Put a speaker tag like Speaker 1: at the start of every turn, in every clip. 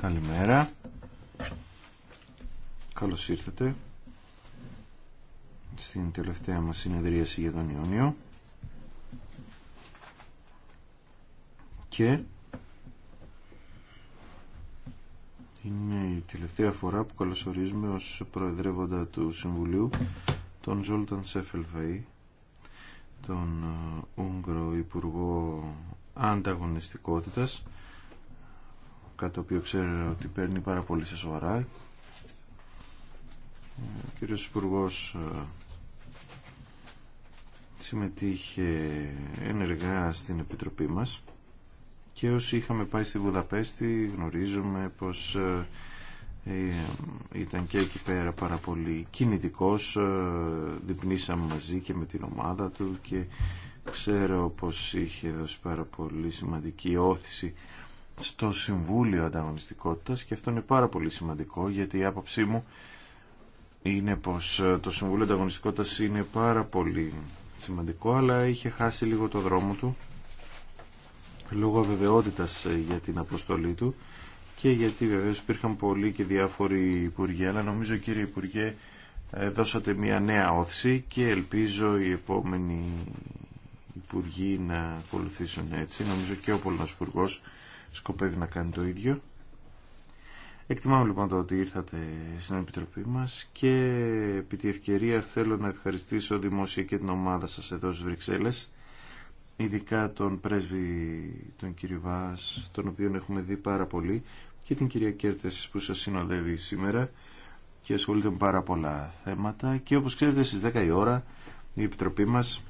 Speaker 1: Καλημέρα. Καλώς ήρθατε στην τελευταία μας συνεδρίαση για τον Ιόνιο. Και είναι η τελευταία φορά που καλωσορίζουμε ως προεδρεύοντα του Συμβουλίου τον Ζόλταν Σέφελβεϊ, τον ε, Ούγγρο Υπουργό ανταγωνιστικότητας κάτι το οποίο ξέρω ότι παίρνει πάρα πολύ σε σοβαρά ε, ο κύριος Υπουργός ε, συμμετείχε ενεργά στην Επιτροπή μας και όσοι είχαμε πάει στη Βουδαπέστη γνωρίζουμε πως ε, ήταν και εκεί πέρα πάρα πολύ κινητικός διπνήσαμε μαζί και με την ομάδα του και Ξέρω πως είχε δώσει πάρα πολύ σημαντική όθηση στο Συμβούλιο Ανταγωνιστικότητας και αυτό είναι πάρα πολύ σημαντικό γιατί η άποψή μου είναι πως το Συμβούλιο Ανταγωνιστικότητας είναι πάρα πολύ σημαντικό αλλά είχε χάσει λίγο το δρόμο του λόγω αβεβαιότητας για την αποστολή του και γιατί βεβαίως υπήρχαν πολλοί και διάφοροι υπουργοί αλλά νομίζω κύριε Υπουργέ ε, δώσατε μια νέα όθηση και ελπίζω η επόμενη υπουργοί να ακολουθήσουν έτσι. Νομίζω και ο Πολωνός σκοπεύει να κάνει το ίδιο. Εκτιμάμε λοιπόν το ότι ήρθατε στην Επιτροπή μας και επί τη ευκαιρία θέλω να ευχαριστήσω δημόσια και την ομάδα σας εδώ στις Βρυξέλλες ειδικά τον πρέσβη τον κύριο Βάς, τον οποίο έχουμε δει πάρα πολύ και την κυρία Κέρτες που σας συνοδεύει σήμερα και ασχολείται με πάρα πολλά θέματα και όπως ξέρετε στις 10 η ώρα η Επιτροπή μας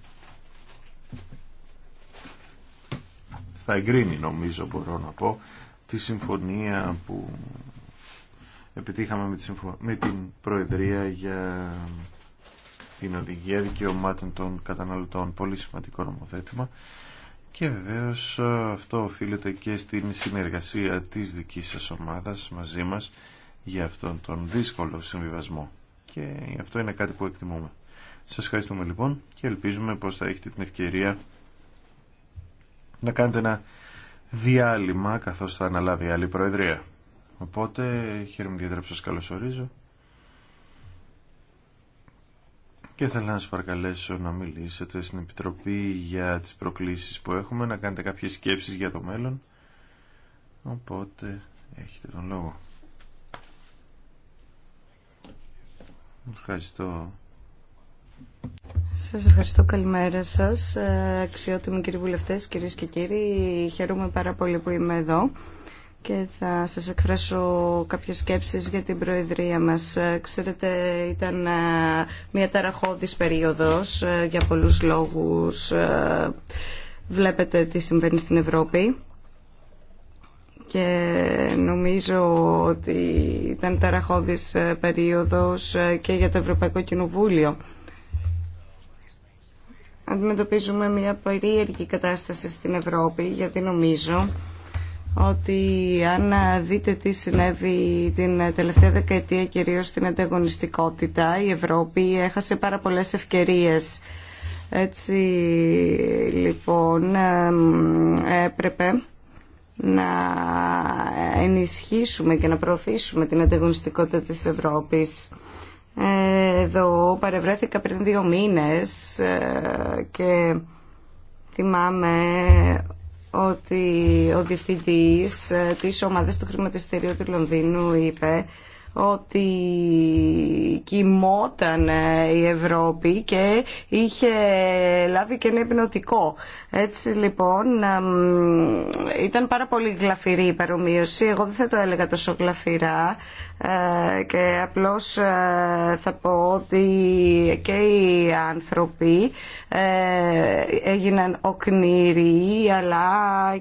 Speaker 1: θα εγκρίνει νομίζω μπορώ να πω τη συμφωνία που επιτύχαμε με, τη με την Προεδρία για την οδηγία δικαιωμάτων των καταναλωτών. Πολύ σημαντικό νομοθέτημα. Και βεβαίως ε, αυτό οφείλεται και στην συνεργασία της δικής σας ομάδας μαζί μας για αυτόν τον δύσκολο συμβιβασμό. Και αυτό είναι κάτι που εκτιμούμε. Σας ευχαριστούμε λοιπόν και ελπίζουμε πως θα έχετε την ευκαιρία να κάνετε ένα διάλειμμα καθώς θα αναλάβει άλλη Προεδρία. Οπότε χαίρομαι ιδιαίτερα που σα καλωσορίζω και θέλω να σας παρακαλέσω να μιλήσετε στην Επιτροπή για τις προκλήσεις που έχουμε, να κάνετε κάποιες σκέψεις για το μέλλον. Οπότε έχετε τον λόγο. Ευχαριστώ
Speaker 2: σας ευχαριστώ. Καλημέρα σας. Ε, αξιότιμοι κύριοι βουλευτές, κυρίες και κύριοι. Χαίρομαι πάρα πολύ που είμαι εδώ και θα σας εκφράσω κάποιες σκέψεις για την Προεδρία μας. Ε, ξέρετε, ήταν ε, μια ταραχώδης περίοδος για πολλούς λόγους. Βλέπετε τι συμβαίνει στην Ευρώπη και νομίζω ότι ήταν ταραχώδης περίοδος και για το Ευρωπαϊκό Κοινοβούλιο αντιμετωπίζουμε μια περίεργη κατάσταση στην Ευρώπη γιατί νομίζω ότι αν δείτε τι συνέβη την τελευταία δεκαετία κυρίως στην ανταγωνιστικότητα η Ευρώπη έχασε πάρα πολλές ευκαιρίες έτσι λοιπόν έπρεπε να ενισχύσουμε και να προωθήσουμε την ανταγωνιστικότητα της Ευρώπης εδώ παρευρέθηκα πριν δύο μήνες ε, και θυμάμαι ότι ο διευθυντής ε, της ομάδας του χρηματιστηρίου του Λονδίνου είπε ότι κοιμόταν ε, η Ευρώπη και είχε λάβει και ένα υπνοτικό. Έτσι λοιπόν ήταν πάρα πολύ γλαφυρή η παρομοίωση. Εγώ δεν θα το έλεγα τόσο γλαφυρά. Ε, και απλώς ε, θα πω ότι και οι άνθρωποι ε, έγιναν οκνηροί αλλά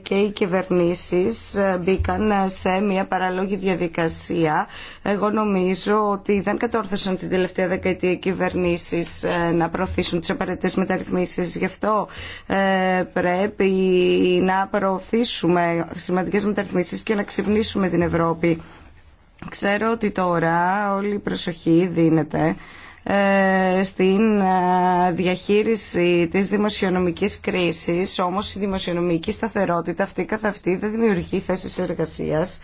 Speaker 2: και οι κυβερνήσεις μπήκαν σε μια παραλόγη διαδικασία. Εγώ νομίζω ότι δεν κατόρθωσαν την τελευταία δεκαετία οι κυβερνήσεις να προωθήσουν τις απαραίτητες μεταρρυθμίσεις. Γι' αυτό πρέπει να προωθήσουμε σημαντικές μεταρρυθμίσεις και να ξυπνήσουμε την Ευρώπη. Ξέρω ότι τώρα όλη η προσοχή δίνεται ε, στην ε, διαχείριση της δημοσιονομικής κρίσης, όμως η δημοσιονομική σταθερότητα αυτή καθ' αυτή δεν δημιουργεί θέσεις εργασίας,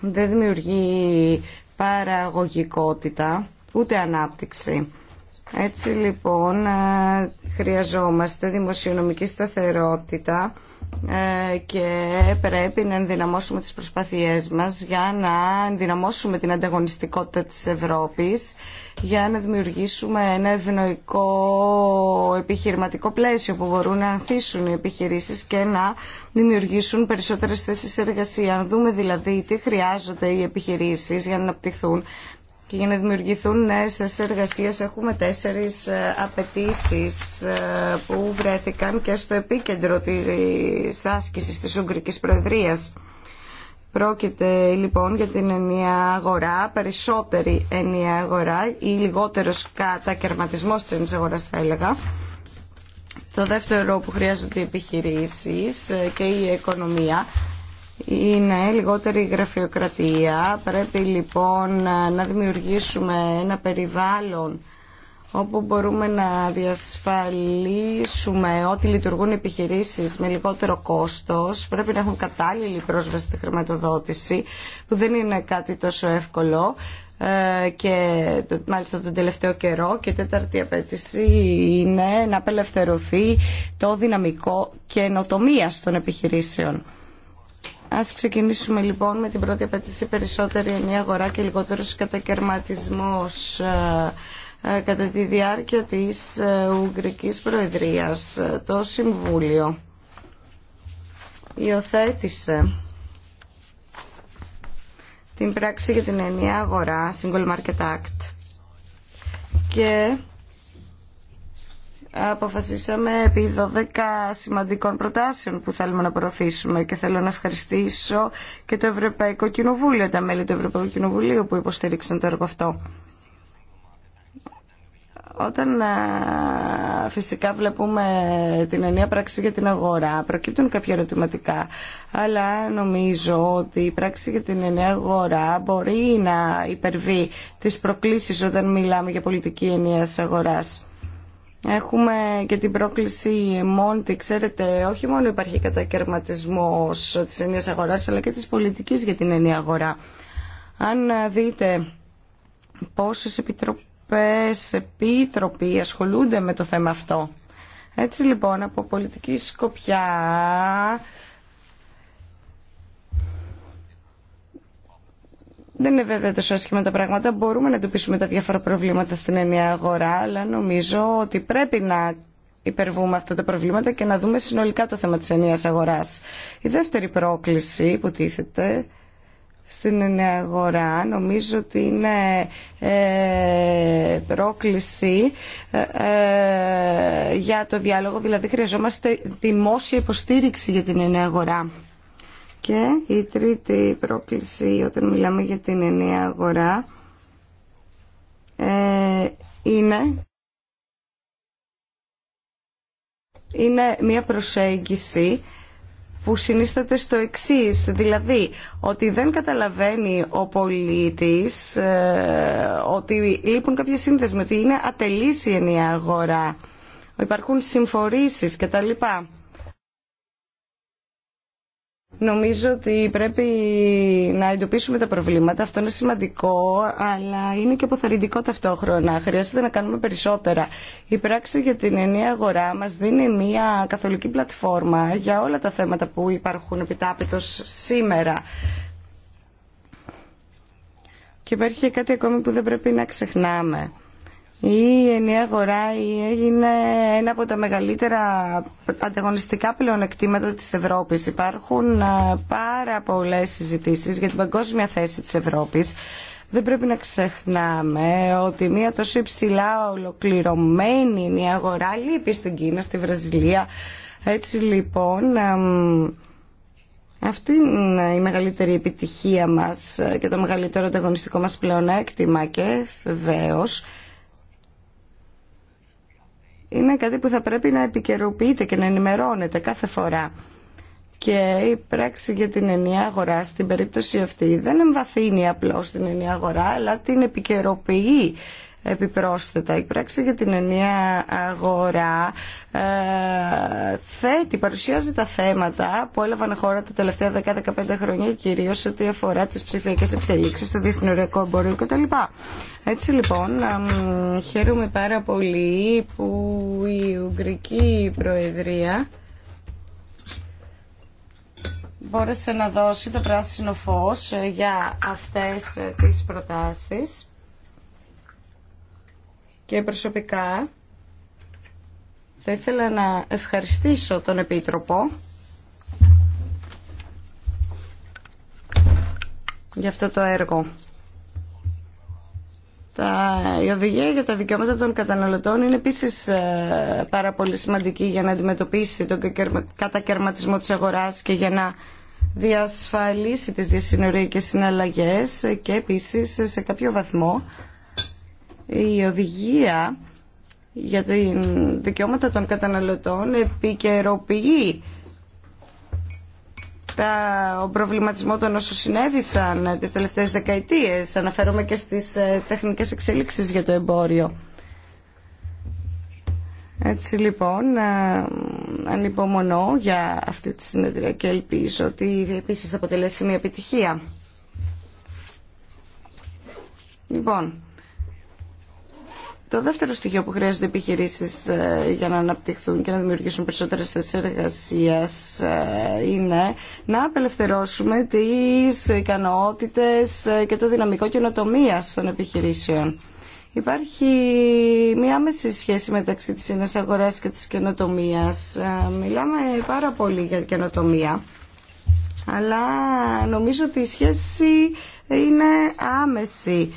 Speaker 2: δεν δημιουργεί παραγωγικότητα, ούτε ανάπτυξη. Έτσι λοιπόν ε, χρειαζόμαστε δημοσιονομική σταθερότητα ε, και πρέπει να ενδυναμώσουμε τις προσπάθειές μας για να ενδυναμώσουμε την ανταγωνιστικότητα της Ευρώπης για να δημιουργήσουμε ένα ευνοϊκό επιχειρηματικό πλαίσιο που μπορούν να ανθίσουν οι επιχειρήσεις και να δημιουργήσουν περισσότερες θέσεις εργασία. Αν δούμε δηλαδή τι χρειάζονται οι επιχειρήσεις για να αναπτυχθούν, και για να δημιουργηθούν νέες εργασίες έχουμε τέσσερις ε, απαιτήσει ε, που βρέθηκαν και στο επίκεντρο της άσκησης της Ουγγρικής Προεδρίας. Πρόκειται λοιπόν για την ενιαία αγορά, περισσότερη ενιαία αγορά ή λιγότερος κατακαιρματισμός της ενιαίας αγοράς θα έλεγα. Το δεύτερο που χρειάζονται οι επιχειρήσεις ε, και η οικονομία είναι λιγότερη γραφειοκρατία. Πρέπει λοιπόν να δημιουργήσουμε ένα περιβάλλον όπου μπορούμε να διασφαλίσουμε ότι λειτουργούν επιχειρήσεις με λιγότερο κόστος, πρέπει να έχουν κατάλληλη πρόσβαση στη χρηματοδότηση, που δεν είναι κάτι τόσο εύκολο ε, και μάλιστα τον τελευταίο καιρό και τέταρτη απέτηση είναι να απελευθερωθεί το δυναμικό καινοτομία των επιχειρήσεων. Ας ξεκινήσουμε λοιπόν με την πρώτη απέτηση περισσότερη ενιαία αγορά και λιγότερος κατακαιρματισμός ε, ε, κατά τη διάρκεια της ε, Ουγγρικής Προεδρίας. Το Συμβούλιο υιοθέτησε την πράξη για την ενιαία αγορά, Single Market Act, και αποφασίσαμε επί 12 σημαντικών προτάσεων που θέλουμε να προωθήσουμε και θέλω να ευχαριστήσω και το Ευρωπαϊκό Κοινοβούλιο, τα μέλη του Ευρωπαϊκού Κοινοβουλίου που υποστήριξαν το έργο αυτό. Όταν φυσικά βλέπουμε την ενία πράξη για την αγορά, προκύπτουν κάποια ερωτηματικά, αλλά νομίζω ότι η πράξη για την ενιαία αγορά μπορεί να υπερβεί τις προκλήσεις όταν μιλάμε για πολιτική ενιαίας αγοράς Έχουμε και την πρόκληση μόντι, ξέρετε, όχι μόνο υπάρχει κατακαιρματισμό της ενιαίας αγορά, αλλά και της πολιτική για την ενιαία αγορά. Αν δείτε πόσε επιτροπές, επίτροποι ασχολούνται με το θέμα αυτό. Έτσι λοιπόν από πολιτική σκοπιά Δεν είναι βέβαια τόσο άσχημα τα πράγματα. Μπορούμε να εντοπίσουμε τα διάφορα προβλήματα στην ενιαία αγορά, αλλά νομίζω ότι πρέπει να υπερβούμε αυτά τα προβλήματα και να δούμε συνολικά το θέμα της ενιαίας αγοράς. Η δεύτερη πρόκληση που τίθεται στην ενιαία αγορά νομίζω ότι είναι ε, πρόκληση ε, ε, για το διάλογο, δηλαδή χρειαζόμαστε δημόσια υποστήριξη για την ενιαία αγορά. Και η τρίτη πρόκληση όταν μιλάμε για την ενιαία αγορά ε, είναι, είναι μια προσέγγιση που συνίσταται στο εξής, δηλαδή ότι δεν καταλαβαίνει ο πολίτης ε, ότι λείπουν κάποιες σύνδεσμοι, ότι είναι ατελής η ενιαία αγορά, υπάρχουν συμφορήσεις κτλ. Νομίζω ότι πρέπει να εντοπίσουμε τα προβλήματα. Αυτό είναι σημαντικό, αλλά είναι και αποθαρρυντικό ταυτόχρονα. Χρειάζεται να κάνουμε περισσότερα. Η πράξη για την ενιαία αγορά μα δίνει μια καθολική πλατφόρμα για όλα τα θέματα που υπάρχουν επιτάπητο σήμερα. Και υπάρχει κάτι ακόμη που δεν πρέπει να ξεχνάμε. Η ενιαία αγορά έγινε ένα από τα μεγαλύτερα ανταγωνιστικά πλεονεκτήματα της Ευρώπης. Υπάρχουν πάρα πολλές συζητήσεις για την παγκόσμια θέση της Ευρώπης. Δεν πρέπει να ξεχνάμε ότι μια τόσο υψηλά ολοκληρωμένη ενιαία η αγορά λείπει στην Κίνα, στη Βραζιλία. Έτσι λοιπόν αυτή είναι η μεγαλύτερη επιτυχία μας και το μεγαλύτερο ανταγωνιστικό μας πλεονέκτημα και βεβαίως είναι κάτι που θα πρέπει να επικαιροποιείται και να ενημερώνεται κάθε φορά. Και η πράξη για την ενιαία αγορά στην περίπτωση αυτή δεν εμβαθύνει απλώς την ενιαία αγορά, αλλά την επικαιροποιεί επιπρόσθετα. Η πράξη για την ενιαία αγορά ε, θέτει, παρουσιάζει τα θέματα που έλαβαν χώρα τα τελευταία 10-15 χρόνια, κυρίω ό,τι αφορά τι ψηφιακέ εξελίξει, το διασυνοριακό εμπόριο κτλ. Έτσι λοιπόν, ε, χαίρομαι πάρα πολύ που η Ουγγρική Προεδρία μπόρεσε να δώσει το πράσινο φως ε, για αυτές ε, τις προτάσεις και προσωπικά θα ήθελα να ευχαριστήσω τον Επίτροπο για αυτό το έργο. Τα, η οδηγία για τα δικαιώματα των καταναλωτών είναι επίσης ε, πάρα πολύ σημαντική για να αντιμετωπίσει τον κατακαιρματισμό της αγοράς και για να διασφαλίσει τις διασυνοριακές συναλλαγές και επίσης σε κάποιο βαθμό η οδηγία για τα δικαιώματα των καταναλωτών επικαιροποιεί ο προβληματισμό των όσων συνέβησαν τις τελευταίες δεκαετίες. Αναφέρομαι και στις ε, τεχνικές εξέλιξεις για το εμπόριο. Έτσι λοιπόν, ε, ανυπομονώ για αυτή τη συνεδρία και ελπίζω ότι επίσης θα αποτελέσει μια επιτυχία. Λοιπόν, το δεύτερο στοιχείο που χρειάζονται οι επιχειρήσεις ε, για να αναπτυχθούν και να δημιουργήσουν περισσότερες θέσεις εργασία ε, είναι να απελευθερώσουμε τις ικανότητες ε, και το δυναμικό καινοτομία των επιχειρήσεων. Υπάρχει μία άμεση σχέση μεταξύ της ενός αγοράς και της καινοτομίας. Μιλάμε πάρα πολύ για καινοτομία, αλλά νομίζω ότι η σχέση είναι άμεση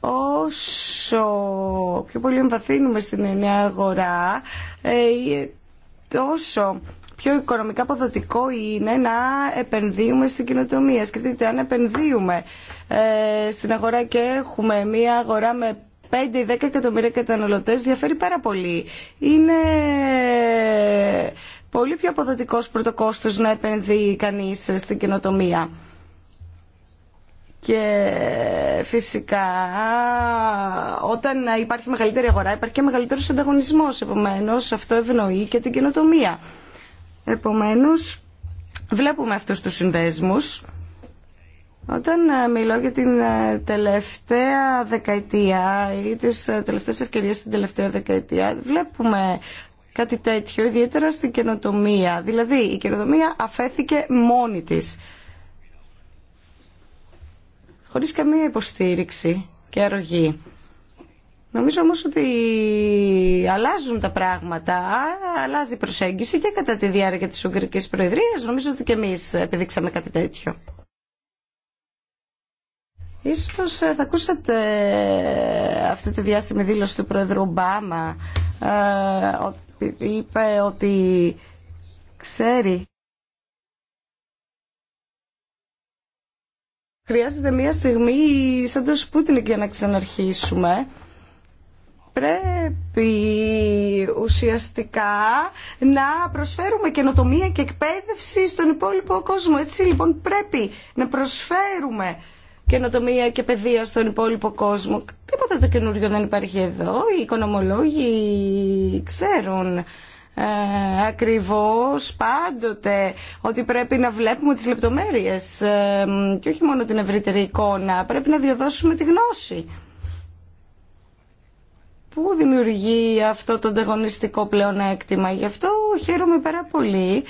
Speaker 2: όσο πιο πολύ εμβαθύνουμε στην νέα αγορά, ε, ε, τόσο πιο οικονομικά αποδοτικό είναι να επενδύουμε στην κοινοτομία. Σκεφτείτε, αν επενδύουμε ε, στην αγορά και έχουμε μια αγορά με 5 10 εκατομμύρια καταναλωτές, διαφέρει πάρα πολύ. Είναι πολύ πιο αποδοτικός πρωτοκόστος να επενδύει κανείς στην κοινοτομία. Και φυσικά όταν υπάρχει μεγαλύτερη αγορά υπάρχει και μεγαλύτερος ανταγωνισμός. Επομένως αυτό ευνοεί και την καινοτομία. Επομένως βλέπουμε αυτούς τους συνδέσμους. Όταν ε, μιλώ για την ε, τελευταία δεκαετία ή τις ε, τελευταίες ευκαιρίες στην τελευταία δεκαετία βλέπουμε κάτι τέτοιο ιδιαίτερα στην καινοτομία. Δηλαδή η καινοτομία αφέθηκε μόνη της χωρίς καμία υποστήριξη και αρρωγή. Νομίζω όμως ότι αλλάζουν τα πράγματα, αλλάζει η προσέγγιση και κατά τη διάρκεια της Ουγγρικής Προεδρίας. Νομίζω ότι και εμείς επιδείξαμε κάτι τέτοιο. Ίσως ε, θα ακούσατε ε, αυτή τη διάσημη δήλωση του Πρόεδρου Ομπάμα. Ε, είπε ότι ξέρει Χρειάζεται μια στιγμή σαν το Σπούτινικ για να ξαναρχίσουμε. Πρέπει ουσιαστικά να προσφέρουμε καινοτομία και εκπαίδευση στον υπόλοιπο κόσμο. Έτσι λοιπόν πρέπει να προσφέρουμε καινοτομία και παιδεία στον υπόλοιπο κόσμο. Τίποτα το καινούριο δεν υπάρχει εδώ. Οι οικονομολόγοι ξέρουν ε, ακριβώς πάντοτε ότι πρέπει να βλέπουμε τις λεπτομέρειες ε, και όχι μόνο την ευρύτερη εικόνα. Πρέπει να διαδώσουμε τη γνώση. Πού δημιουργεί αυτό το ανταγωνιστικό πλεονέκτημα. Γι' αυτό χαίρομαι πάρα πολύ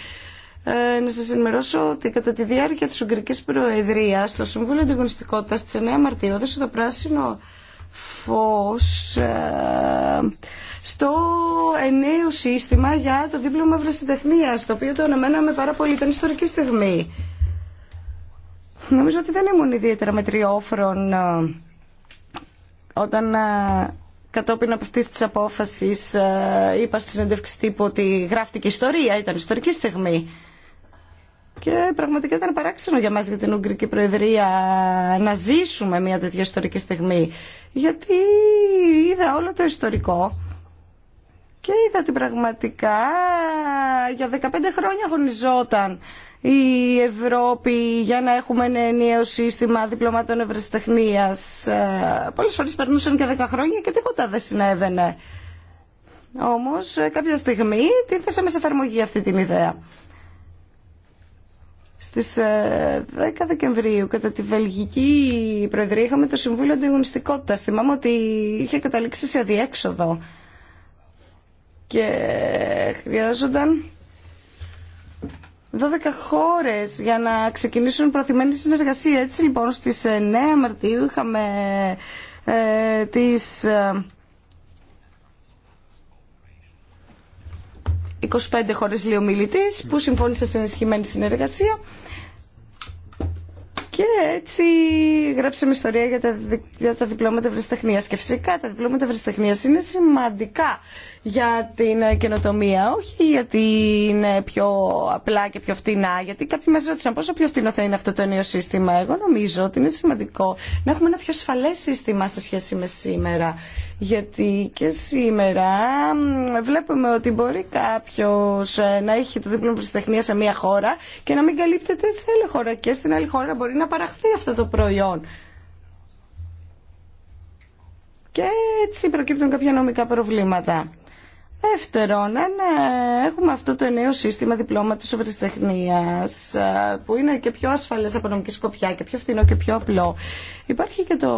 Speaker 2: ε, να σας ενημερώσω ότι κατά τη διάρκεια της Ουγγρικής Προεδρίας το Συμβούλιο Ανταγωνιστικότητας της 9 Μαρτίου έδωσε το πράσινο φως ε, στο ενέο σύστημα για το δίπλωμα βρεσιτεχνία, το οποίο το αναμέναμε πάρα πολύ, ήταν ιστορική στιγμή. Νομίζω ότι δεν ήμουν ιδιαίτερα μετριόφρον ε, όταν ε, κατόπιν από αυτή τη απόφαση ε, είπα στη συνέντευξη τύπου ότι γράφτηκε ιστορία, ήταν ιστορική στιγμή. Και πραγματικά ήταν παράξενο για μας για την Ουγγρική Προεδρία να ζήσουμε μια τέτοια ιστορική στιγμή. Γιατί είδα όλο το ιστορικό και είδα ότι πραγματικά για 15 χρόνια αγωνιζόταν η Ευρώπη για να έχουμε ένα ενιαίο σύστημα διπλωμάτων ευρεσιτεχνίας. Ε, πολλές φορές περνούσαν και 10 χρόνια και τίποτα δεν συνέβαινε. Όμως ε, κάποια στιγμή την θέσαμε σε εφαρμογή αυτή την ιδέα. Στις 10 ε, Δεκεμβρίου κατά τη Βελγική Προεδρία είχαμε το Συμβούλιο Αντιγωνιστικότητας. Θυμάμαι ότι είχε καταλήξει σε αδιέξοδο και χρειάζονταν 12 χώρες για να ξεκινήσουν προθυμένη συνεργασία. Έτσι λοιπόν στις 9 ε, Μαρτίου είχαμε ε, τις 25 ε, χώρες λιομιλητής που συμφώνησαν στην ενισχυμένη συνεργασία και έτσι γράψαμε ιστορία για τα, για τα διπλώματα ευρεσιτεχνία. Και φυσικά τα διπλώματα ευρεσιτεχνία είναι σημαντικά για την καινοτομία, όχι γιατί είναι πιο απλά και πιο φτηνά, γιατί κάποιοι μας ρώτησαν πόσο πιο φτηνό θα είναι αυτό το νέο σύστημα. Εγώ νομίζω ότι είναι σημαντικό να έχουμε ένα πιο ασφαλές σύστημα σε σχέση με σήμερα γιατί και σήμερα βλέπουμε ότι μπορεί κάποιος ε, να έχει το δίπλωμα πριστεχνία σε μία χώρα και να μην καλύπτεται σε άλλη χώρα και στην άλλη χώρα μπορεί να παραχθεί αυτό το προϊόν. Και έτσι προκύπτουν κάποια νομικά προβλήματα. Δεύτερον, αν ε, έχουμε αυτό το νέο σύστημα διπλώματο ευρεσιτεχνία, ε, που είναι και πιο ασφαλέ από νομική σκοπιά και πιο φθηνό και πιο απλό, υπάρχει και το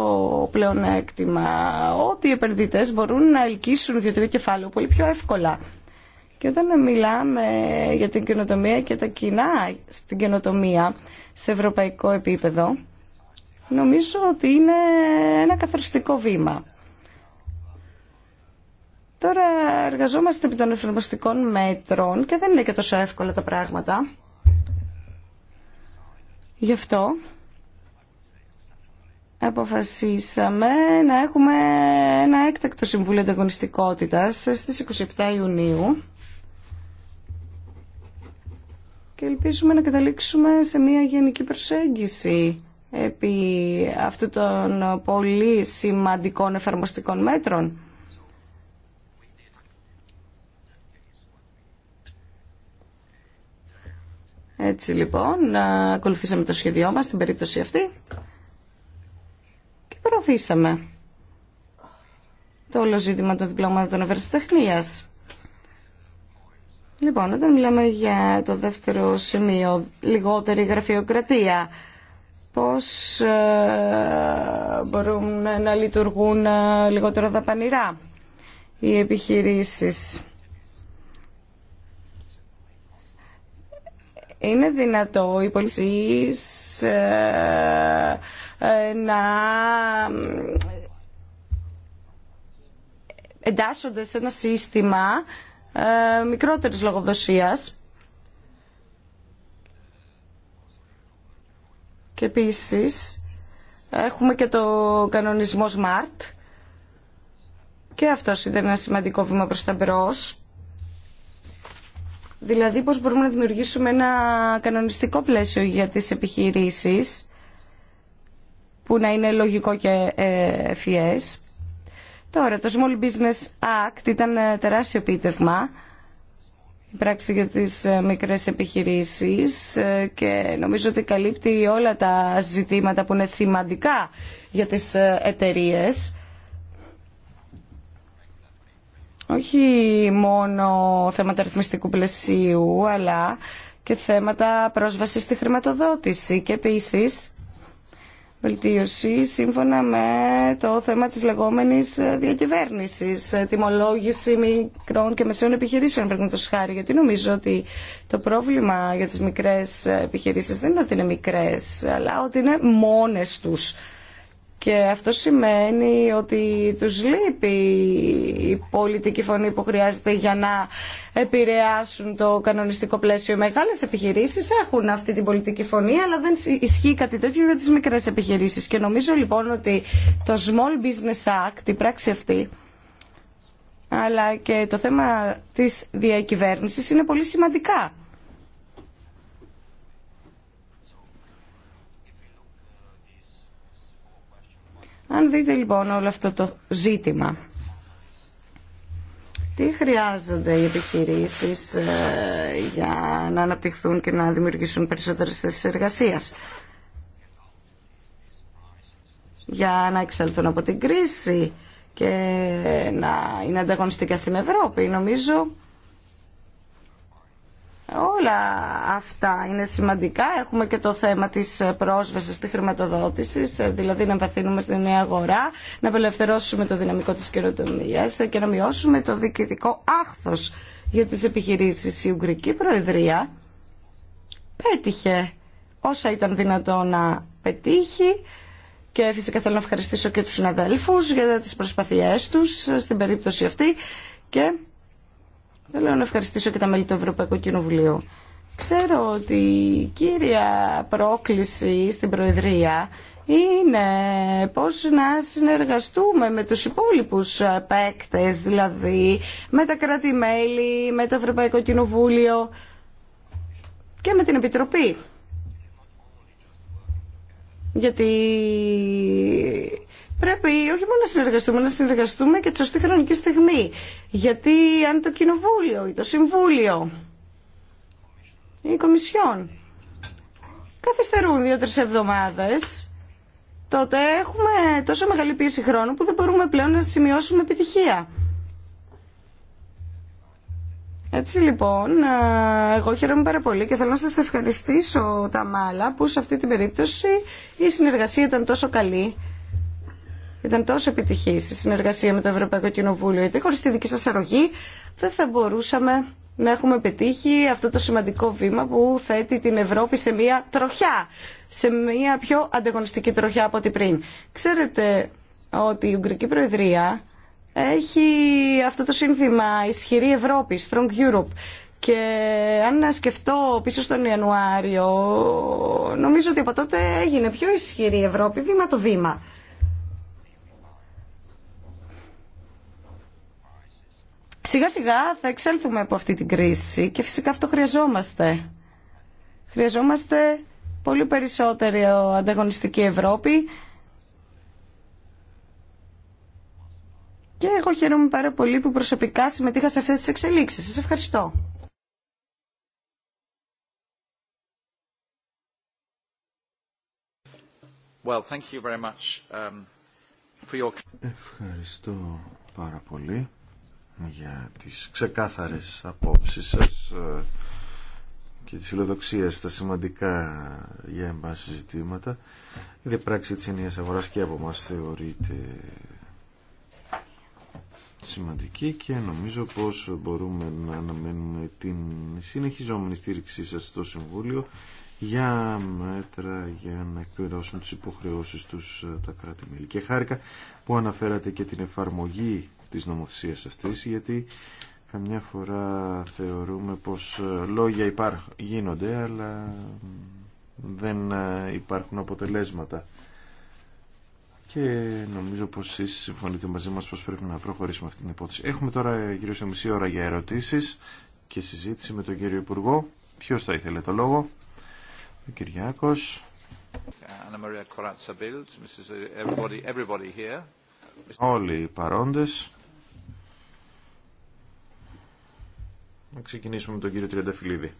Speaker 2: πλεονέκτημα ότι οι επενδυτέ μπορούν να ελκύσουν ιδιωτικό κεφάλαιο πολύ πιο εύκολα. Και όταν μιλάμε για την καινοτομία και τα κοινά στην καινοτομία σε ευρωπαϊκό επίπεδο, νομίζω ότι είναι ένα καθοριστικό βήμα. Τώρα εργαζόμαστε επί των εφαρμοστικών μέτρων και δεν είναι και τόσο εύκολα τα πράγματα. Γι' αυτό αποφασίσαμε να έχουμε ένα έκτακτο Συμβούλιο Ανταγωνιστικότητας στις 27 Ιουνίου και ελπίζουμε να καταλήξουμε σε μια γενική προσέγγιση επί αυτού των πολύ σημαντικών εφαρμοστικών μέτρων Έτσι λοιπόν, να ακολουθήσαμε το σχέδιό μας στην περίπτωση αυτή και προωθήσαμε το όλο ζήτημα των διπλωμάτων ευρεσιτεχνία. Λοιπόν, όταν μιλάμε για το δεύτερο σημείο, λιγότερη γραφειοκρατία, πώς ε, μπορούν να λειτουργούν ε, λιγότερο δαπανηρά οι επιχειρήσεις. Είναι δυνατό οι πολισίες ε, ε, να εντάσσονται σε ένα σύστημα ε, μικρότερης λογοδοσίας. Και επίσης έχουμε και το κανονισμό SMART και αυτό είναι ένα σημαντικό βήμα προς τα μπρος Δηλαδή πώς μπορούμε να δημιουργήσουμε ένα κανονιστικό πλαίσιο για τις επιχειρήσεις που να είναι λογικό και ε, ευφυές. Τώρα, το Small Business Act ήταν ε, τεράστιο επίτευγμα η πράξη για τις ε, μικρές επιχειρήσεις και νομίζω ότι καλύπτει όλα τα ζητήματα που είναι σημαντικά για τις εταιρείες όχι μόνο θέματα αριθμιστικού πλαισίου, αλλά και θέματα πρόσβαση στη χρηματοδότηση και επίση, βελτίωση σύμφωνα με το θέμα της λεγόμενης διακυβέρνησης, τιμολόγηση μικρών και μεσαίων επιχειρήσεων, πρέπει να το σχάρει, γιατί νομίζω ότι το πρόβλημα για τις μικρές επιχειρήσεις δεν είναι ότι είναι μικρές, αλλά ότι είναι μόνες τους. Και αυτό σημαίνει ότι τους λείπει η πολιτική φωνή που χρειάζεται για να επηρεάσουν το κανονιστικό πλαίσιο. Οι μεγάλες επιχειρήσεις έχουν αυτή την πολιτική φωνή, αλλά δεν ισχύει κάτι τέτοιο για τις μικρές επιχειρήσεις. Και νομίζω λοιπόν ότι το Small Business Act, η πράξη αυτή, αλλά και το θέμα της διακυβέρνησης είναι πολύ σημαντικά Αν δείτε λοιπόν όλο αυτό το ζήτημα, τι χρειάζονται οι επιχειρήσεις ε, για να αναπτυχθούν και να δημιουργήσουν περισσότερες θέσεις εργασίας για να εξέλθουν από την κρίση και να είναι ανταγωνιστικά στην Ευρώπη. Νομίζω Όλα αυτά είναι σημαντικά. Έχουμε και το θέμα της πρόσβασης στη χρηματοδότηση, δηλαδή να βαθύνουμε στην νέα αγορά, να απελευθερώσουμε το δυναμικό της καινοτομία και να μειώσουμε το διοικητικό άχθος για τις επιχειρήσεις. Η Ουγγρική Προεδρία πέτυχε όσα ήταν δυνατό να πετύχει και φυσικά θέλω να ευχαριστήσω και τους συναδέλφους για τις προσπαθίες τους στην περίπτωση αυτή και Θέλω να ευχαριστήσω και τα μέλη του Ευρωπαϊκού Κοινοβουλίου. Ξέρω ότι η κύρια πρόκληση στην Προεδρία είναι πώς να συνεργαστούμε με τους υπόλοιπους παίκτες, δηλαδή με τα κράτη-μέλη, με το Ευρωπαϊκό Κοινοβούλιο και με την Επιτροπή. Γιατί πρέπει όχι μόνο να συνεργαστούμε, να συνεργαστούμε και τη σωστή χρονική στιγμή. Γιατί αν το Κοινοβούλιο ή το Συμβούλιο ή η Κομισιόν καθυστερούν δύο-τρεις εβδομάδες, δυο δύο-τρει έχουμε τόσο μεγάλη πίεση χρόνου που δεν μπορούμε πλέον να σημειώσουμε επιτυχία. Έτσι λοιπόν, εγώ χαίρομαι πάρα πολύ και θέλω να σας ευχαριστήσω τα μάλα που σε αυτή την περίπτωση η συνεργασία ήταν τόσο καλή ήταν τόσο επιτυχή η συνεργασία με το Ευρωπαϊκό Κοινοβούλιο, γιατί χωρί τη δική σα αρρωγή δεν θα μπορούσαμε να έχουμε πετύχει αυτό το σημαντικό βήμα που θέτει την Ευρώπη σε μια τροχιά, σε μια πιο ανταγωνιστική τροχιά από ό,τι πριν. Ξέρετε ότι η Ουγγρική Προεδρία έχει αυτό το σύνθημα «Ισχυρή Ευρώπη», «Strong Europe». Και αν σκεφτώ πίσω στον Ιανουάριο, νομίζω ότι από τότε έγινε πιο ισχυρή η Ευρώπη βήμα το βήμα. σιγά σιγά θα εξέλθουμε από αυτή την κρίση και φυσικά αυτό χρειαζόμαστε. Χρειαζόμαστε πολύ περισσότερη ε, ανταγωνιστική Ευρώπη και εγώ χαίρομαι πάρα πολύ που προσωπικά συμμετείχα σε αυτές τις εξελίξεις. Σας ευχαριστώ.
Speaker 3: Well, thank you very much, um, for your...
Speaker 1: Ευχαριστώ πάρα πολύ για τις ξεκάθαρες απόψεις σας ε, και τη φιλοδοξία στα σημαντικά για εμάς συζητήματα. Η διαπράξη της ενίας αγοράς και από μας θεωρείται σημαντική και νομίζω πως μπορούμε να αναμένουμε την συνεχιζόμενη στήριξή σας στο Συμβούλιο για μέτρα για να εκπληρώσουν τις υποχρεώσεις τους ε, τα κράτη-μέλη. Και χάρηκα που αναφέρατε και την εφαρμογή της νομοθεσίας αυτής γιατί καμιά φορά θεωρούμε πως λόγια υπάρχουν, γίνονται αλλά δεν υπάρχουν αποτελέσματα και νομίζω πως εσείς συμφωνείτε μαζί μας πως πρέπει να προχωρήσουμε αυτή την υπόθεση. Έχουμε τώρα γύρω σε μισή ώρα για ερωτήσεις και συζήτηση με τον κύριο Υπουργό. Ποιο θα ήθελε το λόγο. Ο Κυριάκος. Όλοι οι παρόντες. Να ξεκινήσουμε με τον κύριο Τριανταφυλλίδη.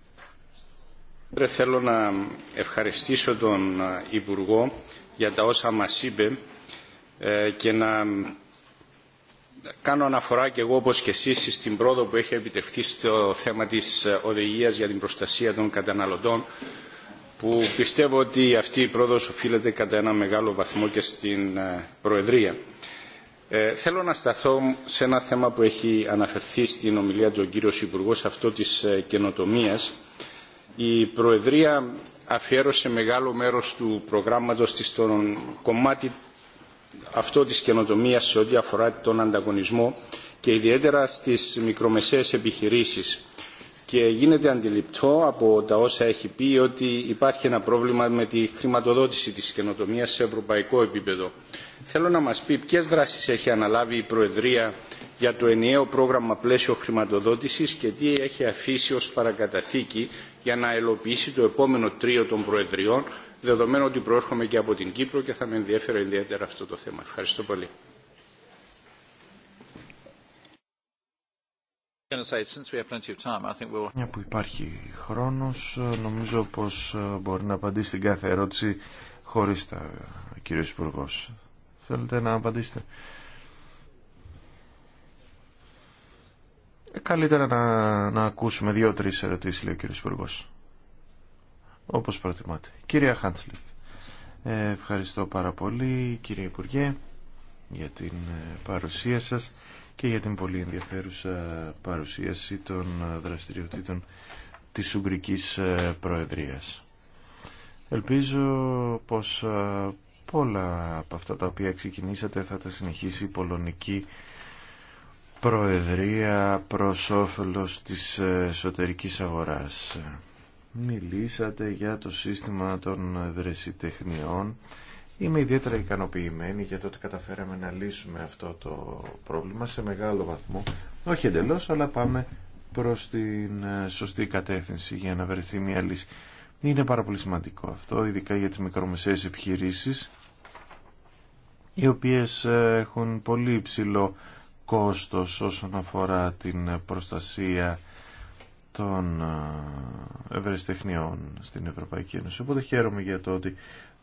Speaker 4: Θέλω να ευχαριστήσω τον ε, Υπουργό για τα όσα μας είπε ε, και να ε, κάνω αναφορά και εγώ όπως και εσείς στην πρόοδο που έχει επιτευχθεί στο θέμα της οδηγίας για την προστασία των καταναλωτών που πιστεύω ότι αυτή η πρόοδος οφείλεται κατά ένα μεγάλο βαθμό και στην Προεδρία. Ε, θέλω να σταθώ σε ένα θέμα που έχει αναφερθεί στην ομιλία του κύριου κύριος Υπουργός, αυτό της ε, καινοτομίας. Η Προεδρία αφιέρωσε μεγάλο μέρος του προγράμματος της στον κομμάτι αυτό της καινοτομίας σε ό,τι αφορά τον ανταγωνισμό και ιδιαίτερα στις μικρομεσαίες επιχειρήσεις. Και γίνεται αντιληπτό από τα όσα έχει πει ότι υπάρχει ένα πρόβλημα με τη χρηματοδότηση της καινοτομίας σε ευρωπαϊκό επίπεδο θέλω να μας πει ποιες δράσεις έχει αναλάβει η Προεδρία για το ενιαίο πρόγραμμα πλαίσιο χρηματοδότησης και τι έχει αφήσει ως παρακαταθήκη για να ελοποιήσει το επόμενο τρίο των Προεδριών, δεδομένου ότι προέρχομαι και από την Κύπρο και θα με ενδιαφέρει ιδιαίτερα αυτό το θέμα. Ευχαριστώ πολύ.
Speaker 1: Μια που υπάρχει χρόνος, νομίζω πως ε, μπορεί να απαντήσει την κάθε ερώτηση χωρίς τα κύριος Υπουργός θέλετε να απαντήσετε. Ε, καλύτερα να, να ακούσουμε δύο-τρεις ερωτήσεις, λέει ο κύριος Υπουργός. Όπως προτιμάτε. Κυρία ε, ευχαριστώ πάρα πολύ, κύριε Υπουργέ, για την ε, παρουσία σας και για την πολύ ενδιαφέρουσα παρουσίαση των ε, δραστηριοτήτων της Ουγγρικής Προεδρίας. Ελπίζω πως Πολλά από αυτά τα οποία ξεκινήσατε θα τα συνεχίσει η Πολωνική Προεδρία προς όφελος της εσωτερικής αγοράς. Μιλήσατε για το σύστημα των δρεσιτεχνιών. Είμαι ιδιαίτερα ικανοποιημένη για το ότι καταφέραμε να λύσουμε αυτό το πρόβλημα σε μεγάλο βαθμό. Όχι εντελώς, αλλά πάμε προς την σωστή κατεύθυνση για να βρεθεί μια λύση. Είναι πάρα πολύ σημαντικό αυτό, ειδικά για τις μικρομεσαίες επιχειρήσεις, οι οποίες ε, έχουν πολύ υψηλό κόστος όσον αφορά την προστασία των ε, ευρεσιτεχνιών στην Ευρωπαϊκή Ένωση. Οπότε χαίρομαι για το ότι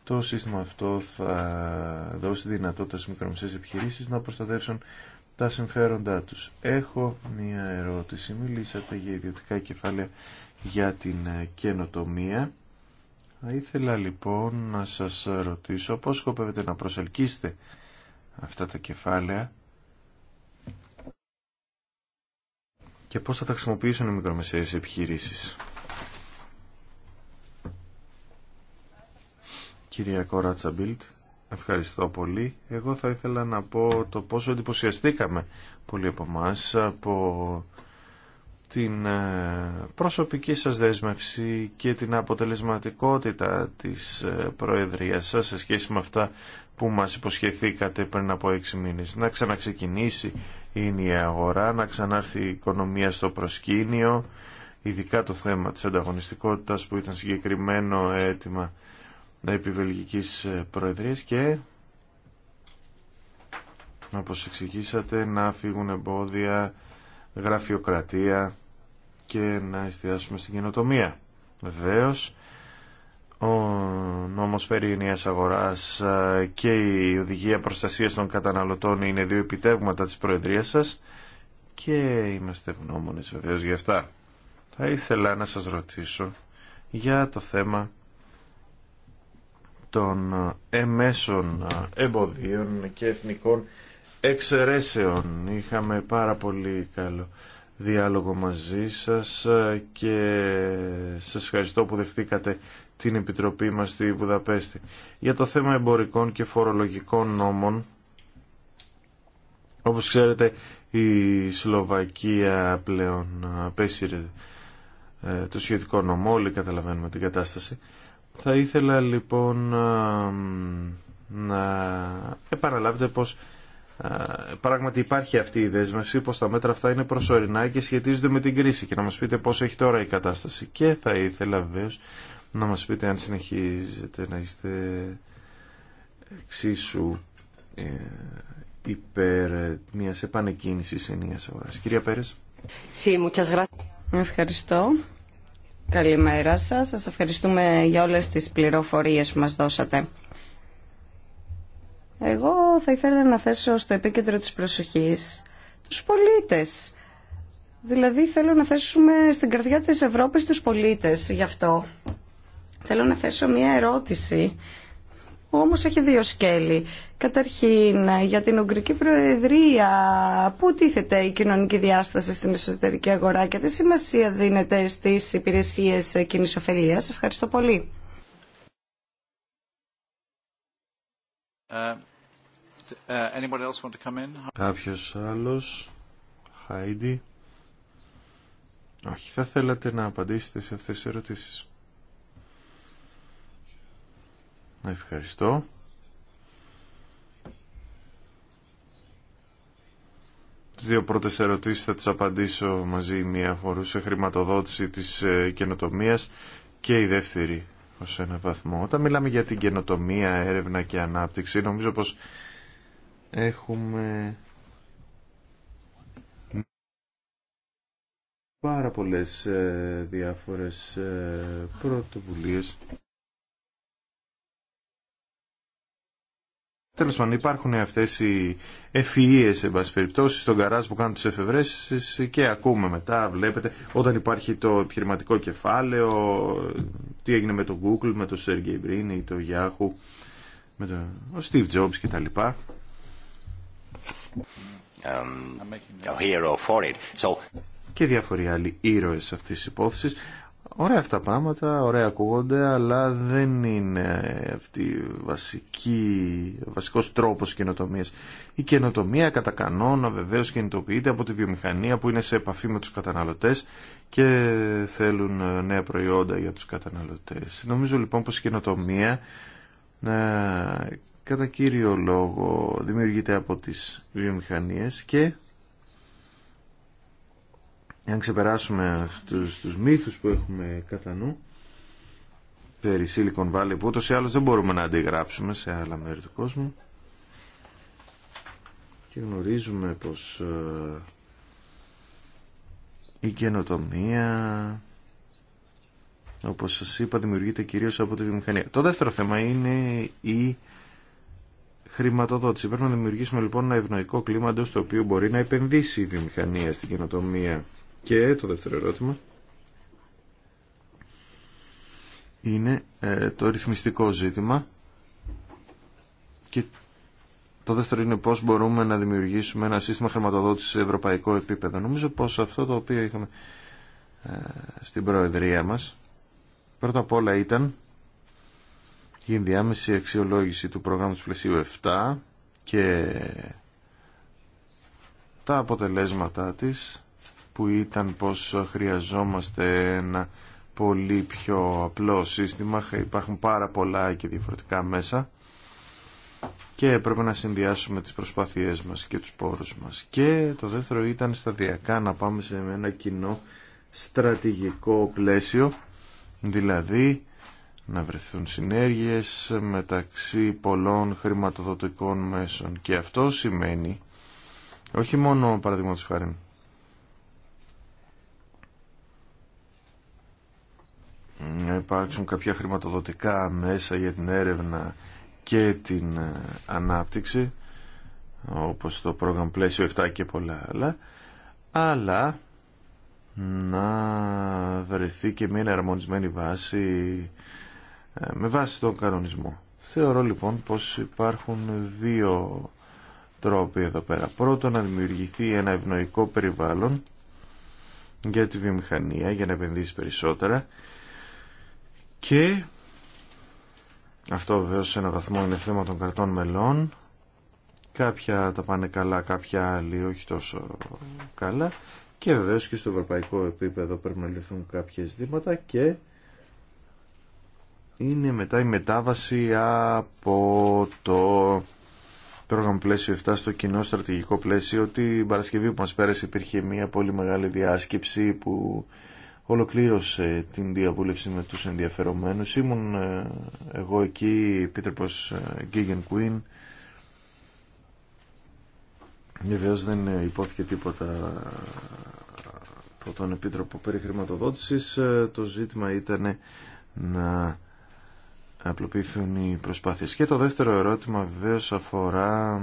Speaker 1: το σύστημα αυτό θα δώσει δυνατότητα στις μικρομεσαίες επιχειρήσεις να προστατεύσουν τα συμφέροντά τους. Έχω μία ερώτηση. Μιλήσατε για ιδιωτικά κεφάλαια για την ε, καινοτομία. Θα ήθελα λοιπόν να σας ρωτήσω πώς σκοπεύετε να προσελκύσετε αυτά τα κεφάλαια και πώς θα τα χρησιμοποιήσουν οι μικρομεσαίες επιχειρήσεις. Κυρία Κοράτσα Μπίλτ, ευχαριστώ πολύ. Εγώ θα ήθελα να πω το πόσο εντυπωσιαστήκαμε πολύ από εμάς από την ε, προσωπική σας δέσμευση και την αποτελεσματικότητα της ε, Προεδρίας σας σε σχέση με αυτά που μας υποσχεθήκατε πριν από έξι μήνες. Να ξαναξεκινήσει η η αγορά, να ξανάρθει η οικονομία στο προσκήνιο, ειδικά το θέμα της ανταγωνιστικότητας που ήταν συγκεκριμένο αίτημα επιβελγικής ε, Προεδρίας και όπως εξηγήσατε να φύγουν εμπόδια γραφειοκρατία και να εστιάσουμε στην καινοτομία. Βεβαίω, ο νόμος περί ενιαίας αγοράς και η οδηγία προστασίας των καταναλωτών είναι δύο επιτεύγματα της Προεδρίας σας και είμαστε ευγνώμονες βεβαίω για αυτά. Θα ήθελα να σας ρωτήσω για το θέμα των εμέσων εμποδίων και εθνικών εξαιρέσεων. Είχαμε πάρα πολύ καλό διάλογο μαζί σας και σας ευχαριστώ που δεχτήκατε την Επιτροπή μας στη Βουδαπέστη. Για το θέμα εμπορικών και φορολογικών νόμων, όπως ξέρετε η Σλοβακία πλέον απέσυρε ε, το σχετικό νόμο, όλοι καταλαβαίνουμε την κατάσταση. Θα ήθελα λοιπόν ε, να επαναλάβετε πως πράγματι υπάρχει αυτή η δέσμευση πως τα μέτρα αυτά είναι προσωρινά και σχετίζονται με την κρίση και να μας πείτε πώς έχει τώρα η κατάσταση και θα ήθελα βεβαίω να μας πείτε αν συνεχίζετε να είστε εξίσου ε, υπέρ μιας επανεκκίνησης ενίας αγοράς. Κυρία Πέρες.
Speaker 2: Ευχαριστώ. Καλημέρα σας. Σας ευχαριστούμε για όλες τις πληροφορίες που μας δώσατε. Εγώ θα ήθελα να θέσω στο επίκεντρο της προσοχής τους πολίτες. Δηλαδή θέλω να θέσουμε στην καρδιά της Ευρώπης τους πολίτες γι' αυτό. Θέλω να θέσω μια ερώτηση, που όμως έχει δύο σκέλη. Καταρχήν, για την Ουγγρική Προεδρία, πού τίθεται η κοινωνική διάσταση στην εσωτερική αγορά και τι σημασία δίνεται στις υπηρεσίες κοινής ωφελίας. Ευχαριστώ πολύ.
Speaker 4: Ε, Uh,
Speaker 1: Κάποιος άλλος. Χάιντι. Όχι, θα θέλατε να απαντήσετε σε αυτές τις ερωτήσεις. Ευχαριστώ. Τις δύο πρώτες ερωτήσεις θα τις απαντήσω μαζί. Μία αφορούσε χρηματοδότηση της ε, καινοτομίας και η δεύτερη ως ένα βαθμό. Όταν μιλάμε για την καινοτομία, έρευνα και ανάπτυξη, νομίζω πως έχουμε πάρα πολλές ε, διάφορες ε, πρωτοβουλίες. Τέλος πάντων, υπάρχουν αυτές οι ευφυΐες, εν πάση περιπτώσει, στον καράζ που κάνουν τις εφευρέσεις και ακούμε μετά, βλέπετε, όταν υπάρχει το επιχειρηματικό κεφάλαιο, τι έγινε με το Google, με το Sergey Brin, το Yahoo, με το Steve Jobs κτλ. Um, και διάφοροι άλλοι ήρωες αυτής της υπόθεσης. Ωραία αυτά πράγματα, ωραία ακούγονται, αλλά δεν είναι αυτή βασική, βασικός τρόπος καινοτομία. Η καινοτομία κατά κανόνα βεβαίως κινητοποιείται από τη βιομηχανία που είναι σε επαφή με τους καταναλωτές και θέλουν νέα προϊόντα για τους καταναλωτές. Νομίζω λοιπόν πως η καινοτομία ε, κατά κύριο λόγο δημιουργείται από τις βιομηχανίες και αν ξεπεράσουμε τους τους μύθους που έχουμε κατά νου περί Silicon Valley που ούτως ή άλλως δεν μπορούμε να αντιγράψουμε σε άλλα μέρη του κόσμου και γνωρίζουμε πως ε, η καινοτομία όπως σας είπα δημιουργείται κυρίως από τη βιομηχανία. Το δεύτερο θέμα είναι η χρηματοδότηση. Πρέπει να δημιουργήσουμε λοιπόν ένα ευνοϊκό κλίμα εντό του οποίου μπορεί να επενδύσει η βιομηχανία στην καινοτομία. Και το δεύτερο ερώτημα είναι ε, το ρυθμιστικό ζήτημα και το δεύτερο είναι πώς μπορούμε να δημιουργήσουμε ένα σύστημα χρηματοδότησης σε ευρωπαϊκό επίπεδο. Νομίζω πως αυτό το οποίο είχαμε ε, στην Προεδρία μας πρώτα απ' όλα ήταν η ενδιάμεση αξιολόγηση του προγράμματος πλαισίου 7 και τα αποτελέσματά της που ήταν πως χρειαζόμαστε ένα πολύ πιο απλό σύστημα υπάρχουν πάρα πολλά και διαφορετικά μέσα και πρέπει να συνδυάσουμε τις προσπάθειές μας και τους πόρους μας και το δεύτερο ήταν σταδιακά να πάμε σε ένα κοινό στρατηγικό πλαίσιο δηλαδή να βρεθούν συνέργειες μεταξύ πολλών χρηματοδοτικών μέσων. Και αυτό σημαίνει όχι μόνο παραδείγματος χάρη να υπάρξουν κάποια χρηματοδοτικά μέσα για την έρευνα και την ε, ανάπτυξη όπως το πρόγραμμα πλαίσιο 7 και πολλά άλλα αλλά να βρεθεί και μια εναρμονισμένη βάση ε, με βάση τον κανονισμό. Θεωρώ λοιπόν πως υπάρχουν δύο τρόποι εδώ πέρα. Πρώτον να δημιουργηθεί ένα ευνοϊκό περιβάλλον για τη βιομηχανία, για να επενδύσει περισσότερα και αυτό βέβαια σε έναν βαθμό είναι θέμα των κρατών μελών κάποια τα πάνε καλά, κάποια άλλοι όχι τόσο καλά και βεβαίως και στο ευρωπαϊκό επίπεδο πρέπει να λυθούν κάποια δήματα και είναι μετά η μετάβαση από το πρόγραμμα πλαίσιο 7 στο κοινό στρατηγικό πλαίσιο η Παρασκευή που μας πέρασε υπήρχε μια πολύ μεγάλη διάσκεψη που ολοκλήρωσε την διαβούλευση με τους ενδιαφερομένους. Ήμουν ε, εγώ εκεί, επίτρεπος ε, Γκίγεν Κουίν. Βεβαίω δεν ε, υπόθηκε τίποτα από τον Επίτροπο περί χρηματοδότησης. Το ζήτημα ήταν να απλοποιηθούν οι προσπάθειες. Και το δεύτερο ερώτημα βεβαίω αφορά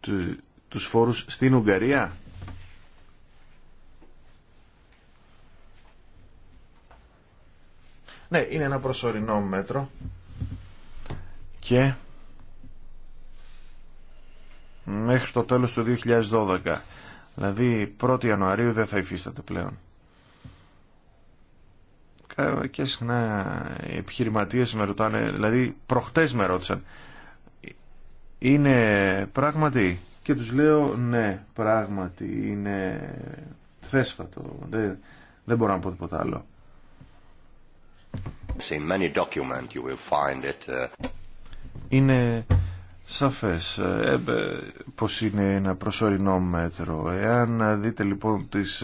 Speaker 1: του, τους φόρους στην Ουγγαρία. Ναι, είναι ένα προσωρινό μέτρο και μέχρι το τέλος του 2012, δηλαδή 1η Ιανουαρίου δεν θα υφίσταται πλέον. Ε, και συχνά οι επιχειρηματίες με ρωτάνε, δηλαδή προχτές με ρώτησαν, είναι πράγματι και τους λέω ναι, πράγματι είναι θέσφατο, δεν, δεν μπορώ να πω τίποτα άλλο.
Speaker 3: Ε,
Speaker 1: είναι σαφές ε, ε, πως είναι ένα προσωρινό μέτρο. Εάν δείτε λοιπόν τις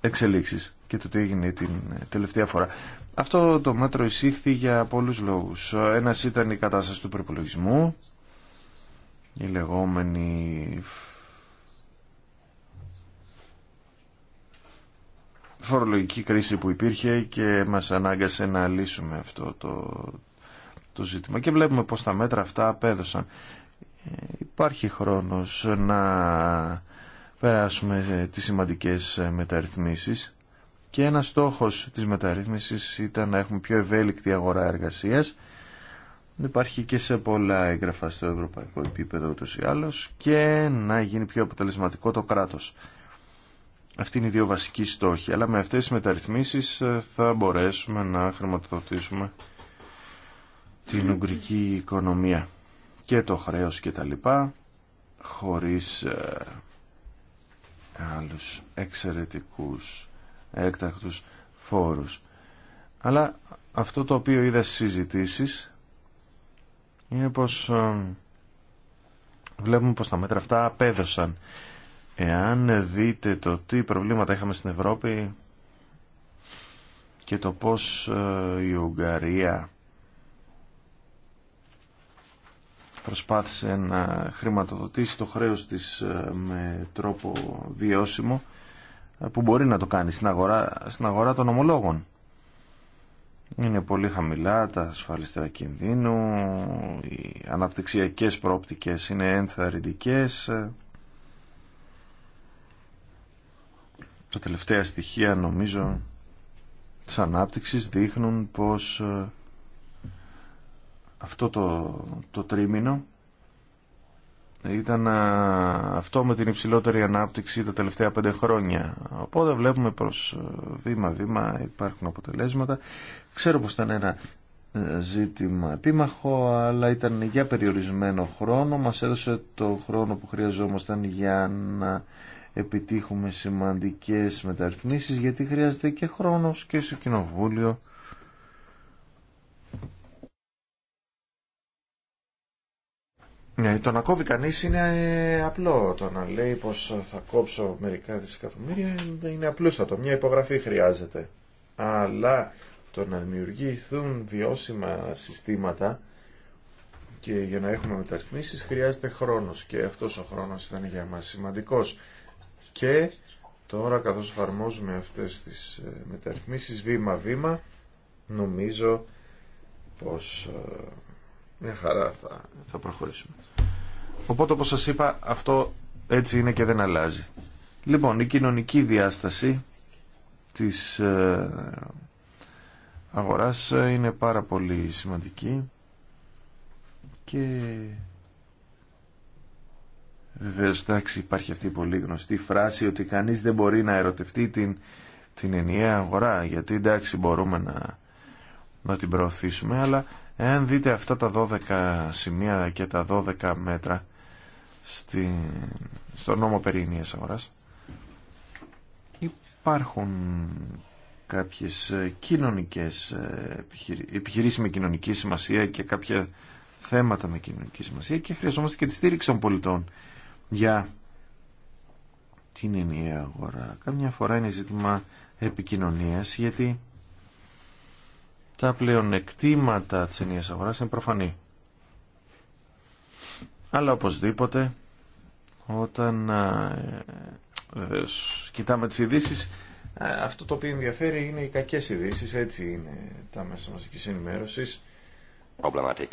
Speaker 1: εξελίξεις και το τι έγινε την τελευταία φορά. Αυτό το μέτρο εισήχθη για πολλούς λόγους. Ένας ήταν η κατάσταση του προπολογισμού, η λεγόμενη φορολογική κρίση που υπήρχε και μας ανάγκασε να λύσουμε αυτό το, το ζήτημα. Και βλέπουμε πως τα μέτρα αυτά απέδωσαν. Ε, υπάρχει χρόνος να περάσουμε τις σημαντικές μεταρρυθμίσεις και ένας στόχος της μεταρρύθμισης ήταν να έχουμε πιο ευέλικτη αγορά εργασίας. Υπάρχει και σε πολλά έγγραφα στο ευρωπαϊκό επίπεδο ούτως ή άλλως και να γίνει πιο αποτελεσματικό το κράτος. Αυτοί είναι οι δύο βασικοί στόχοι. Αλλά με αυτές τις μεταρρυθμίσεις ε, θα μπορέσουμε να χρηματοδοτήσουμε την ουγγρική οικονομία και το χρέος και τα λοιπά χωρίς ε, άλλους εξαιρετικούς έκτακτους φόρους. Αλλά αυτό το οποίο είδα στις συζητήσεις είναι πως ε, βλέπουμε πως τα μέτρα αυτά απέδωσαν. Εάν δείτε το τι προβλήματα είχαμε στην Ευρώπη και το πως ε, η Ουγγαρία προσπάθησε να χρηματοδοτήσει το χρέος της ε, με τρόπο βιώσιμο που μπορεί να το κάνει στην αγορά, στην των ομολόγων. Είναι πολύ χαμηλά τα ασφαλιστικά κινδύνου, οι αναπτυξιακές πρόπτικες είναι ενθαρρυντικές. Τα τελευταία στοιχεία νομίζω της ανάπτυξης δείχνουν πως ε, αυτό το, το τρίμηνο ήταν αυτό με την υψηλότερη ανάπτυξη τα τελευταία πέντε χρόνια. Οπότε βλέπουμε προς βήμα-βήμα υπάρχουν αποτελέσματα. Ξέρω πως ήταν ένα ε, ζήτημα επίμαχο, αλλά ήταν για περιορισμένο χρόνο. Μας έδωσε το χρόνο που χρειαζόμασταν για να επιτύχουμε σημαντικές μεταρρυθμίσεις, γιατί χρειάζεται και χρόνος και στο Κοινοβούλιο Ναι, το να κόβει κανεί είναι απλό. Το να λέει πως θα κόψω μερικά δισεκατομμύρια είναι απλούστατο. Μια υπογραφή χρειάζεται. Αλλά το να δημιουργηθούν βιώσιμα συστήματα και για να έχουμε μεταρρυθμίσει, χρειάζεται χρόνος και αυτός ο χρόνος ήταν για μα σημαντικό. Και τώρα καθώ εφαρμόζουμε αυτές τις ε, μεταρρυθμίσει βημα βήμα-βήμα νομίζω πως ε, μια χαρά θα, θα προχωρήσουμε. Οπότε όπως σας είπα αυτό έτσι είναι και δεν αλλάζει. Λοιπόν, η κοινωνική διάσταση της ε, αγοράς ε, είναι πάρα πολύ σημαντική και βεβαίω εντάξει υπάρχει αυτή η πολύ γνωστή φράση ότι κανείς δεν μπορεί να ερωτευτεί την, την ενιαία αγορά γιατί εντάξει μπορούμε να, να την προωθήσουμε αλλά εάν δείτε αυτά τα 12 σημεία και τα 12 μέτρα στη, στο νόμο περί ενίας αγοράς υπάρχουν κάποιες ε, κοινωνικές ε, επιχειρήσεις με κοινωνική σημασία και κάποια θέματα με κοινωνική σημασία και χρειαζόμαστε και τη στήριξη των πολιτών για την ενιαία αγορά. Καμιά φορά είναι ζήτημα επικοινωνίας γιατί τα πλεονεκτήματα της ενιαίας αγοράς είναι προφανή. Αλλά οπωσδήποτε όταν βεβαίως, ε, ε, κοιτάμε τις ειδήσει, ε, αυτό το οποίο ενδιαφέρει είναι οι κακές ειδήσει, έτσι είναι τα μέσα μαζικής ενημέρωσης.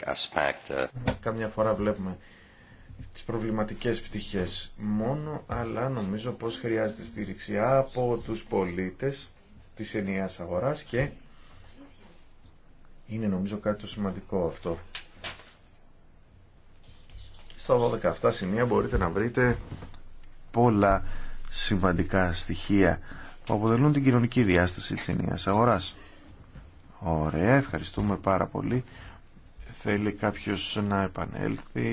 Speaker 1: Aspect. Καμιά φορά βλέπουμε τις προβληματικές πτυχές μόνο, αλλά νομίζω πως χρειάζεται στήριξη από τους πολίτες της ενιαίας αγοράς και είναι νομίζω κάτι το σημαντικό αυτό στα 12 αυτά σημεία μπορείτε να βρείτε πολλά σημαντικά στοιχεία που αποτελούν την κοινωνική διάσταση της ενιαίας αγοράς. Ωραία, ευχαριστούμε πάρα πολύ. Θέλει κάποιος να επανέλθει,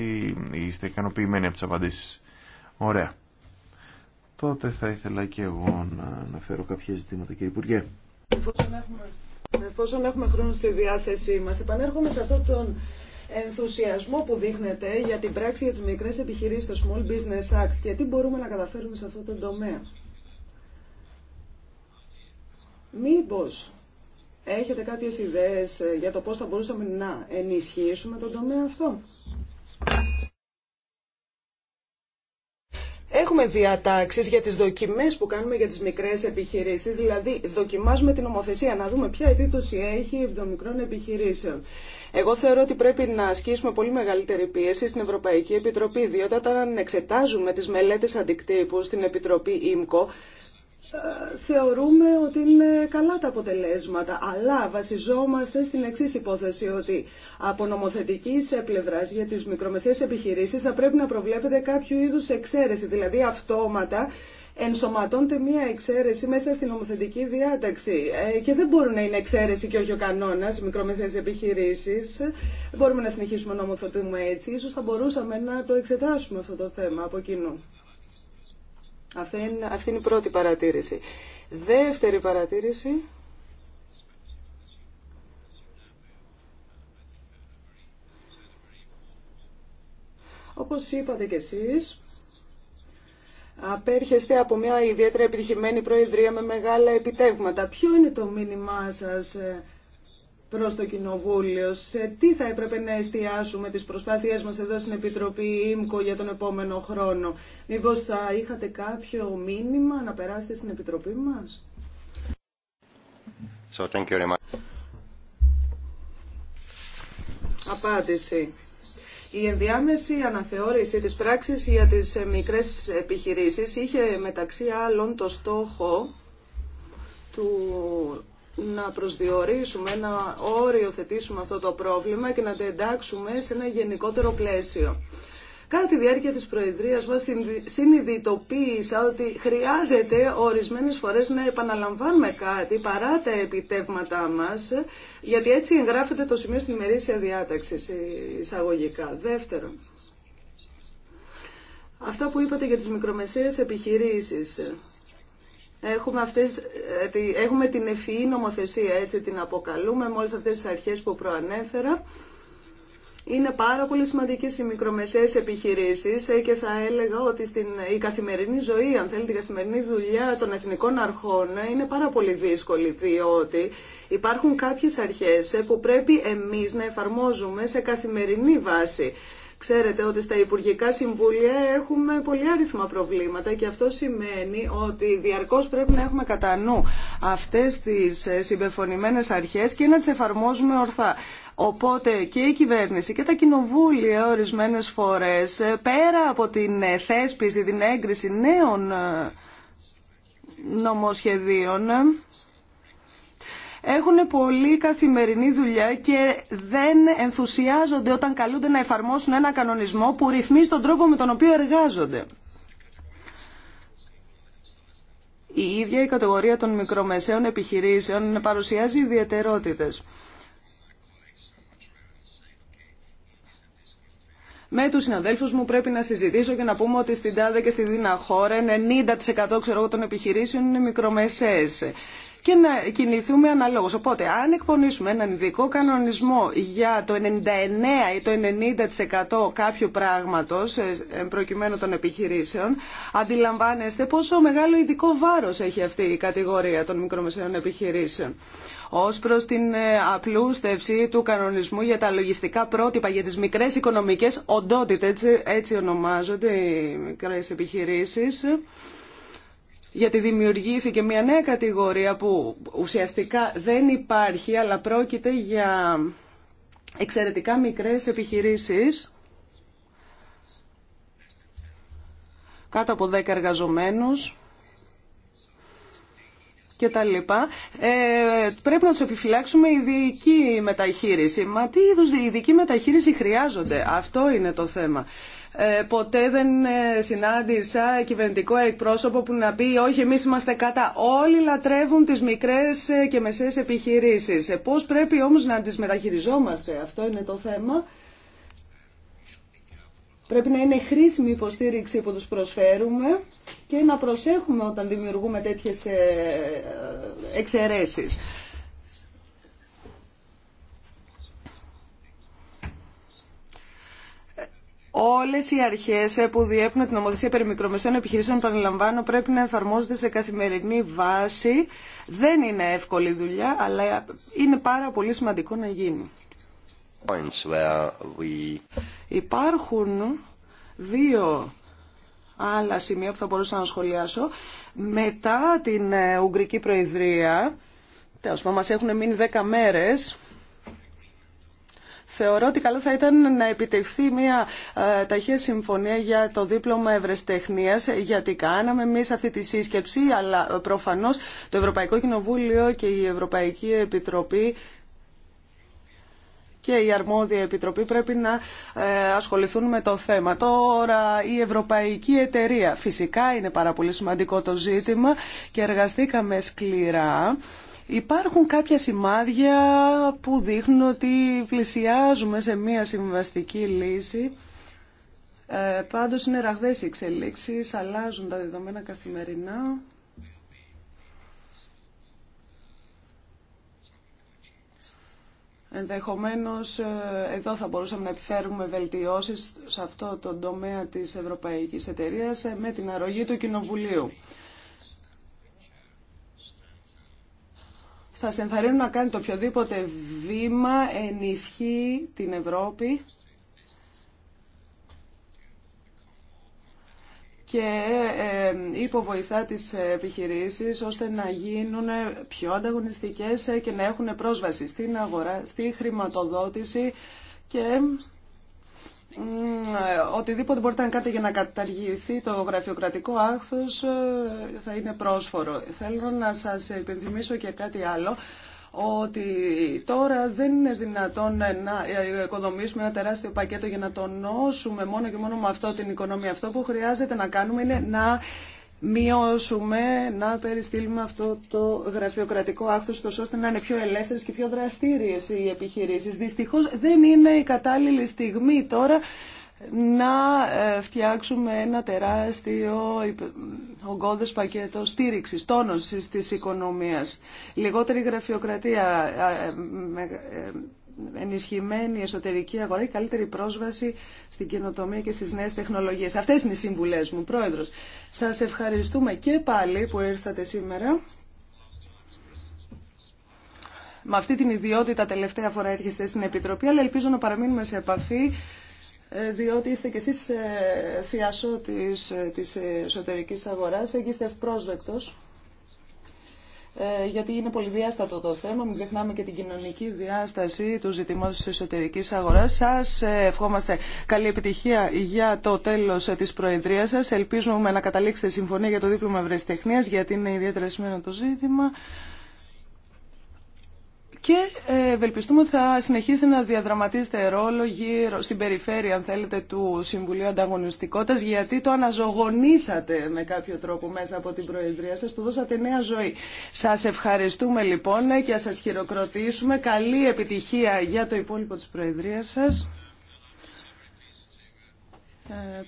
Speaker 1: ή είστε ικανοποιημένοι από τις απαντήσεις. Ωραία. Τότε θα ήθελα και εγώ να αναφέρω κάποια ζητήματα, κύριε Υπουργέ.
Speaker 5: Εφόσον έχουμε, εφόσον έχουμε χρόνο στη διάθεσή μας, επανέρχομαι σε αυτό τον ενθουσιασμό που δείχνετε για την πράξη για τις μικρές επιχειρήσεις, στο Small Business Act και τι μπορούμε να καταφέρουμε σε αυτό το τομέα. Μήπως έχετε κάποιες ιδέες ε, για το πώς θα μπορούσαμε να ενισχύσουμε τον τομέα αυτό. Έχουμε διατάξει για τις δοκιμές που κάνουμε για τις μικρές επιχειρήσεις, δηλαδή δοκιμάζουμε την νομοθεσία να δούμε ποια επίπτωση έχει η μικρών επιχειρήσεων. Εγώ θεωρώ ότι πρέπει να ασκήσουμε πολύ μεγαλύτερη πίεση στην Ευρωπαϊκή Επιτροπή, διότι όταν εξετάζουμε τις μελέτες αντικτύπου στην Επιτροπή ΙΜΚΟ, ε, θεωρούμε ότι είναι καλά τα αποτελέσματα, αλλά βασιζόμαστε στην εξή υπόθεση ότι από νομοθετική πλευρά για τις μικρομεσαίες επιχειρήσεις θα πρέπει να προβλέπεται κάποιο είδους εξαίρεση, δηλαδή αυτόματα ενσωματώνται μία εξαίρεση μέσα στην νομοθετική διάταξη. Ε, και δεν μπορούν να είναι εξαίρεση και όχι ο κανόνα, μικρομεσαίε επιχειρήσει. Δεν μπορούμε να συνεχίσουμε να νομοθετούμε έτσι. σω θα μπορούσαμε να το εξετάσουμε αυτό το θέμα από κοινού. Αυτή είναι, αυτή είναι η πρώτη παρατήρηση. Δεύτερη παρατήρηση. Όπως είπατε κι εσείς, απέρχεστε από μια ιδιαίτερα επιτυχημένη προεδρία με μεγάλα επιτεύγματα. Ποιο είναι το μήνυμά σας ε, προς το Κοινοβούλιο. Σε τι θα έπρεπε να εστιάσουμε τις προσπάθειές μας εδώ στην Επιτροπή ΙΜΚΟ για τον επόμενο χρόνο. Μήπως θα είχατε κάποιο μήνυμα να περάσετε στην Επιτροπή μας. So, Απάντηση. Η ενδιάμεση αναθεώρηση της πράξης για τις μικρές επιχειρήσεις είχε μεταξύ άλλων το στόχο του να προσδιορίσουμε, να όριοθετήσουμε αυτό το πρόβλημα και να το εντάξουμε σε ένα γενικότερο πλαίσιο. Κατά τη διάρκεια της Προεδρίας μας συνειδητοποίησα ότι χρειάζεται ορισμένες φορές να επαναλαμβάνουμε κάτι παρά τα επιτεύγματά μας, γιατί έτσι εγγράφεται το σημείο στην ημερήσια διάταξη εισαγωγικά. Δεύτερον, αυτά που είπατε για τις μικρομεσαίες επιχειρήσεις. Έχουμε, αυτές, ε, έχουμε την ευφυή νομοθεσία, έτσι την αποκαλούμε, με όλες αυτές τις αρχές που προανέφερα. Είναι πάρα πολύ σημαντικές οι μικρομεσαίες επιχειρήσεις ε, και θα έλεγα ότι στην, η καθημερινή ζωή, αν θέλετε, η καθημερινή δουλειά των εθνικών αρχών ε, είναι πάρα πολύ δύσκολη διότι υπάρχουν κάποιες αρχές που πρέπει εμείς να εφαρμόζουμε σε καθημερινή βάση. Ξέρετε ότι στα Υπουργικά Συμβούλια έχουμε πολύ άριθμα προβλήματα και αυτό σημαίνει ότι διαρκώς πρέπει να έχουμε κατά νου αυτές τις ε, συμπεφωνημένες αρχές και να τις εφαρμόζουμε ορθά. Οπότε και η κυβέρνηση και τα κοινοβούλια ορισμένες φορές ε, πέρα από την ε, θέσπιση, την έγκριση νέων νομοσχεδίων έχουν πολύ καθημερινή δουλειά και δεν ενθουσιάζονται όταν καλούνται να εφαρμόσουν ένα κανονισμό που ρυθμίζει τον τρόπο με τον οποίο εργάζονται. Η ίδια η κατηγορία των μικρομεσαίων επιχειρήσεων παρουσιάζει ιδιαιτερότητες. με του συναδέλφου μου πρέπει να συζητήσω και να πούμε ότι στην ΤΑΔΕ και στη ΔΙΝΑ χώρα 90% ξέρω, των επιχειρήσεων είναι μικρομεσαίες και να κινηθούμε αναλόγως. Οπότε αν εκπονήσουμε έναν ειδικό κανονισμό για το 99% ή το 90% κάποιου πράγματος ε, προκειμένου των επιχειρήσεων αντιλαμβάνεστε πόσο μεγάλο ειδικό βάρο έχει αυτή η κατηγορία των μικρομεσαίων επιχειρήσεων ως προς την ε, απλούστευση του κανονισμού για τα λογιστικά πρότυπα για τις μικρές οικονομικές οντότητες, έτσι, ονομάζονται οι μικρές επιχειρήσεις γιατί δημιουργήθηκε μια νέα κατηγορία που ουσιαστικά δεν υπάρχει, αλλά πρόκειται για εξαιρετικά μικρές επιχειρήσεις, κάτω από 10 εργαζομένους, και τα λοιπά, ε, πρέπει να του επιφυλάξουμε ειδική μεταχείριση. Μα τι είδους ειδική μεταχείριση χρειάζονται. Αυτό είναι το θέμα. Ε, ποτέ δεν ε, συνάντησα κυβερνητικό εκπρόσωπο που να πει όχι εμείς είμαστε κατά. Όλοι λατρεύουν τις μικρές ε, και μεσαίες επιχειρήσεις. Ε, πώς πρέπει όμως να τις μεταχειριζόμαστε. Αυτό είναι το θέμα. Πρέπει να είναι χρήσιμη η υποστήριξη που τους προσφέρουμε και να προσέχουμε όταν δημιουργούμε τέτοιες ε, ε, εξαιρέσεις. Όλε οι αρχέ ε, που διέπουν την νομοθεσία περί μικρομεσαίων επιχειρήσεων, παραλαμβάνω, πρέπει να εφαρμόζονται σε καθημερινή βάση. Δεν είναι εύκολη δουλειά, αλλά είναι πάρα πολύ σημαντικό να γίνει. Υπάρχουν δύο άλλα σημεία που θα μπορούσα να σχολιάσω. Μετά την ε, Ουγγρική Προεδρία, τέλος πάντων μας έχουν μείνει δέκα μέρες, Θεωρώ ότι καλό θα ήταν να επιτευχθεί μια ε, ταχεία συμφωνία για το δίπλωμα Ευρεστεχνίας, γιατί κάναμε εμεί αυτή τη σύσκεψη, αλλά ε, προφανώς το Ευρωπαϊκό Κοινοβούλιο και η Ευρωπαϊκή Επιτροπή και η αρμόδια επιτροπή πρέπει να ε, ασχοληθούν με το θέμα. Τώρα η Ευρωπαϊκή Εταιρεία. Φυσικά είναι πάρα πολύ σημαντικό το ζήτημα και εργαστήκαμε σκληρά. Υπάρχουν κάποια σημάδια που δείχνουν ότι πλησιάζουμε σε μία συμβαστική λύση. Ε, πάντως είναι ραγδαίες οι εξελίξεις, αλλάζουν τα δεδομένα καθημερινά. Ενδεχομένως ε, εδώ θα μπορούσαμε να επιφέρουμε βελτιώσεις σε αυτό το τομέα της Ευρωπαϊκής Εταιρείας ε, με την αρρωγή του Κοινοβουλίου. Θα ενθαρρύνω να κάνετε οποιοδήποτε βήμα ενισχύει την Ευρώπη και ε, ε, υποβοηθά τις επιχειρήσεις ώστε να γίνουν πιο ανταγωνιστικές και να έχουν πρόσβαση στην αγορά, στη χρηματοδότηση και ε, οτιδήποτε μπορείτε να κάνετε για να καταργηθεί το γραφειοκρατικό άχθος θα είναι πρόσφορο. Θέλω να σας υπενθυμίσω και κάτι άλλο ότι τώρα δεν είναι δυνατόν να οικοδομήσουμε ένα τεράστιο πακέτο για να τονώσουμε μόνο και μόνο με αυτό την οικονομία. Αυτό που χρειάζεται να κάνουμε είναι να μειώσουμε, να περιστήλουμε αυτό το γραφειοκρατικό άκθος τόσο ώστε να είναι πιο ελεύθερες και πιο δραστήριες οι επιχειρήσεις. Δυστυχώς δεν είναι η κατάλληλη στιγμή τώρα να ε, φτιάξουμε ένα τεράστιο ογκώδες πακέτο στήριξης, τόνωσης της οικονομίας. Λιγότερη γραφειοκρατία, ε, ε, ενισχυμένη εσωτερική αγορά και καλύτερη πρόσβαση στην καινοτομία και στις νέες τεχνολογίες. Αυτές είναι οι σύμβουλές μου, Πρόεδρος. Σας ευχαριστούμε και πάλι που ήρθατε σήμερα. Με αυτή την ιδιότητα τελευταία φορά έρχεστε στην Επιτροπή, αλλά ελπίζω να παραμείνουμε σε επαφή διότι είστε κι εσείς ε, θειασό της, ε, της εσωτερικής αγοράς, είστε ευπρόσδεκτος, ε, γιατί είναι πολυδιάστατο το θέμα, μην ξεχνάμε και την κοινωνική διάσταση του ζητήματος της εσωτερικής αγοράς. Σας ευχόμαστε καλή επιτυχία για το τέλος της Προεδρίας σας. Ελπίζουμε να καταλήξετε συμφωνία για το δίπλωμα ευρεσιτεχνίας, γιατί είναι ιδιαίτερα σημαίνο το ζήτημα και ε, ευελπιστούμε ότι θα συνεχίσετε να διαδραματίζετε ρόλο στην περιφέρεια, αν θέλετε, του Συμβουλίου Ανταγωνιστικότητας, γιατί το αναζωογονήσατε με κάποιο τρόπο μέσα από την Προεδρία σας, του δώσατε νέα ζωή. Σας ευχαριστούμε λοιπόν ε, και σας χειροκροτήσουμε. Καλή επιτυχία για το υπόλοιπο της Προεδρίας σας. Ε,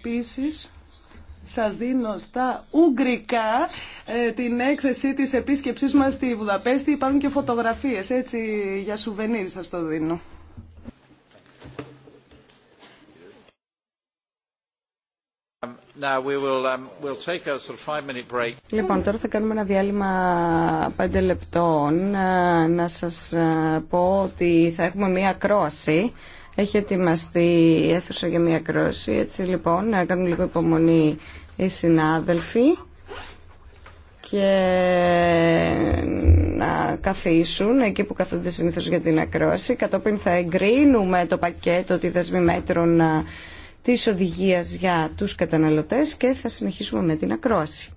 Speaker 5: σας δίνω στα Ουγγρικά ε, την έκθεση της επίσκεψής μας στη Βουδαπέστη. Υπάρχουν και φωτογραφίες, έτσι, για σουβενίρ σας το δίνω.
Speaker 2: Λοιπόν, τώρα θα κάνουμε ένα διάλειμμα πέντε λεπτών. Ε, να σας ε, πω ότι θα έχουμε μία ακρόαση έχει ετοιμαστεί η αίθουσα για μια κρόση. Έτσι λοιπόν, να κάνουν λίγο υπομονή οι συνάδελφοι και να καθίσουν εκεί που καθόνται συνήθω για την ακρόαση. Κατόπιν θα εγκρίνουμε το πακέτο τη δεσμή μέτρων ε, της οδηγίας για τους καταναλωτές και θα συνεχίσουμε με την ακρόαση.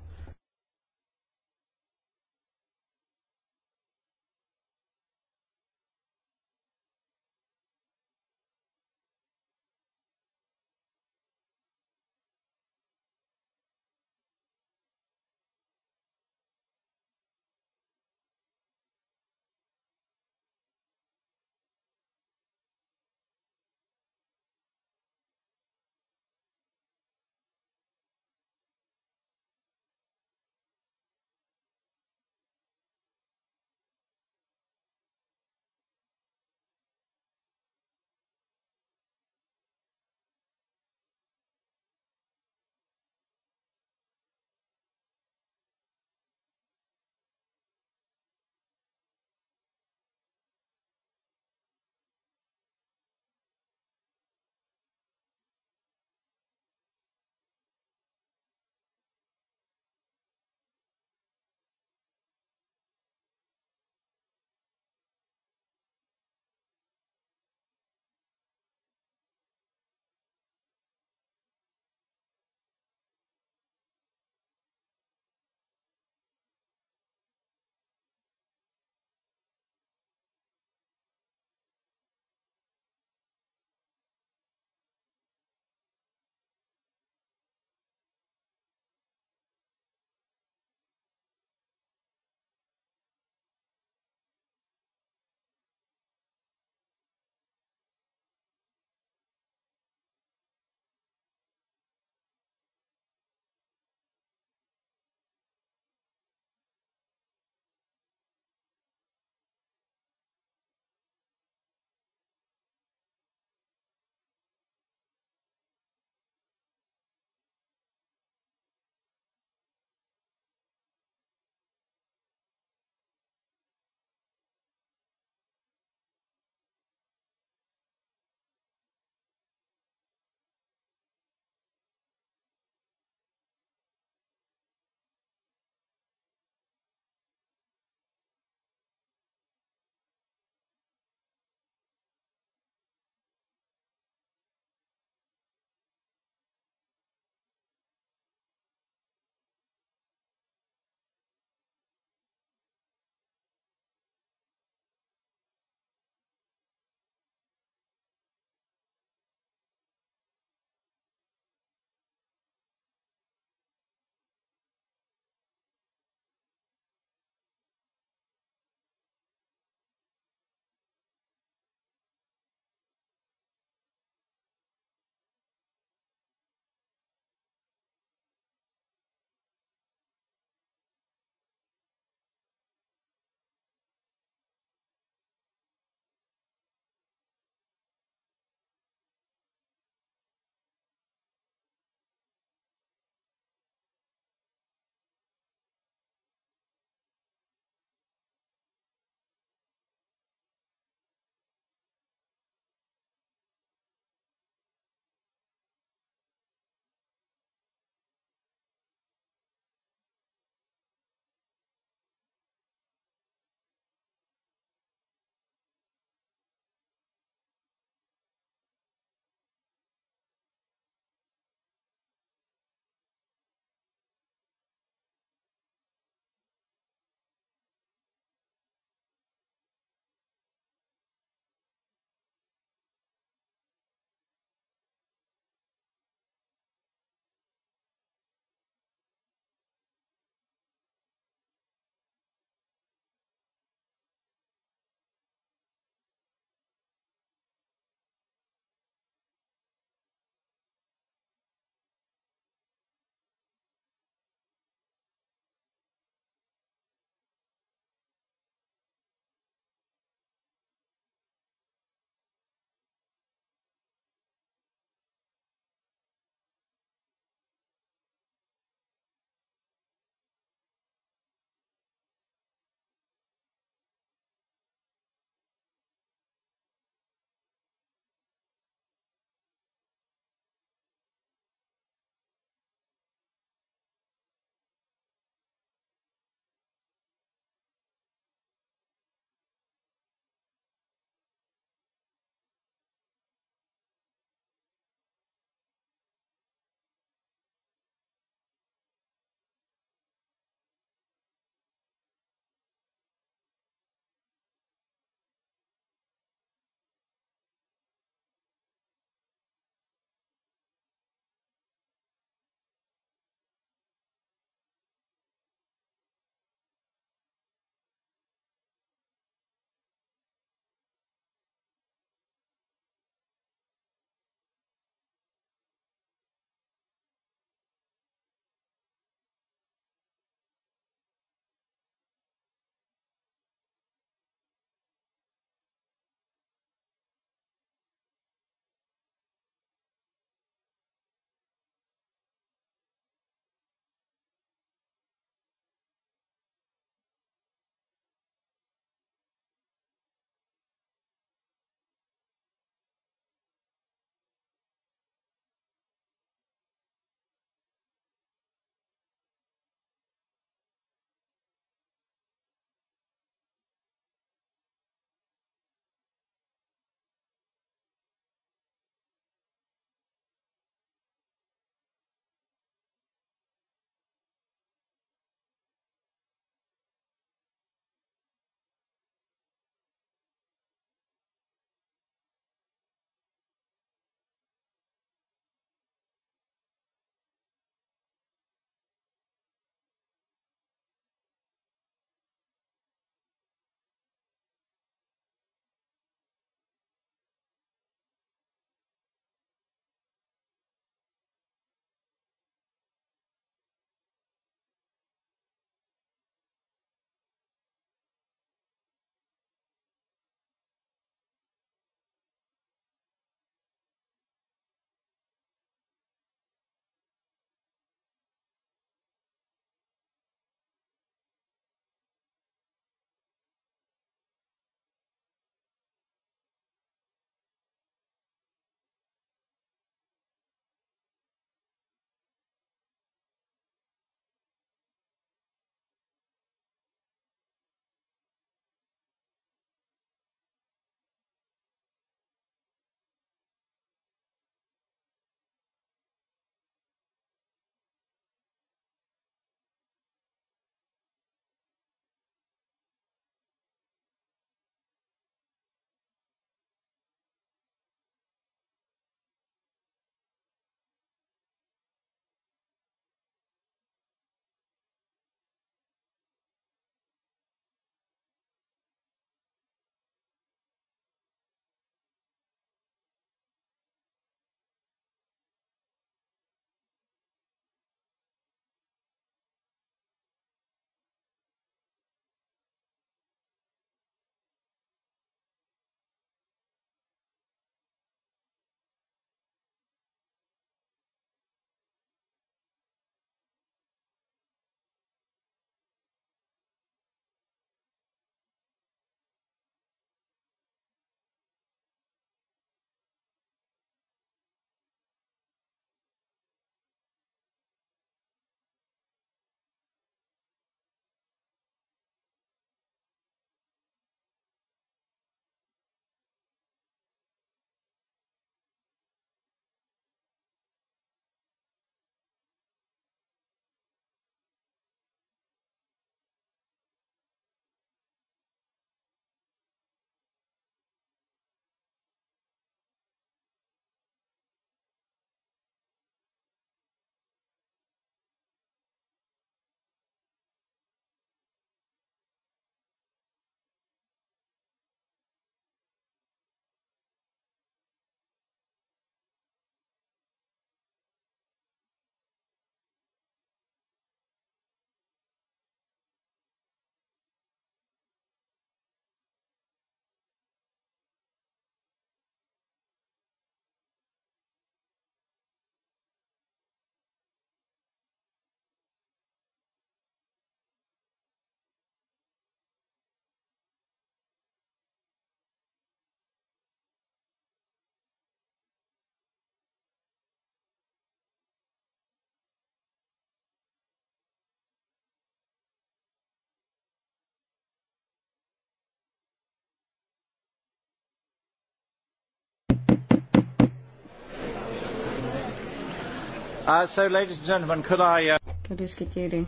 Speaker 4: Uh, uh,
Speaker 2: Κυρίες και κύριοι,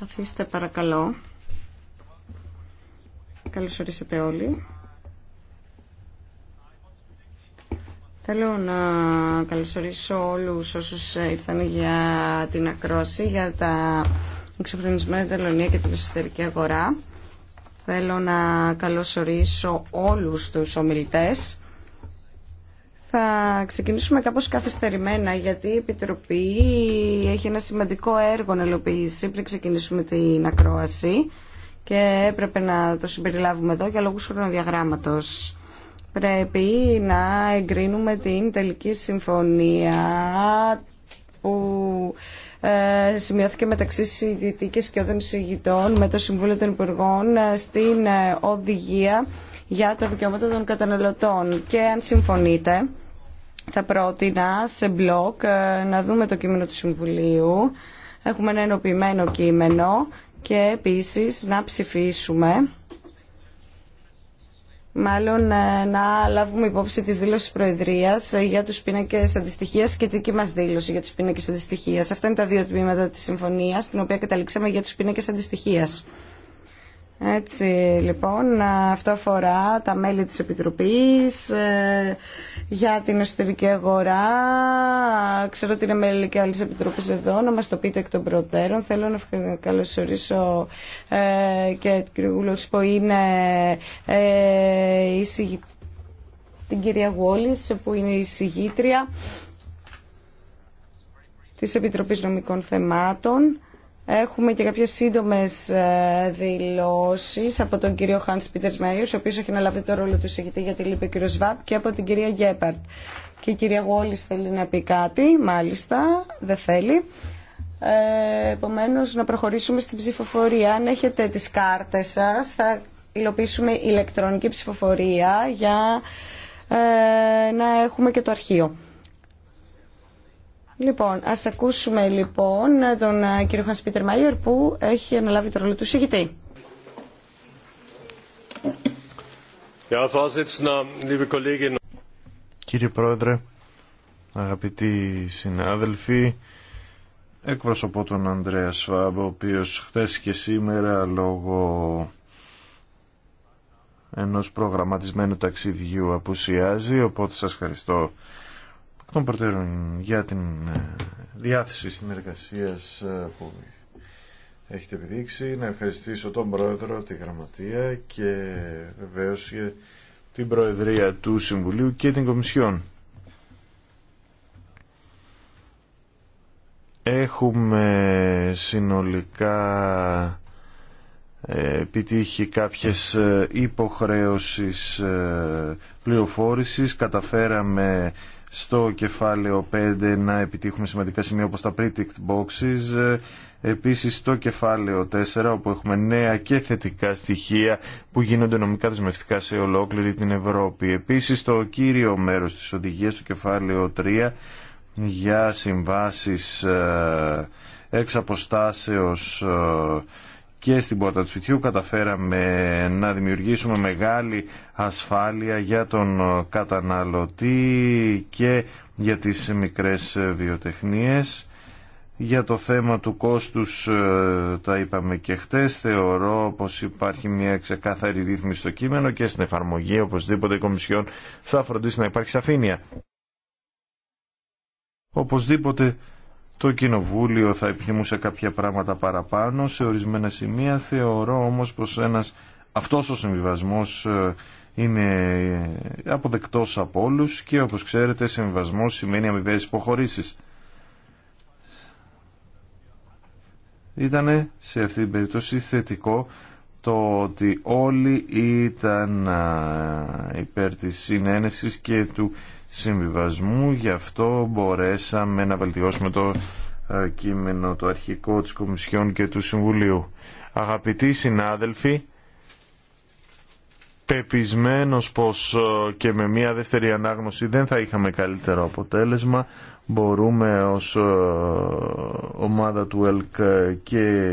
Speaker 2: καθίστε παρακαλώ. Καλώς ορίσατε όλοι. Θέλω να καλωσορίσω όλους όσους ήρθαν για την ακρόση, για τα εξαφρονισμένα τελωνία και την εσωτερική αγορά. Θέλω να καλωσορίσω όλους τους ομιλητές θα ξεκινήσουμε κάπως καθυστερημένα γιατί η Επιτροπή έχει ένα σημαντικό έργο να ελοποιήσει πριν ξεκινήσουμε την ακρόαση και έπρεπε να το συμπεριλάβουμε εδώ για λόγους χρονοδιαγράμματος. Πρέπει να εγκρίνουμε την τελική συμφωνία που ε, σημειώθηκε μεταξύ συζητητή και όδων συγητών με το Συμβούλιο των Υπουργών ε, στην ε, οδηγία για τα δικαιώματα των καταναλωτών. Και αν συμφωνείτε, θα πρότεινα σε μπλοκ ε, να δούμε το κείμενο του Συμβουλίου. Έχουμε ένα ενοποιημένο κείμενο και επίσης να ψηφίσουμε μάλλον ε, να λάβουμε υπόψη της δήλωσης Προεδρίας ε, για τους πίνακες αντιστοιχίας και τη δική μας δήλωση για τους πίνακες αντιστοιχίας. Αυτά είναι τα δύο τμήματα της συμφωνίας, την οποία καταλήξαμε για τους πίνακες αντιστοιχία. Έτσι λοιπόν, αυτό αφορά τα μέλη της Επιτροπής ε, για την εσωτερική αγορά. Ξέρω ότι είναι μέλη και άλλες επιτροπές εδώ, να μας το πείτε εκ των προτέρων. Θέλω να καλωσορίσω ε, και την κυρία ε, που είναι η την κυρία που είναι η συγγήτρια της Επιτροπής Νομικών Θεμάτων. Έχουμε και κάποιες σύντομες ε, δηλώσεις από τον κύριο Χάνς Πίτερς Μέιος, ο οποίος έχει αναλάβει το ρόλο του για για τη ο κύριο ΣΒΑΠ, και από την κυρία Γκέπαρτ. Και η κυρία Γόλης θέλει να πει κάτι, μάλιστα, δεν θέλει. Ε, επομένως, να προχωρήσουμε στην ψηφοφορία. Αν έχετε τις κάρτες σας, θα υλοποιήσουμε ηλεκτρονική ψηφοφορία για ε, να έχουμε και το αρχείο. Λοιπόν, ας ακούσουμε λοιπόν τον ε, κύριο Χανς Πίτερ Μάιερ που έχει αναλάβει το ρόλο του συγκητή.
Speaker 1: Κύριε Πρόεδρε, αγαπητοί συνάδελφοι, εκπροσωπώ τον Ανδρέα Σφάμπ, ο οποίος χθες και σήμερα λόγω ενός προγραμματισμένου ταξιδιού απουσιάζει, οπότε σας ευχαριστώ των προτέρων για την ε, διάθεση συνεργασία ε, που έχετε επιδείξει. Να ευχαριστήσω τον Πρόεδρο, τη Γραμματεία και βεβαίω την Προεδρία του Συμβουλίου και την Κομισιόν. Έχουμε συνολικά ε, επιτύχει κάποιες υποχρέωσεις πληροφόρησης. Καταφέραμε στο κεφάλαιο 5 να επιτύχουμε σημαντικά σημεία όπως τα predict boxes. Επίσης στο κεφάλαιο 4 όπου έχουμε νέα και θετικά στοιχεία που γίνονται νομικά δεσμευτικά σε ολόκληρη την Ευρώπη. Επίσης το κύριο μέρος της οδηγίας στο κεφάλαιο 3 για συμβάσεις ε, εξ αποστάσεως ε, και στην πόρτα του σπιτιού καταφέραμε να δημιουργήσουμε μεγάλη ασφάλεια για τον καταναλωτή και για τις μικρές βιοτεχνίες. Για το θέμα του κόστους ε, τα είπαμε και χτες, θεωρώ πως υπάρχει μια ξεκάθαρη ρύθμιση στο κείμενο και στην εφαρμογή οπωσδήποτε η Κομισιόν θα φροντίσει να υπάρχει σαφήνεια. Οπωσδήποτε το Κοινοβούλιο θα επιθυμούσε κάποια πράγματα παραπάνω σε ορισμένα σημεία. Θεωρώ όμως πως ένας, αυτός ο συμβιβασμός ε, είναι ε, αποδεκτός από όλους και όπως ξέρετε συμβιβασμός σημαίνει αμοιβές υποχωρήσεις. Ήτανε σε αυτή την περίπτωση θετικό το ότι όλοι ήταν υπέρ της συνένεσης και του συμβιβασμού. Γι' αυτό μπορέσαμε να βελτιώσουμε το κείμενο το αρχικό της Κομισιόν και του Συμβουλίου. Αγαπητοί συνάδελφοι, πεπισμένος πως και με μια δεύτερη ανάγνωση δεν θα είχαμε καλύτερο αποτέλεσμα μπορούμε ως ομάδα του ΕΛΚ και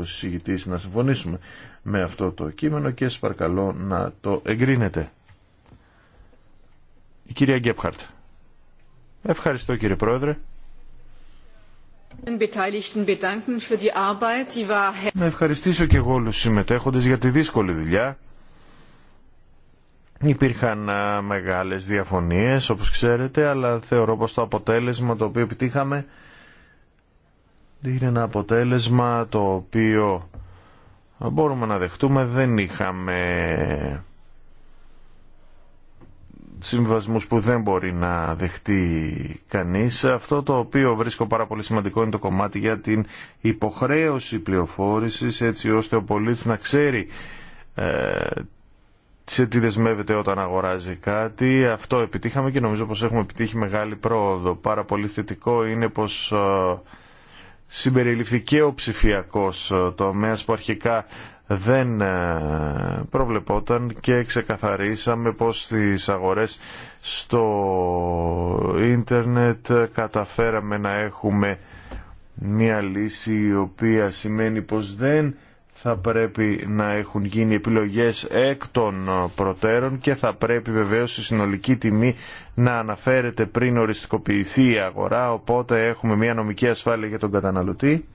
Speaker 1: ως συγητής να συμφωνήσουμε με αυτό το κείμενο και σας παρακαλώ να το εγκρίνετε. Η κυρία Γκέπχαρτ. Ευχαριστώ κύριε Πρόεδρε. Να ευχαριστήσω και εγώ όλους συμμετέχοντες για τη δύσκολη δουλειά. Υπήρχαν μεγάλες διαφωνίες όπως ξέρετε αλλά θεωρώ πως το αποτέλεσμα το οποίο επιτύχαμε είναι ένα αποτέλεσμα το οποίο μπορούμε να δεχτούμε δεν είχαμε συμβασμούς που δεν μπορεί να δεχτεί κανείς. Αυτό το οποίο βρίσκω πάρα πολύ σημαντικό είναι το κομμάτι για την υποχρέωση πληροφόρησης έτσι ώστε ο πολίτης να ξέρει ε, σε τι δεσμεύεται όταν αγοράζει κάτι. Αυτό επιτύχαμε και νομίζω πως έχουμε επιτύχει μεγάλη πρόοδο. Πάρα πολύ θετικό είναι πως ε, συμπεριληφθεί και ο ψηφιακός ε, τομέας που αρχικά δεν ε, προβλεπόταν και ξεκαθαρίσαμε πως στις αγορές στο ίντερνετ καταφέραμε να έχουμε μια λύση η οποία σημαίνει πως δεν θα πρέπει να έχουν γίνει επιλογές εκ των προτέρων και θα πρέπει βεβαίως η συνολική τιμή να αναφέρεται πριν οριστικοποιηθεί η αγορά, οπότε έχουμε μια νομική ασφάλεια για τον καταναλωτή.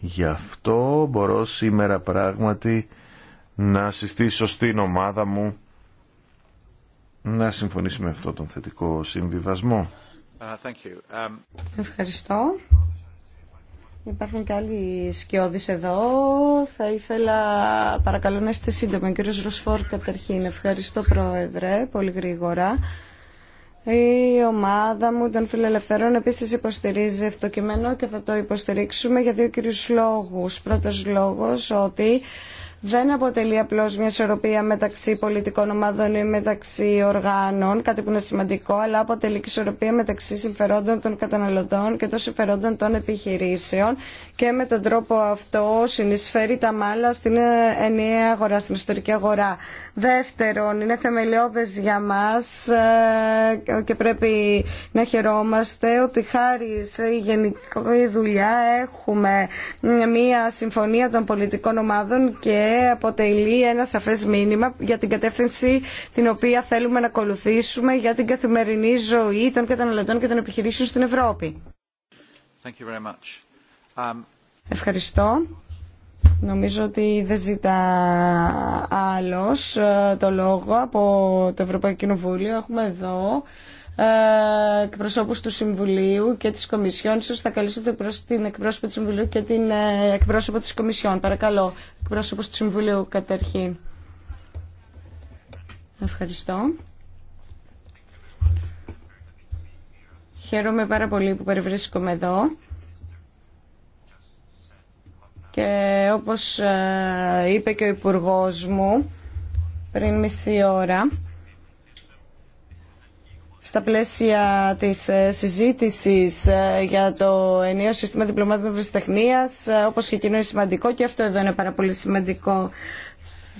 Speaker 1: Γι' αυτό μπορώ σήμερα πράγματι να συστήσω στην ομάδα μου να συμφωνήσει με αυτό τον θετικό συμβιβασμό.
Speaker 4: Uh, um, Ευχαριστώ.
Speaker 2: Υπάρχουν και άλλοι σκιώδεις εδώ. Θα ήθελα, παρακαλώ να είστε σύντομοι. Κύριος Ροσφόρ, καταρχήν, ευχαριστώ Πρόεδρε, πολύ γρήγορα. Η ομάδα μου των φιλελευθερών επίσης υποστηρίζει αυτό κείμενο και θα το υποστηρίξουμε για δύο κυρίους λόγους. Πρώτος λόγος ότι δεν αποτελεί απλώ μια ισορροπία μεταξύ πολιτικών ομάδων ή μεταξύ οργάνων, κάτι που είναι σημαντικό, αλλά αποτελεί και ισορροπία μεταξύ συμφερόντων των καταναλωτών και των συμφερόντων των επιχειρήσεων και με τον τρόπο αυτό συνεισφέρει τα μάλλα στην ενιαία αγορά, στην ιστορική αγορά. Δεύτερον, είναι θεμελιώδες για μας ε, και πρέπει να χαιρόμαστε ότι χάρη σε γενική δουλειά έχουμε μια συμφωνία των πολιτικών ομάδων και αποτελεί ένα σαφέ μήνυμα για την κατεύθυνση την οποία θέλουμε να ακολουθήσουμε για την καθημερινή ζωή των καταναλωτών και των επιχειρήσεων στην Ευρώπη. Um, Ευχαριστώ. Νομίζω ότι δεν ζητά άλλος ε, το λόγο από το Ευρωπαϊκό Κοινοβούλιο. Έχουμε εδώ ε, εκπροσώπου του Συμβουλίου και τη Κομισιόν. σω θα καλέσετε την εκπρόσωπο του Συμβουλίου και την ε, εκπρόσωπο τη Κομισιόν. Παρακαλώ, Εκπρόσωπο του Συμβουλίου καταρχήν. Ευχαριστώ. Χαίρομαι πάρα πολύ που περιβρίσκομαι εδώ. Και όπως ε, είπε και ο Υπουργός μου πριν μισή ώρα, στα πλαίσια της ε, συζήτησης ε, για το ενιαίο σύστημα διπλωμάτων βρεσιτεχνίας, ε, όπως και εκείνο είναι σημαντικό και αυτό εδώ είναι πάρα πολύ σημαντικό.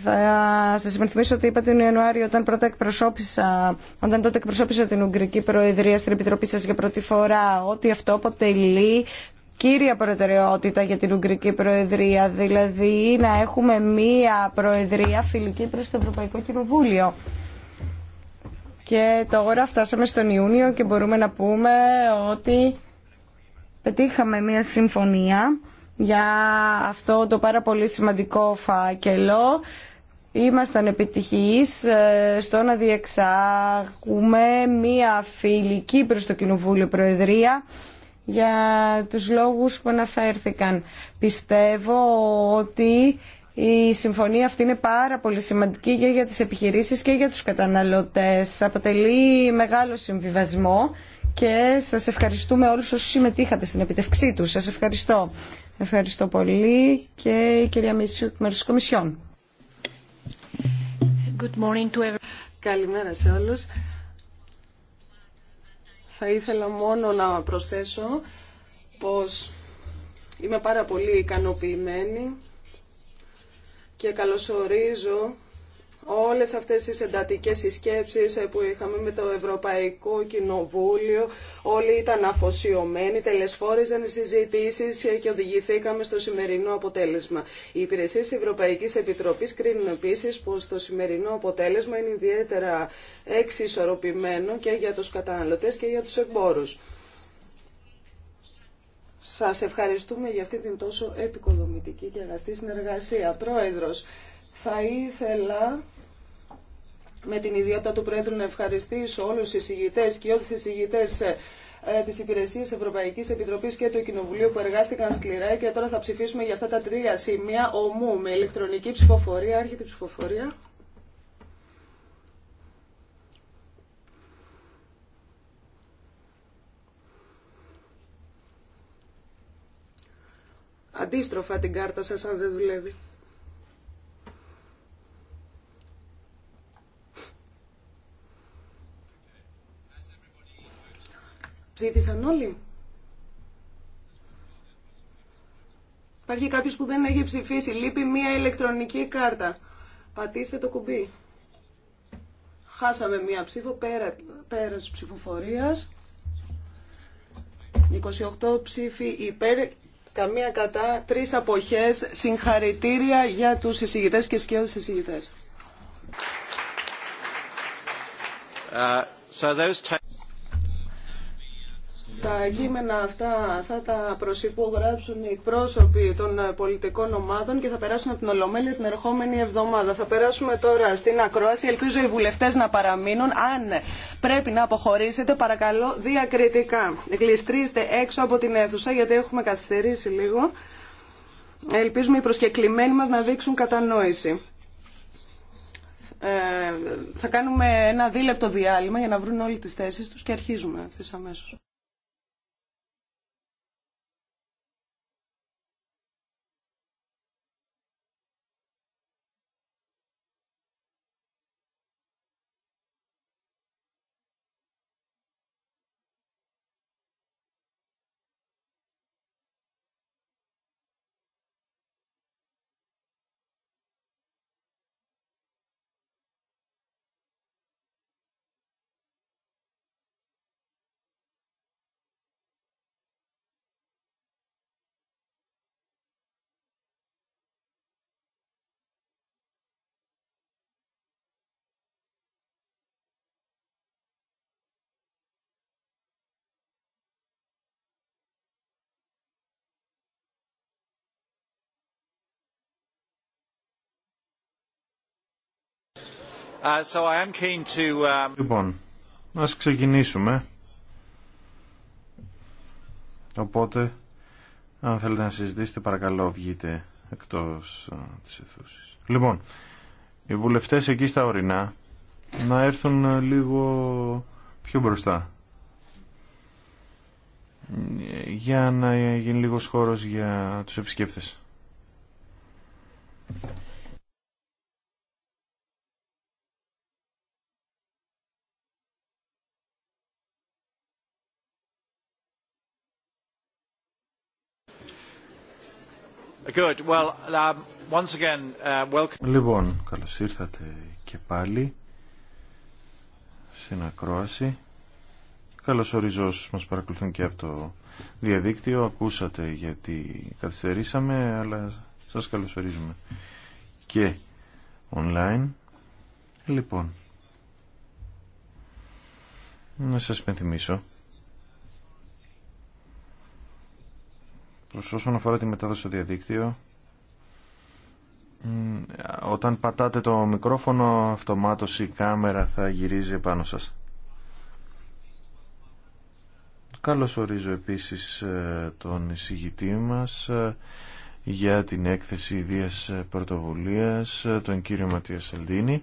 Speaker 2: Θα σα υπενθυμίσω ότι είπα τον Ιανουάριο, όταν πρώτα εκπροσώπησα, όταν τότε εκπροσώπησα την Ουγγρική Προεδρία στην Επιτροπή σα για πρώτη φορά, ότι αυτό αποτελεί κύρια προτεραιότητα για την Ουγγρική Προεδρία, δηλαδή να έχουμε μία Προεδρία φιλική προς το Ευρωπαϊκό Κοινοβούλιο. Και τώρα φτάσαμε στον Ιούνιο και μπορούμε να πούμε ότι πετύχαμε μια συμφωνία για αυτό το πάρα πολύ σημαντικό φάκελο. Ήμασταν επιτυχείς ε, στο να διεξάγουμε μία φιλική προς το Κοινοβούλιο Προεδρία για τους λόγους που αναφέρθηκαν. Πιστεύω ότι η συμφωνία αυτή είναι πάρα πολύ σημαντική και για τις επιχειρήσεις και για τους καταναλωτές. Αποτελεί μεγάλο συμβιβασμό και σας ευχαριστούμε όλους όσους συμμετείχατε στην επιτευξή του. Σας ευχαριστώ. Ευχαριστώ πολύ και η κυρία Μίσου, μέρος της Κομισιόν.
Speaker 5: Good morning to Καλημέρα σε όλους. Θα ήθελα μόνο να προσθέσω πως είμαι πάρα πολύ ικανοποιημένη και καλωσορίζω όλες αυτές τις εντατικές συσκέψεις που είχαμε με το Ευρωπαϊκό Κοινοβούλιο. Όλοι ήταν αφοσιωμένοι, τελεσφόριζαν οι συζητήσεις και οδηγηθήκαμε στο σημερινό αποτέλεσμα. Οι υπηρεσίε της Ευρωπαϊκής Επιτροπής κρίνουν επίσης πως το σημερινό αποτέλεσμα είναι ιδιαίτερα εξισορροπημένο και για τους καταναλωτές και για τους εμπόρους. Σας ευχαριστούμε για αυτή την τόσο επικοδομητική και αγαστή συνεργασία. Πρόεδρος, θα ήθελα με την ιδιότητα του Πρόεδρου να ευχαριστήσω όλους τους εισηγητές και όλους τους εισηγητές ε, ε, της Υπηρεσίας Ευρωπαϊκής Επιτροπής και του Κοινοβουλίου που εργάστηκαν σκληρά και τώρα θα ψηφίσουμε για αυτά τα τρία σημεία ομού με ηλεκτρονική ψηφοφορία, άρχεται ψηφοφορία. αντίστροφα την κάρτα σας αν δεν δουλεύει. Ψήφισαν όλοι. Υπάρχει κάποιος που δεν έχει ψηφίσει. Λείπει μία ηλεκτρονική κάρτα. Πατήστε το κουμπί. Χάσαμε μία ψήφο πέρα, πέρα ψηφοφορίας. 28 ψήφοι υπέρ καμία κατά, τρεις αποχές. Συγχαρητήρια για τους συζητητές και σκιώδους συζητητέ. Uh, τα κείμενα αυτά θα τα προσυπογράψουν οι εκπρόσωποι των πολιτικών ομάδων και θα περάσουν από την Ολομέλεια την ερχόμενη εβδομάδα. Θα περάσουμε τώρα στην ακρόαση. Ελπίζω οι βουλευτέ να παραμείνουν. Αν πρέπει να αποχωρήσετε, παρακαλώ διακριτικά. Γλιστρήστε έξω από την αίθουσα γιατί έχουμε καθυστερήσει λίγο. Ελπίζουμε οι προσκεκλημένοι μα να δείξουν κατανόηση. Ε, θα κάνουμε ένα δίλεπτο διάλειμμα για να βρουν όλοι τις θέσεις τους και αρχίζουμε αυτές
Speaker 3: αμέσως. Uh, um,
Speaker 1: λοιπόν, ας ξεκινήσουμε. Οπότε, αν θέλετε να συζητήσετε, παρακαλώ βγείτε εκτός ε, της αιθούσης. Λοιπόν, οι βουλευτές εκεί στα ορεινά να έρθουν ε, λίγο πιο μπροστά. Για να γίνει λίγος χώρος για τους επισκέπτες.
Speaker 4: Um, uh,
Speaker 1: λοιπόν, καλώς ήρθατε και πάλι στην ακρόαση. Καλώς ορίζω μας παρακολουθούν και από το διαδίκτυο. Ακούσατε γιατί καθυστερήσαμε, αλλά σας καλωσορίζουμε και online. Λοιπόν, να σας πενθυμίσω Προς όσον αφορά τη μετάδοση στο διαδίκτυο, όταν πατάτε το μικρόφωνο, αυτομάτως η κάμερα θα γυρίζει επάνω σας. Καλώς ορίζω επίσης ε, τον εισηγητή μας ε, για την έκθεση ιδίας πρωτοβουλίας, ε, τον κύριο Ματία Σελτίνη,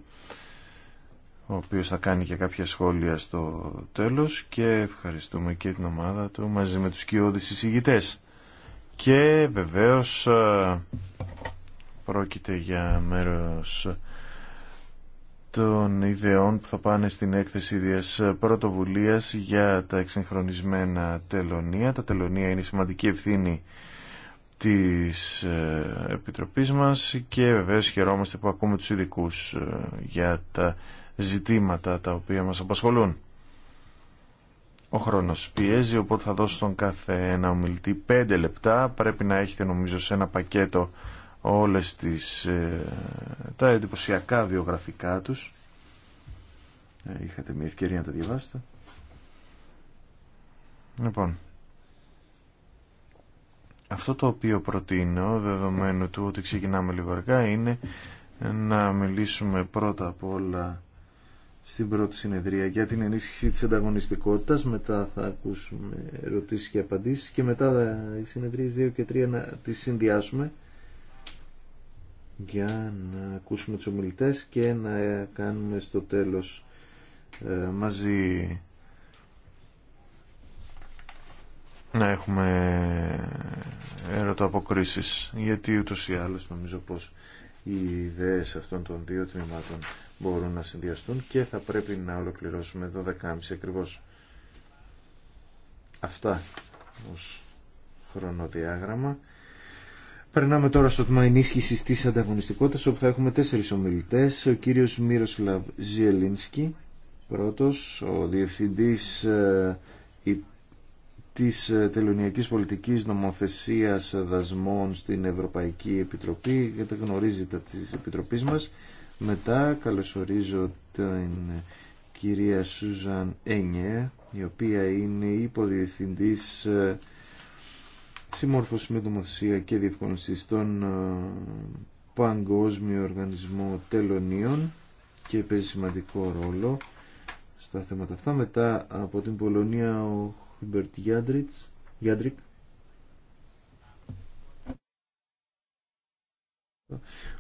Speaker 1: ο οποίος θα κάνει και κάποια σχόλια στο τέλος και ευχαριστούμε και την ομάδα του μαζί με τους κοιόδης εισηγητές και βεβαίως ε, πρόκειται για μέρος των ιδεών που θα πάνε στην έκθεση ίδιας πρωτοβουλίας για τα εξυγχρονισμένα τελωνία. Τα τελωνία είναι σημαντική ευθύνη της ε, Επιτροπής μας και βεβαίως χαιρόμαστε που ακούμε τους ειδικού ε, για τα ζητήματα τα οποία μας απασχολούν. Ο χρόνος πιέζει, οπότε θα δώσω στον κάθε ένα ομιλητή 5 λεπτά. Πρέπει να έχετε νομίζω σε ένα πακέτο όλες ε, τα εντυπωσιακά βιογραφικά τους. Ε, είχατε μια ευκαιρία να τα διαβάσετε. Λοιπόν, αυτό το οποίο προτείνω, δεδομένου του ότι ξεκινάμε λίγο αργά, είναι να μιλήσουμε πρώτα απ' όλα στην πρώτη συνεδρία για την ενίσχυση της ανταγωνιστικότητας. Μετά θα ακούσουμε ερωτήσεις και απαντήσεις και μετά οι συνεδρίες 2 και 3 να τις συνδυάσουμε για να ακούσουμε τους ομιλητές και να κάνουμε στο τέλος ε, μαζί να έχουμε ερωτοαποκρίσεις γιατί ούτως ή άλλως νομίζω πως οι ιδέες αυτών των δύο τμήματων μπορούν να συνδυαστούν και θα πρέπει να ολοκληρώσουμε 12.30 ακριβώς. Αυτά ως χρονοδιάγραμμα. Περνάμε τώρα στο τμήμα ενίσχυση τη ανταγωνιστικότητα, όπου θα έχουμε τέσσερι ομιλητέ. Ο κύριο Μύροσλαβ Ζιελίνσκι, πρώτο, ο διευθυντή ε, της ε, Τελωνιακή πολιτικής νομοθεσίας δασμών στην Ευρωπαϊκή Επιτροπή, γιατί γνωρίζετε τη επιτροπή μα. Μετά καλωσορίζω την κυρία Σούζαν Ένιε, η οποία είναι υποδιευθυντής ε, συμμόρφωση με νομοθεσία και διευκόνιση στον ε, Παγκόσμιο Οργανισμό Τελωνίων και παίζει σημαντικό ρόλο στα θέματα αυτά. Μετά από την Πολωνία ο Χιμπερτ Γιάντρικ,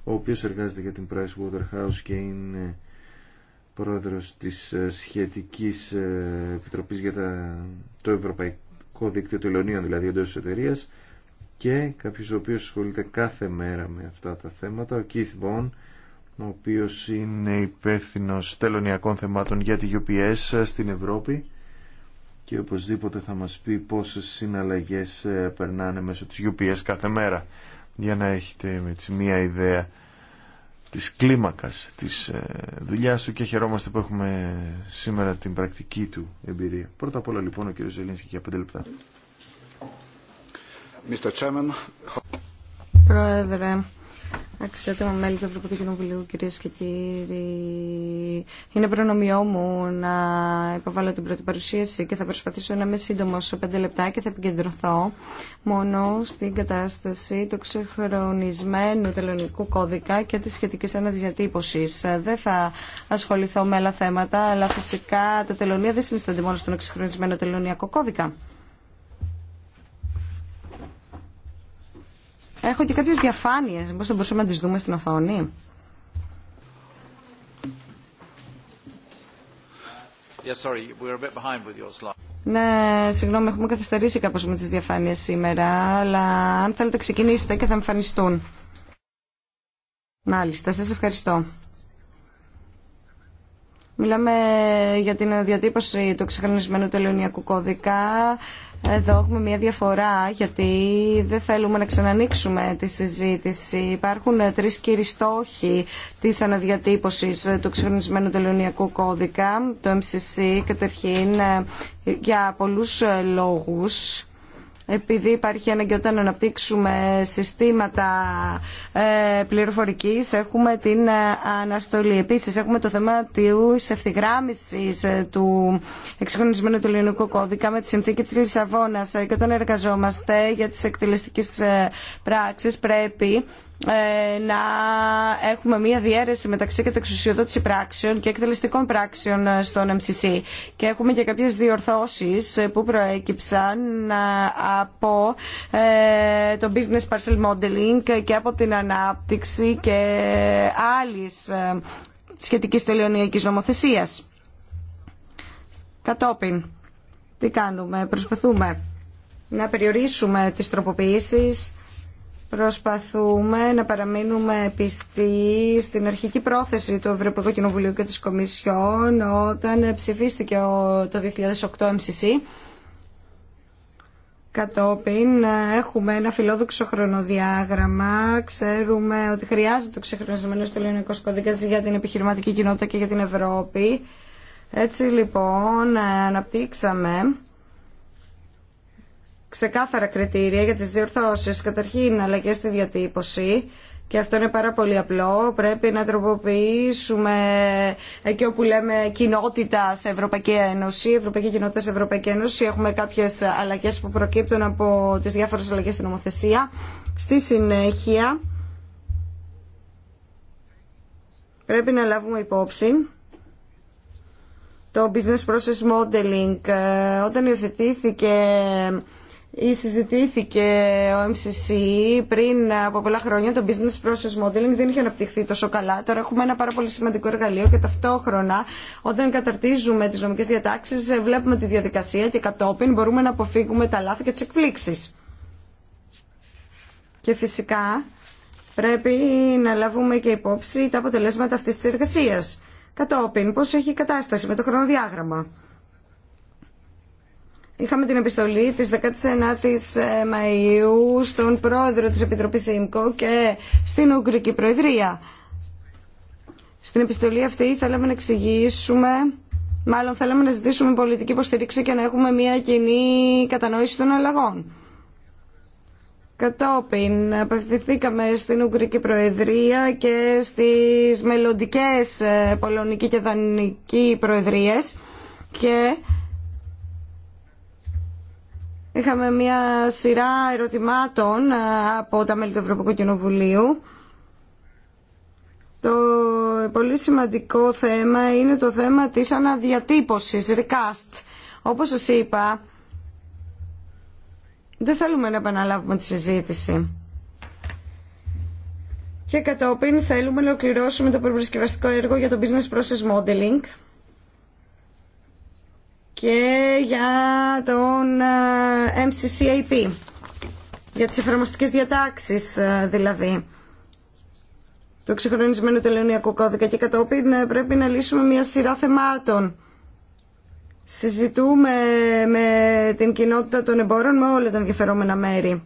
Speaker 1: ο οποίος εργάζεται για την Pricewaterhouse και είναι πρόεδρος της ε, σχετικής ε, επιτροπής για το Ευρωπαϊκό Δίκτυο Τελωνίων, δηλαδή εντός της εταιρείας, και κάποιος ο οποίος ασχολείται κάθε μέρα με αυτά τα θέματα, ο Keith Bond, ο οποίος είναι υπεύθυνο τελωνιακών θεμάτων για τη UPS ε, στην Ευρώπη και οπωσδήποτε θα μας πει πόσες συναλλαγές περνάνε μέσω της UPS κάθε μέρα για να έχετε έτσι, μια ιδέα της κλίμακας της ε, δουλειάς του και χαιρόμαστε που έχουμε σήμερα την πρακτική του εμπειρία. Πρώτα απ' όλα λοιπόν ο κύριος Ζελίνσκι για πέντε λεπτά.
Speaker 3: Mr. Chairman.
Speaker 2: Πρόεδρε, Αξιότιμα μέλη του Ευρωπαϊκού Κοινοβουλίου, κυρίε και κύριοι. Είναι προνομιό μου να υποβάλω την πρώτη παρουσίαση και θα προσπαθήσω να είμαι σύντομο σε πέντε λεπτά και θα επικεντρωθώ μόνο στην κατάσταση του ξεχρονισμένου τελωνικού κώδικα και τη σχετική αναδιατύπωση. Δεν θα ασχοληθώ με άλλα θέματα, αλλά φυσικά τα τελωνία δεν συνιστάνται μόνο στον ξεχρονισμένο τελωνιακό κώδικα. Έχω και κάποιες διαφάνειες. Μπορούμε να τις δούμε στην οθόνη.
Speaker 4: sorry. a bit behind with your
Speaker 2: Ναι, συγγνώμη, έχουμε καθυστερήσει κάπως με τις διαφάνειες σήμερα, αλλά αν θέλετε ξεκινήσετε και θα εμφανιστούν. Μάλιστα, σας ευχαριστώ. Μιλάμε για την διατύπωση του εξυγχρονισμένου τελωνιακού κώδικα. Εδώ έχουμε μια διαφορά γιατί δεν θέλουμε να ξανανοίξουμε τη συζήτηση. Υπάρχουν τρεις κύριοι στόχοι της αναδιατύπωσης του ξεχρονισμένου τελωνιακού κώδικα, το MCC, καταρχήν ε, για πολλούς ε, λόγους επειδή υπάρχει αναγκαιότητα να αναπτύξουμε συστήματα ε, πληροφορικής, έχουμε την ε, αναστολή. Επίσης, έχουμε το θέμα της ευθυγράμμισης ε, του εξυγχρονισμένου του ελληνικού κώδικα με τη συνθήκη της Λισαβόνας και όταν εργαζόμαστε για τις εκτελεστικές πράξεις πρέπει ε, να έχουμε μία διαίρεση μεταξύ κατεξουσιοδότηση πράξεων και εκτελεστικών πράξεων ε, στον MCC. Και έχουμε και κάποιες διορθώσεις ε, που προέκυψαν από το business parcel modeling και από την ανάπτυξη και άλλης σχετικής τελειωνιακής νομοθεσίας. Κατόπιν, τι κάνουμε, προσπαθούμε να περιορίσουμε τις τροποποιήσεις Προσπαθούμε να παραμείνουμε πιστοί στην αρχική πρόθεση του Ευρωπαϊκού Κοινοβουλίου και της Κομισιόν όταν ψηφίστηκε το 2008 MCC. Κατόπιν ε, έχουμε ένα φιλόδοξο χρονοδιάγραμμα. Ξέρουμε ότι χρειάζεται ο ξεχρονισμένο ελληνικό κώδικα για την επιχειρηματική κοινότητα και για την Ευρώπη. Έτσι λοιπόν ε, αναπτύξαμε σε ξεκάθαρα κριτήρια για τις διορθώσεις, καταρχήν αλλαγέ στη διατύπωση. Και αυτό είναι πάρα πολύ απλό. Πρέπει να τροποποιήσουμε εκεί όπου λέμε κοινότητα σε Ευρωπαϊκή Ένωση, Ευρωπαϊκή Κοινότητα σε Ευρωπαϊκή Ένωση. Έχουμε κάποιες αλλαγές που προκύπτουν από τις διάφορε αλλαγέ στην νομοθεσία. Στη συνέχεια πρέπει να λάβουμε υπόψη το business process modeling. Ε, όταν υιοθετήθηκε ή συζητήθηκε ο MCC πριν από πολλά χρόνια, το business process modeling δεν είχε αναπτυχθεί τόσο καλά. Τώρα έχουμε ένα πάρα πολύ σημαντικό εργαλείο και ταυτόχρονα όταν καταρτίζουμε τις νομικές διατάξεις βλέπουμε τη διαδικασία και κατόπιν μπορούμε να αποφύγουμε τα λάθη και τις εκπλήξεις. Και φυσικά πρέπει να λάβουμε και υπόψη τα αποτελέσματα αυτής της εργασίας. Κατόπιν, πώς έχει η κατάσταση με το χρονοδιάγραμμα. Είχαμε την επιστολή της 19 η Μαΐου στον πρόεδρο της Επιτροπής ΕΙΜΚΟ και στην Ουγγρική Προεδρία. Στην επιστολή αυτή θέλαμε να εξηγήσουμε, μάλλον θέλαμε να ζητήσουμε πολιτική υποστηρίξη και να έχουμε μια κοινή κατανόηση των αλλαγών. Κατόπιν απευθυνθήκαμε στην Ουγγρική Προεδρία και στις μελλοντικές Πολωνική και Δανική Προεδρίες και Είχαμε μια σειρά ερωτημάτων ε, από τα μέλη του Ευρωπαϊκού Κοινοβουλίου. Το πολύ σημαντικό θέμα είναι το θέμα της αναδιατύπωσης, recast. Όπως σας είπα, δεν θέλουμε να επαναλάβουμε τη συζήτηση. Και κατόπιν θέλουμε να ολοκληρώσουμε το προπερισκευαστικό έργο για το Business Process Modeling και για τον ε, MCCAP, για τις εφαρμοστικές διατάξεις ε, δηλαδή Το ξεχρονισμένο τελωνιακό κώδικα και κατόπιν ε, πρέπει να λύσουμε μια σειρά θεμάτων. Συζητούμε με την κοινότητα των εμπόρων με όλα τα ενδιαφερόμενα μέρη.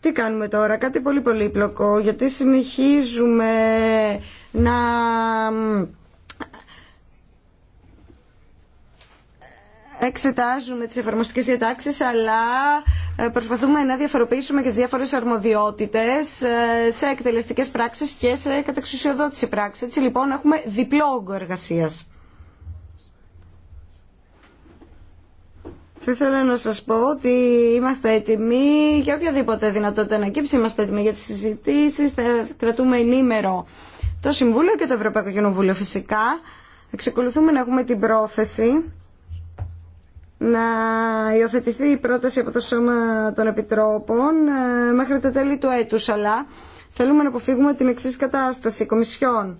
Speaker 2: Τι κάνουμε τώρα, κάτι πολύ πολύπλοκο, γιατί συνεχίζουμε να εξετάζουμε τις εφαρμοστικές διατάξεις αλλά ε, προσπαθούμε να διαφοροποιήσουμε και τις διάφορες αρμοδιότητες ε, σε εκτελεστικές πράξεις και σε κατεξουσιοδότηση πράξεις. Έτσι λοιπόν έχουμε διπλό όγκο εργασίας. Θα ήθελα να σας πω ότι είμαστε έτοιμοι για οποιαδήποτε δυνατότητα κύψει. Είμαστε έτοιμοι για τις συζητήσεις, θα κρατούμε ενήμερο το Συμβούλιο και το Ευρωπαϊκό Κοινοβούλιο φυσικά. Εξεκολουθούμε να έχουμε την πρόθεση να υιοθετηθεί η πρόταση από το Σώμα των Επιτρόπων ε, μέχρι τα τέλη του έτους, αλλά θέλουμε να αποφύγουμε την εξή κατάσταση. Κομισιόν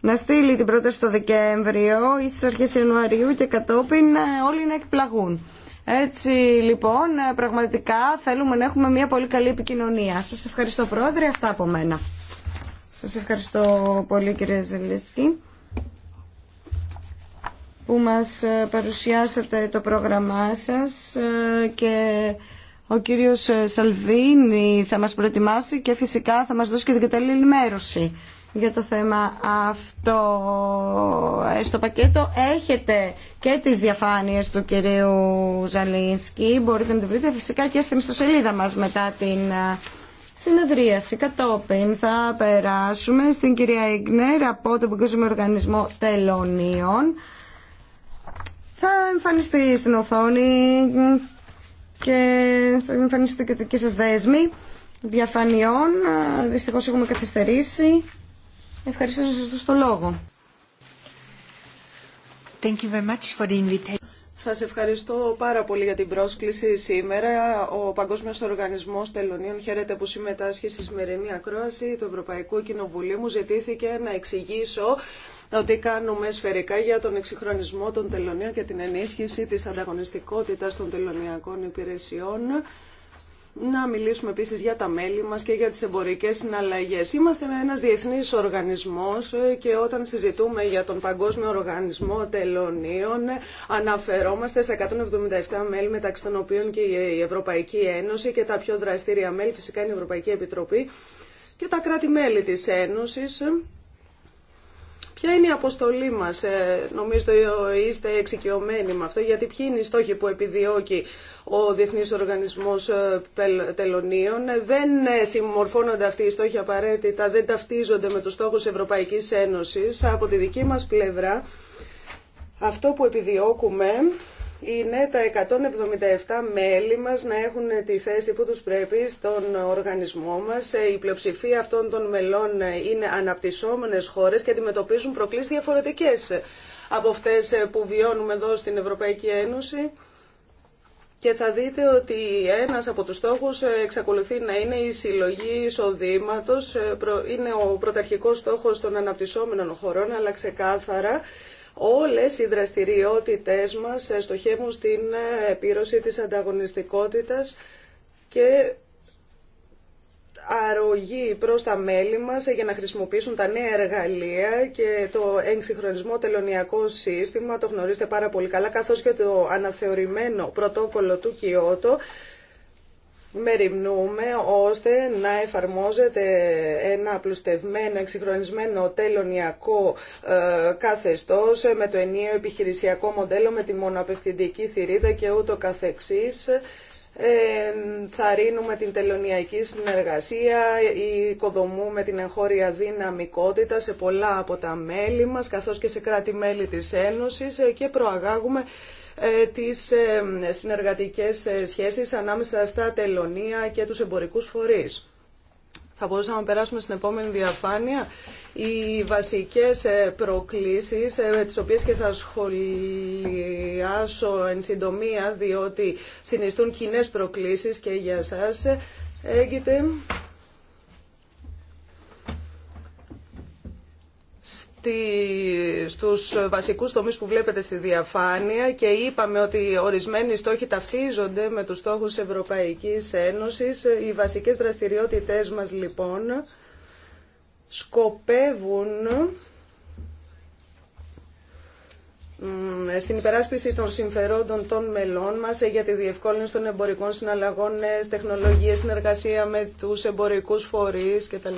Speaker 2: να στείλει την πρόταση το Δεκέμβριο ή στις αρχές Ιανουαρίου και κατόπιν ε, όλοι να εκπλαγούν. Έτσι λοιπόν ε, πραγματικά θέλουμε να έχουμε μια πολύ καλή επικοινωνία. Σας ευχαριστώ Πρόεδρε, αυτά από μένα. Σας ευχαριστώ πολύ κύριε Ζελίσκη που μας ε, παρουσιάσατε το πρόγραμμά σας ε, και ο κύριος ε, Σαλβίνη θα μας προετοιμάσει και φυσικά θα μας δώσει και την κατάλληλη ενημέρωση για το θέμα αυτό. Στο πακέτο έχετε και τις διαφάνειες του κυρίου Ζαλίνσκι. Μπορείτε να τη βρείτε φυσικά και στην ιστοσελίδα μας μετά την συνεδρίαση. Κατόπιν θα περάσουμε στην κυρία Ιγνέρ από τον Παγκόσμιο Οργανισμό Τελωνίων θα εμφανιστεί στην οθόνη και θα εμφανιστεί και δική σας δέσμη διαφανειών. Δυστυχώς έχουμε καθυστερήσει. Ευχαριστώ σας δώσω το λόγο. Thank you very much for the invitation.
Speaker 5: Σας ευχαριστώ πάρα πολύ για την πρόσκληση σήμερα. Ο Παγκόσμιος Οργανισμός Τελωνίων χαίρεται που συμμετάσχει στη σημερινή ακρόαση του Ευρωπαϊκού Κοινοβουλίου. Μου ζητήθηκε να εξηγήσω ότι κάνουμε σφαιρικά για τον εξυγχρονισμό των τελωνίων και την ενίσχυση της ανταγωνιστικότητας των τελωνιακών υπηρεσιών. Να μιλήσουμε επίσης για τα μέλη μας και για τις εμπορικές συναλλαγές. Είμαστε ένας διεθνής οργανισμός και όταν συζητούμε για τον Παγκόσμιο Οργανισμό Τελωνίων αναφερόμαστε στα 177 μέλη μεταξύ των οποίων και η Ευρωπαϊκή Ένωση και τα πιο δραστήρια μέλη φυσικά είναι η Ευρωπαϊκή Επιτροπή και τα κράτη-μέλη της Ένωσης. Ποια είναι η αποστολή μας, ε, νομίζω είστε εξοικειωμένοι με αυτό, γιατί ποιοι είναι οι στόχοι που επιδιώκει ο Διεθνής Οργανισμός ε, Τελωνίων. Δεν ε, συμμορφώνονται αυτοί οι στόχοι απαραίτητα, δεν ταυτίζονται με τους στόχους Ευρωπαϊκής Ένωσης. Από τη δική μας πλευρά, αυτό που επιδιώκουμε είναι τα 177 μέλη μας να έχουν τη θέση που τους πρέπει στον οργανισμό μας. Ε, η πλειοψηφία αυτών των μελών είναι αναπτυσσόμενες χώρες και αντιμετωπίζουν προκλήσεις διαφορετικές από αυτές που βιώνουμε εδώ στην Ευρωπαϊκή Ένωση. Και θα δείτε ότι ένας από τους στόχους εξακολουθεί να είναι η συλλογή εισοδήματο. Ε, είναι ο πρωταρχικός στόχος των αναπτυσσόμενων χωρών, αλλά ξεκάθαρα Όλες οι δραστηριότητες μας ε, στοχεύουν στην ε, επίρρωση της ανταγωνιστικότητας και αρρωγή προς τα μέλη μας ε, για να χρησιμοποιήσουν τα νέα εργαλεία και το εξυγχρονισμό τελωνιακό σύστημα, το γνωρίζετε πάρα πολύ καλά, καθώς και το αναθεωρημένο πρωτόκολλο του Κιώτο μεριμνούμε ώστε να εφαρμόζεται ένα απλουστευμένο, εξυγχρονισμένο τελωνιακό ε, καθεστώς με το ενίο επιχειρησιακό μοντέλο, με τη μονοαπευθυντική θηρίδα και ούτω καθεξής. Ε, θα ρίνουμε την τελωνιακή συνεργασία, οικοδομούμε την εγχώρια δυναμικότητα σε πολλά από τα μέλη μας, καθώς και σε κράτη-μέλη της Ένωσης ε, και προαγάγουμε ε, τις ε, συνεργατικές ε, σχέσεις ανάμεσα στα τελωνία και τους εμπορικούς φορείς. Θα μπορούσαμε να περάσουμε στην επόμενη διαφάνεια. Οι βασικές προκλήσεις, τις οποίες και θα σχολιάσω εν συντομία, διότι συνιστούν κοινέ προκλήσεις και για σας, έγκυται στους βασικούς τομείς που βλέπετε στη διαφάνεια και είπαμε ότι ορισμένοι στόχοι ταυτίζονται με τους στόχους Ευρωπαϊκής Ένωσης. Οι βασικές δραστηριότητές μας λοιπόν σκοπεύουν στην υπεράσπιση των συμφερόντων των μελών μας ε, για τη διευκόλυνση των εμπορικών συναλλαγών, νέες τεχνολογίες, συνεργασία με τους εμπορικούς φορείς κτλ.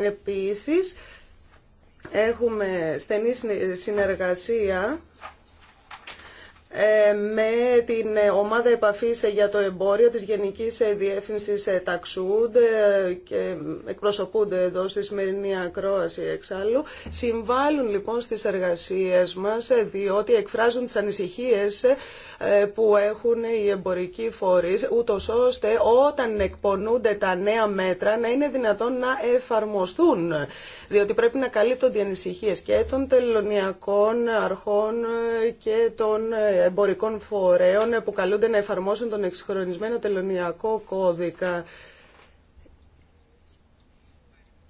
Speaker 5: Επίσης, έχουμε στενή συνεργασία ε, με την ε, ομάδα επαφής για το εμπόριο της Γενικής ε, Διεύθυνσης Ταξούντ και εκπροσωπούνται εδώ στη σημερινή ακρόαση εξάλλου. Συμβάλλουν λοιπόν στις εργασίες μας διότι εκφράζουν τις ανησυχίες που έχουν οι εμπορικοί φορείς ούτως ώστε όταν εκπονούνται τα νέα μέτρα να είναι δυνατόν να εφαρμοστούν διότι πρέπει να καλύπτονται οι ανησυχίες και των τελωνιακών αρχών και των εμπορικών φορέων που καλούνται να εφαρμόσουν τον εξυγχρονισμένο τελωνιακό κώδικα.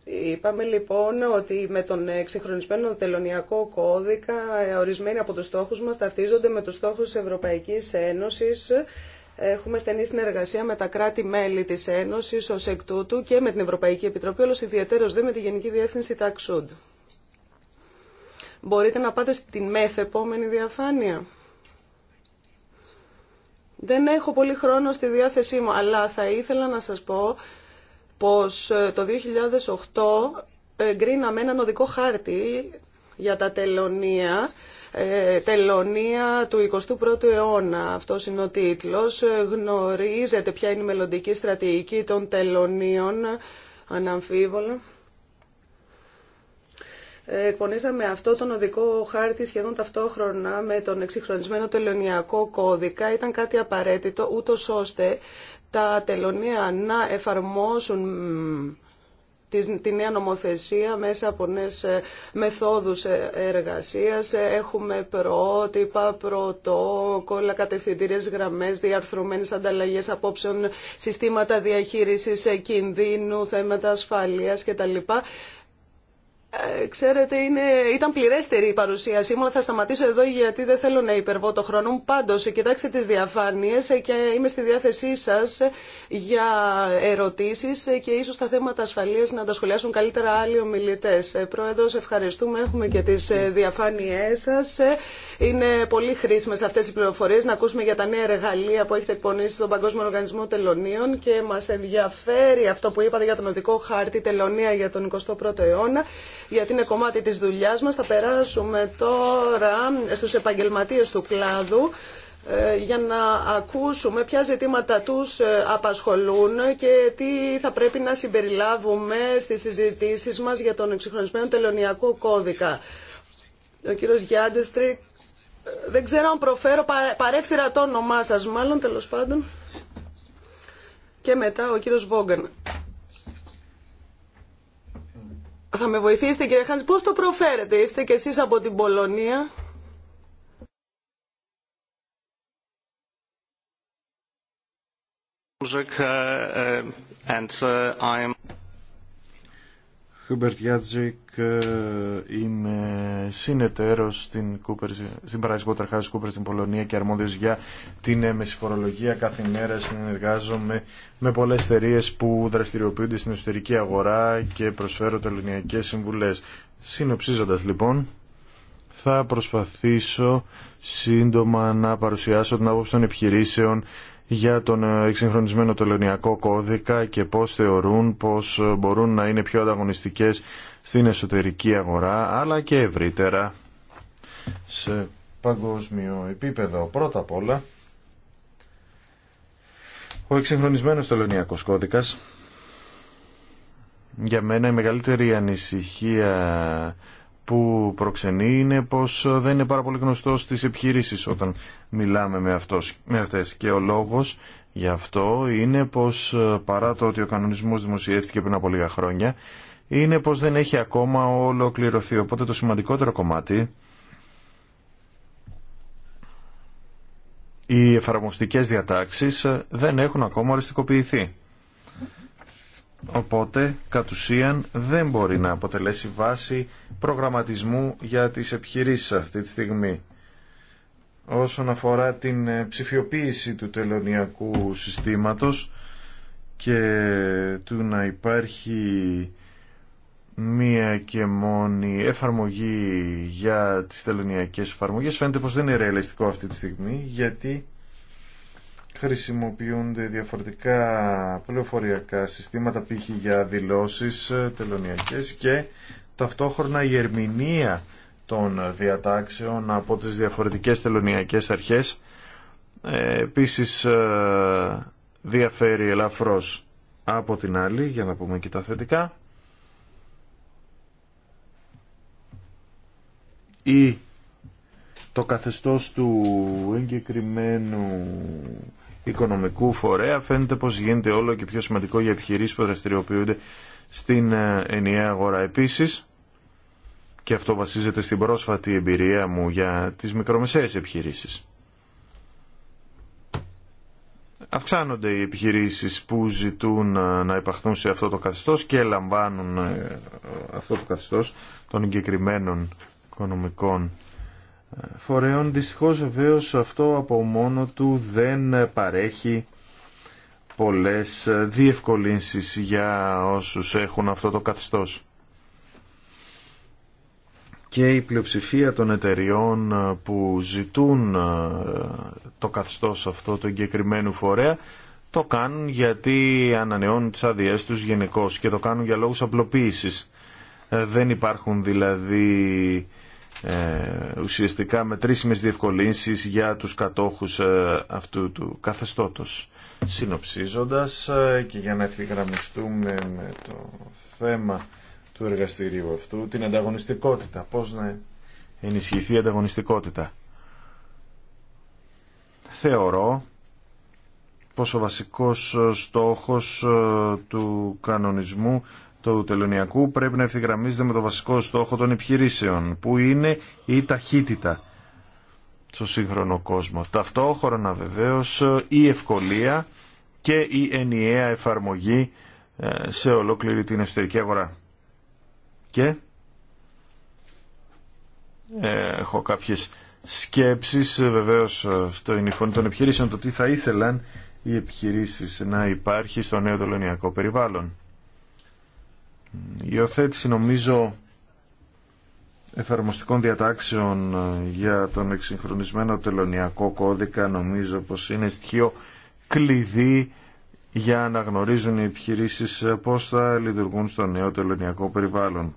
Speaker 5: Είπαμε λοιπόν ότι με τον εξυγχρονισμένο τελωνιακό κώδικα ε, ορισμένοι από τους στόχους μας ταυτίζονται με τους στόχους της Ευρωπαϊκής Ένωσης Έχουμε στενή συνεργασία με τα κράτη-μέλη της Ένωσης ως εκ τούτου και με την Ευρωπαϊκή Επιτροπή, όλος ιδιαίτερος δε με τη Γενική Διεύθυνση Ταξούντ. Μπορείτε να πάτε στην μεθ επόμενη διαφάνεια. Δεν έχω πολύ χρόνο στη διάθεσή μου, αλλά θα ήθελα να σας πω πως ε, το 2008 εγκρίναμε έναν οδικό χάρτη για τα τελωνία ε, τελωνία του 21ου αιώνα. Αυτό είναι ο τίτλος. Γνωρίζετε ποια είναι η μελλοντική στρατηγική των τελωνίων, αναμφίβολα. Εκπονήσαμε αυτό τον οδικό χάρτη σχεδόν ταυτόχρονα με τον εξυγχρονισμένο τελωνιακό κώδικα. Ήταν κάτι απαραίτητο, ούτω ώστε τα τελωνία να εφαρμόσουν τη νέα νομοθεσία μέσα από νέες ε, μεθόδους ε, εργασίας. Ε, έχουμε πρότυπα, πρωτόκολλα, κατευθυντήριες γραμμές, διαρθρωμένες ανταλλαγές απόψεων, συστήματα διαχείρισης κινδύνου, θέματα ασφαλείας κτλ. Ε, ξέρετε, είναι, ήταν πληρέστερη η παρουσίασή μου. Θα σταματήσω εδώ γιατί δεν θέλω να υπερβώ το χρόνο μου. Πάντω, κοιτάξτε τι διαφάνειε ε, και είμαι στη διάθεσή σα ε, για ερωτήσει και ίσω τα θέματα ασφαλεία να τα σχολιάσουν καλύτερα άλλοι ομιλητέ. Πρόεδρο, ευχαριστούμε. Έχουμε και τι διαφάνειέ σα. Είναι πολύ χρήσιμε αυτέ οι πληροφορίε να ακούσουμε για τα νέα εργαλεία που έχετε εκπονήσει στον Παγκόσμιο Οργανισμό Τελωνίων και μα ενδιαφέρει αυτό που είπατε για τον οδικό χάρτη Τελωνία για τον 21ο αιώνα γιατί είναι κομμάτι της δουλειάς μας. Θα περάσουμε τώρα στους επαγγελματίες του κλάδου ε, για να ακούσουμε ποια ζητήματα τους ε, απασχολούν και τι θα πρέπει να συμπεριλάβουμε στις συζητήσεις μας για τον εξυγχρονισμένο τελωνιακό κώδικα. Ο κύριος Γιάντζεστρικ, ε, δεν ξέρω αν προφέρω, παρέφθυρα το όνομά σας μάλλον, τέλος πάντων. Και μετά ο κύριος Βόγκαν. Θα με βοηθήσετε κύριε Χάνης, πώς το προφέρετε, είστε κι εσείς από την Πολωνία.
Speaker 2: Ε, ε, ε,
Speaker 1: Γιάτζικ, ε, είναι συνεταιρό στην, Κούπερ, στην παραγωγή Κούπερ στην Πολωνία και αρμόδιο για την φορολογία. Κάθε μέρα συνεργάζομαι με πολλέ εταιρείε που δραστηριοποιούνται στην εσωτερική αγορά και προσφέρω τελωνιακέ συμβουλές. Συνοψίζοντας λοιπόν, θα προσπαθήσω σύντομα να παρουσιάσω την άποψη των επιχειρήσεων για τον ε, εξυγχρονισμένο τελωνιακό κώδικα και πώς θεωρούν πως ε, μπορούν να είναι πιο ανταγωνιστικές στην εσωτερική αγορά αλλά και ευρύτερα σε παγκόσμιο επίπεδο. Πρώτα απ' όλα, ο εξυγχρονισμένος τελωνιακός κώδικας για μένα η μεγαλύτερη ανησυχία που προξενεί είναι πως δεν είναι πάρα πολύ γνωστό στις επιχειρήσεις όταν μιλάμε με, αυτός, με αυτές. Και ο λόγος γι' αυτό είναι πως ε, παρά το ότι ο κανονισμός δημοσιεύτηκε πριν από λίγα χρόνια, είναι πως δεν έχει ακόμα ολοκληρωθεί. Οπότε το σημαντικότερο κομμάτι, οι εφαρμοστικές διατάξεις ε, δεν έχουν ακόμα οριστικοποιηθεί. Οπότε, κατ' ουσίαν, δεν μπορεί να αποτελέσει βάση προγραμματισμού για τις επιχειρήσεις αυτή τη στιγμή. Όσον αφορά την ε, ψηφιοποίηση του τελωνιακού συστήματος και του να υπάρχει μία και μόνη εφαρμογή για τις τελωνιακές εφαρμογές, φαίνεται πως δεν είναι ρεαλιστικό αυτή τη στιγμή, γιατί χρησιμοποιούνται διαφορετικά πληροφοριακά συστήματα π.χ. για δηλώσεις ε, τελωνιακές και ταυτόχρονα η ερμηνεία των διατάξεων από τις διαφορετικές τελωνιακές αρχές ε, επίσης ε, διαφέρει ελαφρώς από την άλλη για να πούμε και τα θετικά ή το καθεστώς του εγκεκριμένου οικονομικού φορέα φαίνεται πως γίνεται όλο και πιο σημαντικό για επιχειρήσεις που δραστηριοποιούνται στην ε, ενιαία αγορά. Επίσης, και αυτό βασίζεται στην πρόσφατη εμπειρία μου για τις μικρομεσαίες επιχειρήσεις. Αυξάνονται οι επιχειρήσεις που ζητούν ε, να υπαχθούν σε αυτό το καθεστώς και λαμβάνουν ε, αυτό το καθεστώς των εγκεκριμένων οικονομικών φορέων. Δυστυχώς βεβαίω αυτό από μόνο του δεν παρέχει πολλές διευκολύνσεις για όσους έχουν αυτό το καθεστώς. Και η πλειοψηφία των εταιριών που ζητούν ε, το καθεστώς αυτό του εγκεκριμένου φορέα το κάνουν γιατί ανανεώνουν τις άδειέ τους γενικώ και το κάνουν για λόγους απλοποίησης. Ε, δεν υπάρχουν δηλαδή ε, ουσιαστικά με μετρήσιμες διευκολύνσεις για τους κατόχους ε, αυτού του καθεστώτος. Συνοψίζοντας ε, και για να εφηγραμμιστούμε με το θέμα του εργαστηρίου αυτού, την ανταγωνιστικότητα, πώς να ενισχυθεί η ανταγωνιστικότητα. Θεωρώ πως ο βασικός στόχος του κανονισμού του τελωνιακού πρέπει να ευθυγραμμίζεται με το βασικό στόχο των επιχειρήσεων, που είναι η ταχύτητα στο σύγχρονο κόσμο. Ταυτόχρονα βεβαίως η ευκολία και η ενιαία εφαρμογή ε, σε ολόκληρη την εσωτερική αγορά. Και ε, έχω κάποιες σκέψεις, βεβαίως ε, αυτό είναι η φωνή των επιχειρήσεων, το τι θα ήθελαν οι επιχειρήσεις να υπάρχει στο νέο τελωνιακό περιβάλλον υιοθέτηση νομίζω εφαρμοστικών διατάξεων ε, για τον εξυγχρονισμένο τελωνιακό κώδικα νομίζω πως είναι στοιχείο κλειδί για να γνωρίζουν οι επιχειρήσεις ε, πώς θα λειτουργούν στο νέο τελωνιακό περιβάλλον.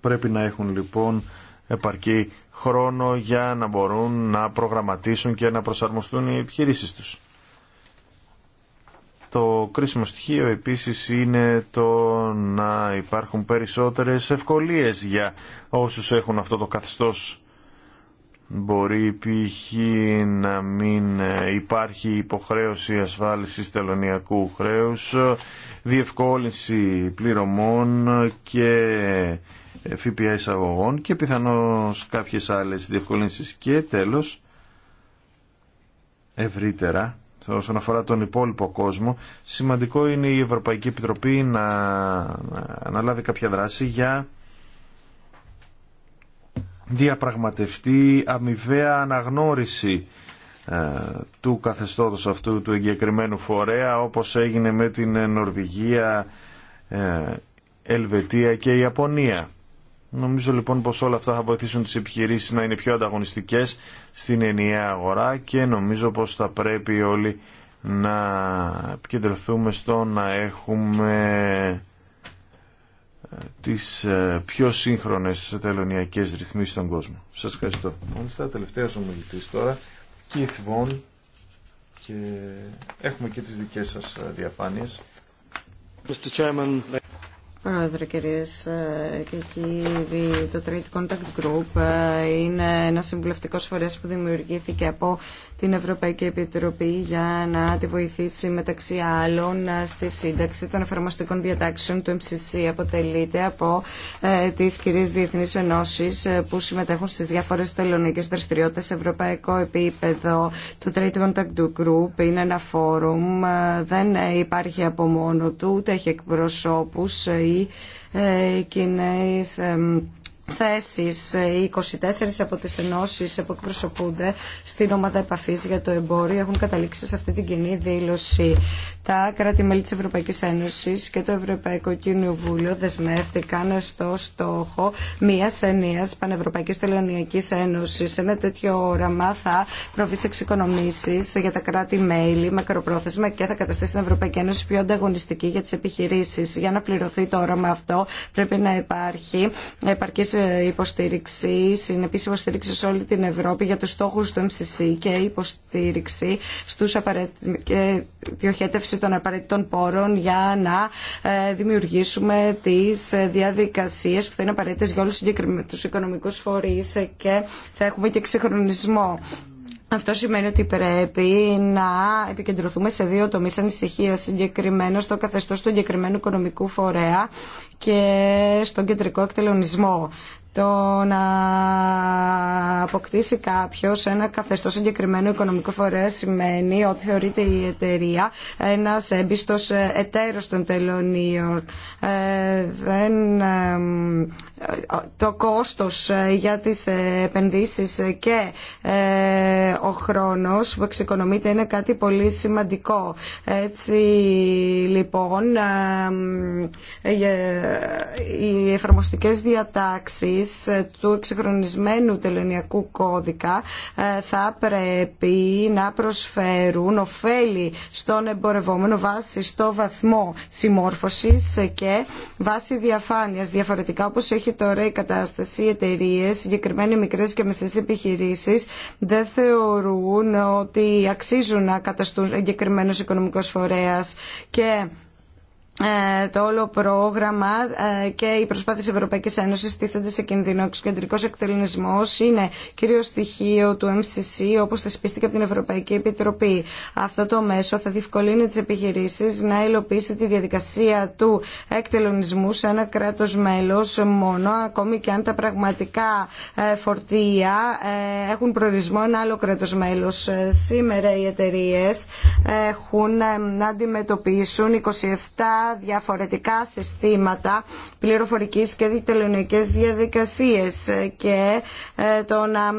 Speaker 1: Πρέπει να έχουν λοιπόν επαρκή χρόνο για να μπορούν να προγραμματίσουν και να προσαρμοστούν οι επιχειρήσεις τους. Το κρίσιμο στοιχείο επίσης είναι το να υπάρχουν περισσότερες ευκολίες για όσους έχουν αυτό το καθεστώς. Μπορεί π.χ. να μην υπάρχει υποχρέωση ασφάλισης τελωνιακού χρέους, διευκόλυνση πληρωμών και ΦΠΑ εισαγωγών και πιθανώς κάποιες άλλες διευκολύνσεις. Και τέλος, ευρύτερα, όσον αφορά τον υπόλοιπο κόσμο, σημαντικό είναι η Ευρωπαϊκή Επιτροπή να λάβει κάποια δράση για διαπραγματευτεί αμοιβαία αναγνώριση ε, του καθεστώτος αυτού του εγκεκριμένου φορέα όπως έγινε με την Νορβηγία, ε, Ελβετία και Ιαπωνία. Νομίζω λοιπόν πως όλα αυτά θα βοηθήσουν τις επιχειρήσεις να είναι πιο ανταγωνιστικές στην ενιαία αγορά και νομίζω πως θα πρέπει όλοι να επικεντρωθούμε στο να έχουμε ε, τις ε, πιο σύγχρονες τελωνιακές ρυθμίσεις στον κόσμο. Σας ευχαριστώ. Μάλιστα, τελευταία ομιλητής τώρα, Keith Vaughan και έχουμε και τις δικές σας ε, διαφάνειες. Mr. Chairman...
Speaker 2: Πρόεδρε, κύριε. και κύριοι, το Trade Contact Group ε, είναι ένα συμβουλευτικό φορέας που δημιουργήθηκε από την Ευρωπαϊκή Επιτροπή για να τη βοηθήσει μεταξύ άλλων στη σύνταξη των εφαρμοστικών διατάξεων του MCC. Αποτελείται από ε, τις κυρίες διεθνείς ενώσεις ε, που συμμετέχουν στις διάφορες τελωνικές δραστηριότητες σε ευρωπαϊκό επίπεδο. Το Trade Contact Group είναι ένα φόρουμ, ε, δεν υπάρχει από μόνο του, ούτε έχει εκπροσώπους ή ε, ε θέσεις, οι 24 από τις ενώσεις που εκπροσωπούνται στην ομάδα επαφής για το εμπόριο έχουν καταλήξει σε αυτή την κοινή δήλωση. Τα κράτη-μέλη της Ευρωπαϊκής Ένωσης και το Ευρωπαϊκό Κοινοβούλιο δεσμεύτηκαν στο στόχο μιας ενίας πανευρωπαϊκής τελωνιακής ένωσης. Ένα τέτοιο όραμα θα προβεί σε εξοικονομήσεις για τα κράτη-μέλη μακροπρόθεσμα και θα καταστήσει την Ευρωπαϊκή Ένωση πιο ανταγωνιστική για τις επιχειρήσεις. Για να πληρωθεί το όραμα αυτό πρέπει να υπάρχει επαρκής υποστήριξη, συνεπής υποστήριξη σε όλη την Ευρώπη για τους στόχους του MCC και υποστήριξη στους απαραίτη... και διοχέτευση των απαραίτητων πόρων για να ε, δημιουργήσουμε τις διαδικασίες που θα είναι απαραίτητες για όλους τους οικονομικούς φορείς και θα έχουμε και ξεχρονισμό. Αυτό σημαίνει ότι πρέπει να επικεντρωθούμε σε δύο τομείς ανησυχία συγκεκριμένο στο καθεστώς του εγκεκριμένου οικονομικού φορέα και στον κεντρικό εκτελονισμό το να αποκτήσει κάποιο ένα καθεστώ συγκεκριμένο οικονομικό φορέα σημαίνει ότι θεωρείται η εταιρεία ένα έμπιστο εταίρο των τελωνίων. Ε, δεν, ε, το κόστος για τις επενδύσεις και ε, ο χρόνος που εξοικονομείται είναι κάτι πολύ σημαντικό. Έτσι λοιπόν οι εφαρμοστικές διατάξεις ε, του εξυγχρονισμένου τελωνιακού κώδικα ε, θα πρέπει να προσφέρουν ωφέλη στον εμπορευόμενο βάσει στο βαθμό συμμόρφωσης και βάση διαφάνειας. Διαφορετικά όπως έχει τώρα η κατάσταση οι εταιρείε, συγκεκριμένα μικρές και μεσές επιχειρήσεις δεν θεωρούν ότι αξίζουν να καταστούν εγκεκριμένος οικονομικός φορέας και ε, το όλο πρόγραμμα ε, και οι προσπάθειε της Ευρωπαϊκής Ένωσης στήθενται σε κινδυνό. Ο κεντρικό εκτελεισμός είναι κυρίω στοιχείο του MCC όπω θεσπίστηκε από την Ευρωπαϊκή Επιτροπή. Αυτό το μέσο θα διευκολύνει τι επιχειρήσει να υλοποιήσει τη διαδικασία του εκτελονισμού σε ένα κράτος μέλος μόνο ακόμη και αν τα πραγματικά ε, φορτία έχουν προορισμό ένα άλλο κράτος μέλος. Σήμερα οι εταιρείε έχουν να αντιμετωπίσουν 27 διαφορετικά συστήματα πληροφορικής και τελωνικές διαδικασίες και ε, το να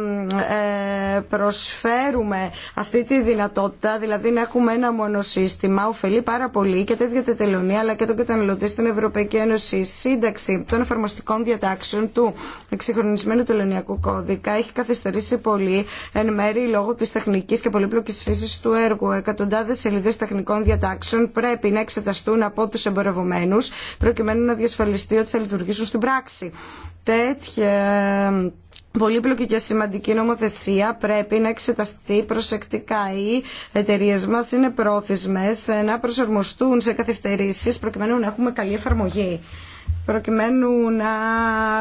Speaker 2: ε, προσφέρουμε αυτή τη δυνατότητα, δηλαδή να έχουμε ένα μόνο σύστημα, ωφελεί πάρα πολύ και τέτοια ίδια τελωνία αλλά και τον καταναλωτή στην Ευρωπαϊκή Ένωση. Η σύνταξη των εφαρμοστικών διατάξεων του εξυγχρονισμένου τελωνιακού κώδικα έχει καθυστερήσει πολύ εν μέρη λόγω της τεχνικής και πολύπλοκης φύσης του έργου. Εκατοντάδες σελίδε τεχνικών διατάξεων πρέπει να εξεταστούν από του προκειμένου να διασφαλιστεί ότι θα λειτουργήσουν στην πράξη. Τέτοια πολύπλοκη και σημαντική νομοθεσία πρέπει να εξεταστεί προσεκτικά. Οι εταιρείε μα είναι πρόθυσμε να προσαρμοστούν σε καθυστερήσει προκειμένου να έχουμε καλή εφαρμογή προκειμένου να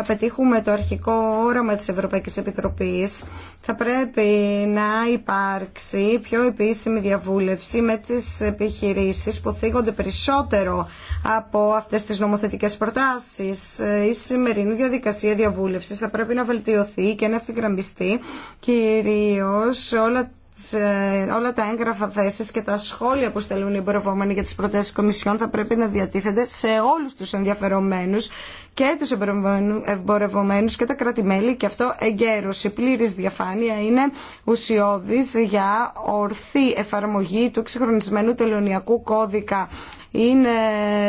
Speaker 2: πετύχουμε το αρχικό όραμα της Ευρωπαϊκής Επιτροπής θα πρέπει να υπάρξει πιο επίσημη διαβούλευση με τις επιχειρήσεις που θίγονται περισσότερο από αυτές τις νομοθετικές προτάσεις. Η σημερινή διαδικασία διαβούλευσης θα πρέπει να βελτιωθεί και να ευθυγραμμιστεί κυρίως όλα όλα τα έγγραφα θέσει και τα σχόλια που στέλνουν οι εμπορευόμενοι για τι προτάσει Κομισιόν θα πρέπει να διατίθενται σε όλου του ενδιαφερομένου και του εμπορευομένου και τα κράτη-μέλη και αυτό εγκαίρω. Η πλήρη διαφάνεια είναι ουσιώδη για ορθή εφαρμογή του εξυγχρονισμένου τελωνιακού κώδικα. Είναι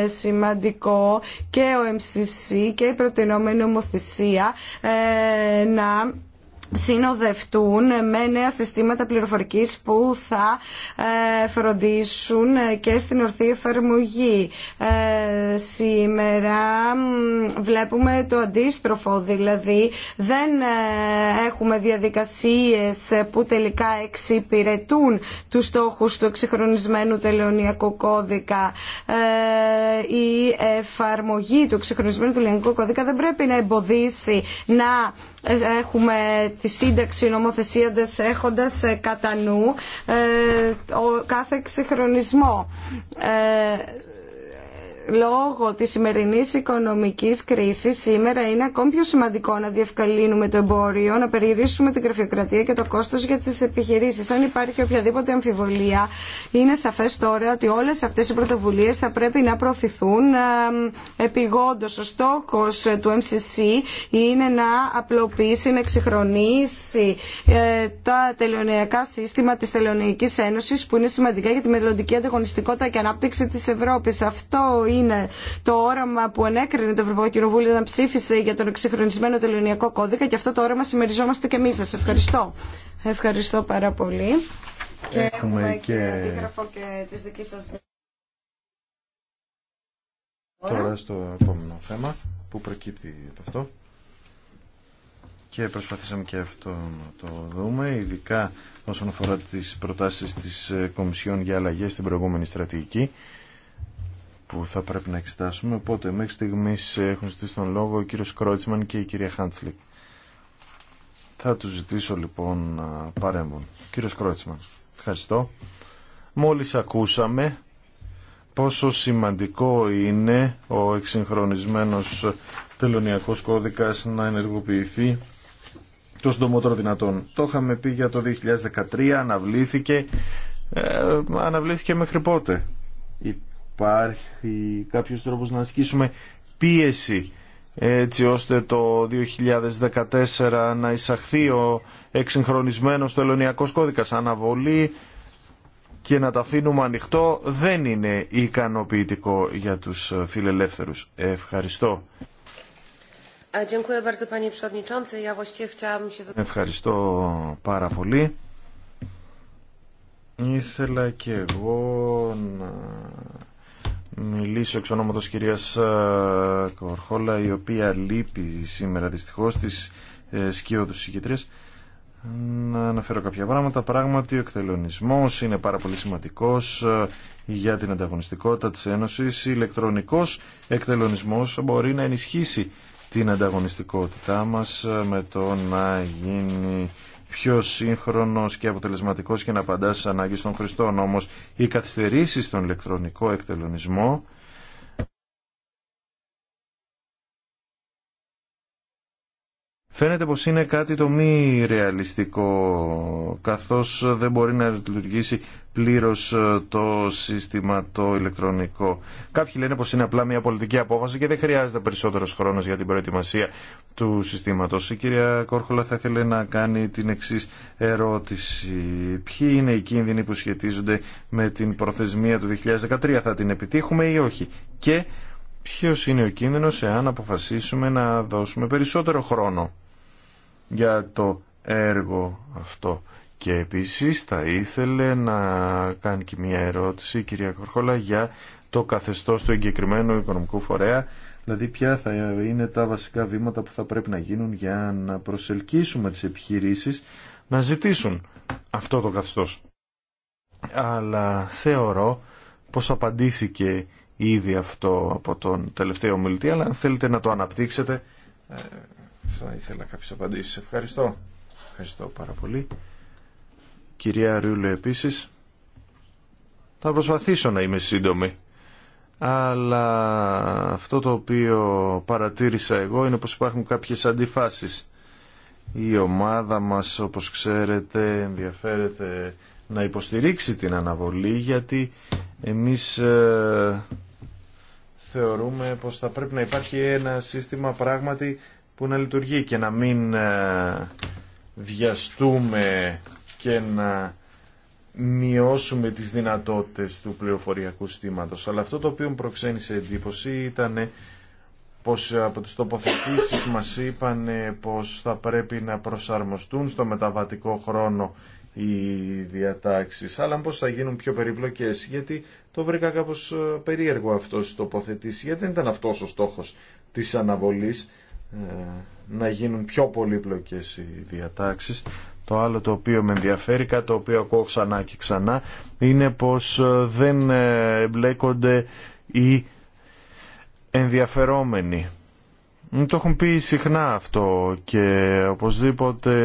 Speaker 2: σημαντικό και ο MCC και η προτινόμενη νομοθεσία ε, να συνοδευτούν με νέα συστήματα πληροφορικής που θα ε, φροντίσουν και στην ορθή εφαρμογή. Ε, σήμερα βλέπουμε το αντίστροφο, δηλαδή δεν ε, έχουμε διαδικασίες που τελικά εξυπηρετούν τους στόχους του εξυγχρονισμένου τελεωνιακού κώδικα. Η εφαρμογή του εξυγχρονισμένου τελεωνιακού κώδικα δεν πρέπει να εμποδίσει να ε, έχουμε τη σύνταξη νομοθεσία έχοντας ε, κατά νου ε, κάθε εξυγχρονισμό λόγω τη σημερινή οικονομικής κρίσης σήμερα είναι ακόμη πιο σημαντικό να διευκαλύνουμε το εμπόριο, να περιορίσουμε την γραφειοκρατία και το κόστος για τις επιχειρήσεις. Αν υπάρχει οποιαδήποτε αμφιβολία, είναι σαφές τώρα ότι όλες αυτές οι πρωτοβουλίες θα πρέπει να προωθηθούν ε, επιγόντω. Ο στόχος του MCC είναι να απλοποιήσει, να εξυγχρονίσει ε, τα τελειωνιακά σύστημα της Τελειωνιακής Ένωσης που είναι σημαντικά για τη μελλοντική ανταγωνιστικότητα και ανάπτυξη της Ευρώπης. Αυτό είναι το όραμα που ενέκρινε το Ευρωπαϊκό Κοινοβούλιο να ψήφισε για τον εξυγχρονισμένο τελωνιακό κώδικα και αυτό το όραμα συμμεριζόμαστε και εμείς σας. Ευχαριστώ. Ευχαριστώ πάρα πολύ. Και έχουμε, και αντίγραφο και της δικής σας Τώρα
Speaker 1: στο επόμενο θέμα που προκύπτει από αυτό και προσπαθήσαμε και αυτό να το δούμε, ειδικά όσον αφορά τις προτάσεις της ε, Κομισιόν για αλλαγές στην προηγούμενη στρατηγική που θα πρέπει να εξετάσουμε. Οπότε μέχρι στιγμής έχουν ζητήσει τον λόγο ο κύριος Κρότσμαν και η κυρία Χάντσλικ. Θα του ζητήσω λοιπόν να παρέμβουν. Κύριος Κρότσμαν, ευχαριστώ. Μόλις ακούσαμε πόσο σημαντικό είναι ο εξυγχρονισμένος τελωνιακός κώδικας να ενεργοποιηθεί το συντομότερο δυνατόν. Το είχαμε πει για το 2013, αναβλήθηκε, ε, αναβλήθηκε μέχρι πότε υπάρχει κάποιος τρόπος να ασκήσουμε πίεση έτσι ώστε το 2014 να εισαχθεί ο εξυγχρονισμένος τελωνιακός κώδικας αναβολή και να τα αφήνουμε ανοιχτό δεν είναι ικανοποιητικό για τους φιλελεύθερους. Ευχαριστώ. Ε, Ευχαριστώ πάρα πολύ. Ήθελα και εγώ μιλήσω εξ ονόματος κυρίας ε, Κορχόλα η οποία λείπει σήμερα δυστυχώς της ε, του συγκεκριτές να αναφέρω κάποια πράγματα. Πράγματι, ο εκτελονισμός είναι πάρα πολύ σημαντικός ε, για την ανταγωνιστικότητα της Ένωσης. Ηλεκτρονικός εκτελονισμός μπορεί να ενισχύσει την ανταγωνιστικότητά μας ε, με το να γίνει πιο σύγχρονος και αποτελεσματικό και να απαντά στι ανάγκε των χρηστών. Όμω, οι καθυστερήσει στον ηλεκτρονικό εκτελονισμό Φαίνεται πως είναι κάτι το μη ρεαλιστικό, καθώς δεν μπορεί να λειτουργήσει πλήρως ε, το σύστημα το ηλεκτρονικό. Κάποιοι λένε πως είναι απλά μια πολιτική απόφαση και δεν χρειάζεται περισσότερος χρόνος για την προετοιμασία του συστήματος. Η κυρία Κόρχολα θα ήθελε να κάνει την εξή ερώτηση. Ποιοι είναι οι κίνδυνοι που σχετίζονται με την προθεσμία του 2013, θα την επιτύχουμε ή όχι. Και ποιος είναι ο κίνδυνος εάν αποφασίσουμε να δώσουμε περισσότερο χρόνο για το έργο αυτό. Και επίσης θα ήθελε να κάνει και μια ερώτηση, κυρία Κορχόλα, για το καθεστώς του εγκεκριμένου οικονομικού φορέα, δηλαδή ποια θα είναι τα βασικά βήματα που θα πρέπει να γίνουν για να προσελκύσουμε τις επιχειρήσεις να ζητήσουν αυτό το καθεστώς. Αλλά θεωρώ πως απαντήθηκε ήδη αυτό από τον τελευταίο μιλητή, αλλά αν θέλετε να το αναπτύξετε ε, θα ήθελα κάποιες απαντήσεις. Ευχαριστώ. Ευχαριστώ πάρα πολύ. Κυρία Ρούλε επίσης. Θα προσπαθήσω να είμαι σύντομη. Αλλά αυτό το οποίο παρατήρησα εγώ είναι πως υπάρχουν κάποιες αντιφάσεις. Η ομάδα μας, όπως ξέρετε, ενδιαφέρεται να υποστηρίξει την αναβολή γιατί εμείς ε, θεωρούμε πως θα πρέπει να υπάρχει ένα σύστημα πράγματι που να λειτουργεί και να μην ε, βιαστούμε και να μειώσουμε τις δυνατότητες του πληροφοριακού στήματος. Αλλά αυτό το οποίο μου προξένησε εντύπωση ήταν πως από τις τοποθετήσεις μας είπαν πως θα πρέπει να προσαρμοστούν στο μεταβατικό χρόνο οι διατάξεις, αλλά πως θα γίνουν πιο περιπλοκές, γιατί το βρήκα κάπως ε, περίεργο αυτό το τοποθετήσεις, γιατί δεν ήταν αυτός ο στόχος της αναβολής, ε, να γίνουν πιο πολύπλοκες οι διατάξεις. Το άλλο το οποίο με ενδιαφέρει, κάτι το οποίο ακούω ξανά και ξανά, είναι πως ε, δεν ε, εμπλέκονται οι ενδιαφερόμενοι. Το έχουν πει συχνά αυτό και οπωσδήποτε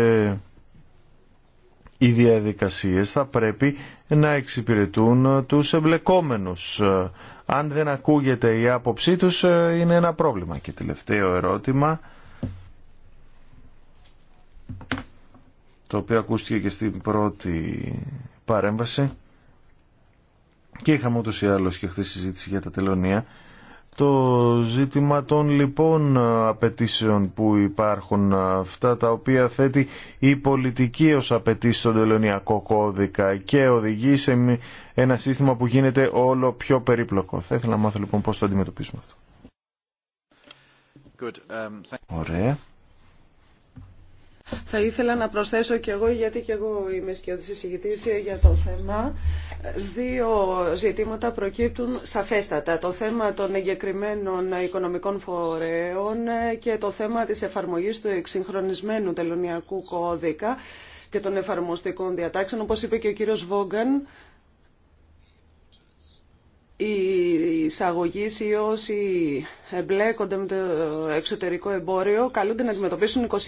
Speaker 1: οι διαδικασίες θα πρέπει να εξυπηρετούν τους εμπλεκόμενους αν δεν ακούγεται η άποψή τους ε, είναι ένα πρόβλημα. Και τελευταίο ερώτημα, το οποίο ακούστηκε και στην πρώτη παρέμβαση και είχαμε ούτως ή άλλως και χθες συζήτηση για τα τελωνία το ζήτημα των λοιπόν απαιτήσεων που υπάρχουν, αυτά τα οποία θέτει η πολιτική ως απαιτήσει στον τελωνιακό κώδικα και οδηγεί σε ένα σύστημα που γίνεται όλο πιο περίπλοκο. Θα ήθελα να μάθω λοιπόν πώς το αντιμετωπίσουμε αυτό.
Speaker 5: Um, Ωραία. Θα ήθελα να προσθέσω κι εγώ, γιατί και εγώ είμαι σκιώδης εισηγητής για το θέμα. Δύο ζητήματα προκύπτουν σαφέστατα. Το θέμα των εγκεκριμένων οικονομικών φορέων και το θέμα της εφαρμογής του εξυγχρονισμένου τελωνιακού κώδικα και των εφαρμοστικών διατάξεων. Όπως είπε και ο κύριος Βόγκαν, οι εισαγωγεί ή όσοι εμπλέκονται με το εξωτερικό εμπόριο καλούνται να αντιμετωπίσουν 27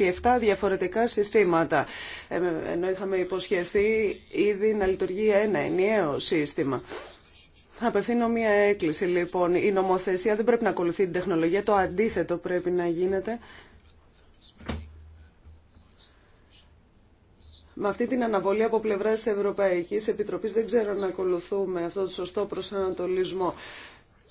Speaker 5: διαφορετικά συστήματα. Ε, ενώ είχαμε υποσχεθεί ήδη να λειτουργεί ένα ενιαίο σύστημα. Απευθύνω μία έκκληση λοιπόν. Η νομοθεσία δεν πρέπει να ακολουθεί την τεχνολογία. Το αντίθετο πρέπει να γίνεται με αυτή την αναβολή από πλευρά τη Ευρωπαϊκή Επιτροπή δεν ξέρω να ακολουθούμε αυτό το σωστό προσανατολισμό.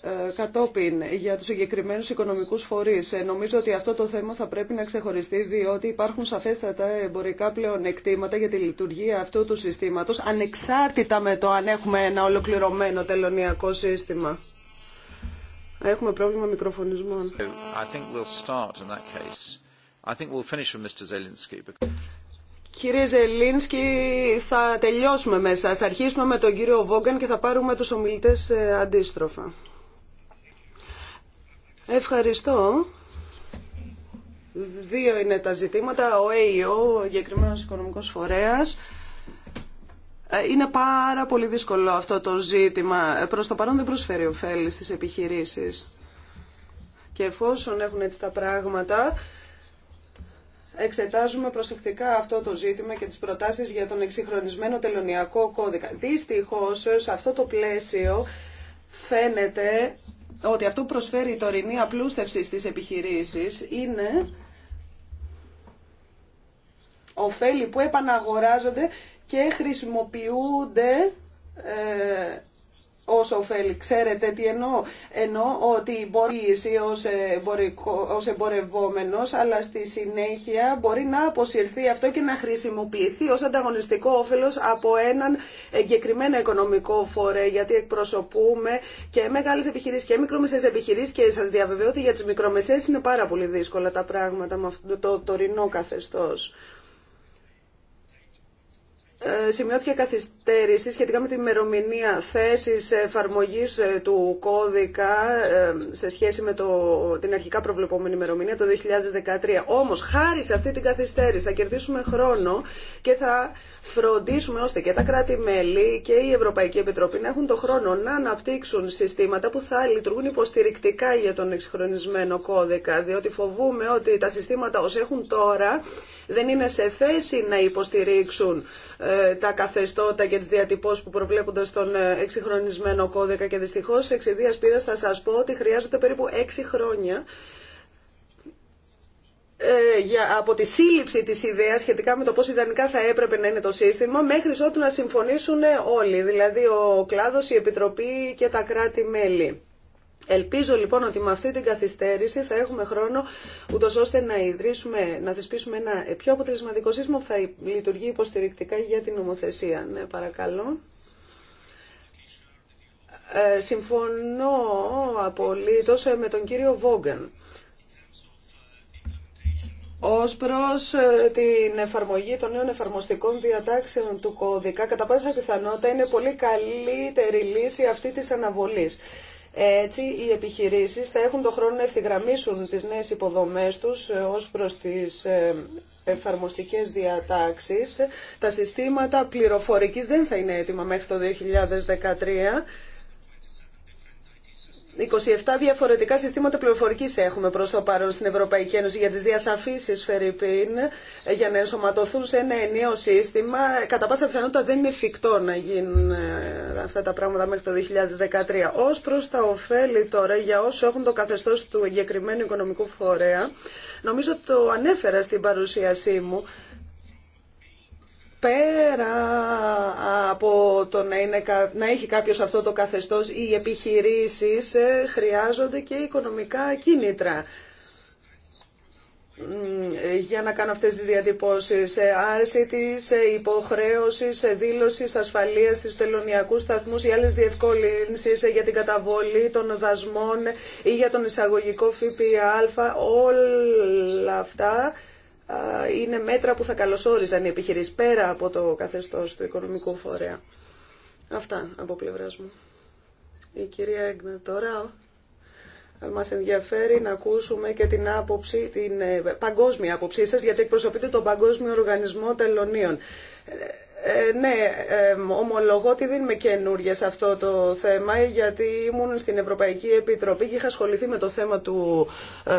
Speaker 5: Ε, κατόπιν, για τους συγκεκριμένους οικονομικούς φορείς, ε, νομίζω ότι αυτό το θέμα θα πρέπει να ξεχωριστεί, διότι υπάρχουν σαφέστατα εμπορικά πλεονεκτήματα για τη λειτουργία αυτού του συστήματος, ανεξάρτητα με το αν έχουμε ένα ολοκληρωμένο τελωνιακό σύστημα. Έχουμε πρόβλημα μικροφωνισμών. Κύριε Ζελίνσκι, θα τελειώσουμε μέσα. Θα αρχίσουμε με τον κύριο Βόγκαν και θα πάρουμε τους ομιλητές ε, αντίστροφα. Ευχαριστώ. Δύο είναι τα ζητήματα. Ο ΑΕΟ, e ο εγκεκριμένος οικονομικός φορέας, ε, είναι πάρα πολύ δύσκολο αυτό το ζήτημα. Προς το παρόν δεν προσφέρει ωφέλη στις επιχειρήσεις. Και εφόσον έχουν έτσι τα πράγματα, εξετάζουμε προσεκτικά αυτό το ζήτημα και τις προτάσεις για τον εξυγχρονισμένο τελωνιακό κώδικα. Δυστυχώς, σε αυτό το πλαίσιο φαίνεται ότι αυτό που προσφέρει η τωρινή απλούστευση στις επιχειρήσεις είναι ωφέλη που επαναγοράζονται και χρησιμοποιούνται ε, όσο ωφέλη. Ξέρετε τι εννοώ. Εννοώ ότι μπορεί εσύ ως, ε, εμπορικό, ως εμπορευόμενος, αλλά στη συνέχεια μπορεί να αποσυρθεί αυτό και να χρησιμοποιηθεί ως ανταγωνιστικό όφελος από έναν εγκεκριμένο οικονομικό φορέ, γιατί εκπροσωπούμε και μεγάλες επιχειρήσεις και μικρομεσαίες επιχειρήσεις και σας διαβεβαιώ ότι για τις μικρομεσαίες είναι πάρα πολύ δύσκολα τα πράγματα με αυτό το τωρινό καθεστώς. Ε, σημειώθηκε καθυστέρηση σχετικά με την ημερομηνία θέσης εφαρμογής ε, του κώδικα ε, σε σχέση με το, την αρχικά προβλεπόμενη ημερομηνία το 2013. Όμως, χάρη σε αυτή την καθυστέρηση θα κερδίσουμε χρόνο και θα φροντίσουμε ώστε και τα κράτη-μέλη και η Ευρωπαϊκή Επιτροπή να έχουν το χρόνο να αναπτύξουν συστήματα που θα λειτουργούν υποστηρικτικά για τον εξυγχρονισμένο κώδικα, διότι φοβούμε ότι τα συστήματα όσοι έχουν τώρα δεν είναι σε θέση να υποστηρίξουν τα καθεστώτα και τις διατυπώσεις που προβλέπονται στον ε, εξυγχρονισμένο κώδικα και δυστυχώς εξαιτίας πείρας θα σας πω ότι χρειάζονται περίπου έξι χρόνια ε, για, από τη σύλληψη της ιδέας σχετικά με το πώς ιδανικά θα έπρεπε να είναι το σύστημα μέχρι ότου να συμφωνήσουν όλοι, δηλαδή ο κλάδος, η Επιτροπή και τα κράτη-μέλη. Ελπίζω λοιπόν ότι με αυτή την καθυστέρηση θα έχουμε χρόνο ούτω ώστε να ιδρύσουμε, να θεσπίσουμε ένα πιο αποτελεσματικό σύστημα που θα λειτουργεί υποστηρικτικά για την νομοθεσία. Ναι, παρακαλώ. Ε, συμφωνώ απολύτως με τον κύριο Βόγκαν. Ως προς ε, την εφαρμογή των νέων εφαρμοστικών διατάξεων του κώδικα, κατά πάσα πιθανότητα είναι πολύ καλύτερη λύση αυτή της αναβολής. Έτσι, οι επιχειρήσεις θα έχουν το χρόνο να ευθυγραμμίσουν τις νέες υποδομές τους ε, ως προς τις ε, εφαρμοστικές διατάξεις. Τα συστήματα πληροφορικής δεν θα είναι έτοιμα μέχρι το 2013 27 διαφορετικά συστήματα πληροφορικής έχουμε προ το παρόν στην Ευρωπαϊκή Ένωση για τις διασαφήσεις Φερρυπίν για να ενσωματωθούν σε ένα ενιαίο σύστημα. Κατά πάσα πιθανότητα δεν είναι εφικτό να γίνουν ε, αυτά τα πράγματα μέχρι το 2013. Ω προς τα ωφέλη τώρα για όσοι έχουν το καθεστώς του εγκεκριμένου οικονομικού φορέα, νομίζω το ανέφερα στην παρουσίασή μου, πέρα από το να, είναι, να έχει κάποιος αυτό το καθεστώς, οι επιχειρήσεις ε, χρειάζονται και οικονομικά κίνητρα ε, για να κάνω αυτές τις διατυπώσεις. Ε, Άρση της υποχρέωσης δήλωσης ασφαλείας στις τελωνιακούς σταθμούς ή άλλες διευκολύνσεις για την καταβολή των δασμών ή για τον εισαγωγικό ΦΠΑ, όλα αυτά είναι μέτρα που θα καλωσόριζαν οι επιχειρήσει πέρα από το καθεστώς του οικονομικού φορέα. Αυτά από πλευρά μου. Η κυρία Έγκνερ τώρα μας ενδιαφέρει να ακούσουμε και την άποψη, την ε, παγκόσμια άποψή σα, γιατί εκπροσωπείτε τον Παγκόσμιο Οργανισμό Τελωνίων. Ε, ε, ναι, ε, ομολογώ ότι δεν είμαι καινούργια σε αυτό το θέμα, γιατί ήμουν στην Ευρωπαϊκή Επιτροπή και είχα ασχοληθεί με το θέμα του ε,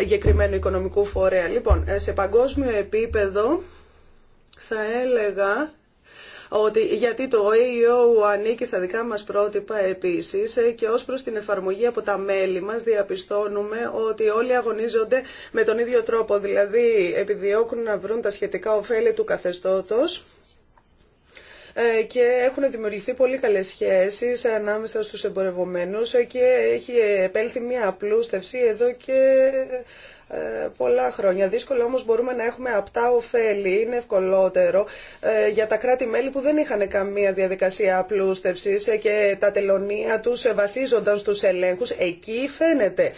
Speaker 5: εγκεκριμένου οικονομικού φορέα. Λοιπόν, ε, σε παγκόσμιο επίπεδο θα έλεγα ότι γιατί το AEO ανήκει στα δικά μας πρότυπα επίσης ε, και ως προς την εφαρμογή από τα μέλη μας διαπιστώνουμε ότι όλοι αγωνίζονται με τον ίδιο τρόπο, δηλαδή επιδιώκουν να βρουν τα σχετικά ωφέλη του καθεστώτος ε, και έχουν δημιουργηθεί πολύ καλές σχέσεις ανάμεσα στους εμπορευομένους και έχει επέλθει μια απλούστευση εδώ και ε, πολλά χρόνια. Δύσκολο όμως μπορούμε να έχουμε απτά ωφέλη, είναι ευκολότερο ε, για τα κράτη-μέλη που δεν είχαν καμία διαδικασία απλούστευσης και τα τελωνία τους βασίζονταν στους ελέγχους. Εκεί φαίνεται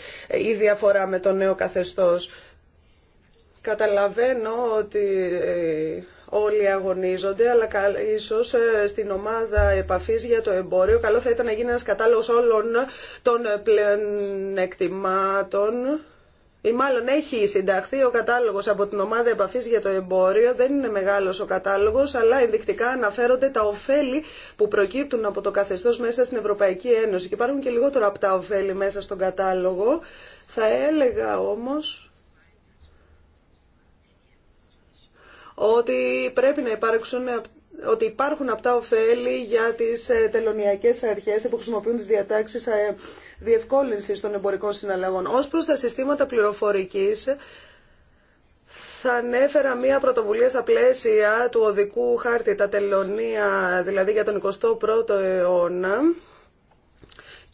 Speaker 5: η διαφορά με το νέο καθεστώς. Καταλαβαίνω ότι όλοι αγωνίζονται, αλλά ίσως ε, στην ομάδα επαφής για το εμπόριο καλό θα ήταν να γίνει ένας κατάλογος όλων των πλεονεκτημάτων ή μάλλον έχει συνταχθεί ο κατάλογος από την ομάδα επαφής για το εμπόριο, δεν είναι μεγάλος ο κατάλογος, αλλά ενδεικτικά αναφέρονται τα ωφέλη που προκύπτουν από το καθεστώς μέσα στην Ευρωπαϊκή Ένωση και υπάρχουν και λιγότερο από τα ωφέλη μέσα στον κατάλογο. Θα έλεγα όμως ότι πρέπει να υπάρξουν ότι υπάρχουν απτά ωφέλη για τις ε, τελωνιακές αρχές που χρησιμοποιούν τις διατάξεις ε, διευκόλυνσης των εμπορικών συναλλαγών. Ως προς τα συστήματα πληροφορικής, θα ανέφερα μία πρωτοβουλία στα πλαίσια του οδικού χάρτη, τα τελωνία, δηλαδή για τον 21ο αιώνα,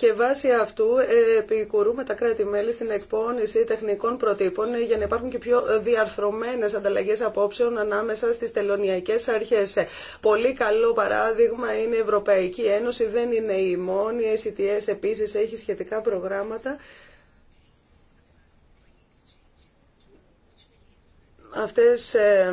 Speaker 5: και βάσει αυτού ε, επικουρούμε τα κράτη-μέλη στην εκπόνηση τεχνικών προτύπων για να υπάρχουν και πιο διαρθρωμένες ανταλλαγές απόψεων ανάμεσα στις τελωνιακές αρχές. Ε, πολύ καλό παράδειγμα είναι η Ευρωπαϊκή Ένωση, δεν είναι η μόνη, η STS επίσης έχει σχετικά προγράμματα. Αυτές ε,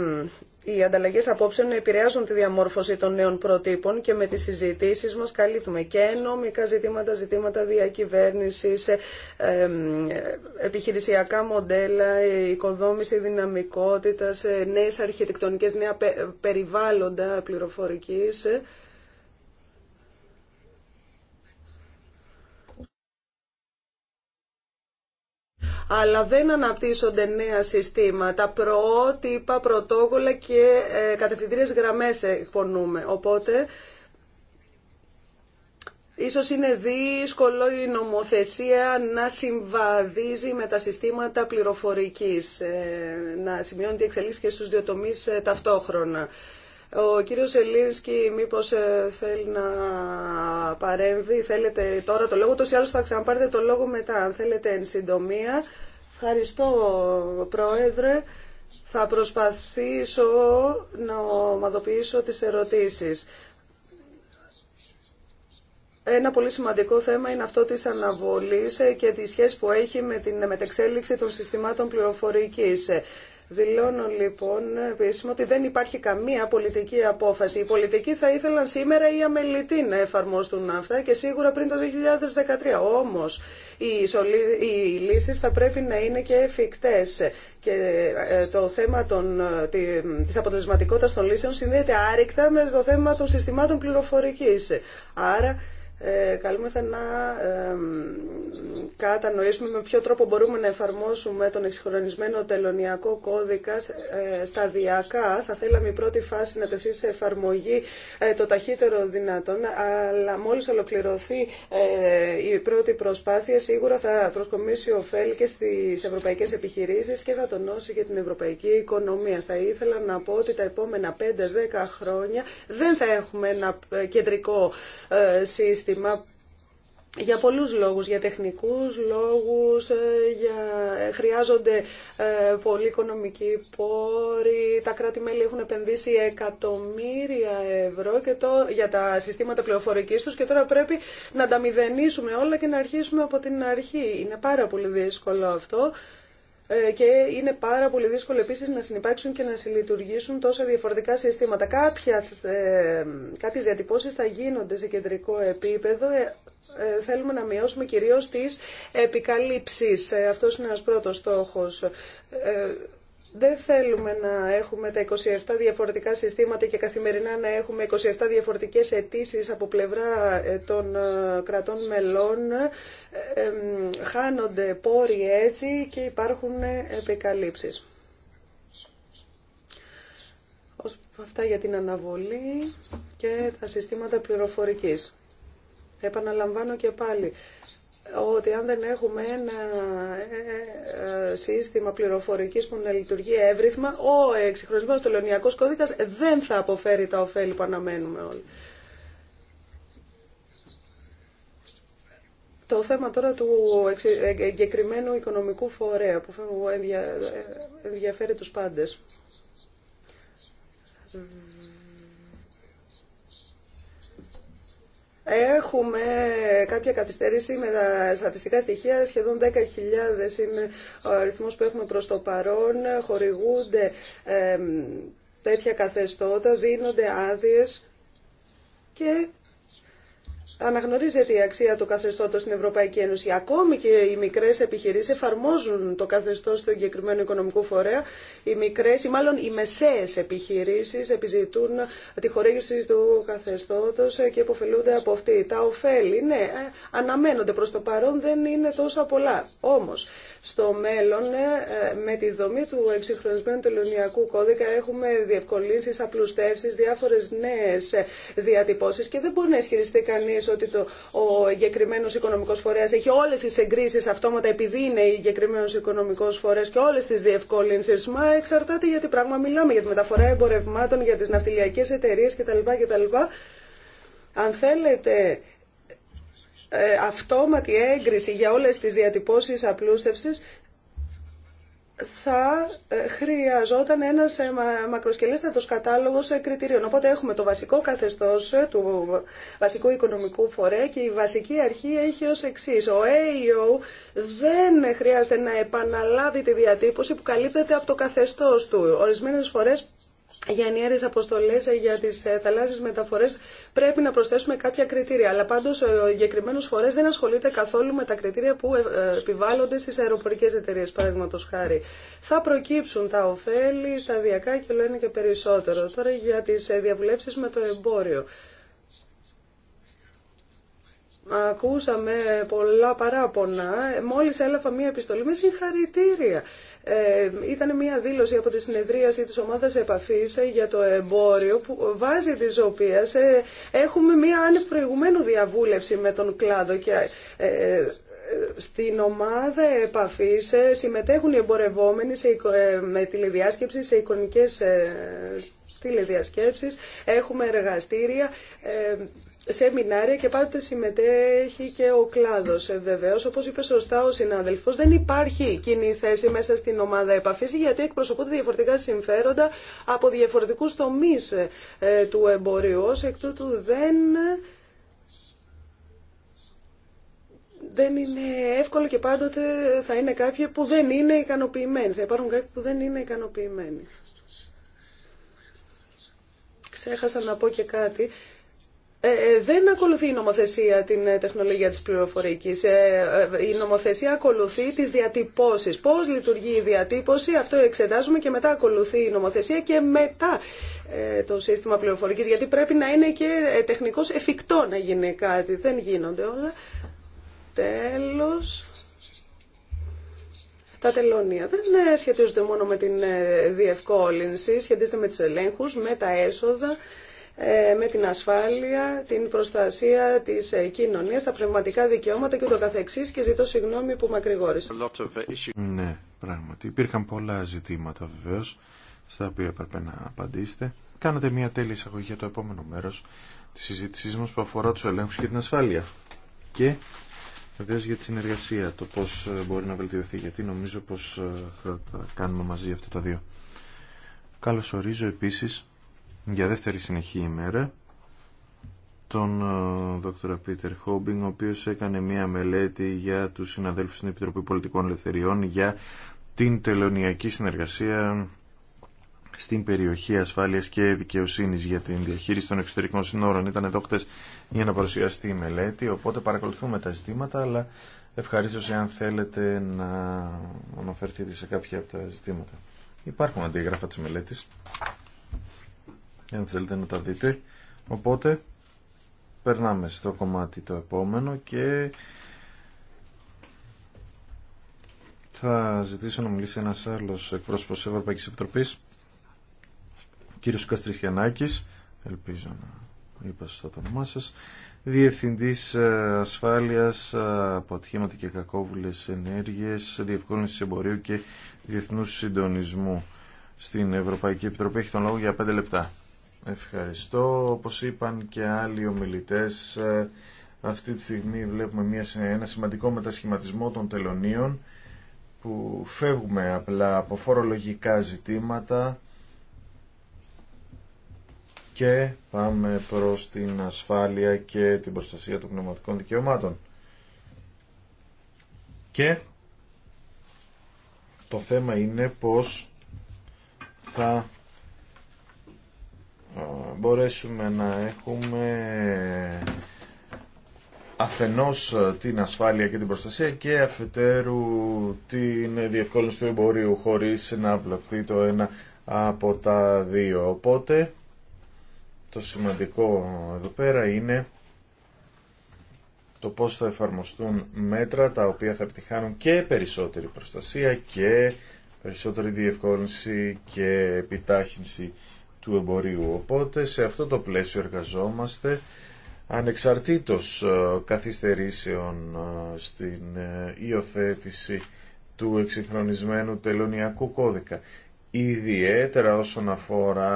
Speaker 5: οι ανταλλαγές απόψεων επηρεάζουν τη διαμόρφωση των νέων προτύπων και με τις συζητήσει μα καλύπτουμε και νομικά ζητήματα, ζητήματα διακυβέρνηση, ε, επιχειρησιακά μοντέλα, οικοδόμηση δυναμικότητας, ε, νέε αρχιτεκτονικέ νέα περιβάλλοντα πληροφορικής. αλλά δεν αναπτύσσονται νέα συστήματα, πρότυπα, πρωτόκολλα και ε, κατευθυντήριες γραμμές εκπονούμε. Οπότε, ίσως είναι δύσκολο η νομοθεσία να συμβαδίζει με τα συστήματα πληροφορικής, ε, να σημειώνεται εξελίξη και στους δύο τομείς ε, ταυτόχρονα. Ο κύριος Ελίνσκι μήπως ε, θέλει να παρέμβει, θέλετε τώρα το λόγο, τόσο θα ξαναπάρετε το λόγο μετά, αν θέλετε εν συντομία. Ευχαριστώ, Πρόεδρε. Θα προσπαθήσω να ομαδοποιήσω τις ερωτήσεις. Ένα πολύ σημαντικό θέμα είναι αυτό της αναβολής και τη σχέση που έχει με την μετεξέλιξη των συστημάτων πληροφορικής. Δηλώνω λοιπόν επίσημα ότι δεν υπάρχει καμία πολιτική απόφαση. Οι πολιτικοί θα ήθελαν σήμερα ή αμελητοί να εφαρμόσουν αυτά και σίγουρα πριν το 2013. Όμως οι λύσεις θα πρέπει να είναι και εφικτές. Και ε, το θέμα των, ε, της αποτελεσματικότητας των λύσεων συνδέεται άρρηκτα με το θέμα των συστημάτων πληροφορικής. Άρα ε, καλούμεθα να κατανοήσουμε με ποιο τρόπο μπορούμε να εφαρμόσουμε τον εξυγχρονισμένο τελωνιακό κώδικα ε, σταδιακά. Θα θέλαμε η πρώτη φάση να τεθεί σε εφαρμογή ε, το ταχύτερο δυνατόν, αλλά μόλις ολοκληρωθεί ε, η πρώτη προσπάθεια σίγουρα θα προσκομίσει ωφέλη και στις ευρωπαϊκές επιχειρήσεις και θα τονώσει και την ευρωπαϊκή οικονομία. Θα ήθελα να πω ότι τα επόμενα 5-10 χρόνια δεν θα έχουμε ένα ε, κεντρικό σύστημα σύστημα για πολλούς λόγους, για τεχνικούς λόγους, ε, για... Ε, χρειάζονται πολύ ε, πολλοί οικονομικοί πόροι, τα κράτη-μέλη έχουν επενδύσει εκατομμύρια ευρώ και το... για τα συστήματα πληροφορικής τους και τώρα πρέπει να τα μηδενίσουμε όλα και να αρχίσουμε από την αρχή. Είναι πάρα πολύ δύσκολο αυτό. Ε, και είναι πάρα πολύ δύσκολο επίσης να συνεπάρξουν και να συλλειτουργήσουν τόσα διαφορετικά συστήματα. Κάποια, ε, κάποιες διατυπώσεις θα γίνονται σε κεντρικό επίπεδο. Ε, ε, θέλουμε να μειώσουμε κυρίως τις επικαλύψεις. αυτός είναι ένας πρώτος στόχος. Δεν θέλουμε να έχουμε τα 27 διαφορετικά συστήματα και καθημερινά να έχουμε 27 διαφορετικές αιτήσει από πλευρά ε, των ε, κρατών μελών. Ε, χάνονται πόροι έτσι και υπάρχουν επικαλύψεις. Αυτά για την αναβολή και τα συστήματα πληροφορικής. Επαναλαμβάνω και πάλι, ότι αν δεν έχουμε ένα ε, ε, ε, σύστημα πληροφορικής που να λειτουργεί εύρυθμα, ο εξυγχρονισμός του λεωνιακού Κώδικας δεν θα αποφέρει τα ωφέλη που αναμένουμε όλοι. Το θέμα τώρα του εγκεκριμένου οικονομικού φορέα που ενδιαφέρει τους πάντες Έχουμε κάποια καθυστέρηση με τα στατιστικά στοιχεία. Σχεδόν 10.000 είναι ο αριθμός που έχουμε προς το παρόν. Χορηγούνται τέτοια καθεστώτα, δίνονται άδειες και αναγνωρίζεται η αξία του καθεστώτος στην Ευρωπαϊκή Ένωση. Ακόμη και οι μικρέ επιχειρήσει εφαρμόζουν το καθεστώ του εγκεκριμένου οικονομικού φορέα. Οι μικρέ, ή μάλλον οι μεσαίες επιχειρήσει επιζητούν τη χορήγηση του καθεστώτος και υποφελούνται από αυτή. Τα ωφέλη, ναι, ε, αναμένονται προ το παρόν, δεν είναι τόσο πολλά. Όμω, στο μέλλον, ε, με τη δομή του εξυγχρονισμένου τελωνιακού κώδικα έχουμε διευκολύνσει, απλουστεύσει, διάφορε νέε διατυπώσει και δεν μπορεί να ισχυριστεί κανεί ότι το, ο εγκεκριμένο οικονομικός φορέας έχει όλες τις εγκρίσεις αυτόματα επειδή είναι εγκεκριμένο οικονομικός φορέας και όλες τις διευκόλυνσεις. Μα εξαρτάται γιατί πράγμα μιλάμε, για τη μεταφορά εμπορευμάτων, για τις ναυτιλιακές εταιρείε κτλ. κτλ. Αν θέλετε ε, αυτόματη έγκριση για όλες τις διατυπώσεις απλούστευσης θα ε, χρειαζόταν ένα ε, μακροσκελέστατο κατάλογο ε, κριτηρίων. Οπότε έχουμε το βασικό καθεστώς του βασικού οικονομικού φορέα και η βασική αρχή έχει ως εξή. Ο AEO δεν χρειάζεται να επαναλάβει τη διατύπωση που καλύπτεται από το καθεστώς του. Ορισμένε φορέ για ενιαίες αποστολές, για τις ε, θαλάσσιες μεταφορές πρέπει να προσθέσουμε κάποια κριτήρια. Αλλά πάντως ε, ο εγκεκριμένος φορέας δεν ασχολείται καθόλου με τα κριτήρια που ε, επιβάλλονται στις αεροπορικές εταιρείε, παραδείγματο χάρη. Θα προκύψουν τα ωφέλη σταδιακά και λένε και περισσότερο. Τώρα για τις διαβουλεύσεις με το εμπόριο ακούσαμε πολλά παράπονα. Μόλις έλαβα μία επιστολή με συγχαρητήρια. Ε, ήταν μία δήλωση από τη συνεδρίαση της ομάδας επαφής για το εμπόριο, που, βάσει της οποίας ε, έχουμε μία άνευ προηγουμένου διαβούλευση με τον κλάδο και ε, στην ομάδα επαφής συμμετέχουν οι εμπορευόμενοι σε, με τηλεδιάσκεψη σε εικονικές τηλεδιασκέψεις, έχουμε εργαστήρια σεμινάρια και πάντοτε συμμετέχει και ο κλάδος. Ε, Βεβαίω. όπως είπε σωστά ο συνάδελφο. δεν υπάρχει κοινή θέση μέσα στην ομάδα επαφής γιατί εκπροσωπούνται διαφορετικά συμφέροντα από διαφορετικούς τομείς ε, του εμπορίου. Ως εκ τούτου δεν δεν είναι εύκολο και πάντοτε θα είναι κάποιοι που δεν είναι ικανοποιημένοι. Θα υπάρχουν κάποιοι που δεν είναι ικανοποιημένοι. Ξέχασα να πω και κάτι ε, ε, δεν ακολουθεί η νομοθεσία την ε, τεχνολογία της πληροφορικής. η νομοθεσία ακολουθεί τις διατυπώσεις. Πώς λειτουργεί η διατύπωση, αυτό εξετάζουμε και μετά ακολουθεί η νομοθεσία και μετά το σύστημα πληροφορικής. Γιατί πρέπει να είναι και τεχνικός εφικτό να γίνει κάτι. Δεν γίνονται όλα. Τέλος. Τα τελωνία δεν σχετίζονται μόνο με την διευκόλυνση, σχετίζονται με τις ελέγχους, με τα έσοδα. Ε, με την ασφάλεια, την προστασία της ε, κοινωνίας, τα πνευματικά δικαιώματα και το καθεξής και ζητώ συγγνώμη που μακρηγόρησα.
Speaker 1: Ναι, πράγματι. Υπήρχαν πολλά ζητήματα βεβαίω, στα οποία έπρεπε να απαντήσετε. Κάνατε μια τέλεια εισαγωγή για το επόμενο μέρος της συζήτησής μας που αφορά τους ελέγχους και την ασφάλεια. Και βεβαίω για τη συνεργασία, το πώς ε, μπορεί να βελτιωθεί, γιατί νομίζω πως θα τα κάνουμε μαζί αυτά τα δύο. Καλωσορίζω ορίζω επίσης για δεύτερη συνεχή ημέρα τον ε, Δ. Πίτερ Χόμπινγκ, ο οποίος έκανε μία μελέτη για τους συναδέλφους στην Επιτροπή Πολιτικών Ελευθεριών για την τελωνιακή συνεργασία στην περιοχή ασφάλειας και δικαιοσύνης για την διαχείριση των εξωτερικών συνόρων. Ήταν εδώ χτες για να παρουσιαστεί η μελέτη, οπότε παρακολουθούμε τα ζητήματα, αλλά ευχαρίστω εάν θέλετε να αναφερθείτε σε κάποια από τα ζητήματα. Υπάρχουν αντίγραφα της μελέτης αν θέλετε να τα δείτε. Οπότε περνάμε στο κομμάτι το επόμενο και θα ζητήσω να μιλήσει ένας άλλος εκπρόσωπος Ευρωπαϊκής Επιτροπής, κύριος Καστρισιανάκης, ελπίζω να είπα στο το όνομά σας, Διευθυντής ε, Ασφάλειας, ε, Αποτυχήματα και Κακόβουλες Ενέργειες, Διευκόλυνση Εμπορίου και Διεθνούς Συντονισμού στην Ευρωπαϊκή Επιτροπή. Έχει τον λόγο για 5 λεπτά. Ευχαριστώ. Όπως είπαν και άλλοι ομιλητές, ε, αυτή τη στιγμή βλέπουμε μια, ένα σημαντικό μετασχηματισμό των τελωνίων που φεύγουμε απλά από φορολογικά ζητήματα και πάμε προς την ασφάλεια και την προστασία των πνευματικών δικαιωμάτων. Και το θέμα είναι πως θα μπορέσουμε να έχουμε αφενός ε, την ασφάλεια και την προστασία και αφετέρου την διευκόλυνση του εμπορίου χωρίς να βλαπτεί το ένα από τα δύο. Οπότε το σημαντικό εδώ πέρα είναι το πώς θα εφαρμοστούν μέτρα τα οποία θα επιτυχάνουν και περισσότερη προστασία και περισσότερη διευκόλυνση και επιτάχυνση του εμπορίου. Οπότε σε αυτό το πλαίσιο εργαζόμαστε ανεξαρτήτως ε, καθυστερήσεων ε, στην ε, υιοθέτηση του εξυγχρονισμένου τελωνιακού κώδικα. Ιδιαίτερα όσον αφορά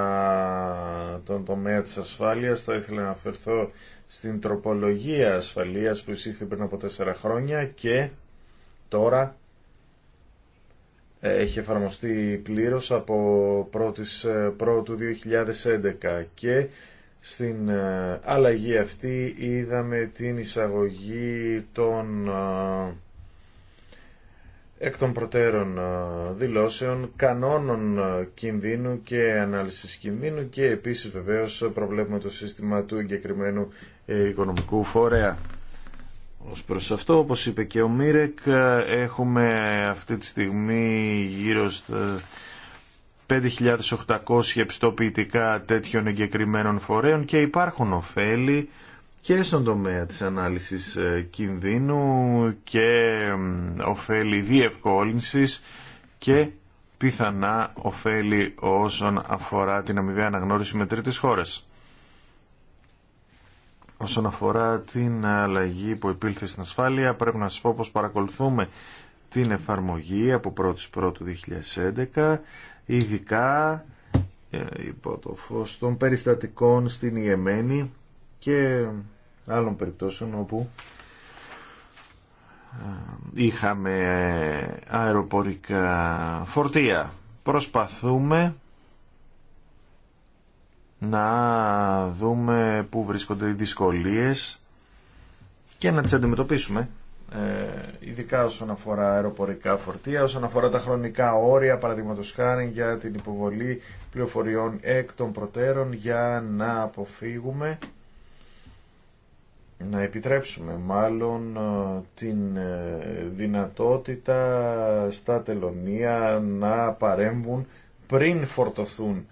Speaker 1: τον τομέα της ασφάλειας, θα ήθελα να αφαιρθώ στην τροπολογία ασφαλείας που εισήχθη πριν από τέσσερα χρόνια και τώρα ε, έχει εφαρμοστεί πλήρως από 1ης ε, πρώτου 2011 και στην ε, αλλαγή αυτή είδαμε την εισαγωγή των εκ των προτέρων δηλώσεων, κανόνων κινδύνου και ανάλυσης κινδύνου και επίσης βεβαίως προβλέπουμε το σύστημα του εγκεκριμένου οικονομικού φορέα. Ως προς αυτό, όπως είπε και ο Μίρεκ, έχουμε αυτή τη στιγμή γύρω στα 5.800 επιστοποιητικά τέτοιων εγκεκριμένων φορέων και υπάρχουν ωφέλη και στον τομέα της ανάλυσης ε, κινδύνου και ωφέλη διευκόλυνσης και πιθανά ωφέλη όσον αφορά την αμοιβή αναγνώριση με τρίτες χώρες. Όσον αφορά την αλλαγή που επήλθε στην ασφάλεια, πρέπει να σας πω πως παρακολουθούμε την εφαρμογή από 1η Πρώτου 2011, ειδικά ε, υπό το φως των περιστατικών στην Ιεμένη και άλλων περιπτώσεων όπου ε, είχαμε ε, αεροπορικά φορτία. Προσπαθούμε να δούμε πού βρίσκονται οι δυσκολίες και να τις αντιμετωπίσουμε ε, ειδικά όσον αφορά αεροπορικά φορτία, όσον αφορά τα χρονικά όρια, παραδείγματο χάρη για την υποβολή πληροφοριών εκ των προτέρων για να αποφύγουμε, να επιτρέψουμε μάλλον ε, την ε, δυνατότητα στα τελωνία να παρέμβουν πριν φορτωθούν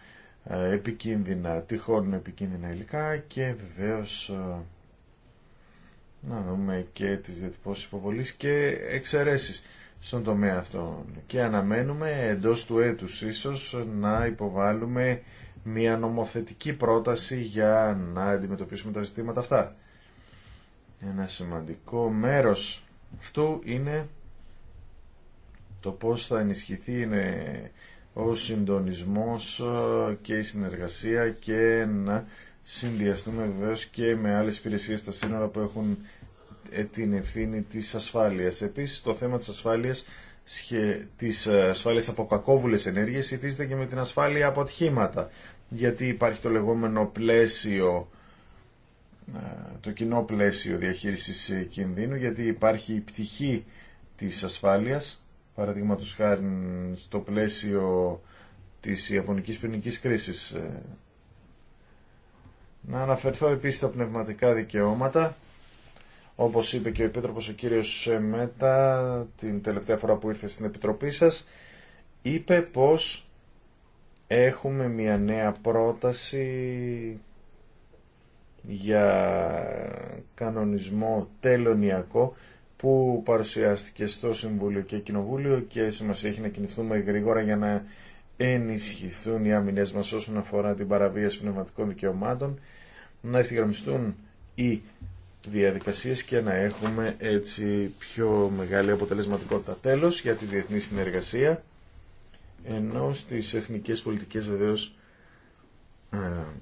Speaker 1: ε, επικίνδυνα, τυχόν επικίνδυνα υλικά και βεβαίως ε, να δούμε και τις διατυπώσεις υποβολής και εξαιρέσεις στον τομέα αυτό. Και αναμένουμε εντός του έτους ίσως να υποβάλουμε μια νομοθετική πρόταση για να αντιμετωπίσουμε τα ζητήματα αυτά. Ένα σημαντικό μέρος αυτού είναι το πώς θα ενισχυθεί είναι ο συντονισμός ε, και η συνεργασία και να συνδυαστούμε βεβαίω και με άλλες υπηρεσίες στα σύνορα που έχουν ε, την ευθύνη της ασφάλειας. Επίσης το θέμα της ασφάλειας της ε, ασφάλειας από κακόβουλες ενέργειες ιτίζεται και με την ασφάλεια από ατυχήματα γιατί υπάρχει το λεγόμενο πλαίσιο το κοινό πλαίσιο διαχείρισης κινδύνου γιατί υπάρχει η πτυχή της ασφάλειας παραδείγματο χάρη στο πλαίσιο της Ιαπωνικής ποινική κρίσης. Ε, να αναφερθώ επίσης στα πνευματικά δικαιώματα. Όπως είπε και ο Επίτροπος ο κύριος Σεμέτα την τελευταία φορά που ήρθε στην Επιτροπή σας, είπε πως έχουμε μια νέα πρόταση για κανονισμό τελωνιακό που παρουσιάστηκε στο Συμβούλιο και Κοινοβούλιο και σημασία έχει να κινηθούμε γρήγορα για να ενισχυθούν οι άμυνες μας όσον αφορά την παραβίαση πνευματικών δικαιωμάτων, να ευθυγραμμιστούν οι διαδικασίες και να έχουμε έτσι πιο μεγάλη αποτελεσματικότητα. Τέλος, για τη διεθνή συνεργασία, ενώ στις εθνικές πολιτικές βεβαίως ε,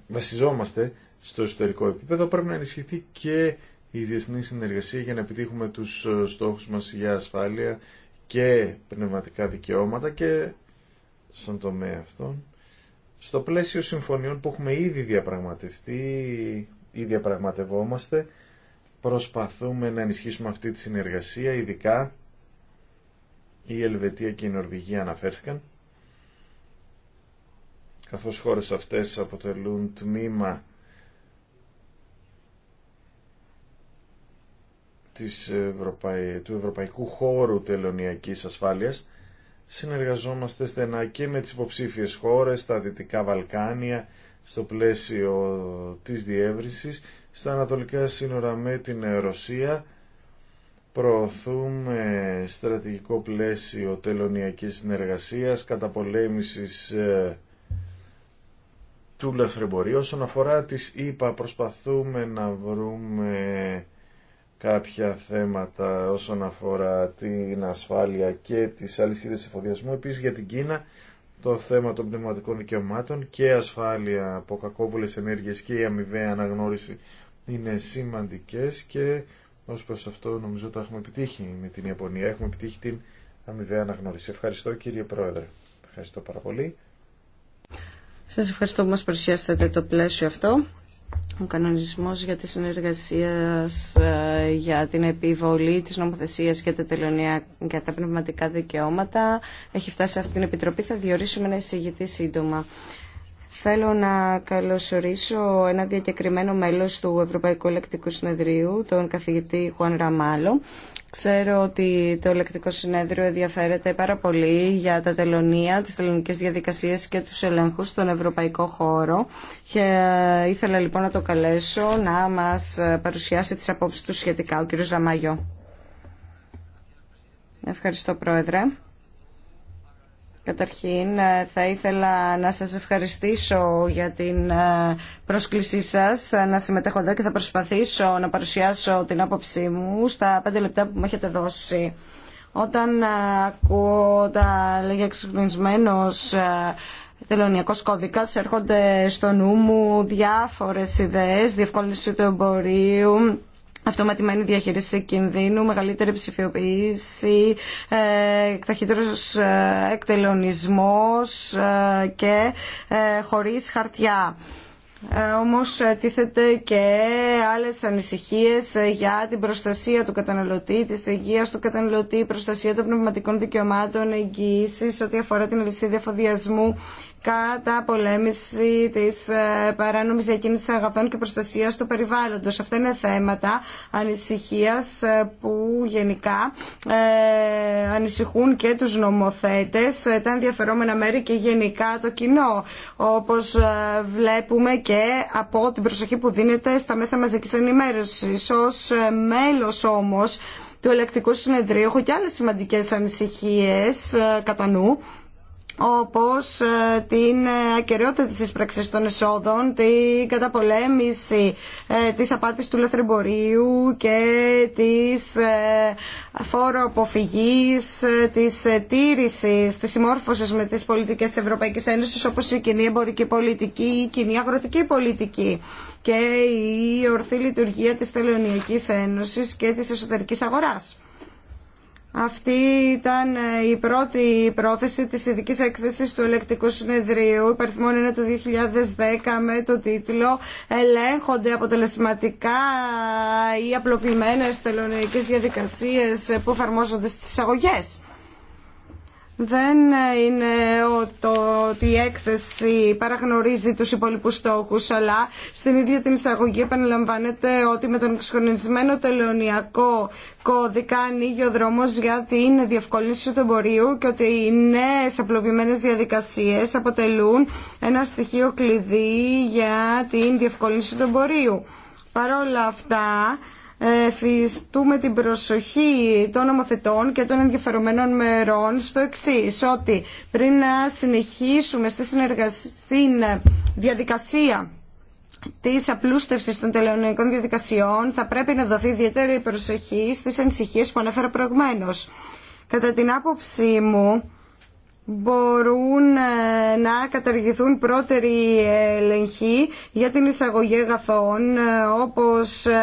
Speaker 1: βασιζόμαστε στο ιστορικό επίπεδο, πρέπει να ενισχυθεί και η διεθνή συνεργασία για να επιτύχουμε τους ε, στόχους μας για ασφάλεια και πνευματικά δικαιώματα και στον τομέα αυτών. Στο πλαίσιο συμφωνιών που έχουμε ήδη διαπραγματευτεί ή διαπραγματευόμαστε, προσπαθούμε να ενισχύσουμε αυτή τη συνεργασία, ειδικά η Ελβετία και η Νορβηγία αναφέρθηκαν, καθώς χώρες αυτές αποτελούν τμήμα της του Ευρωπαϊκού Χώρου Τελωνιακής Ασφάλειας συνεργαζόμαστε στενά και με τις υποψήφιες χώρες, τα Δυτικά Βαλκάνια, στο πλαίσιο της διεύρυνσης, στα ανατολικά σύνορα με την Ρωσία, προωθούμε στρατηγικό πλαίσιο τελωνιακής συνεργασίας, καταπολέμησης ε, του λαθρεμπορίου. Όσον αφορά τις ΗΠΑ προσπαθούμε να βρούμε κάποια θέματα όσον αφορά την ασφάλεια και τις αλυσίδες εφοδιασμού. Επίσης για την Κίνα το θέμα των πνευματικών δικαιωμάτων και ασφάλεια από κακόβουλες ενέργειες και η αμοιβαία αναγνώριση είναι σημαντικές και ως προς αυτό νομίζω ότι έχουμε επιτύχει με την Ιαπωνία. Έχουμε επιτύχει την αμοιβαία αναγνώριση. Ευχαριστώ κύριε Πρόεδρε. Ευχαριστώ πάρα πολύ.
Speaker 2: Σας ευχαριστώ που μας παρουσιάσατε το πλαίσιο αυτό ο κανονισμός για τη συνεργασία ε, για την επιβολή της νομοθεσίας για τα τελωνία για τα πνευματικά δικαιώματα έχει φτάσει σε αυτή την επιτροπή. Θα διορίσουμε ένα εισηγητή σύντομα. Θέλω να καλωσορίσω ένα διακεκριμένο μέλος του Ευρωπαϊκού Ελεκτικού Συνεδρίου, τον καθηγητή Χουάν Ραμάλο. Ξέρω ότι το Ελεκτικό Συνέδριο ενδιαφέρεται πάρα πολύ για τα τελωνία, τις τελωνικές διαδικασίες και τους ελέγχους στον ευρωπαϊκό χώρο. Και ήθελα λοιπόν να το καλέσω να μας παρουσιάσει τις απόψεις του σχετικά, ο κ. Ραμάγιο. Ευχαριστώ, Πρόεδρε. Καταρχήν ε, θα ήθελα να σας ευχαριστήσω για την ε, πρόσκλησή σας ε, να συμμετέχω εδώ και θα προσπαθήσω να παρουσιάσω την άποψή μου στα πέντε λεπτά που μου έχετε δώσει. Όταν ακούω τα λέγια εξυπνισμένος τελωνιακός κώδικας έρχονται στο νου μου διάφορες ιδέες, διευκόλυνση του εμπορίου, αυτοματημένη διαχείριση κινδύνου, μεγαλύτερη ψηφιοποίηση, ε, ταχύτερος ε, εκτελονισμός ε, και χωρίς χαρτιά. Όμως τίθεται και άλλες ανησυχίες για την προστασία του καταναλωτή, της υγείας του καταναλωτή, προστασία των πνευματικών δικαιωμάτων, εγγυήσεις, ό,τι αφορά την αλυσίδια φοδιασμού, κατά πολέμηση της ε, παράνομης διακίνησης αγαθών και προστασίας του περιβάλλοντος. Αυτά είναι θέματα ανησυχίας ε, που γενικά ε, ανησυχούν και τους νομοθέτες, τα ενδιαφερόμενα μέρη και γενικά το κοινό, όπως βλέπουμε και από την προσοχή που δίνεται στα μέσα μαζικής ενημέρωσης. Ως μέλος όμως του ελεκτικού συνεδρίου έχω και άλλες σημαντικές ανησυχίες κατά νου όπως ε, την ακαιρεότητα της εισπραξής των εσόδων, την καταπολέμηση ε, της απάτης του λαθρεμπορίου και της ε, φόρο της τήρησης, της συμμόρφωσης με τις πολιτικές της Ευρωπαϊκής Ένωσης όπως η κοινή εμπορική πολιτική, η κοινή αγροτική πολιτική και η ορθή λειτουργία της Τελωνιακής Ένωσης και της εσωτερικής αγοράς. Αυτή ήταν ε, η πρώτη πρόθεση της ειδικής έκθεσης του Ελεκτικού Συνεδρίου υπαριθμών είναι του 2010 με το τίτλο «Ελέγχονται αποτελεσματικά οι απλοποιημένες τελωνεϊκές διαδικασίες που εφαρμόζονται στις εισαγωγές» δεν είναι το ότι η έκθεση παραγνωρίζει τους υπόλοιπους στόχους, αλλά στην ίδια την εισαγωγή επαναλαμβάνεται ότι με τον εξχρονισμένο τελωνιακό κώδικα ανοίγει ο δρόμος για την διευκολύνση του εμπορίου και ότι οι νέες απλοποιημένες διαδικασίες αποτελούν ένα στοιχείο κλειδί για την διευκολύνση του εμπορίου. Παρ' αυτά, εφιστούμε την προσοχή των νομοθετών και των ενδιαφερομένων μερών στο εξή ότι πριν να συνεχίσουμε στη στην διαδικασία της απλούστευσης των τελωνικών διαδικασιών θα πρέπει να δοθεί ιδιαίτερη προσοχή στις ανησυχίες που ανέφερα προηγουμένως. Κατά την άποψή μου, μπορούν ε, να καταργηθούν πρώτεροι ελεγχοί για την εισαγωγή αγαθών ε, όπως ε,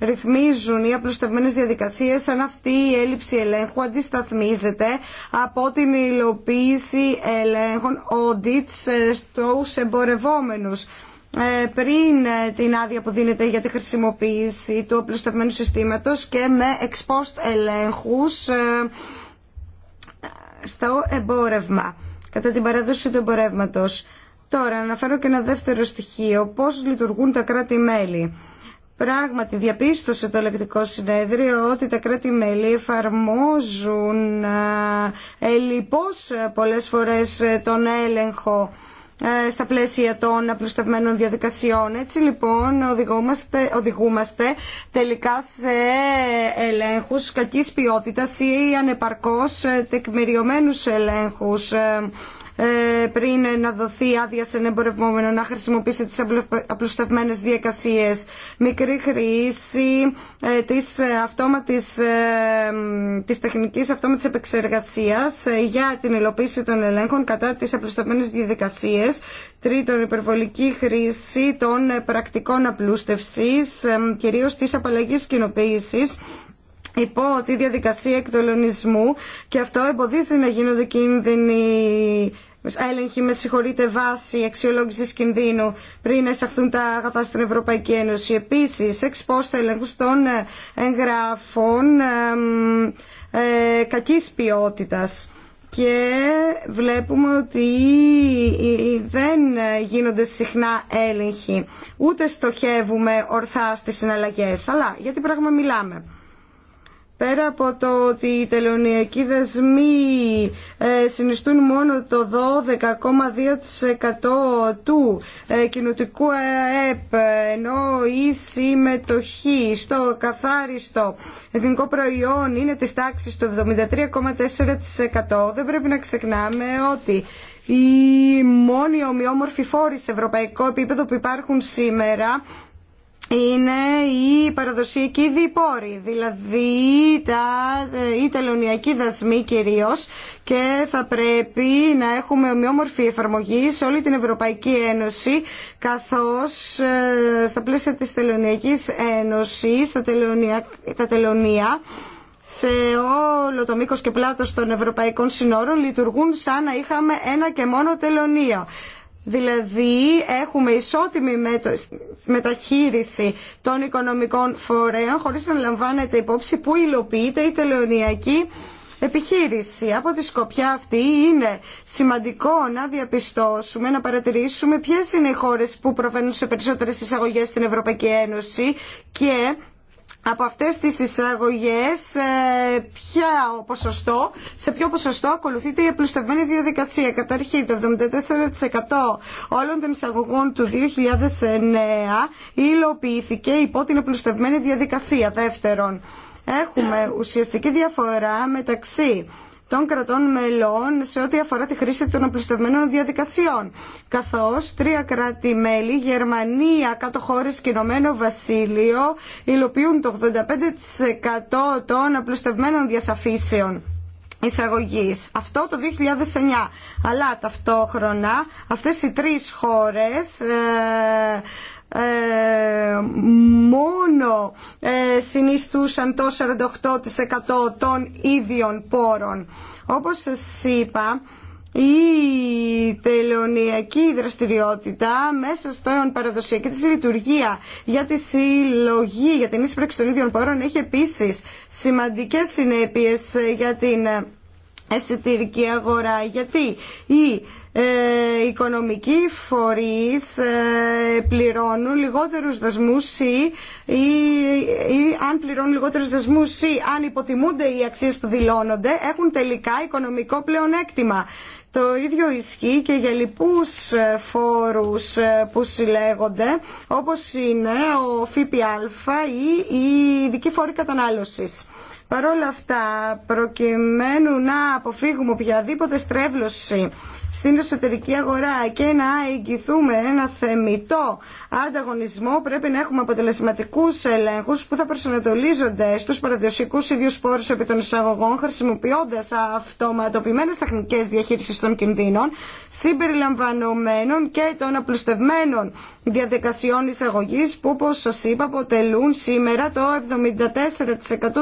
Speaker 2: ρυθμίζουν οι απλουστευμένες διαδικασίες αν αυτή η έλλειψη ελέγχου αντισταθμίζεται από την υλοποίηση ελέγχων audits στους εμπορευόμενους πριν την άδεια που δίνεται για τη χρησιμοποίηση του απλουστευμένου συστήματος και με exposed ελέγχους στο εμπόρευμα, κατά την παράδοση του εμπορεύματο. Τώρα, αναφέρω και ένα δεύτερο στοιχείο, πώς λειτουργούν τα κράτη-μέλη. Πράγματι, διαπίστωσε το ελεκτικό συνέδριο ότι τα κράτη-μέλη εφαρμόζουν ε, ε, ε πολλές φορές ε, τον έλεγχο ε, στα πλαίσια των απλουστευμένων διαδικασιών. Έτσι λοιπόν οδηγούμαστε, οδηγούμαστε τελικά σε ελέγχους κακής ποιότητας ή ανεπαρκώς τεκμηριωμένους ελέγχους ε, ε, πριν να δοθεί άδεια σε ένα εμπορευμόμενο να χρησιμοποιήσει τις απλουστευμένες διακασίες. Μικρή χρήση ε, της, ε, αυτόματης, της τεχνικής αυτόματης επεξεργασίας για την υλοποίηση των ελέγχων κατά τις απλουστευμένες διαδικασίες. Τρίτον, υπερβολική χρήση των πρακτικών απλούστευσης, κυρίως της απαλλαγής κοινοποίησης ότι η διαδικασία εκτολονισμού και αυτό εμποδίζει να γίνονται κίνδυνοι έλεγχοι με συγχωρείτε βάση αξιολόγηση κινδύνου πριν εισαχθούν τα αγαθά στην Ευρωπαϊκή Ένωση. Επίση, εξ πόστα έλεγχου των εγγράφων ε, ε, κακή ποιότητα. Και βλέπουμε ότι δεν γίνονται συχνά έλεγχοι, ούτε στοχεύουμε ορθά στις συναλλαγές. Αλλά για τι πράγμα μιλάμε. Πέρα από το ότι οι τελωνιακοί δεσμοί ε, συνιστούν μόνο το 12,2% του ε, κοινοτικού ΕΕΠ ενώ η συμμετοχή στο καθάριστο εθνικό προϊόν είναι της τάξης του 73,4% δεν πρέπει να ξεχνάμε ότι οι μόνοι ομοιόμορφοι φόροι σε ευρωπαϊκό επίπεδο που υπάρχουν σήμερα είναι η παραδοσιακή διπόρη. δηλαδή τα, η ε, τελωνιακή δασμή κυρίω και θα πρέπει να έχουμε ομοιόμορφη εφαρμογή σε όλη την Ευρωπαϊκή Ένωση καθώς ε, στα πλαίσια της Τελωνιακής Ένωσης τα τελωνία, τα τελωνία σε όλο το μήκος και πλάτος των ευρωπαϊκών συνόρων λειτουργούν σαν να είχαμε ένα και μόνο τελωνία. Δηλαδή έχουμε ισότιμη μεταχείριση των οικονομικών φορέων χωρίς να λαμβάνεται υπόψη που υλοποιείται η τελεωνιακή επιχείρηση. Από τη σκοπιά αυτή είναι σημαντικό να διαπιστώσουμε, να παρατηρήσουμε ποιες είναι οι χώρες που προβαίνουν σε περισσότερες εισαγωγές στην Ευρωπαϊκή Ένωση και από αυτές τις εισαγωγές ε, ποια ποσοστό, σε ποιο ποσοστό ακολουθείται η απλουστευμένη διαδικασία. Καταρχήν το 74% όλων των εισαγωγών του 2009 υλοποιήθηκε υπό την απλουστευμένη διαδικασία. Δεύτερον, έχουμε ουσιαστική διαφορά μεταξύ των κρατών μελών σε ό,τι αφορά τη χρήση των απλουστευμένων διαδικασιών. Καθώς τρία κράτη-μέλη, Γερμανία, κάτω χώρες και Ηνωμένο Βασίλειο, υλοποιούν το 85% των απλουστευμένων διασαφήσεων. Εισαγωγής. Αυτό το 2009. Αλλά ταυτόχρονα αυτές οι τρεις χώρες ε, ε, μόνο ε, συνιστούσαν το 48% των ίδιων πόρων. Όπως σας είπα, η τελωνιακή δραστηριότητα μέσα στο παραδοσιακή της λειτουργία για τη συλλογή, για την ίσπραξη των ίδιων πόρων έχει επίσης σημαντικές συνέπειες για την εσωτερική αγορά. Γιατί οι ε, οικονομικοί φορείς ε, πληρώνουν λιγότερους δασμούς ή, ή, αν πληρώνουν λιγότερους δασμούς ή αν υποτιμούνται οι αξίες που δηλώνονται έχουν τελικά οικονομικό πλεονέκτημα. Το ίδιο ισχύει και για λοιπούς ε, φόρους ε, που συλλέγονται, όπως είναι ο ΦΠΑ ή η ειδικη φορη κατανάλωσης. Παρ' όλα αυτά, προκειμένου να αποφύγουμε οποιαδήποτε στρέβλωση στην εσωτερική αγορά και να εγγυθούμε ένα θεμητό ανταγωνισμό πρέπει να έχουμε αποτελεσματικούς ελέγχους που θα προσανατολίζονται στους παραδοσιακούς ίδιους πόρους επί των εισαγωγών χρησιμοποιώντας αυτοματοποιημένες τεχνικές διαχείρισης των κινδύνων συμπεριλαμβανομένων και των απλουστευμένων διαδικασιών εισαγωγής που όπως σας είπα αποτελούν σήμερα το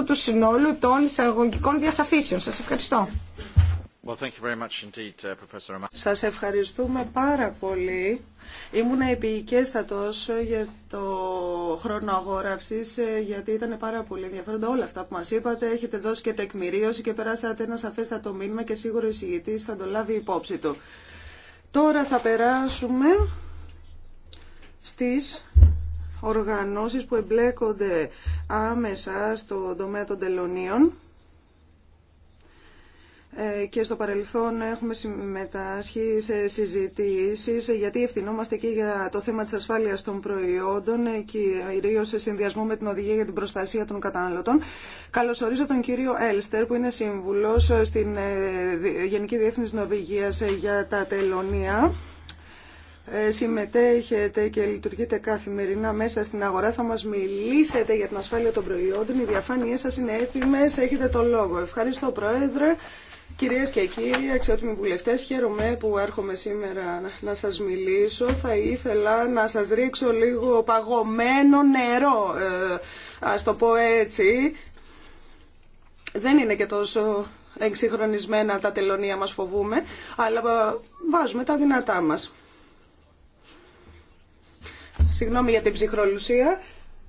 Speaker 2: 74% του συνόλου των εισαγωγικών διασαφήσεων. Σας ευχαριστώ.
Speaker 3: Uh,
Speaker 5: Σας ευχαριστούμε πάρα πολύ. Ήμουν επικέστατος για το χρόνο αγόραυσης, ε, γιατί ήταν πάρα πολύ ενδιαφέροντα όλα αυτά που μας είπατε. Έχετε δώσει και τεκμηρίωση και περάσατε ένα σαφέστατο μήνυμα και σίγουρο η συγητής θα το λάβει υπόψη του. Τώρα θα περάσουμε στις οργανώσεις που εμπλέκονται άμεσα στον τομέα των τελωνίων. Ε, και στο παρελθόν έχουμε συμμετάσχει σε συζητήσεις γιατί ευθυνόμαστε και για το θέμα της ασφάλειας των προϊόντων κυρίως σε συνδυασμό με την οδηγία για την προστασία των καταναλωτών. Καλωσορίζω τον κύριο Έλστερ που είναι σύμβουλος στην ε, Γενική Διεύθυνση ε, για τα τελωνία ε, συμμετέχετε και λειτουργείτε καθημερινά μέσα στην αγορά. Θα μας μιλήσετε για την ασφάλεια των προϊόντων. Οι διαφάνειές σας είναι έτοιμες. Έχετε το λόγο. Ευχαριστώ, Πρόεδρε. Κυρίε και κύριοι, αξιότιμοι βουλευτέ, χαίρομαι που έρχομαι σήμερα να σα μιλήσω. Θα ήθελα να σα ρίξω λίγο παγωμένο νερό, ε, ας το πω έτσι. Δεν είναι και τόσο εξυγχρονισμένα τα τελωνία μας φοβούμε, αλλά βάζουμε τα δυνατά μας. Συγγνώμη για την ψυχρολουσία,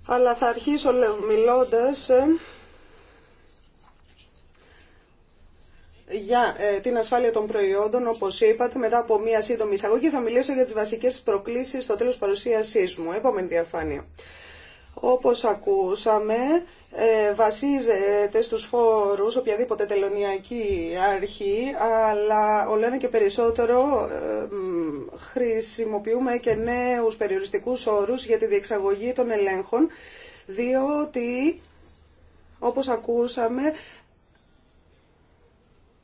Speaker 5: αλλά θα αρχίσω μιλώντας ε, για ε, την ασφάλεια των προϊόντων, όπως είπατε, μετά από μία σύντομη εισαγωγή θα μιλήσω για τις βασικές προκλήσεις στο τέλο παρουσίασή μου. Επόμενη διαφάνεια. Όπως ακούσαμε, ε, βασίζεται στους φόρους οποιαδήποτε τελωνιακή αρχή, αλλά όλο ένα και περισσότερο ε, χρησιμοποιούμε και νέους περιοριστικούς όρους για τη διεξαγωγή των ελέγχων, διότι όπως ακούσαμε,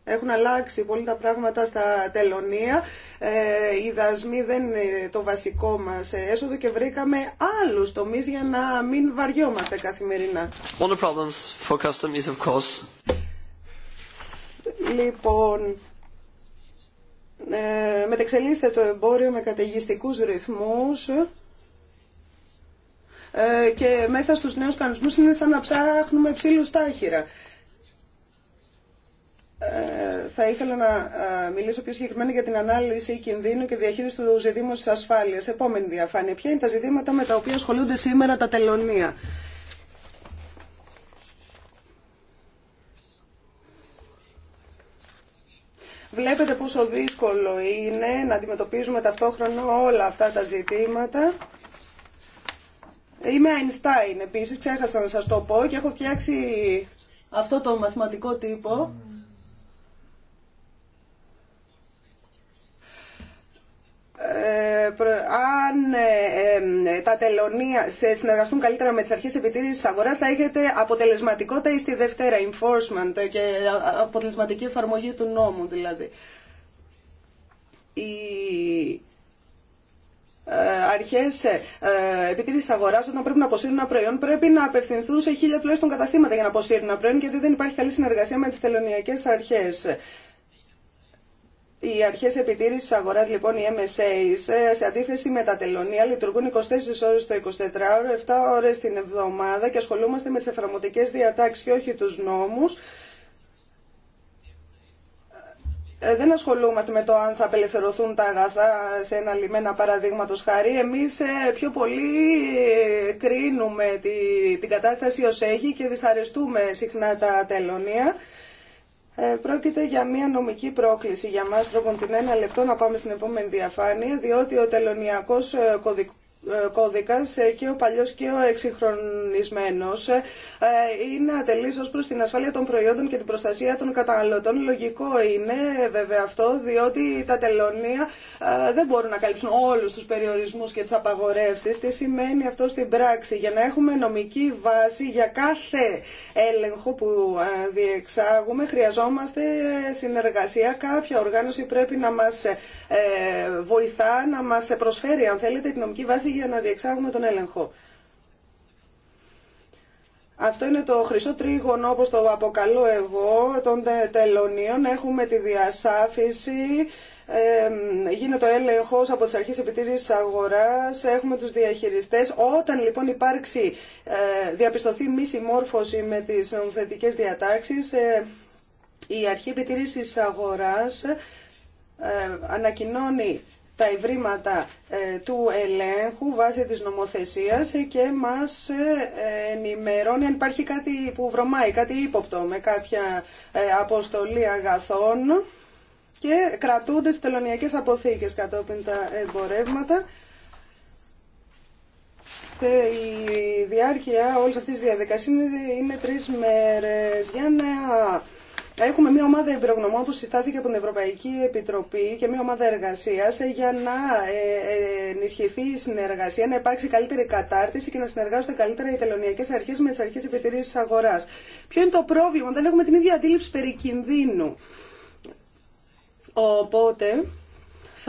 Speaker 5: έχουν αλλάξει πολύ τα πράγματα στα τελωνία. Ε, οι δασμοί δεν είναι το βασικό μας έσοδο και βρήκαμε άλλους τομείς για να μην βαριόμαστε καθημερινά.
Speaker 2: problems for
Speaker 5: Λοιπόν, ε, μετεξελίσσεται το εμπόριο με καταιγιστικούς ρυθμούς ε, και μέσα στους νέους κανονισμούς είναι σαν να ψάχνουμε ψήλους τάχυρα. Ε, θα ήθελα να ε, μιλήσω πιο συγκεκριμένα για την ανάλυση κινδύνου και διαχείριση του ζητήματο τη ασφάλεια. Επόμενη διαφάνεια. Ποια είναι τα ζητήματα με τα οποία ασχολούνται σήμερα τα τελωνία. Βλέπετε πόσο δύσκολο είναι να αντιμετωπίζουμε ταυτόχρονα όλα αυτά τα ζητήματα. Είμαι Einstein επίσης, ξέχασα να σας το πω και έχω φτιάξει αυτό το μαθηματικό τύπο Ε, αν ε, ε, τα τελωνία συνεργαστούν καλύτερα με τις αρχές επιτήρησης αγοράς θα έχετε αποτελεσματικότητα στη Δευτέρα, enforcement και αποτελεσματική εφαρμογή του νόμου δηλαδή. Οι αρχές επιτήρησης αγοράς όταν πρέπει να αποσύρουν ένα προϊόν πρέπει να απευθυνθούν σε χίλια τουλάχιστον καταστήματα για να αποσύρουν ένα προϊόν γιατί δεν υπάρχει καλή συνεργασία με τις τελωνιακές αρχές. Οι αρχές επιτήρησης αγοράς, λοιπόν, οι MSA, ε, σε αντίθεση με τα τελωνία, λειτουργούν 24 ώρες το 24ωρο, 7 ώρες την εβδομάδα και ασχολούμαστε με τις εφαρμοτικές διατάξεις και όχι τους νόμους. Ε, δεν ασχολούμαστε με το αν θα απελευθερωθούν τα αγαθά σε ένα λιμένα παραδείγματο χάρη. Εμεί ε, πιο πολύ κρίνουμε την κατάσταση ω έχει και δυσαρεστούμε συχνά τα τελωνία. Ε, πρόκειται για μια νομική πρόκληση για μας. Τρόπον την ένα λεπτό να πάμε στην επόμενη διαφάνεια, διότι ο τελωνιακός ε, κωδικός κώδικας ε, και ο παλιός και ο εξυγχρονισμένος ε, είναι ατελής ως προς την ασφάλεια των προϊόντων και την προστασία των καταναλωτών. Λογικό είναι βέβαια αυτό, διότι τα τελωνία ε, δεν μπορούν να καλύψουν όλους τους περιορισμούς και τις απαγορεύσεις. Τι σημαίνει αυτό στην πράξη, για να έχουμε νομική βάση για κάθε έλεγχο που διεξάγουμε, χρειαζόμαστε συνεργασία. Κάποια οργάνωση πρέπει να μας βοηθά, να μας προσφέρει, αν θέλετε, την νομική βάση για να διεξάγουμε τον έλεγχο. Αυτό είναι το χρυσό τρίγωνο, όπως το αποκαλώ εγώ, των τελωνίων. Έχουμε τη διασάφηση, γίνεται ο έλεγχος από τις αρχές επιτήρησης αγοράς, έχουμε τους διαχειριστές. Όταν λοιπόν υπάρξει, ε, διαπιστωθεί μη συμμόρφωση με τις νομοθετικές διατάξεις, ε, η αρχή επιτήρησης αγοράς ε, ανακοινώνει τα ευρήματα ε, του ελέγχου βάσει της νομοθεσίας και μας ε, ενημερώνει αν υπάρχει κάτι που βρωμάει, κάτι ύποπτο με κάποια ε, αποστολή αγαθών και κρατούνται στις αποθήκες κατόπιν τα εμπορεύματα και η διάρκεια όλης αυτής της διαδικασίας είναι τρεις μέρες για να Έχουμε μια ομάδα εμπειρογνωμών που συστάθηκε από την Ευρωπαϊκή Επιτροπή και μια ομάδα εργασία ε, για να ε, ε, ενισχυθεί η συνεργασία, να υπάρξει καλύτερη κατάρτιση και να συνεργάζονται καλύτερα οι τελωνιακέ αρχέ με τι αρχέ επιτηρήσει αγορά. Ποιο είναι το πρόβλημα, όταν έχουμε την ίδια αντίληψη περί κινδύνου. Οπότε,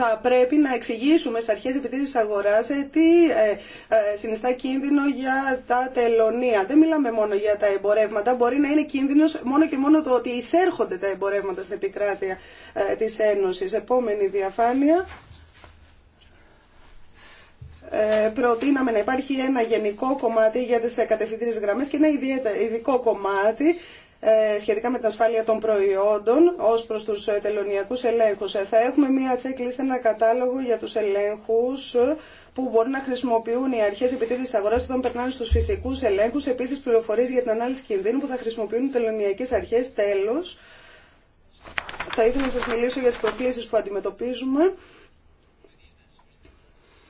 Speaker 5: θα πρέπει να εξηγήσουμε στι αρχέ επιτήρηση αγοράς ε, τι ε, ε, συνιστά κίνδυνο για τα τελωνία. Δεν μιλάμε μόνο για τα εμπορεύματα, μπορεί να είναι κίνδυνος μόνο και μόνο το ότι εισέρχονται τα εμπορεύματα στην επικράτεια τη της Ένωσης. Επόμενη διαφάνεια. Προτείναμε να υπάρχει ένα γενικό κομμάτι για τις κατευθυντήριες γραμμές και ένα ειδικό κομμάτι ε, σχετικά με την ασφάλεια των προϊόντων ως προς τους ε, τελωνιακούς ελέγχους. Ε, θα έχουμε μία checklist, ένα κατάλογο για τους ελέγχους που μπορούν να χρησιμοποιούν οι αρχέ επιτήρηση αγορά όταν περνάνε στου φυσικού ελέγχου. Επίση, πληροφορίε για την ανάλυση κινδύνου που θα χρησιμοποιούν οι τελωνιακέ αρχέ. Τέλο, θα ήθελα να σα μιλήσω για τι προκλήσει που αντιμετωπίζουμε.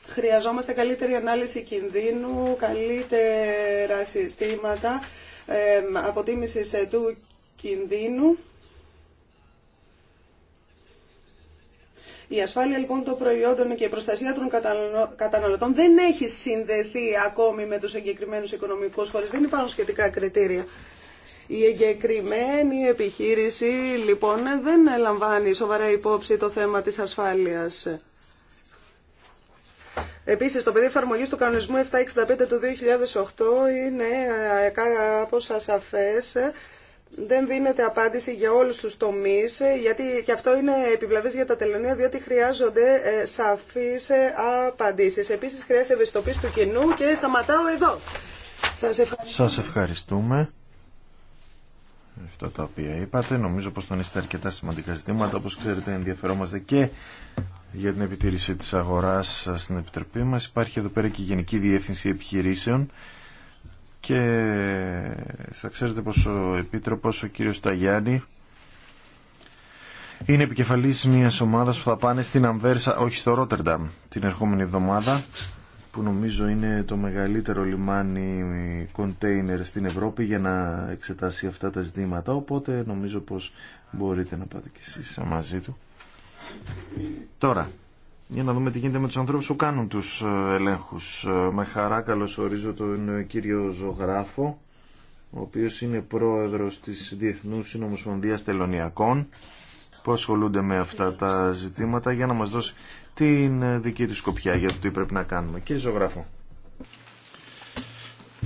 Speaker 5: Χρειαζόμαστε καλύτερη ανάλυση κινδύνου, καλύτερα συστήματα αποτίμησης ε, του κινδύνου. Η ασφάλεια λοιπόν των προϊόντων και η προστασία των καταναλωτών δεν έχει συνδεθεί ακόμη με τους εγκεκριμένους οικονομικούς φορείς. Δεν υπάρχουν σχετικά κριτήρια. Η εγκεκριμένη επιχείρηση λοιπόν δεν λαμβάνει σοβαρά υπόψη το θέμα της ασφάλειας. Επίσης, το πεδίο εφαρμογή του κανονισμού 765 του 2008 είναι ε, κάπως ασαφές. Δεν δίνεται απάντηση για όλους τους τομείς, γιατί και αυτό είναι επιβλαβές για τα τελωνία, διότι χρειάζονται ε, σαφείς ε, απαντήσεις. Επίσης, χρειάζεται ευαισθητοποίηση του κοινού και σταματάω εδώ. Σας ευχαριστούμε.
Speaker 1: Σας ευχαριστούμε. Αυτά τα οποία είπατε, νομίζω πως τον είστε αρκετά σημαντικά ζητήματα, όπως ξέρετε ενδιαφερόμαστε και για την επιτήρηση της αγοράς στην Επιτροπή μας. Υπάρχει εδώ πέρα και η Γενική Διεύθυνση Επιχειρήσεων και θα ξέρετε πως ο Επίτροπος, ο κύριος Ταγιάννη, είναι επικεφαλής μιας ομάδας που θα πάνε στην Αμβέρσα, όχι στο Ρότερνταμ, την ερχόμενη εβδομάδα που νομίζω είναι το μεγαλύτερο λιμάνι κοντέινερ στην Ευρώπη για να εξετάσει αυτά τα ζητήματα οπότε νομίζω πως μπορείτε να πάτε κι εσείς μαζί του Τώρα, για να δούμε τι γίνεται με τους ανθρώπους που κάνουν τους ε, ελέγχους. Ε, με χαρά ορίζω τον ε, κύριο Ζωγράφο, ο οποίος είναι πρόεδρος της Διεθνούς Συνομοσπονδίας Τελωνιακών, που ασχολούνται με αυτά τα ζητήματα, για να μας δώσει την δική του σκοπιά για το τι πρέπει να κάνουμε. Κύριε Ζωγράφο.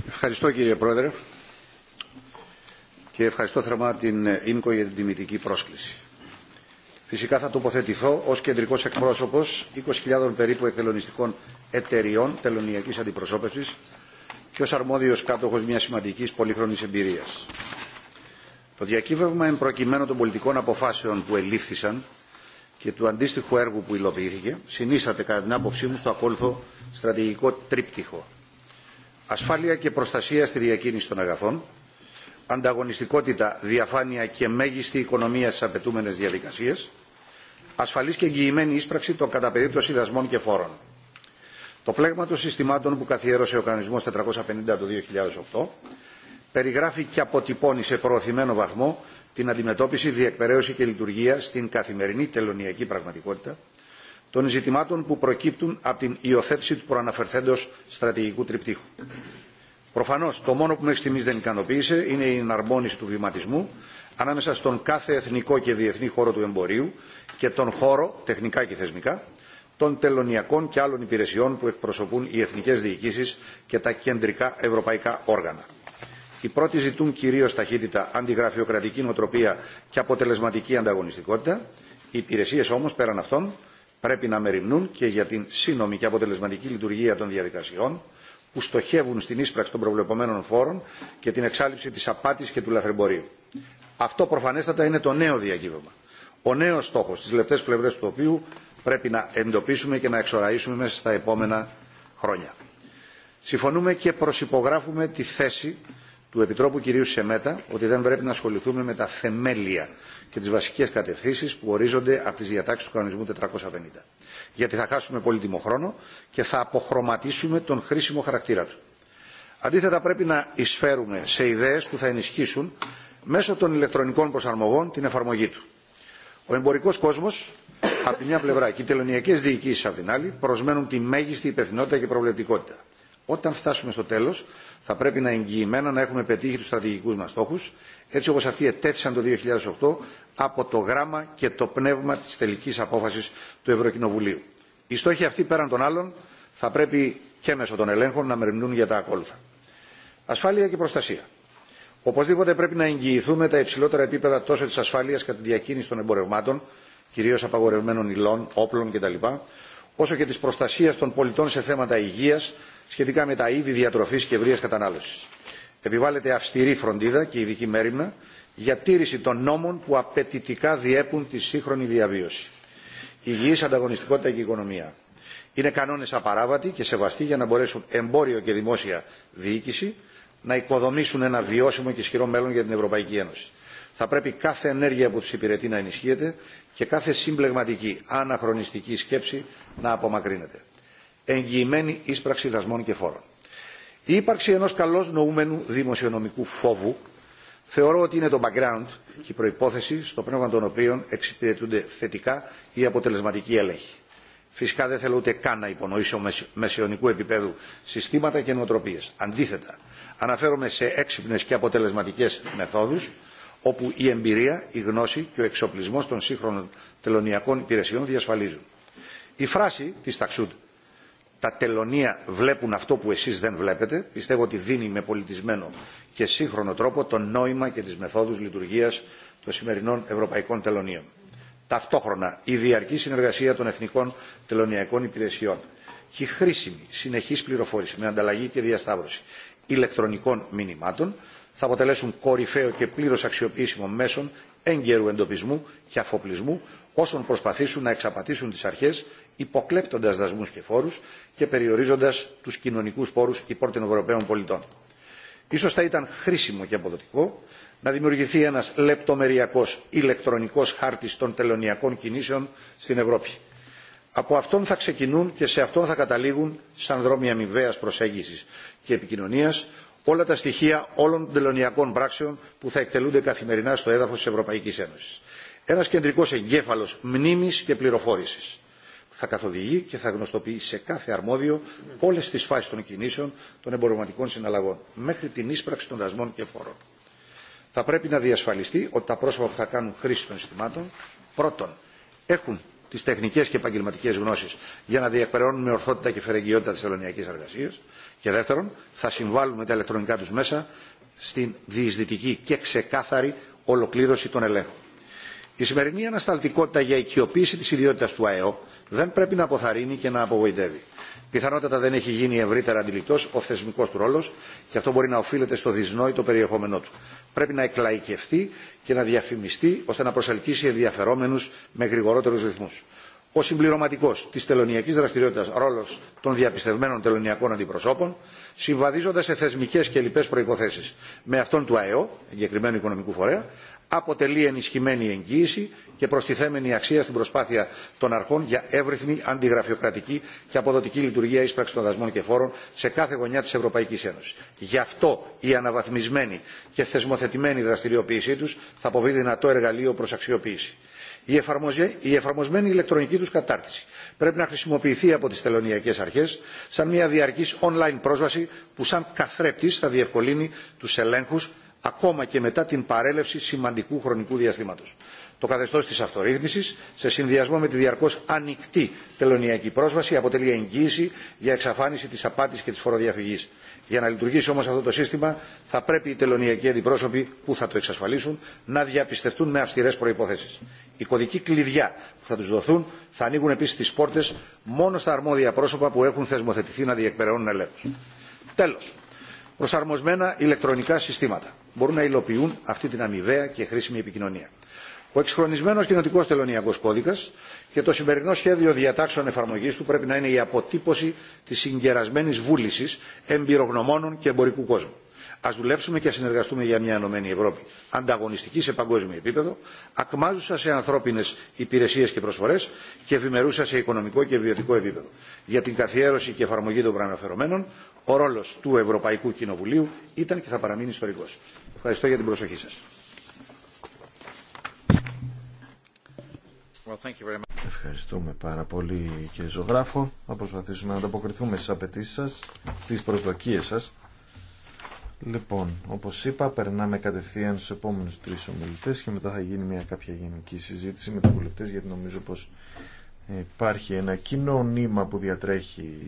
Speaker 3: Ευχαριστώ κύριε Πρόεδρε και ευχαριστώ θερμά την ΙΜΚΟ για την τιμητική πρόσκληση. Φυσικά θα τοποθετηθώ ως κεντρικός εκπρόσωπος 20.000 περίπου εκτελονιστικών εταιριών τελωνιακής αντιπροσώπευσης και ως αρμόδιος κάτοχος μιας σημαντικής πολύχρονης εμπειρίας. Το διακύβευμα προκειμένου των πολιτικών αποφάσεων που ελήφθησαν και του αντίστοιχου έργου που υλοποιήθηκε συνίσταται κατά την άποψή μου στο ακόλουθο στρατηγικό τρίπτυχο. Ασφάλεια και προστασία στη διακίνηση των αγαθών, ανταγωνιστικότητα, διαφάνεια και μέγιστη οικονομία στι απαιτούμενε διαδικασίε, ασφαλή και εγγυημένη ίσπραξη των κατά δασμών και φόρων. Το πλέγμα των συστημάτων που καθιέρωσε ο κανονισμό 450 το 2008 περιγράφει και αποτυπώνει σε προωθημένο βαθμό την αντιμετώπιση, διεκπαιρέωση και λειτουργία στην καθημερινή τελωνιακή πραγματικότητα των ζητημάτων που προκύπτουν από την υιοθέτηση του προαναφερθέντος στρατηγικού τριπτύχου. Προφανώ, το μόνο που μέχρι στιγμή δεν ικανοποίησε είναι η εναρμόνιση του βηματισμού ανάμεσα στον κάθε εθνικό και διεθνή χώρο του εμπορίου και τον χώρο, τεχνικά και θεσμικά, των τελωνιακών και άλλων υπηρεσιών που εκπροσωπούν οι εθνικές διοικήσεις και τα κεντρικά ευρωπαϊκά όργανα. Οι πρώτοι ζητούν κυρίως ταχύτητα, αντιγραφειοκρατική νοοτροπία και αποτελεσματική ανταγωνιστικότητα. Οι υπηρεσίες όμως πέραν αυτών πρέπει να μεριμνούν και για την σύνομη και αποτελεσματική λειτουργία των διαδικασιών που στοχεύουν στην ίσπραξη των προβλεπωμένων φόρων και την εξάλληψη της απάτης και του λαθρεμπορίου. Αυτό προφανέστατα είναι το νέο διακύβευμα ο νέο στόχο, τι λεπτέ πλευρέ του οποίου πρέπει να εντοπίσουμε και να εξοραίσουμε μέσα στα επόμενα χρόνια. Συμφωνούμε και προσυπογράφουμε τη θέση του Επιτρόπου κυρίου Σεμέτα ότι δεν πρέπει να ασχοληθούμε με τα θεμέλια και τι βασικέ κατευθύνσει που ορίζονται από τι διατάξει του κανονισμού 450. Γιατί θα χάσουμε πολύτιμο χρόνο και θα αποχρωματίσουμε τον χρήσιμο χαρακτήρα του. Αντίθετα, πρέπει να εισφέρουμε σε ιδέε που θα ενισχύσουν μέσω των ηλεκτρονικών προσαρμογών την εφαρμογή του. Ο εμπορικό κόσμο, από τη μια πλευρά, και οι τελωνιακέ διοικήσει, από την άλλη, προσμένουν τη μέγιστη υπευθυνότητα και προβλεπτικότητα. Όταν φτάσουμε στο τέλο, θα πρέπει να εγγυημένα να έχουμε πετύχει του στρατηγικού μα στόχου, έτσι όπω αυτοί ετέθησαν το 2008 από το γράμμα και το πνεύμα τη τελική απόφαση του Ευρωκοινοβουλίου. Οι στόχοι αυτοί, πέραν των άλλων, θα πρέπει και μέσω των ελέγχων να μεριμνούν για τα ακόλουθα. Ασφάλεια και προστασία. Οπωσδήποτε πρέπει να εγγυηθούμε τα υψηλότερα επίπεδα τόσο της ασφάλειας κατά τη διακίνηση των εμπορευμάτων, κυρίως απαγορευμένων υλών, όπλων κτλ., όσο και της προστασίας των πολιτών σε θέματα υγείας σχετικά με τα είδη διατροφής και ευρεία κατανάλωσης. Επιβάλλεται αυστηρή φροντίδα και ειδική μέρημνα για τήρηση των νόμων που απαιτητικά διέπουν τη σύγχρονη διαβίωση. Υγιής ανταγωνιστικότητα και οικονομία. Είναι κανόνε απαράβατοι και σεβαστοί για να μπορέσουν εμπόριο και δημόσια διοίκηση να οικοδομήσουν ένα βιώσιμο και ισχυρό μέλλον για την Ευρωπαϊκή Ένωση. Θα πρέπει κάθε ενέργεια που του υπηρετεί να ενισχύεται και κάθε συμπλεγματική, αναχρονιστική σκέψη να απομακρύνεται. Εγγυημένη ίσπραξη δασμών και φόρων. Η ύπαρξη ενό καλώ νοούμενου δημοσιονομικού φόβου θεωρώ ότι είναι το background και η προπόθεση στο πνεύμα των οποίων εξυπηρετούνται θετικά οι αποτελεσματικοί έλεγχοι. Φυσικά δεν θέλω ούτε καν να υπονοήσω μεσαιωνικού επίπεδου συστήματα και νοοτροπίε. Αντίθετα, Αναφέρομαι σε έξυπνε και αποτελεσματικέ μεθόδου, όπου η εμπειρία, η γνώση και ο εξοπλισμό των σύγχρονων τελωνιακών υπηρεσιών διασφαλίζουν. Η φράση τη Ταξούντ «Τα τελωνία βλέπουν αυτό που εσείς δεν βλέπετε» πιστεύω ότι δίνει με πολιτισμένο και σύγχρονο τρόπο το νόημα και τις μεθόδους λειτουργίας των σημερινών ευρωπαϊκών τελωνίων. Ταυτόχρονα, η διαρκή συνεργασία των εθνικών τελωνιακών υπηρεσιών και η χρήσιμη συνεχής πληροφόρηση με ανταλλαγή και διασταύρωση ηλεκτρονικών μηνυμάτων θα αποτελέσουν κορυφαίο και πλήρως αξιοποιήσιμο μέσον έγκαιρου εντοπισμού και αφοπλισμού όσων προσπαθήσουν να εξαπατήσουν τις αρχές υποκλέπτοντας δασμούς και φόρους και περιορίζοντας τους κοινωνικούς πόρους υπό των Ευρωπαίων πολιτών. Ίσως θα ήταν χρήσιμο και αποδοτικό να δημιουργηθεί ένας λεπτομεριακός ηλεκτρονικός χάρτης των τελωνιακών κινήσεων στην Ευρώπη από αυτόν θα ξεκινούν και σε αυτόν θα καταλήγουν σαν δρόμοι αμοιβαία προσέγγισης και επικοινωνίας όλα τα στοιχεία όλων των τελωνιακών πράξεων που θα εκτελούνται καθημερινά στο έδαφος της Ευρωπαϊκής Ένωσης. Ένας κεντρικός εγκέφαλος μνήμης και πληροφόρησης θα καθοδηγεί και θα γνωστοποιεί σε κάθε αρμόδιο όλες τις φάσεις των κινήσεων των εμπορευματικών συναλλαγών μέχρι την ίσπραξη των δασμών και φόρων. Θα πρέπει να διασφαλιστεί ότι τα πρόσωπα που θα κάνουν χρήση των συστημάτων πρώτον έχουν τι τεχνικέ και επαγγελματικέ γνώσει για να διεκπαιρεώνουν με ορθότητα και φερεγγιότητα τι θελωνιακέ εργασίε. Και δεύτερον, θα συμβάλλουν με τα ηλεκτρονικά του μέσα στην διεισδυτική και ξεκάθαρη ολοκλήρωση των ελέγχων. Η σημερινή ανασταλτικότητα για οικειοποίηση τη ιδιότητα του ΑΕΟ δεν πρέπει να αποθαρρύνει και να απογοητεύει. Πιθανότατα δεν έχει γίνει ευρύτερα αντιληπτό ο θεσμικό του ρόλο και αυτό μπορεί να οφείλεται στο δυσνόητο περιεχόμενό του πρέπει να εκλαϊκευθεί και να διαφημιστεί ώστε να προσελκύσει ενδιαφερόμενους με γρηγορότερου ρυθμούς. Ο συμπληρωματικό τη τελωνιακή δραστηριότητα ρόλο των διαπιστευμένων τελωνιακών αντιπροσώπων, συμβαδίζοντα σε θεσμικέ και λοιπέ προποθέσει με αυτόν του ΑΕΟ, εγκεκριμένου οικονομικού φορέα, αποτελεί ενισχυμένη εγγύηση και προστιθέμενη αξία στην προσπάθεια των αρχών για εύρυθμη αντιγραφειοκρατική και αποδοτική λειτουργία ίσπραξη των δασμών και φόρων σε κάθε γωνιά τη Ευρωπαϊκή Ένωση. Γι' αυτό η αναβαθμισμένη και θεσμοθετημένη δραστηριοποίησή του θα αποβεί δυνατό εργαλείο προ αξιοποίηση. Η, η εφαρμοσμένη ηλεκτρονική του κατάρτιση πρέπει να χρησιμοποιηθεί από τι τελωνιακέ αρχέ σαν μια διαρκή online πρόσβαση που σαν καθρέπτη θα διευκολύνει του ελέγχου ακόμα και μετά την παρέλευση σημαντικού χρονικού διαστήματος. Το καθεστώς της αυτορύθμισης, σε συνδυασμό με τη διαρκώς ανοιχτή τελωνιακή πρόσβαση, αποτελεί εγγύηση για εξαφάνιση της απάτης και της φοροδιαφυγής. Για να λειτουργήσει όμως αυτό το σύστημα, θα πρέπει οι τελωνιακοί αντιπρόσωποι που θα το εξασφαλίσουν να διαπιστευτούν με αυστηρές προϋποθέσεις. Οι κωδικοί κλειδιά που θα τους δοθούν θα ανοίγουν επίσης τις πόρτες μόνο στα αρμόδια πρόσωπα που έχουν θεσμοθετηθεί να διεκπεραιώνουν ελέγχους. Τέλος, προσαρμοσμένα ηλεκτρονικά συστήματα μπορούν να υλοποιούν αυτή την αμοιβαία και χρήσιμη επικοινωνία. Ο εξχρονισμένο κοινοτικό τελωνιακό κώδικα και το σημερινό σχέδιο διατάξεων εφαρμογή του πρέπει να είναι η αποτύπωση τη συγκερασμένη βούληση εμπειρογνωμόνων και εμπορικού κόσμου. Α δουλέψουμε και συνεργαστούμε για μια ενωμένη Ευρώπη, ανταγωνιστική σε παγκόσμιο επίπεδο, ακμάζουσα σε ανθρώπινε υπηρεσίε και προσφορέ και ευημερούσα σε οικονομικό και βιωτικό επίπεδο. Για την καθιέρωση και εφαρμογή των προαναφερομένων, ο ρόλο του Ευρωπαϊκού Κοινοβουλίου ήταν και θα παραμείνει ιστορικό. Ευχαριστώ για την προσοχή σας. Ευχαριστούμε πάρα
Speaker 1: πολύ κύριε Ζωγράφο. Θα προσπαθήσουμε να ανταποκριθούμε στις απαιτήσεις σας, στις προσδοκίες σας. Λοιπόν, όπως είπα, περνάμε κατευθείαν στους επόμενους τρεις ομιλητές και μετά θα γίνει μια κάποια γενική συζήτηση με τους βουλευτές γιατί νομίζω πως υπάρχει ένα κοινό νήμα που διατρέχει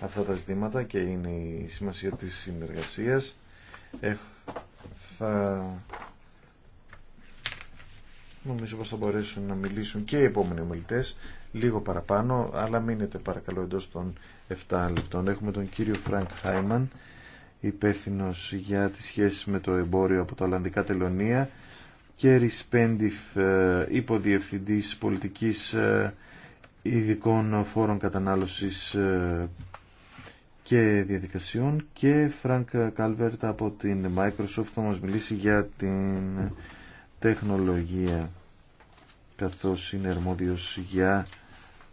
Speaker 1: αυτά τα ζητήματα και είναι η σημασία της συνεργασίας θα νομίζω πως θα μπορέσουν να μιλήσουν και οι επόμενοι ομιλητές λίγο παραπάνω, αλλά μείνετε παρακαλώ εντός των 7 λεπτών. Έχουμε τον κύριο Φρανκ Χάιμαν, υπεύθυνο για τις σχέσεις με το εμπόριο από τα Ολλανδικά Τελωνία και Ρισπέντιφ, ε, υποδιευθυντής πολιτικής ε, ειδικών φόρων κατανάλωσης ε, και διαδικασιών και Frank Calvert από την Microsoft θα μας μιλήσει για την τεχνολογία καθώς είναι αρμόδιος για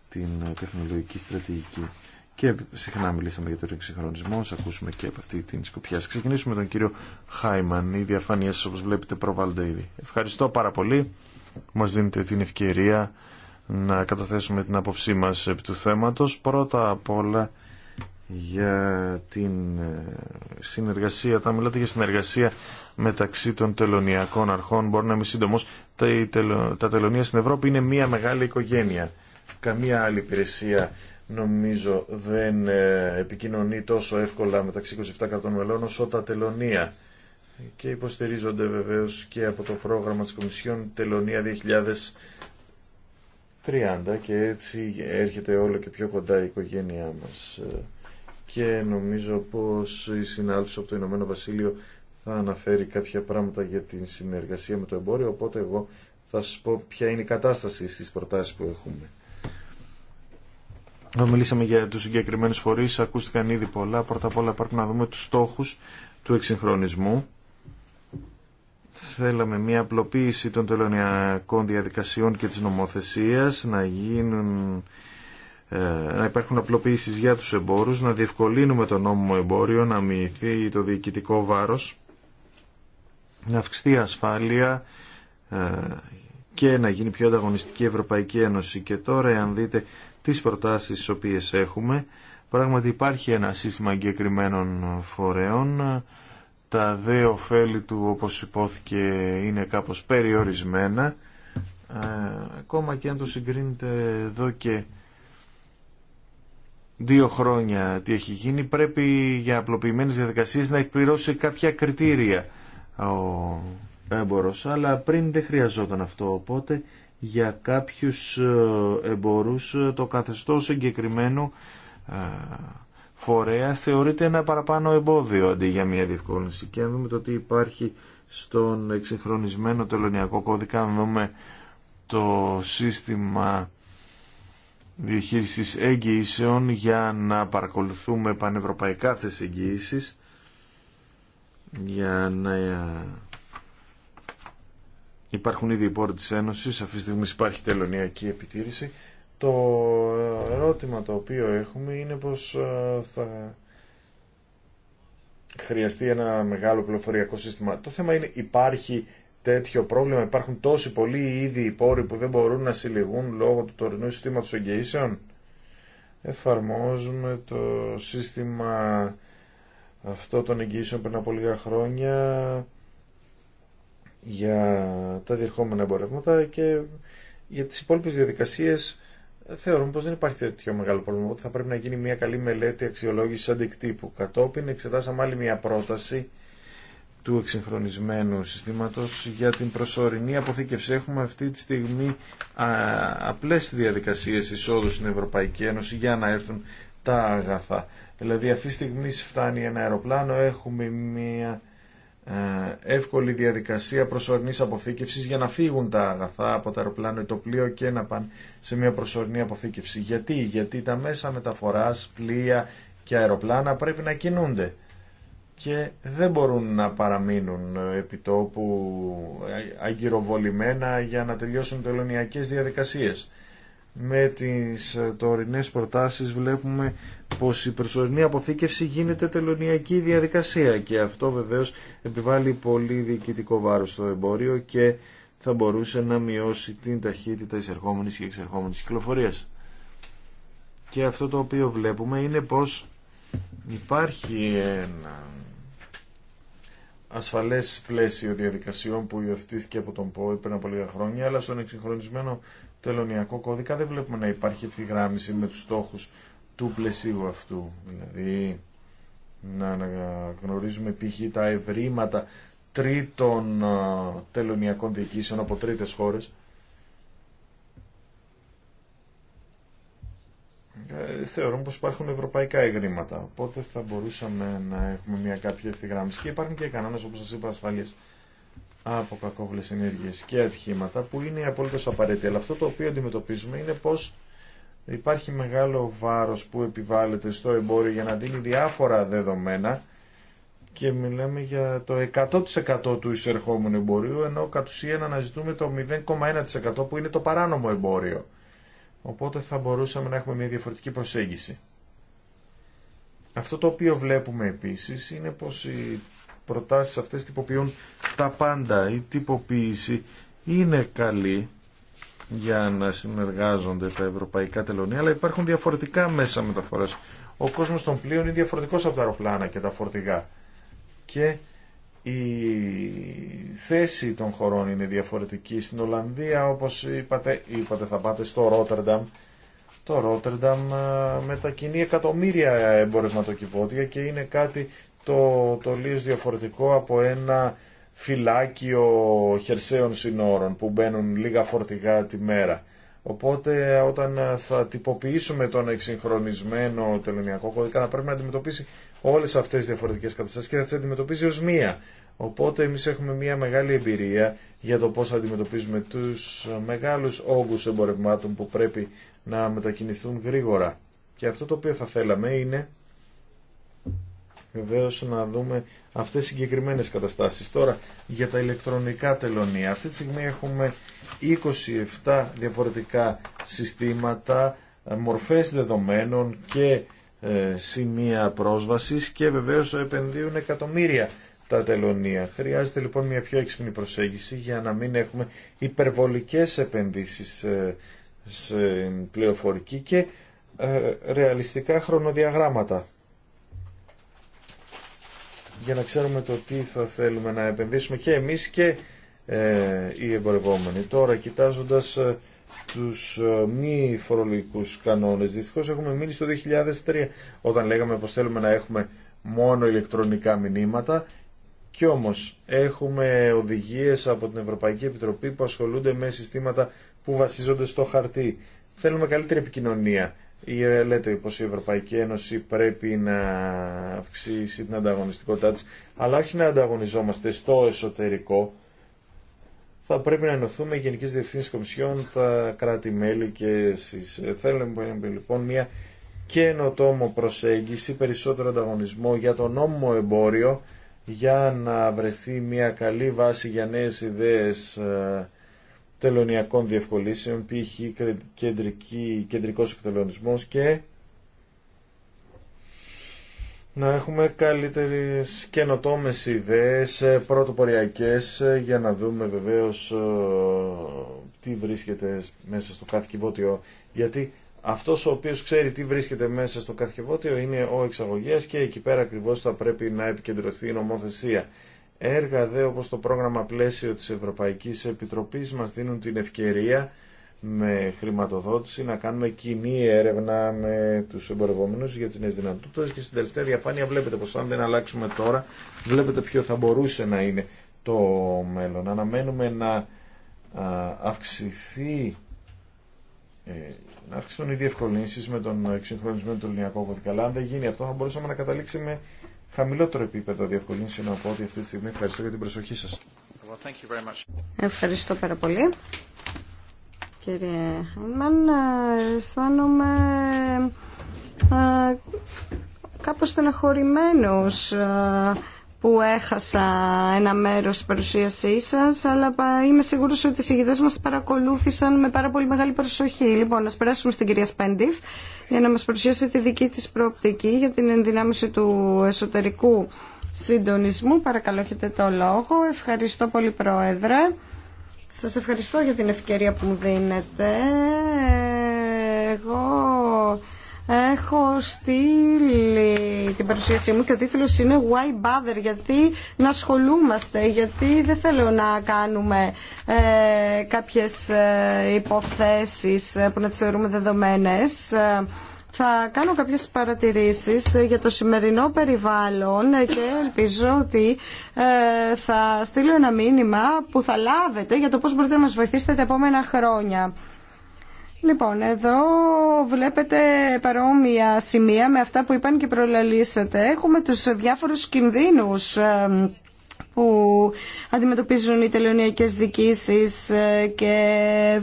Speaker 1: την τεχνολογική στρατηγική και συχνά μιλήσαμε για τον εξυγχρονισμό, ας ακούσουμε και από αυτή την σκοπιά. ξεκινήσουμε τον κύριο Χάιμαν. η διαφάνειες σας όπως βλέπετε προβάλλονται ήδη. Ευχαριστώ πάρα πολύ. Μας δίνετε την ευκαιρία να καταθέσουμε την άποψή μας επί του θέματος. Πρώτα απ' όλα για την ε, συνεργασία, θα μιλάτε για συνεργασία μεταξύ των τελωνιακών αρχών. Μπορεί να είμαι σύντομο. Τα τελωνία στην Ευρώπη είναι μια μεγάλη οικογένεια. Καμία άλλη υπηρεσία νομίζω δεν ε, επικοινωνεί τόσο εύκολα μεταξύ 27 κρατών μελών όσο τα τελωνία. Και υποστηρίζονται βεβαίως και από το πρόγραμμα της Κομισιόν Τελωνία 2030 και έτσι έρχεται όλο και πιο κοντά η οικογένειά μας και νομίζω πως η συνάδελφος από το Ηνωμένο Βασίλειο θα αναφέρει κάποια πράγματα για την συνεργασία με το εμπόριο, οπότε εγώ θα σας πω ποια είναι η κατάσταση στις προτάσεις που έχουμε. μιλήσαμε για τους συγκεκριμένους φορείς, ακούστηκαν ήδη πολλά. Πρώτα απ' όλα πρέπει να δούμε τους στόχους του εξυγχρονισμού. Θέλαμε μια απλοποίηση των τελωνιακών διαδικασιών και της νομοθεσίας, να γίνουν ε, να υπάρχουν απλοποιήσεις για τους εμπόρους, να διευκολύνουμε το νόμιμο εμπόριο, να μειωθεί το διοικητικό βάρος, να αυξηθεί η ασφάλεια ε, και να γίνει πιο ανταγωνιστική η Ευρωπαϊκή Ένωση. Και τώρα, εάν δείτε τις προτάσεις τις οποίες έχουμε, πράγματι υπάρχει ένα σύστημα εγκεκριμένων φορέων. Τα δε ωφέλη του, όπως υπόθηκε, είναι κάπως περιορισμένα. Ε, ακόμα και αν το συγκρίνετε εδώ και δύο χρόνια τι έχει γίνει, πρέπει για απλοποιημένες διαδικασίες να εκπληρώσει κάποια κριτήρια ο έμπορος, αλλά πριν δεν χρειαζόταν αυτό, οπότε για κάποιους ε, εμπόρους ε, το καθεστώς συγκεκριμένου ε, φορέα θεωρείται ένα παραπάνω εμπόδιο αντί για μια διευκόλυνση. Και αν δούμε το τι υπάρχει στον εξυγχρονισμένο τελωνιακό κώδικα, αν δούμε το σύστημα διαχείρισης εγγυήσεων για να παρακολουθούμε πανευρωπαϊκά αυτέ για να υπάρχουν ήδη οι πόροι της Ένωσης αυτή τη στιγμή υπάρχει τελωνιακή επιτήρηση το ερώτημα το οποίο έχουμε είναι πως ε, θα χρειαστεί ένα μεγάλο πληροφοριακό σύστημα το θέμα είναι υπάρχει τέτοιο πρόβλημα. Υπάρχουν τόσοι πολλοί ήδη πόροι που δεν μπορούν να συλληγούν λόγω του τωρινού συστήματος εγγυήσεων. Εφαρμόζουμε το σύστημα αυτό των εγγυήσεων πριν από λίγα χρόνια
Speaker 3: για
Speaker 1: τα διερχόμενα εμπορεύματα και για τις υπόλοιπες διαδικασίες θεωρούμε πως δεν υπάρχει τέτοιο μεγάλο πρόβλημα ότι θα πρέπει να γίνει μια καλή μελέτη αξιολόγησης αντικτύπου. Κατόπιν εξετάσαμε άλλη μια πρόταση του εξυγχρονισμένου συστήματος για την προσωρινή αποθήκευση. Έχουμε αυτή τη στιγμή απλές διαδικασίες εισόδου στην Ευρωπαϊκή Ένωση για να έρθουν τα αγαθά. Δηλαδή αυτή τη στιγμή φτάνει ένα αεροπλάνο, έχουμε μια εύκολη διαδικασία προσωρινής αποθήκευσης για να φύγουν τα αγαθά από το αεροπλάνο ή το πλοίο και να πάνε σε μια προσωρινή αποθήκευση. Γιατί, Γιατί τα μέσα μεταφοράς, πλοία και αεροπλάνα πρέπει να κινούνται και δεν μπορούν να παραμείνουν επιτόπου αγκυροβολημένα για να τελειώσουν τελωνιακές διαδικασίες. Με τις τωρινές προτάσεις βλέπουμε πως η προσωρινή αποθήκευση γίνεται τελωνιακή διαδικασία και αυτό βεβαίως επιβάλλει πολύ διοικητικό βάρος στο εμπόριο και θα μπορούσε να μειώσει την ταχύτητα εισερχόμενης και εξερχόμενης κυκλοφορίας. Και αυτό το οποίο βλέπουμε είναι πως υπάρχει ένα ασφαλές πλαίσιο διαδικασιών που υιοθετήθηκε από τον ΠΟΕ πριν από λίγα χρόνια, αλλά στον εξυγχρονισμένο τελωνιακό κώδικα δεν βλέπουμε να υπάρχει ευθυγράμμιση με τους στόχους του πλαισίου αυτού. Δηλαδή, να γνωρίζουμε π.χ. τα ευρήματα τρίτων τελωνιακών διοικήσεων από τρίτες χώρες Ε, θεωρούν πως υπάρχουν ευρωπαϊκά εγρήματα. Οπότε θα μπορούσαμε να έχουμε μια κάποια ευθυγράμμιση. Και υπάρχουν και κανόνε όπως σας είπα, ασφάλεια από κακόβλε ενέργειες και ατυχήματα που είναι απολύτως απαραίτητα. Αλλά αυτό το οποίο αντιμετωπίζουμε είναι πως υπάρχει μεγάλο βάρος που επιβάλλεται στο εμπόριο για να δίνει διάφορα δεδομένα και μιλάμε για το 100% του εισερχόμενου εμπορίου ενώ κατ' ουσίαν αναζητούμε το 0,1% που είναι το παράνομο εμπόριο. Οπότε θα μπορούσαμε να έχουμε μια διαφορετική προσέγγιση. Αυτό το οποίο βλέπουμε επίσης είναι πως οι προτάσεις αυτές τυποποιούν τα πάντα. Η τυποποίηση είναι καλή για να συνεργάζονται τα ευρωπαϊκά τελωνία, αλλά υπάρχουν διαφορετικά μέσα μεταφορές. Ο κόσμος των πλοίων είναι διαφορετικός από τα αεροπλάνα και τα φορτηγά. Και η θέση των χωρών είναι διαφορετική. Στην Ολλανδία, όπως είπατε, είπατε θα πάτε στο Ρότερνταμ. Το Ρότερνταμ ε, μετακινεί εκατομμύρια εμπορευματοκιβώτια και είναι κάτι το λίγο διαφορετικό από ένα φυλάκιο χερσαίων συνόρων που μπαίνουν λίγα φορτηγά τη μέρα. Οπότε όταν θα τυποποιήσουμε τον εξυγχρονισμένο τελωνιακό κώδικα θα πρέπει να αντιμετωπίσει Όλε αυτέ τι διαφορετικέ καταστάσει και θα τι αντιμετωπίζει ω μία. Οπότε εμεί έχουμε μια οποτε εμει εχουμε εμπειρία για το πώ θα αντιμετωπίζουμε του μεγάλου όγκους εμπορευμάτων που πρέπει να μετακινηθούν γρήγορα. Και αυτό το οποίο θα θέλαμε είναι βεβαίω να δούμε αυτέ τι συγκεκριμένε καταστάσεις. Τώρα για τα ηλεκτρονικά τελωνία. Αυτή τη στιγμή έχουμε 27 διαφορετικά συστήματα, μορφές δεδομένων και ε, σημεία πρόσβασης και βεβαίως επενδύουν εκατομμύρια τα τελωνία. Χρειάζεται λοιπόν μια πιο έξυπνη προσέγγιση για να μην έχουμε υπερβολικές επενδύσεις σε πληροφορική και ε, ρεαλιστικά χρονοδιαγράμματα για να ξέρουμε το τι θα θέλουμε να επενδύσουμε και εμείς και ε, οι εμπορευόμενοι. Τώρα κοιτάζοντας ε, τους ε, μη φορολογικούς κανόνες. Δυστυχώς έχουμε μείνει στο 2003 όταν λέγαμε πως θέλουμε να έχουμε μόνο ηλεκτρονικά μηνύματα και όμως έχουμε οδηγίες από την Ευρωπαϊκή Επιτροπή που ασχολούνται με συστήματα που βασίζονται στο χαρτί. Θέλουμε καλύτερη επικοινωνία. Ε, λέτε πως η Ευρωπαϊκή Ένωση πρέπει να αυξήσει την ανταγωνιστικότητά της, αλλά όχι να ανταγωνιζόμαστε στο εσωτερικό, θα πρέπει να ενωθούμε οι Γενικές διευθύνσει Κομισιών, τα κράτη-μέλη και εσεί. Ε, Θέλουμε λοιπόν μια καινοτόμο προσέγγιση, περισσότερο ανταγωνισμό για το νόμιμο εμπόριο, για να βρεθεί μια καλή βάση για νέες ιδέες ε, τελωνιακών διευκολύσεων, π.χ. κεντρικό κεντρικός και να έχουμε καλύτερες καινοτόμες ιδέες, ε, πρωτοποριακές, ε, για να δούμε βεβαίως ε, τι βρίσκεται μέσα στο κάθε κυβότιο. Γιατί αυτός ο οποίος ξέρει τι βρίσκεται μέσα στο κάθε κυβότιο είναι ο εξαγωγέας και εκεί πέρα ακριβώς θα πρέπει να επικεντρωθεί η νομοθεσία. Έργα δε όπως το πρόγραμμα πλαίσιο της Ευρωπαϊκής Επιτροπής μας δίνουν την ευκαιρία με χρηματοδότηση, να κάνουμε κοινή έρευνα με του εμπορευόμενου για τι νέε δυνατότητε. και στην τελευταία διαφάνεια βλέπετε πω, αν δεν αλλάξουμε τώρα, βλέπετε ποιο θα μπορούσε να είναι το μέλλον. Αναμένουμε να αυξηθεί ε, να αυξηθούν οι διευκολύνσει με τον εξυγχρονισμένο του ελληνικού κώδικα. Αλλά αν δεν γίνει αυτό, θα μπορούσαμε να καταλήξουμε με χαμηλότερο επίπεδο διευκολύνσεων από ό,τι αυτή τη στιγμή. Ευχαριστώ για την προσοχή σα.
Speaker 2: Ευχαριστώ πάρα πολύ κύριε Χαϊμάν. Αισθάνομαι κάπως στεναχωρημένος που έχασα ένα μέρος της παρουσίασή σας, αλλά είμαι σίγουρος ότι οι συγγητές μας παρακολούθησαν με πάρα πολύ μεγάλη προσοχή. Λοιπόν, να περάσουμε στην κυρία Σπέντιφ για να μας παρουσιάσει τη δική της προοπτική για την ενδυνάμωση του εσωτερικού συντονισμού. Παρακαλώ, έχετε το λόγο. Ευχαριστώ πολύ, Πρόεδρε. Σας ευχαριστώ για την ευκαιρία που μου δίνετε. Εγώ έχω στείλει την παρουσίασή μου και ο τίτλος είναι Why Bother, γιατί να ασχολούμαστε, γιατί δεν θέλω να κάνουμε ε, κάποιες ε, υποθέσεις που να τις θεωρούμε δεδομένες. Θα κάνω κάποιες παρατηρήσεις για το σημερινό περιβάλλον και ελπίζω ότι ε, θα στείλω ένα μήνυμα που θα λάβετε για το πώς μπορείτε να μας βοηθήσετε τα επόμενα χρόνια. Λοιπόν, εδώ βλέπετε παρόμοια σημεία με αυτά που είπαν και προλαλήσατε. Έχουμε τους διάφορους κινδύνους ε, που αντιμετωπίζουν οι τελωνιακές δικήσεις ε, και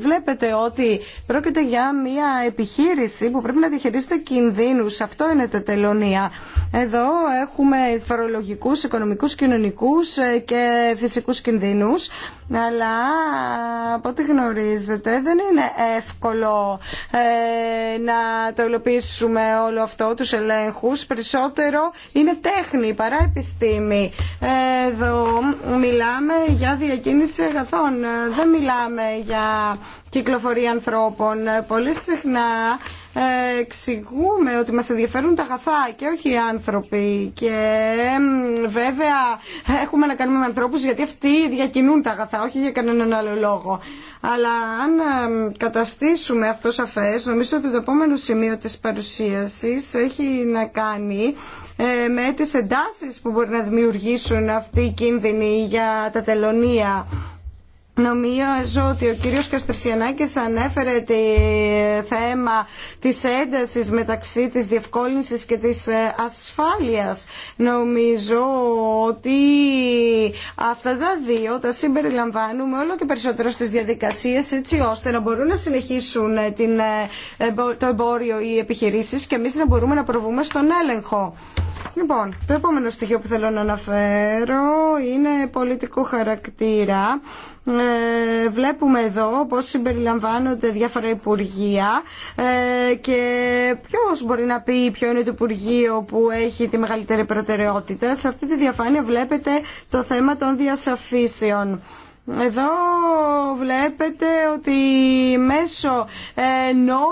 Speaker 2: βλέπετε ότι πρόκειται για μια επιχείρηση που πρέπει να διαχειρίζεται κινδύνους. Αυτό είναι τα τελωνία. Εδώ έχουμε φορολογικούς, οικονομικούς, κοινωνικούς ε, και φυσικούς κινδύνους αλλά από ό,τι γνωρίζετε δεν είναι εύκολο ε, να το υλοποιήσουμε όλο αυτό, τους ελέγχους. Περισσότερο είναι τέχνη παρά επιστήμη. Εδώ μιλάμε για διακίνηση αγαθών, δεν μιλάμε για κυκλοφορία ανθρώπων. Πολύ συχνά εξηγούμε ότι μας ενδιαφέρουν τα αγαθά και όχι οι άνθρωποι και βέβαια έχουμε να κάνουμε με ανθρώπους γιατί αυτοί διακινούν τα αγαθά, όχι για κανέναν άλλο λόγο. Αλλά αν ε, καταστήσουμε αυτό σαφές, νομίζω ότι το επόμενο σημείο της παρουσίασης έχει να κάνει ε, με τις εντάσεις που μπορεί να δημιουργήσουν αυτοί οι κίνδυνοι για τα τελωνία Νομίζω ότι ο κύριος Καστρισιανάκης ανέφερε τη θέμα της έντασης μεταξύ της διευκόλυνσης και της ε, ασφάλειας. Νομίζω ότι αυτά τα δύο τα συμπεριλαμβάνουμε όλο και περισσότερο στις διαδικασίες έτσι ώστε να μπορούν να συνεχίσουν ε, την, ε, το εμπόριο οι επιχειρήσεις και εμείς να μπορούμε να προβούμε στον έλεγχο. Λοιπόν, το επόμενο στοιχείο που θέλω να αναφέρω είναι πολιτικού χαρακτήρα ε, βλέπουμε εδώ πώς συμπεριλαμβάνονται διάφορα υπουργεία ε, και ποιος μπορεί να πει ποιο είναι το υπουργείο που έχει τη μεγαλύτερη προτεραιότητα. Σε αυτή τη διαφάνεια βλέπετε το θέμα των διασαφήσεων. Εδώ βλέπετε ότι μέσω ενό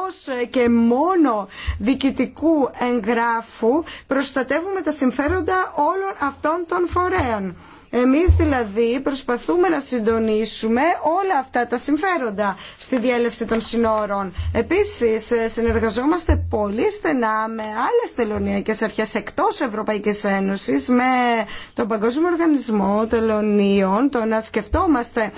Speaker 2: και μόνο διοικητικού εγγράφου προστατεύουμε τα συμφέροντα όλων αυτών των φορέων. Εμείς δηλαδή προσπαθούμε να συντονίσουμε όλα αυτά τα συμφέροντα στη διέλευση των συνόρων. Επίσης συνεργαζόμαστε πολύ στενά με άλλες τελωνιακές αρχές εκτός Ευρωπαϊκής Ένωσης, με τον Παγκόσμιο Οργανισμό Τελωνίων, το να σκεφτόμαστε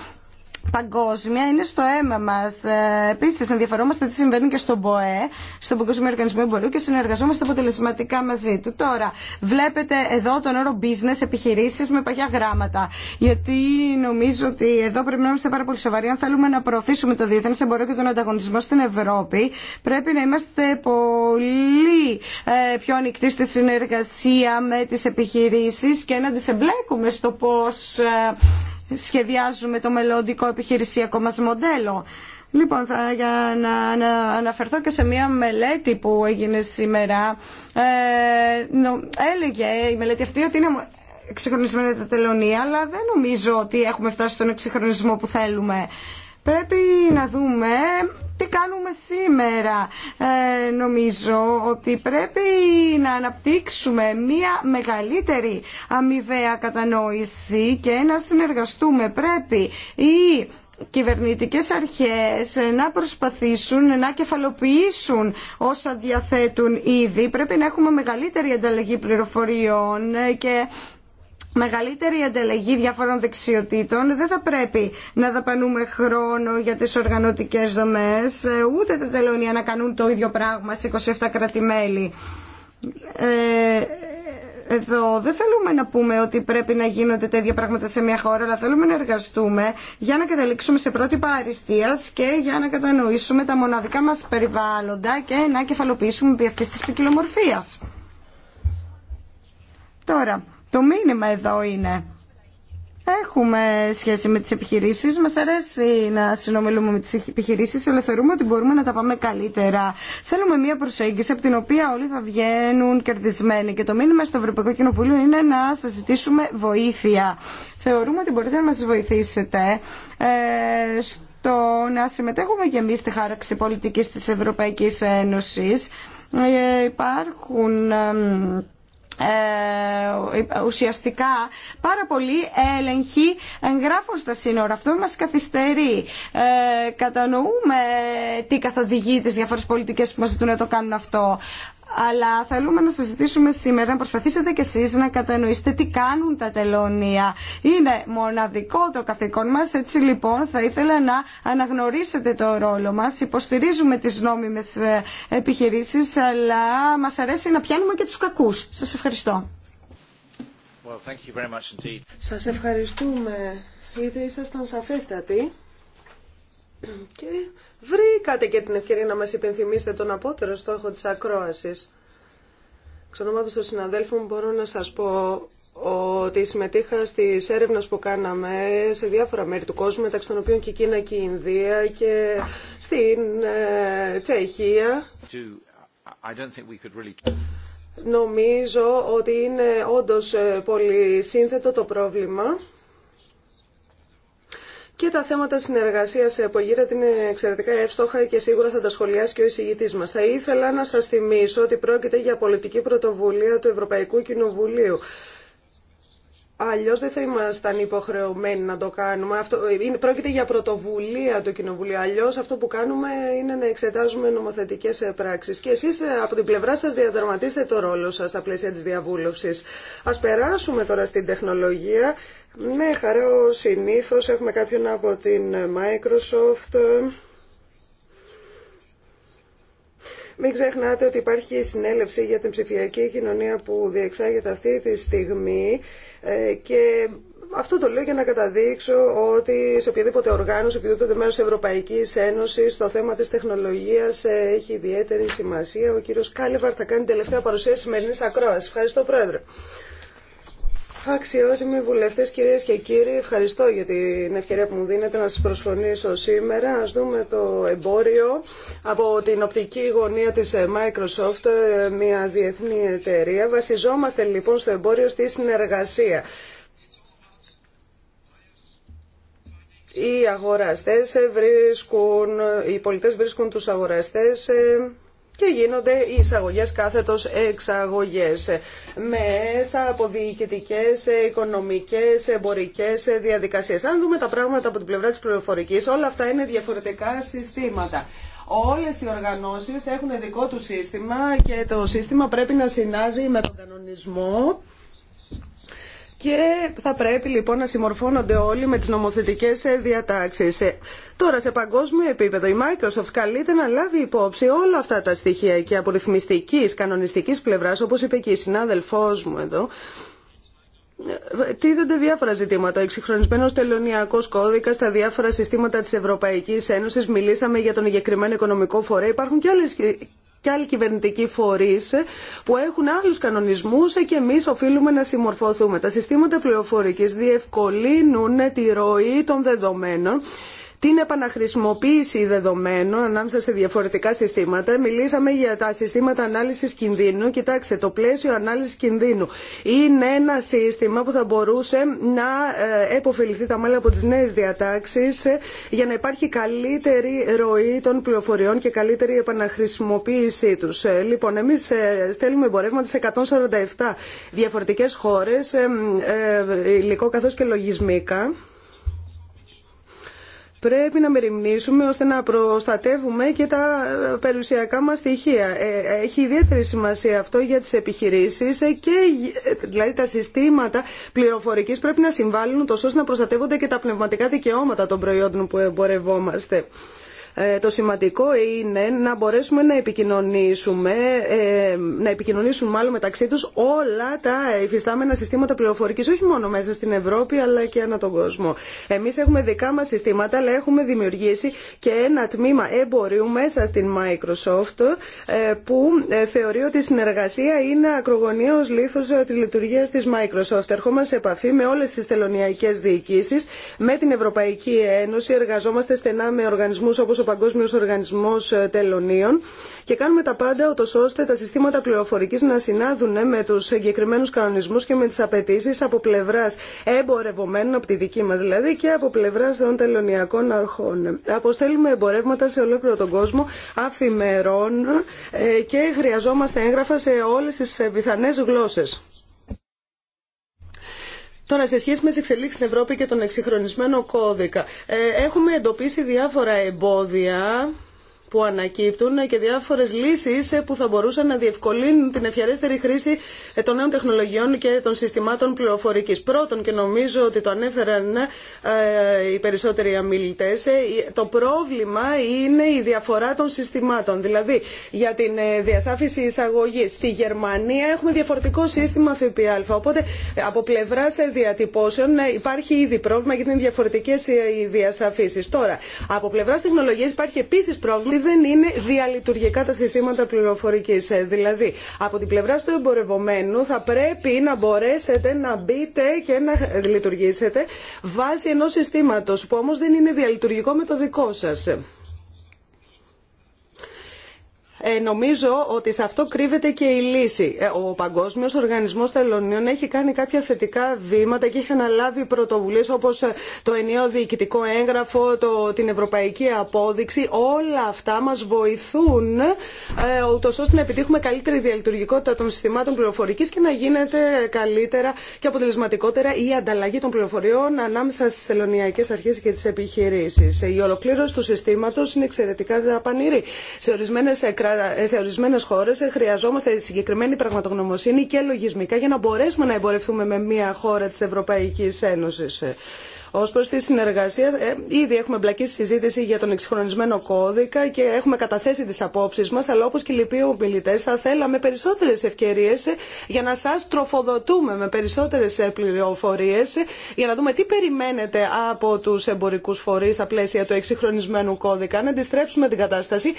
Speaker 2: παγκόσμια είναι στο αίμα μα. Ε, Επίση, ενδιαφερόμαστε τι συμβαίνει και στον ΠΟΕ, στον Παγκόσμιο Οργανισμό Εμπορίου και συνεργαζόμαστε αποτελεσματικά μαζί του. Τώρα, βλέπετε εδώ τον όρο business, επιχειρήσει με παγιά γράμματα. Γιατί νομίζω ότι εδώ πρέπει να είμαστε πάρα πολύ σοβαροί. Αν θέλουμε να προωθήσουμε το διεθνέ εμπορίο και τον ανταγωνισμό στην Ευρώπη, πρέπει να είμαστε πολύ ε, πιο ανοιχτοί στη συνεργασία με τι επιχειρήσει και να τι εμπλέκουμε στο πώ ε, σχεδιάζουμε το μελλοντικό επιχειρησιακό μας μοντέλο. Λοιπόν, θα, για να, να, αναφερθώ και σε μια μελέτη που έγινε σήμερα. Ε, έλεγε η μελέτη αυτή ότι είναι εξυγχρονισμένη τα τελωνία, αλλά δεν νομίζω ότι έχουμε φτάσει στον εξυγχρονισμό που θέλουμε. Πρέπει να δούμε τι κάνουμε σήμερα. Ε, νομίζω ότι πρέπει να αναπτύξουμε μία μεγαλύτερη αμοιβαία κατανόηση και να συνεργαστούμε. Πρέπει οι κυβερνητικές αρχές να προσπαθήσουν να κεφαλοποιήσουν όσα διαθέτουν ήδη. Πρέπει να έχουμε μεγαλύτερη ανταλλαγή πληροφοριών και μεγαλύτερη ανταλλαγή διάφορων δεξιοτήτων δεν θα πρέπει να δαπανούμε χρόνο για τις οργανωτικές δομές ούτε τα τελωνία να κάνουν το ίδιο πράγμα σε 27 κρατημέλη. Ε, εδώ δεν θέλουμε να πούμε ότι πρέπει να γίνονται τέτοια πράγματα σε μια χώρα, αλλά θέλουμε να εργαστούμε για να καταλήξουμε σε πρότυπα αριστεία και για να κατανοήσουμε τα μοναδικά μα περιβάλλοντα και να κεφαλοποιήσουμε επί αυτή τη ποικιλομορφία. Τώρα, το μήνυμα εδώ είναι Έχουμε σχέση με τις επιχειρήσεις, μας αρέσει να συνομιλούμε με τις επιχειρήσεις, αλλά ότι μπορούμε να τα πάμε καλύτερα. Θέλουμε μια προσέγγιση από την οποία όλοι θα βγαίνουν κερδισμένοι και το μήνυμα στο Ευρωπαϊκό Κοινοβούλιο είναι να σα ζητήσουμε βοήθεια. Θεωρούμε ότι μπορείτε να μας βοηθήσετε ε, στο να συμμετέχουμε και εμείς στη χάραξη πολιτικής της Ευρωπαϊκής Ένωσης. Ε, υπάρχουν ε, ε, ε, ουσιαστικά πάρα πολύ έλεγχοι εγγράφων στα σύνορα. Αυτό μας καθυστερεί. Ε, κατανοούμε τι καθοδηγεί τις διάφορες πολιτικές που μας ζητούν να το κάνουν αυτό αλλά θέλουμε να συζητήσουμε σήμερα, να προσπαθήσετε κι εσείς να κατανοήσετε τι κάνουν τα τελωνία. Είναι μοναδικό το καθήκον μας, έτσι λοιπόν θα ήθελα να αναγνωρίσετε το ρόλο μας. Υποστηρίζουμε τις νόμιμες ε, επιχειρήσεις, αλλά μας αρέσει να πιάνουμε και τους κακούς. Σας ευχαριστώ. Well, Σας ευχαριστούμε. Είτε ήσασταν
Speaker 5: σαφέστατοι βρήκατε και την ευκαιρία να μας υπενθυμίσετε τον απότερο στόχο της ακρόασης. Ξ' των συναδέλφων μπορώ να σας πω ότι συμμετείχα στι έρευνε που κάναμε σε διάφορα μέρη του κόσμου, μεταξύ των οποίων και η Κίνα και η Ινδία και στην ε, Τσεχία. Νομίζω ότι είναι όντως ε, πολύ σύνθετο το πρόβλημα. Και τα θέματα συνεργασία που γύρεται είναι εξαιρετικά εύστοχα και σίγουρα θα τα σχολιάσει και ο εισηγητή μα. Θα ήθελα να σα θυμίσω ότι πρόκειται για πολιτική πρωτοβουλία του Ευρωπαϊκού Κοινοβουλίου. Αλλιώ δεν θα ήμασταν υποχρεωμένοι να το κάνουμε. Αυτό, ε, είναι, πρόκειται για πρωτοβουλία του Κοινοβουλίου. Αλλιώ αυτό που κάνουμε είναι να εξετάζουμε νομοθετικέ ε, πράξει. Και εσεί ε, από την πλευρά σα διαδραματίστε το ρόλο σα στα πλαίσια τη διαβούλευση. Α περάσουμε τώρα στην τεχνολογία. Με χαρά συνήθω έχουμε κάποιον από την Microsoft. Μην ξεχνάτε ότι υπάρχει η συνέλευση για την ψηφιακή κοινωνία που διεξάγεται αυτή τη στιγμή ε, και αυτό το λέω για να καταδείξω ότι σε οποιαδήποτε οργάνωση, οποιοδήποτε μέρο τη Ευρωπαϊκή Ένωση, το θέμα τη τεχνολογία έχει ιδιαίτερη σημασία. Ο κύριο Κάλιβαρ θα κάνει την τελευταία παρουσίαση σημερινή ακρόαση. Ευχαριστώ, Πρόεδρε. Αξιότιμοι βουλευτέ, κυρίε και κύριοι, ευχαριστώ για την ευκαιρία που μου δίνετε να σα προσφωνήσω σήμερα. Α δούμε το εμπόριο από την οπτική γωνία τη ε, Microsoft, ε, μια διεθνή εταιρεία. Βασιζόμαστε λοιπόν στο εμπόριο στη συνεργασία. Οι αγοραστές ε, βρίσκουν, οι πολιτές βρίσκουν τους αγοραστές και γίνονται οι εισαγωγέ κάθετο εξαγωγέ Μέσα από διοικητικέ, οικονομικέ, εμπορικές διαδικασίες. Αν δούμε τα πράγματα από την πλευρά τη πληροφορική. όλα αυτά είναι διαφορετικά συστήματα. Όλες οι οργανώσεις έχουν δικό του σύστημα και το σύστημα πρέπει να συνάζει με τον κανονισμό και θα πρέπει λοιπόν να συμμορφώνονται όλοι με τις νομοθετικές ε, διατάξεις. Ε, τώρα σε παγκόσμιο επίπεδο η Microsoft καλείται να λάβει υπόψη όλα αυτά τα στοιχεία και από ρυθμιστικής, κανονιστικής πλευράς όπως είπε και η συνάδελφός μου εδώ ε, Τίδονται διάφορα ζητήματα. Ο εξυγχρονισμένο τελωνιακό κώδικα, τα διάφορα συστήματα τη Ευρωπαϊκή Ένωση, μιλήσαμε για τον εγκεκριμένο οικονομικό φορέα. Υπάρχουν και άλλε και άλλοι κυβερνητικοί φορεί που έχουν άλλου κανονισμού και εμεί οφείλουμε να συμμορφωθούμε. Τα συστήματα πληροφορική διευκολύνουν τη ροή των δεδομένων την επαναχρησιμοποίηση δεδομένων ανάμεσα σε διαφορετικά συστήματα. Μιλήσαμε για τα συστήματα ανάλυση κινδύνου. Κοιτάξτε, το πλαίσιο ανάλυση κινδύνου είναι ένα σύστημα που θα μπορούσε να ε, επωφεληθεί τα μάλλον από τι νέε διατάξει ε, για να υπάρχει καλύτερη ροή των πληροφοριών και καλύτερη επαναχρησιμοποίησή του. Ε, λοιπόν, εμεί στέλνουμε εμπορεύματα σε 147 διαφορετικέ χώρε, υλικό καθώ και λογισμικά πρέπει να μεριμνήσουμε ώστε να προστατεύουμε και τα περιουσιακά μας στοιχεία. Ε, έχει ιδιαίτερη σημασία αυτό για τις επιχειρήσεις ε, και ε, δηλαδή τα συστήματα πληροφορικής πρέπει να συμβάλλουν τόσο ώστε να προστατεύονται και τα πνευματικά δικαιώματα των προϊόντων που εμπορευόμαστε. Ε, το σημαντικό είναι να μπορέσουμε να επικοινωνήσουμε, ε, να επικοινωνήσουν μάλλον μεταξύ τους όλα τα υφιστάμενα συστήματα πληροφορικής, όχι μόνο μέσα στην Ευρώπη αλλά και ανά τον κόσμο. Εμείς έχουμε δικά μας συστήματα, αλλά έχουμε δημιουργήσει και ένα τμήμα εμπορίου μέσα στην Microsoft ε, που θεωρεί ότι η συνεργασία είναι ακρογωνίως λήθος της λειτουργίας της Microsoft. Ερχόμαστε σε επαφή με όλες τις τελωνιακές διοικήσεις, με την Ευρωπαϊκή Ένωση, εργαζόμαστε στενά με οργανισμούς όπως ο Παγκόσμιο Οργανισμός ε, Τελωνίων και κάνουμε τα πάντα ώστε τα συστήματα πληροφορική να συνάδουν ε, με τους συγκεκριμένου κανονισμούς και με τις απαιτήσει από πλευρά εμπορευομένων, από τη δική μα δηλαδή, και από πλευρά των τελωνιακών αρχών. Αποστέλουμε εμπορεύματα σε ολόκληρο τον κόσμο αφημερών ε, και χρειαζόμαστε έγγραφα σε όλε τι πιθανέ γλώσσε. Τώρα, σε σχέση με τι εξελίξει στην Ευρώπη και τον εξυγχρονισμένο κώδικα, ε, έχουμε εντοπίσει διάφορα εμπόδια που ανακύπτουν και διάφορε λύσει που θα μπορούσαν να διευκολύνουν την ευχερέστερη χρήση ε, των νέων τεχνολογιών και των συστημάτων πληροφορική. Πρώτον, και νομίζω ότι το ανέφεραν ε, οι περισσότεροι αμιλητές, ε, το πρόβλημα είναι η διαφορά των συστημάτων. Δηλαδή, για την διασάφηση εισαγωγή στη Γερμανία έχουμε διαφορετικό σύστημα ΦΠΑ. Οπότε, από πλευρά διατυπώσεων υπάρχει ήδη πρόβλημα γιατί είναι διαφορετικέ οι διασαφήσει. Τώρα, από πλευρά τεχνολογία υπάρχει επίση πρόβλημα δεν είναι διαλειτουργικά τα συστήματα πληροφορική. Ε, δηλαδή, από την πλευρά του εμπορευομένου θα πρέπει να μπορέσετε να μπείτε και να λειτουργήσετε βάσει ενός συστήματος που όμως δεν είναι διαλειτουργικό με το δικό σας. Ε, νομίζω ότι σε αυτό κρύβεται και η λύση. Ε, ο Παγκόσμιος Οργανισμός Τελωνίων έχει κάνει κάποια θετικά βήματα και έχει αναλάβει πρωτοβουλίες όπω ε, το ενιαίο διοικητικό έγγραφο, το, την ευρωπαϊκή απόδειξη. Όλα αυτά μα βοηθούν ούτω ώστε να επιτύχουμε καλύτερη διαλειτουργικότητα των συστημάτων πληροφορική και να γίνεται καλύτερα και αποτελεσματικότερα η ανταλλαγή των πληροφοριών ανάμεσα στι τελωνιακέ αρχέ και τι επιχειρήσει. Η ολοκλήρωση του συστήματο είναι εξαιρετικά δραπανηρή. Σε ορισμένες σε ορισμένε χώρε χρειαζόμαστε συγκεκριμένη πραγματογνωμοσύνη και λογισμικά για να μπορέσουμε να εμπορευτούμε με μια χώρα τη Ευρωπαϊκή Ένωση. Ω προ τη συνεργασία, ε, ήδη έχουμε μπλακεί στη συζήτηση για τον εξυγχρονισμένο κώδικα και έχουμε καταθέσει τι απόψει μα, αλλά όπω και οι λοιποί ομιλητέ, θα θέλαμε περισσότερε ευκαιρίε ε, για να σα τροφοδοτούμε με περισσότερε πληροφορίε, ε, για να δούμε τι περιμένετε από του εμπορικού φορεί στα πλαίσια του εξυγχρονισμένου κώδικα, να αντιστρέψουμε την κατάσταση,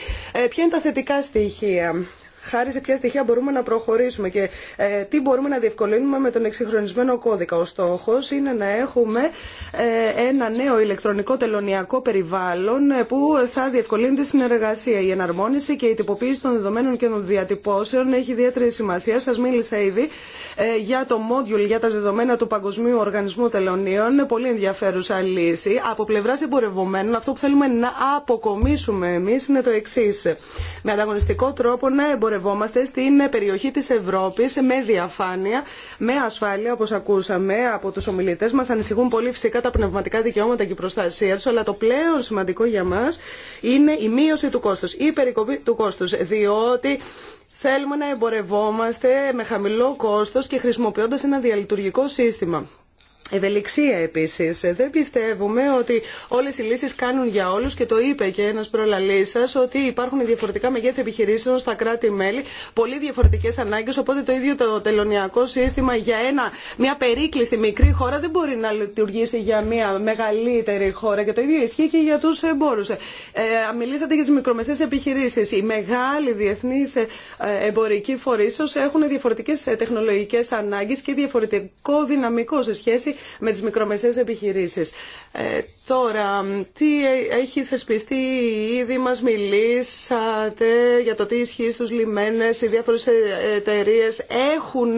Speaker 5: ποια είναι τα θετικά στοιχεία χάρη σε ποια στοιχεία μπορούμε να προχωρήσουμε και ε, τι μπορούμε να διευκολύνουμε με τον εξυγχρονισμένο κώδικα. Ο στόχο είναι να έχουμε ε, ένα νέο ηλεκτρονικό τελωνιακό περιβάλλον ε, που θα διευκολύνει τη συνεργασία. Η εναρμόνιση και η τυποποίηση των δεδομένων και των διατυπώσεων έχει ιδιαίτερη σημασία. Σα μίλησα ήδη για το module για τα δεδομένα του Παγκοσμίου Οργανισμού Τελωνίων. πολύ ενδιαφέρουσα λύση. Από πλευρά εμπορευμένων, αυτό που θέλουμε να αποκομίσουμε εμεί είναι το εξή. Με ανταγωνιστικό τρόπο να πορευόμαστε στην περιοχή της Ευρώπης με διαφάνεια, με ασφάλεια όπως ακούσαμε από τους ομιλητές μας. Ανησυχούν πολύ φυσικά τα πνευματικά δικαιώματα και η προστασία τους, αλλά το πλέον σημαντικό για μας είναι η μείωση του κόστους, η περικοπή του κόστους, διότι θέλουμε να εμπορευόμαστε με χαμηλό κόστος και χρησιμοποιώντας ένα διαλειτουργικό σύστημα. Ευελιξία επίση. Δεν πιστεύουμε ότι όλε οι λύσει κάνουν για όλου, και το είπε και ένα προλαλή σα ότι υπάρχουν διαφορετικά μεγέθη επιχειρήσεων στα κράτη-μέλη, πολύ διαφορετικέ ανάγκε, οπότε το ίδιο το τελωνιακό σύστημα για ένα, μια περίκλειστη μικρή χώρα δεν μπορεί να λειτουργήσει για μια μεγαλύτερη χώρα και το ίδιο ισχύει και για του εμπόρου. Ε, μιλήσατε για τι μικρομεσαίες επιχειρήσει. Οι μεγάλοι διεθνείς ε, εμπορικοί φορεί έχουν διαφορετικέ ε, τεχνολογικέ ανάγκε και διαφορετικό δυναμικό σε σχέση με τις μικρομεσαίες επιχειρήσεις. Ε, τώρα, τι έχει θεσπιστεί ήδη, μας μιλήσατε για το τι ισχύει στους λιμένες, οι διάφορες εταιρείε έχουν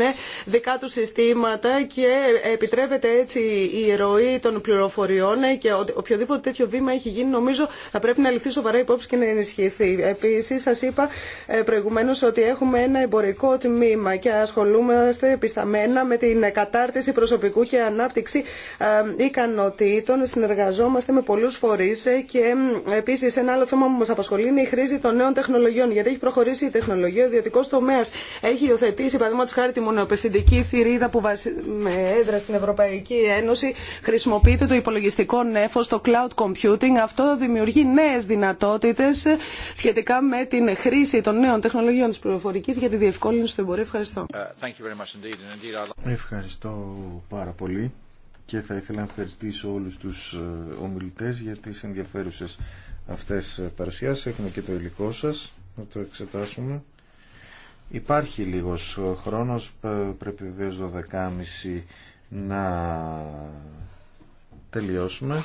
Speaker 5: δικά τους συστήματα και επιτρέπεται έτσι η ροή των πληροφοριών και οποιοδήποτε τέτοιο βήμα έχει γίνει νομίζω θα πρέπει να ληφθεί σοβαρά υπόψη και να ενισχυθεί. Επίσης σας είπα ε, προηγουμένως ότι έχουμε ένα εμπορικό τμήμα και ασχολούμαστε επισταμένα με την κατάρτιση προσωπικού και ανάπτυξη ανάπτυξη ε, ικανοτήτων. Συνεργαζόμαστε με πολλού φορεί ε, και ε, επίση ένα άλλο θέμα που μα απασχολεί είναι η χρήση των νέων τεχνολογιών. Γιατί έχει προχωρήσει η τεχνολογία, ο ιδιωτικό τομέα έχει υιοθετήσει, παραδείγματο χάρη, τη μονοπευθυντική θηρίδα που βασι... με έδρα στην Ευρωπαϊκή Ένωση χρησιμοποιείται το υπολογιστικό νεφο, το cloud computing. Αυτό δημιουργεί νέε δυνατότητε σχετικά με την χρήση των νέων τεχνολογιών τη πληροφορική για τη διευκόλυνση του εμπορίου. Ευχαριστώ.
Speaker 1: Ευχαριστώ πάρα πολύ και θα ήθελα να ευχαριστήσω όλους τους ε, ομιλητές για τις ενδιαφέρουσες αυτές ε, παρουσιάσεις. Έχουμε και το υλικό σας, να το εξετάσουμε. Υπάρχει λίγος ε, χρόνος, πρέπει βεβαίως 12.30 να τελειώσουμε.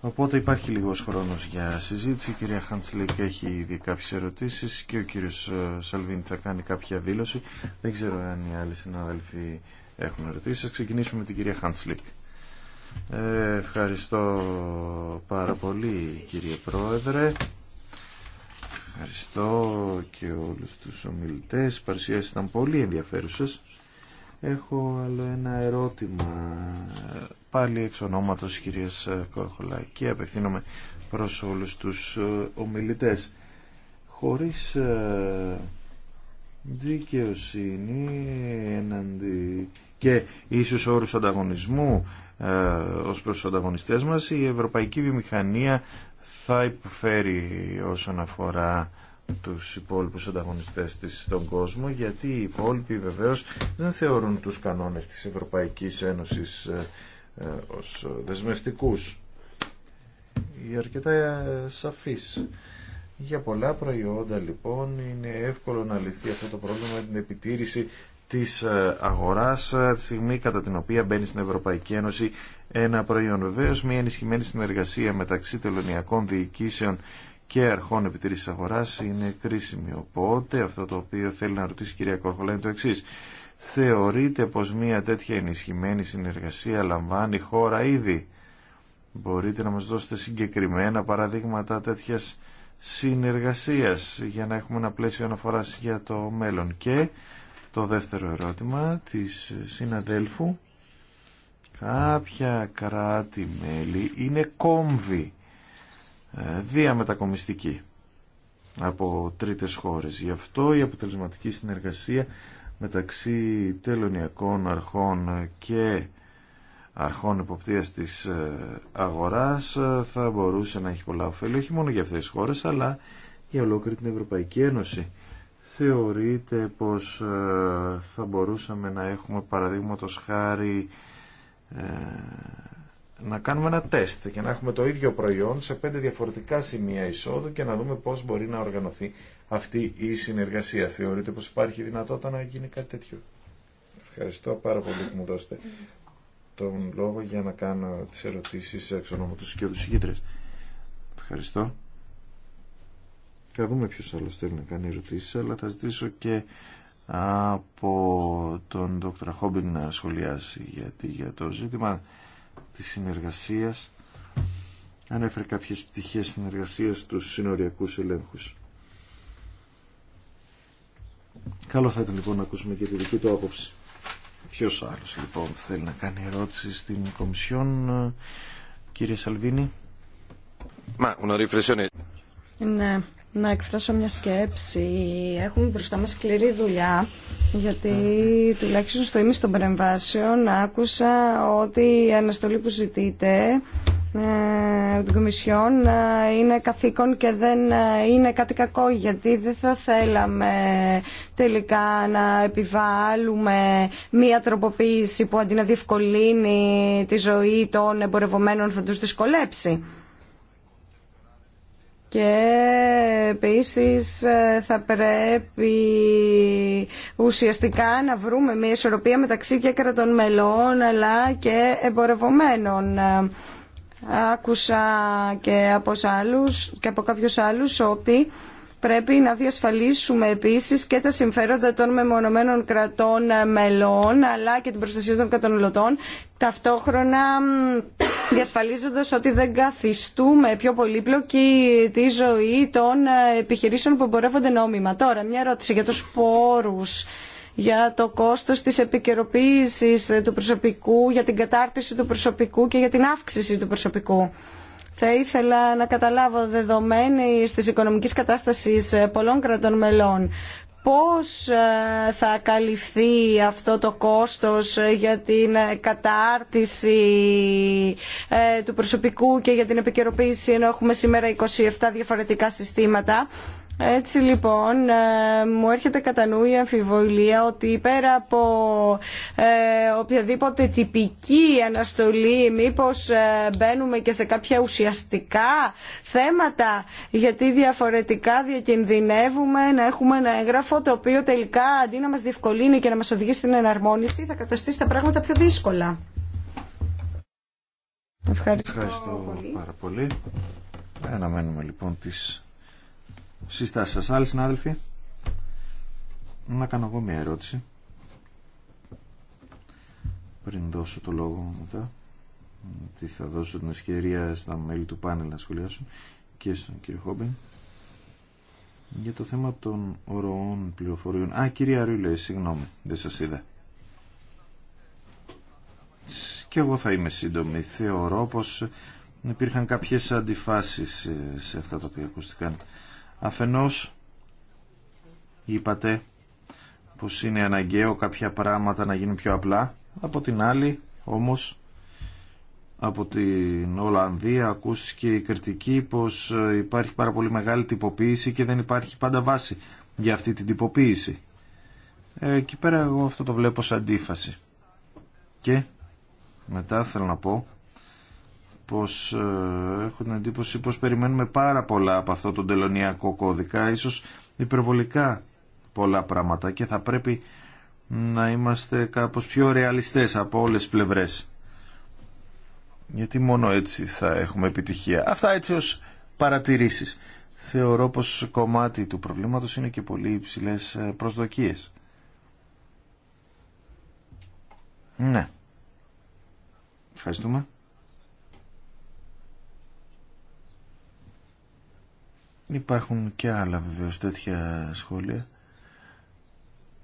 Speaker 1: Οπότε υπάρχει λίγος χρόνος για συζήτηση. Η κυρία Χαντσλίκ έχει ήδη κάποιες ερωτήσεις και ο κύριος Σαλβίνη θα κάνει κάποια δήλωση. Δεν ξέρω αν οι άλλοι συνάδελφοι έχουν ερωτήσει. Α ξεκινήσουμε με την κυρία Χάντσλικ. Ε, ευχαριστώ πάρα πολύ κύριε Πρόεδρε. Ευχαριστώ και όλους τους ομιλητές. Οι ήταν πολύ ενδιαφέρουσες. Έχω άλλο ένα ερώτημα πάλι εξ ονόματος κυρίας Κόρχολα και απευθύνομαι προς όλους τους ε, ομιλητές. Χωρίς ε, δικαιοσύνη εναντίον και ίσως όρους ανταγωνισμού ε, ως προς τους ανταγωνιστές μας, η ευρωπαϊκή βιομηχανία θα υποφέρει όσον αφορά τους υπόλοιπους ανταγωνιστές της στον κόσμο, γιατί οι υπόλοιποι βεβαίως δεν θεωρούν τους κανόνες της Ευρωπαϊκής Ένωσης ε, ε ως δεσμευτικούς ή αρκετά ε, σαφής. Για πολλά προϊόντα λοιπόν είναι εύκολο να λυθεί αυτό το πρόβλημα με την επιτήρηση Τη ε, αγορά, ε, τη στιγμή κατά την οποία μπαίνει στην Ευρωπαϊκή Ένωση ένα προϊόν. Βεβαίως μια ενισχυμένη συνεργασία μεταξύ τελωνιακών διοικήσεων και αρχών επιτήρησης αγοράς είναι κρίσιμη. Οπότε αυτό το οποίο θέλει να ρωτήσει η κυρία Κορχολά είναι το εξή. Θεωρείτε πως μια τέτοια ενισχυμένη συνεργασία λαμβάνει χώρα ήδη. Μπορείτε να μας δώσετε συγκεκριμένα παραδείγματα τέτοια συνεργασίας για να έχουμε ένα πλαίσιο αναφοράς για το μέλλον. Και το δεύτερο ερώτημα της συναδέλφου. Κάποια κράτη-μέλη είναι κόμβοι ε, διαμετακομιστικοί από τρίτες χώρες. Γι' αυτό η αποτελεσματική συνεργασία μεταξύ τελωνιακών αρχών και αρχών υποπτίας της ε, αγοράς ε, θα μπορούσε να έχει πολλά ωφέλη όχι μόνο για αυτές τις χώρες αλλά για ολόκληρη την Ευρωπαϊκή Ένωση θεωρείτε πως ε, θα μπορούσαμε να έχουμε παραδείγματο χάρη ε, να κάνουμε ένα τεστ και να έχουμε το ίδιο προϊόν σε πέντε διαφορετικά σημεία εισόδου και να δούμε πώς μπορεί να οργανωθεί αυτή η συνεργασία. Θεωρείτε πως υπάρχει δυνατότητα να γίνει κάτι τέτοιο. Ευχαριστώ πάρα πολύ που μου δώσετε τον λόγο για να κάνω τις ερωτήσεις εξ ονόματος και τους Ευχαριστώ. Θα δούμε ποιος άλλος θέλει να κάνει ερωτήσεις, αλλά θα ζητήσω και από τον Δόκτρα Χόμπιν να σχολιάσει γιατί για το ζήτημα της συνεργασίας ανέφερε κάποιες πτυχές συνεργασίας στους συνοριακούς ελέγχους. Καλό θα ήταν λοιπόν να ακούσουμε και τη δική του άποψη. Ποιο άλλο λοιπόν θέλει να κάνει ερώτηση στην Κομισιόν, κύριε Σαλβίνη.
Speaker 3: Μα,
Speaker 2: Ναι, να εκφράσω μια σκέψη. Έχουμε μπροστά μας σκληρή δουλειά, γιατί τουλάχιστον στο ίμιση των παρεμβάσεων άκουσα ότι η αναστολή που ζητείτε ε, από την Κομισιόν ε, είναι καθήκον και δεν ε, είναι κάτι κακό γιατί δεν θα θέλαμε τελικά να επιβάλλουμε μία τροποποίηση που αντί να διευκολύνει τη ζωή των εμπορευομένων θα τους δυσκολέψει και επίσης ε, θα πρέπει ουσιαστικά να βρούμε μια ισορροπία μεταξύ και κρατών μελών αλλά και εμπορευομένων. Άκουσα και από, άλλους, και από κάποιους άλλους ότι πρέπει να διασφαλίσουμε επίσης και τα συμφέροντα των μεμονωμένων κρατών μελών αλλά και την προστασία των καταναλωτών ταυτόχρονα διασφαλίζοντας ότι δεν καθιστούμε πιο πολύπλοκη τη ζωή των ε, επιχειρήσεων που εμπορεύονται νόμιμα. Τώρα, μια ερώτηση για τους πόρους για το κόστος της επικαιροποίησης του προσωπικού, για την κατάρτιση του προσωπικού και για την αύξηση του προσωπικού. Θα ήθελα να καταλάβω δεδομένη της οικονομικής κατάστασης πολλών κρατών μελών πώς ε, θα καλυφθεί αυτό το κόστος ε, για την ε, κατάρτιση του προσωπικού και για την επικαιροποίηση ενώ έχουμε σήμερα 27 διαφορετικά συστήματα έτσι λοιπόν ε, μου έρχεται κατά νου η αμφιβολία ότι πέρα από ε, οποιαδήποτε τυπική αναστολή μήπως ε, μπαίνουμε και σε κάποια ουσιαστικά θέματα γιατί διαφορετικά διακινδυνεύουμε να έχουμε ένα έγγραφο το οποίο τελικά αντί να μας διευκολύνει και να μας οδηγεί στην εναρμόνιση θα καταστήσει τα πράγματα πιο δύσκολα.
Speaker 1: Ευχαριστώ, Ευχαριστώ πάρα πολύ. Ε, αναμένουμε λοιπόν τις συστάσεις σας. Άλλοι συνάδελφοι, να κάνω εγώ μια ερώτηση πριν δώσω το λόγο μετά ότι θα δώσω την ευκαιρία στα μέλη του πάνελ να σχολιάσουν και στον κύριο Χόμπιν για το θέμα των ορών πληροφοριών. Α, κυρία Ρούλε, συγγνώμη, δεν σας είδα. Και εγώ θα είμαι σύντομη. Θεωρώ πως υπήρχαν κάποιες αντιφάσεις ε, σε αυτά τα οποία ακούστηκαν Αφενός είπατε πως είναι αναγκαίο κάποια πράγματα να γίνουν πιο απλά. Από την άλλη όμως από την Ολλανδία ακούστηκε η κριτική πως ε, υπάρχει πάρα πολύ μεγάλη τυποποίηση και δεν υπάρχει πάντα βάση για αυτή την τυποποίηση. Ε, εκεί πέρα εγώ αυτό το βλέπω σαν αντίφαση. Και μετά θέλω να πω πως ε, έχω την εντύπωση πως περιμένουμε πάρα πολλά από αυτό τον τελωνιακό κώδικα, ίσως υπερβολικά πολλά πράγματα και θα πρέπει να είμαστε κάπως πιο ρεαλιστές από όλες τις πλευρές. Γιατί μόνο έτσι θα έχουμε επιτυχία. Αυτά έτσι ως παρατηρήσεις. Θεωρώ πως κομμάτι του προβλήματος είναι και πολύ υψηλέ ε, προσδοκίες. Ναι. Ευχαριστούμε. Υπάρχουν και άλλα βεβαίως τέτοια σχόλια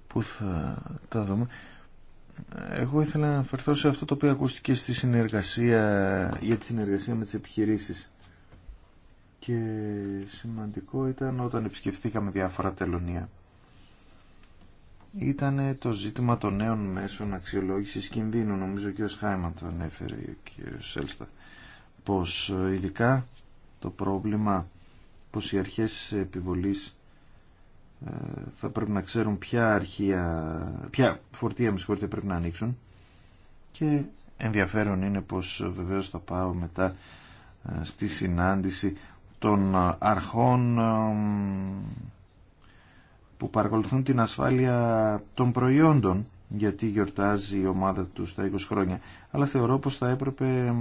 Speaker 1: που θα τα δούμε. Εγώ ήθελα να αναφερθώ σε αυτό το οποίο ακούστηκε στη συνεργασία, για τη συνεργασία με τις επιχειρήσεις. Και σημαντικό ήταν όταν επισκεφθήκαμε διάφορα τελωνία. Ήταν το ζήτημα των νέων μέσων αξιολόγησης κινδύνου. Νομίζω ο κ. το ανέφερε, ο κ. Σέλστα. Πως ε, ειδικά το πρόβλημα πως οι αρχές επιβολής ε, θα πρέπει να ξέρουν ποια, αρχεία, ποια φορτία με πρέπει να ανοίξουν και ενδιαφέρον είναι πως ε, βεβαίως θα πάω μετά ε, στη συνάντηση των αρχών που παρακολουθούν την ασφάλεια των προϊόντων γιατί γιορτάζει η ομάδα του στα 20 χρόνια. Αλλά θεωρώ πως θα έπρεπε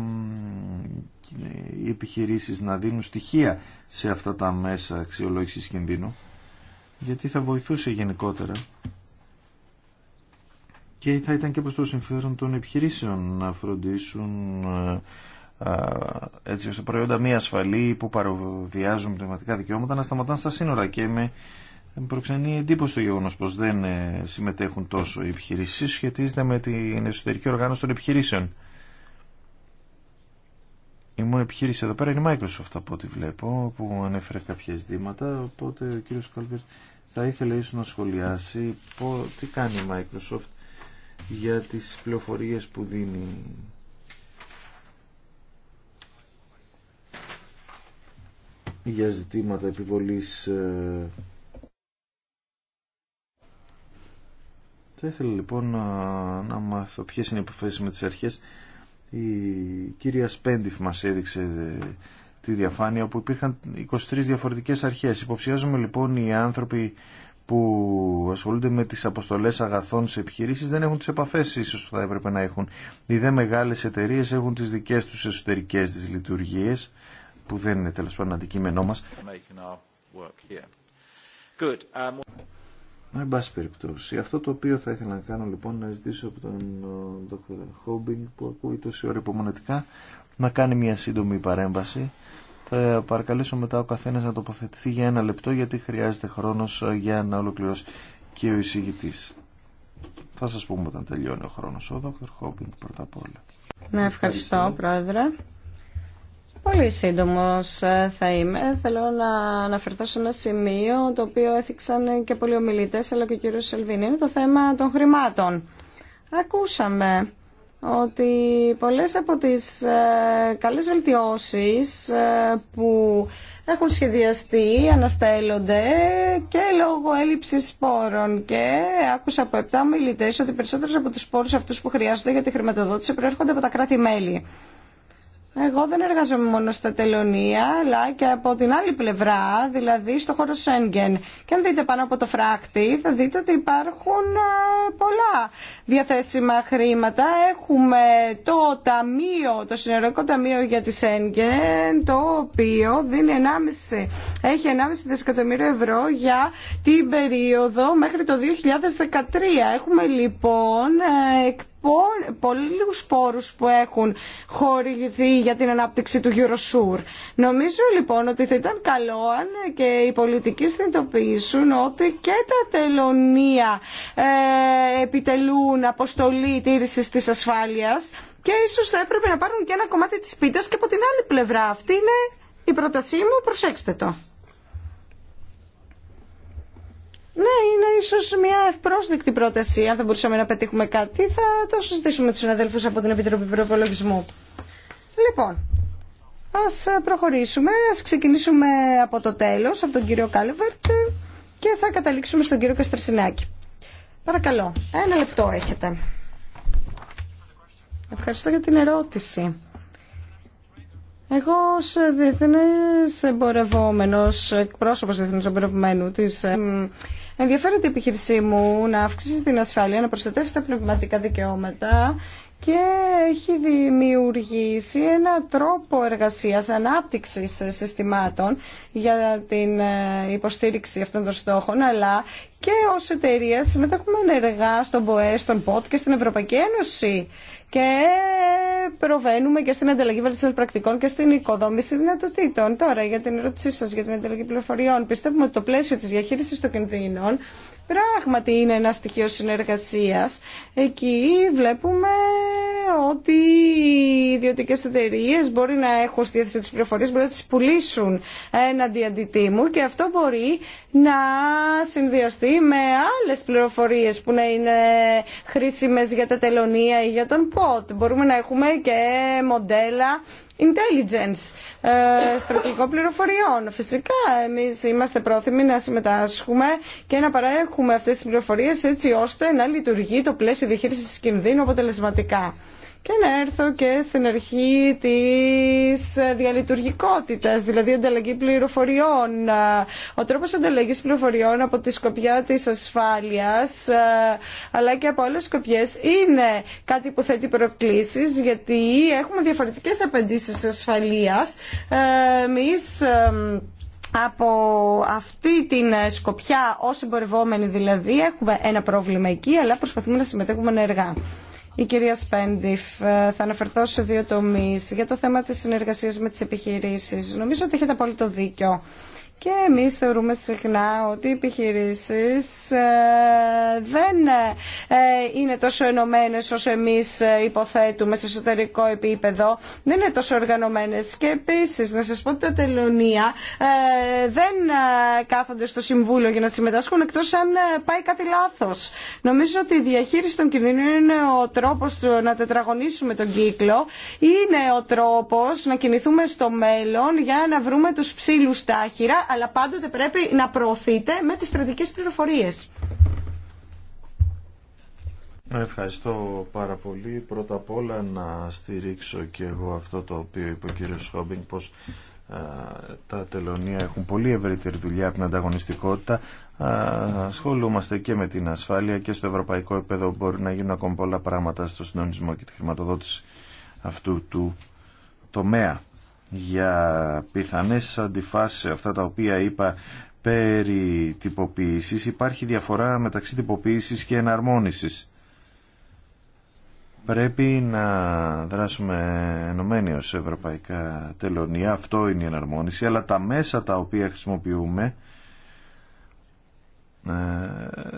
Speaker 1: οι επιχειρήσεις να δίνουν στοιχεία σε αυτά τα μέσα αξιολόγησης κινδύνου, γιατί θα βοηθούσε γενικότερα και θα ήταν και προς το συμφέρον των επιχειρήσεων να φροντίσουν ε, έτσι ώστε προϊόντα μη ασφαλή που παροβιάζουν πνευματικά δικαιώματα να σταματάνε στα σύνορα και με με προξενεί εντύπωση το γεγονό πω δεν ε, συμμετέχουν τόσο οι επιχειρήσει. Σχετίζεται με την εσωτερική οργάνωση των επιχειρήσεων. Η μόνη επιχείρηση εδώ πέρα είναι η Microsoft από ό,τι βλέπω, που ανέφερε κάποια ζητήματα. Οπότε ο κύριο Κόλμπερτ θα ήθελε ίσω να σχολιάσει πω, τι κάνει η Microsoft για τις πληροφορίε που δίνει. για ζητήματα επιβολής ε, Θα ήθελα λοιπόν να μάθω ποιε είναι οι υποθέσει με τις αρχές. Η κυρία Σπέντιφ μας έδειξε ε, τη διαφάνεια όπου υπήρχαν 23 διαφορετικές αρχές. Υποψιάζομαι λοιπόν οι άνθρωποι που ασχολούνται με τις αποστολέ αγαθών σε επιχειρήσει δεν έχουν τις επαφές ίσως που θα έπρεπε να έχουν. Οι δε μεγάλε εταιρείε έχουν τι δικέ του εσωτερικέ τις λειτουργίε που δεν είναι τέλος πάντων αντικείμενό μας. Εν πάση περιπτώσει, αυτό το οποίο θα ήθελα να κάνω λοιπόν να ζητήσω από τον Δ. Χόμπινγκ που ακούει τόση ώρα υπομονετικά να κάνει μια σύντομη παρέμβαση. Θα παρακαλέσω μετά ο καθένας να τοποθετηθεί για ένα λεπτό γιατί χρειάζεται χρόνος ε, για να ολοκληρώσει και ο εισηγητή. Θα σας πούμε όταν τελειώνει ο χρόνο. Ο Δ. Χόμπινγκ πρώτα απ' όλα.
Speaker 2: Ναι, ευχαριστώ, ευχαριστώ. Πρόεδρε. Πολύ σύντομο ε, θα είμαι. Θέλω να αναφερθώ σε ένα σημείο το οποίο έθιξαν και πολλοί ομιλητέ, αλλά και ο κύριο Σελβίνη. Είναι το θέμα των χρημάτων. Ακούσαμε ότι πολλές από τις ε, καλές βελτιώσεις ε, που έχουν σχεδιαστεί αναστέλλονται και λόγω έλλειψης σπόρων και άκουσα από 7 μιλητές ότι περισσότερες από τους σπόρους αυτούς που χρειάζονται για τη χρηματοδότηση προέρχονται από τα κράτη-μέλη. Εγώ δεν εργαζόμαι μόνο στα τελωνία, αλλά και από την άλλη πλευρά, δηλαδή στο χώρο Σέγγεν. Και αν δείτε πάνω από το φράχτη, θα δείτε ότι υπάρχουν ε, πολλά διαθέσιμα χρήματα. Έχουμε το ταμείο, το συνεργατικό ταμείο για τη Σέγγεν, το οποίο δίνει 1,5, έχει 1,5 δισεκατομμύριο ευρώ για την περίοδο μέχρι το 2013. Έχουμε λοιπόν ε, πολλούς σπόρους που έχουν χορηγηθεί για την ανάπτυξη του Eurosur. Νομίζω λοιπόν ότι θα ήταν καλό αν και οι πολιτικοί συνειδητοποιήσουν ότι και τα τελωνία ε, επιτελούν αποστολή τήρησης της ασφάλειας και ίσως θα έπρεπε να πάρουν και ένα κομμάτι της πίτας και από την άλλη πλευρά. Αυτή είναι η πρότασή μου, προσέξτε το. Ναι, είναι ίσω μια ευπρόσδεκτη πρόταση. Αν δεν μπορούσαμε να πετύχουμε κάτι, θα το συζητήσουμε με του συναδέλφου από την Επιτροπή Προπολογισμού. Λοιπόν, α προχωρήσουμε. Α ξεκινήσουμε από το τέλο, από τον κύριο κάλβερτ και θα καταλήξουμε στον κύριο Καστρεσινάκη. Παρακαλώ, ένα λεπτό έχετε. Ευχαριστώ για την ερώτηση. Εγώ ως διεθνής εμπορευόμενος, εκπρόσωπος διεθνής εμπορευμένου της, ε, ενδιαφέρεται η επιχείρησή μου να αυξήσει την ασφάλεια, να προστατεύσει τα πνευματικά δικαιώματα και έχει δημιουργήσει ένα τρόπο εργασίας, ανάπτυξης συστημάτων για την ε, υποστήριξη αυτών των στόχων, αλλά και ως εταιρεία συμμετέχουμε ενεργά στον ΠΟΕ, στον ΠΟΤ και στην Ευρωπαϊκή Ένωση και προβαίνουμε και στην ανταλλαγή βελτιστών πρακτικών και στην οικοδόμηση δυνατοτήτων. Τώρα, για την ερώτησή σα για την ανταλλαγή πληροφοριών, πιστεύουμε ότι το πλαίσιο τη διαχείριση των κινδύνων πράγματι είναι ένα στοιχείο συνεργασίας. Εκεί βλέπουμε ότι οι ιδιωτικέ εταιρείε μπορεί να έχουν στη διάθεση του πληροφορίε, μπορεί να τις πουλήσουν έναντι αντιτίμου και αυτό μπορεί να συνδυαστεί με άλλες πληροφορίες που να είναι χρήσιμες για τα τελωνία ή για τον ΠΟΤ. Μπορούμε να έχουμε και μοντέλα intelligence, ε, στρατηγικό πληροφοριών. Φυσικά εμείς είμαστε πρόθυμοι να συμμετάσχουμε και να παρέχουμε αυτές τις πληροφορίες έτσι ώστε να λειτουργεί το πλαίσιο διαχείρισης κινδύνου αποτελεσματικά. Και να έρθω και στην αρχή της διαλειτουργικότητας, δηλαδή ανταλλαγή πληροφοριών. Ο τρόπος ανταλλαγής πληροφοριών από τη σκοπιά της ασφάλειας, ε, αλλά και από άλλες σκοπιές, είναι κάτι που θέτει προκλήσεις, γιατί έχουμε διαφορετικές απαντήσεις ασφαλείας. Ε, εμείς ε, από αυτή την σκοπιά, ως εμπορευόμενοι δηλαδή, έχουμε ένα πρόβλημα εκεί, αλλά προσπαθούμε να συμμετέχουμε ενεργά. Η κυρία Σπέντιφ, ε, θα αναφερθώ σε δύο τομείς για το θέμα της συνεργασίας με τις επιχειρήσεις. Νομίζω ότι έχετε απόλυτο δίκιο. Και εμείς θεωρούμε συχνά ότι οι επιχειρήσεις ε, δεν ε, είναι τόσο ενωμένες όσο εμείς ε, υποθέτουμε σε εσωτερικό επίπεδο. Δεν είναι τόσο οργανωμένες. Και επίσης, να σας πω ότι τα τελωνία δεν κάθονται στο Συμβούλιο για να συμμετάσχουν εκτός αν πάει κάτι λάθος. Νομίζω ότι η διαχείριση των κινδύνων είναι ο τρόπος να τετραγωνίσουμε τον κύκλο. Είναι ο τρόπος να κινηθούμε στο μέλλον για να βρούμε τους ψήλους τάχυρα αλλά πάντοτε πρέπει να προωθείτε με τις στρατικές πληροφορίες.
Speaker 1: Ευχαριστώ πάρα πολύ. Πρώτα απ' όλα να στηρίξω και εγώ αυτό το οποίο είπε ο κύριος Σχόμπινγκ πως τα τελωνία έχουν πολύ ευρύτερη δουλειά από την ανταγωνιστικότητα. ασχολούμαστε και με την ασφάλεια και στο ευρωπαϊκό επίπεδο μπορεί να γίνουν ακόμη πολλά πράγματα στο συντονισμό και τη χρηματοδότηση αυτού του τομέα για πιθανές αντιφάσεις αυτά τα οποία είπα περί τυποποίησης υπάρχει διαφορά μεταξύ τυποποίησης και εναρμόνισης. Πρέπει να δράσουμε ενωμένοι ως ευρωπαϊκά τελωνία, αυτό είναι η εναρμόνιση, αλλά τα μέσα τα οποία χρησιμοποιούμε ε,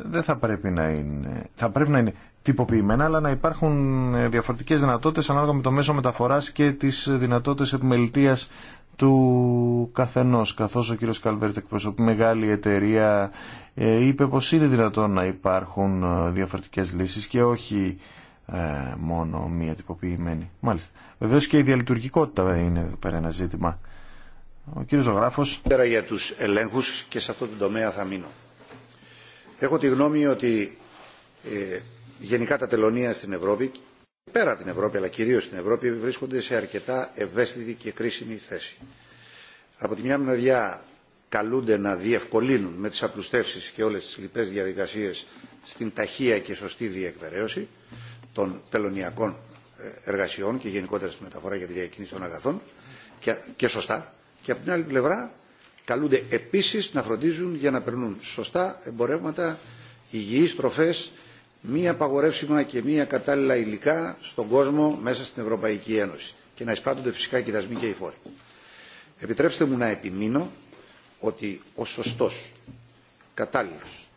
Speaker 1: δεν θα πρέπει να είναι, θα πρέπει να είναι τυποποιημένα, αλλά να υπάρχουν ε, διαφορετικές δυνατότητες ανάλογα με το μέσο μεταφοράς και τις δυνατότητες επιμελητίας του καθενός. Καθώς ο κύριος Καλβέρτ εκπροσωπεί μεγάλη εταιρεία, ε, είπε πως είναι δυνατόν να υπάρχουν ε, διαφορετικές λύσεις και όχι μόνο μία τυποποιημένη. Μάλιστα. Βεβαίως και η διαλειτουργικότητα είναι εδώ πέρα ένα ζήτημα. Ο κύριος Ζωγράφος.
Speaker 3: Πέρα για τους ελέγχους και σε αυτό το τομέα θα μείνω. Έχω τη γνώμη ότι γενικά τα τελωνία στην Ευρώπη, πέρα την Ευρώπη, αλλά κυρίως στην Ευρώπη, βρίσκονται σε αρκετά ευαίσθητη και κρίσιμη θέση. Από τη μια μεριά καλούνται να διευκολύνουν με τις απλουστεύσεις και όλες τις λοιπές διαδικασίες στην ταχεία και σωστή διεκπαιρέωση των τελωνιακών ε, εργασιών και γενικότερα στη μεταφορά για τη διακίνηση των αγαθών και, και σωστά. Και από την άλλη πλευρά καλούνται επίσης να φροντίζουν για να περνούν σωστά εμπορεύματα, υγιείς τροφές, μία απαγορεύσιμα και μία κατάλληλα υλικά στον κόσμο μέσα στην Ευρωπαϊκή Ένωση και να εισπράττονται φυσικά και δασμοί και οι φόροι. Επιτρέψτε μου να επιμείνω ότι ο σωστός, κατάλληλος,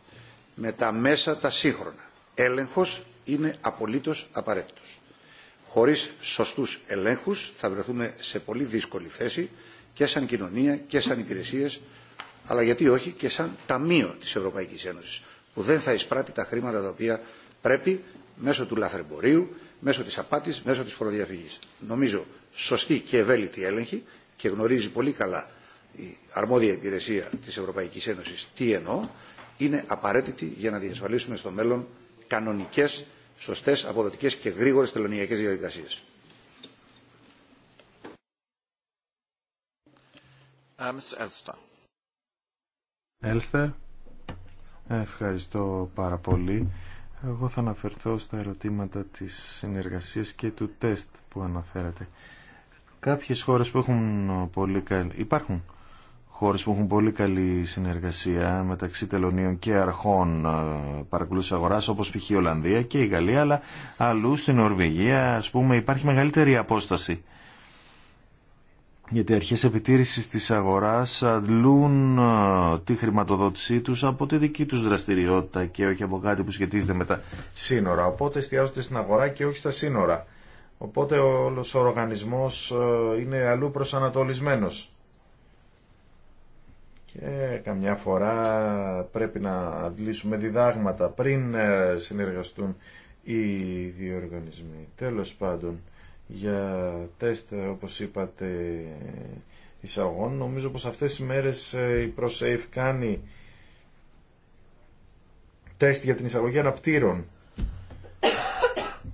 Speaker 3: με τα μέσα τα σύγχρονα, έλεγχος είναι απολύτως απαραίτητος. Χωρίς σωστούς ελέγχους θα βρεθούμε σε πολύ δύσκολη θέση και σαν κοινωνία και σαν υπηρεσίες, αλλά γιατί όχι και σαν ταμείο της Ευρωπαϊκής Ένωσης που δεν θα εισπράττει τα χρήματα τα οποία πρέπει μέσω του λαθρεμπορίου, μέσω της απάτης, μέσω της φοροδιαφυγής. Νομίζω σωστή και ευέλικτη έλεγχη και γνωρίζει πολύ καλά η αρμόδια υπηρεσία της Ευρωπαϊκής Ένωσης τι εννοώ, είναι απαραίτητη για να διασφαλίσουμε στο μέλλον κανονικές, σωστές, αποδοτικές και γρήγορες τελωνιακές διαδικασίες.
Speaker 1: Ε, Elster. Ευχαριστώ πάρα πολύ. Εγώ θα αναφερθώ στα ερωτήματα της συνεργασίας και του τεστ που αναφέρατε. Κάποιες χώρες που έχουν πολύ καλή... Υπάρχουν χώρες που έχουν πολύ καλή συνεργασία μεταξύ τελωνίων και αρχών ε, παρακολούθησης αγοράς όπως π.χ. η Ολλανδία και η Γαλλία αλλά αλλού στην Ορβηγία ας πούμε υπάρχει μεγαλύτερη απόσταση γιατί οι αρχές επιτήρησης της αγοράς αντλούν ε, τη χρηματοδότησή τους από τη δική τους δραστηριότητα και όχι από κάτι που σχετίζεται με τα σύνορα. Οπότε εστιάζονται στην αγορά και όχι στα σύνορα. Οπότε όλος ο οργανισμός ε, είναι αλλού προσανατολισμένος. Και καμιά φορά πρέπει να αντλήσουμε διδάγματα πριν ε, συνεργαστούν οι δύο οργανισμοί. Τέλος πάντων για τεστ, όπως είπατε, εισαγών. Νομίζω πως αυτές τις μέρες ε, η ProSafe κάνει τεστ για την εισαγωγή αναπτύρων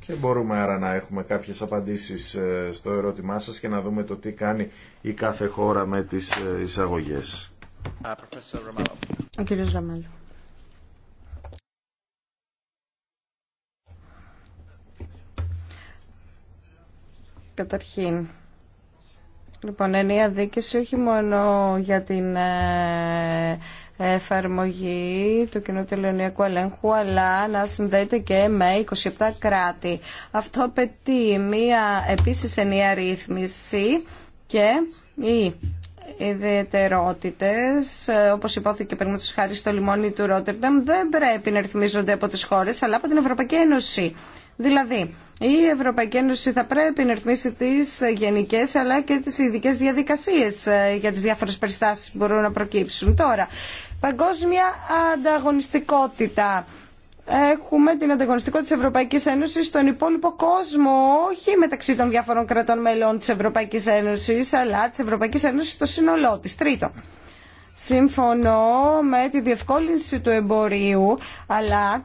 Speaker 1: και μπορούμε άρα να έχουμε κάποιες απαντήσεις ε, στο ερώτημά σας και να δούμε το τι κάνει η κάθε χώρα με τις ε, εισαγωγές.
Speaker 2: Uh, Ο κύριος Ραμάλου. Καταρχήν, λοιπόν, ενία δίκηση όχι μόνο για την ε, εφαρμογή του κοινού τελωνιακού ελέγχου, αλλά να συνδέεται και με 27 κράτη. Αυτό απαιτεί μία επίσης ενία ρύθμιση και οι ιδιαιτερότητε, ε, όπως υπόθηκε πριν τους χάρη στο λιμόνι του Ρότερνταμ, δεν πρέπει να ρυθμίζονται από τις χώρες, αλλά από την Ευρωπαϊκή Ένωση. Δηλαδή, η Ευρωπαϊκή Ένωση θα πρέπει να ρυθμίσει τι γενικέ, αλλά και τι ειδικέ διαδικασίε ε, για τι διάφορε περιστάσει που μπορούν να προκύψουν. Τώρα, παγκόσμια ανταγωνιστικότητα έχουμε την ανταγωνιστικότητα της Ευρωπαϊκής Ένωσης στον υπόλοιπο κόσμο, όχι μεταξύ των διάφορων κρατών μελών της Ευρωπαϊκής Ένωσης, αλλά της Ευρωπαϊκής Ένωσης στο σύνολό της. Τρίτο. Συμφωνώ με τη διευκόλυνση του εμπορίου, αλλά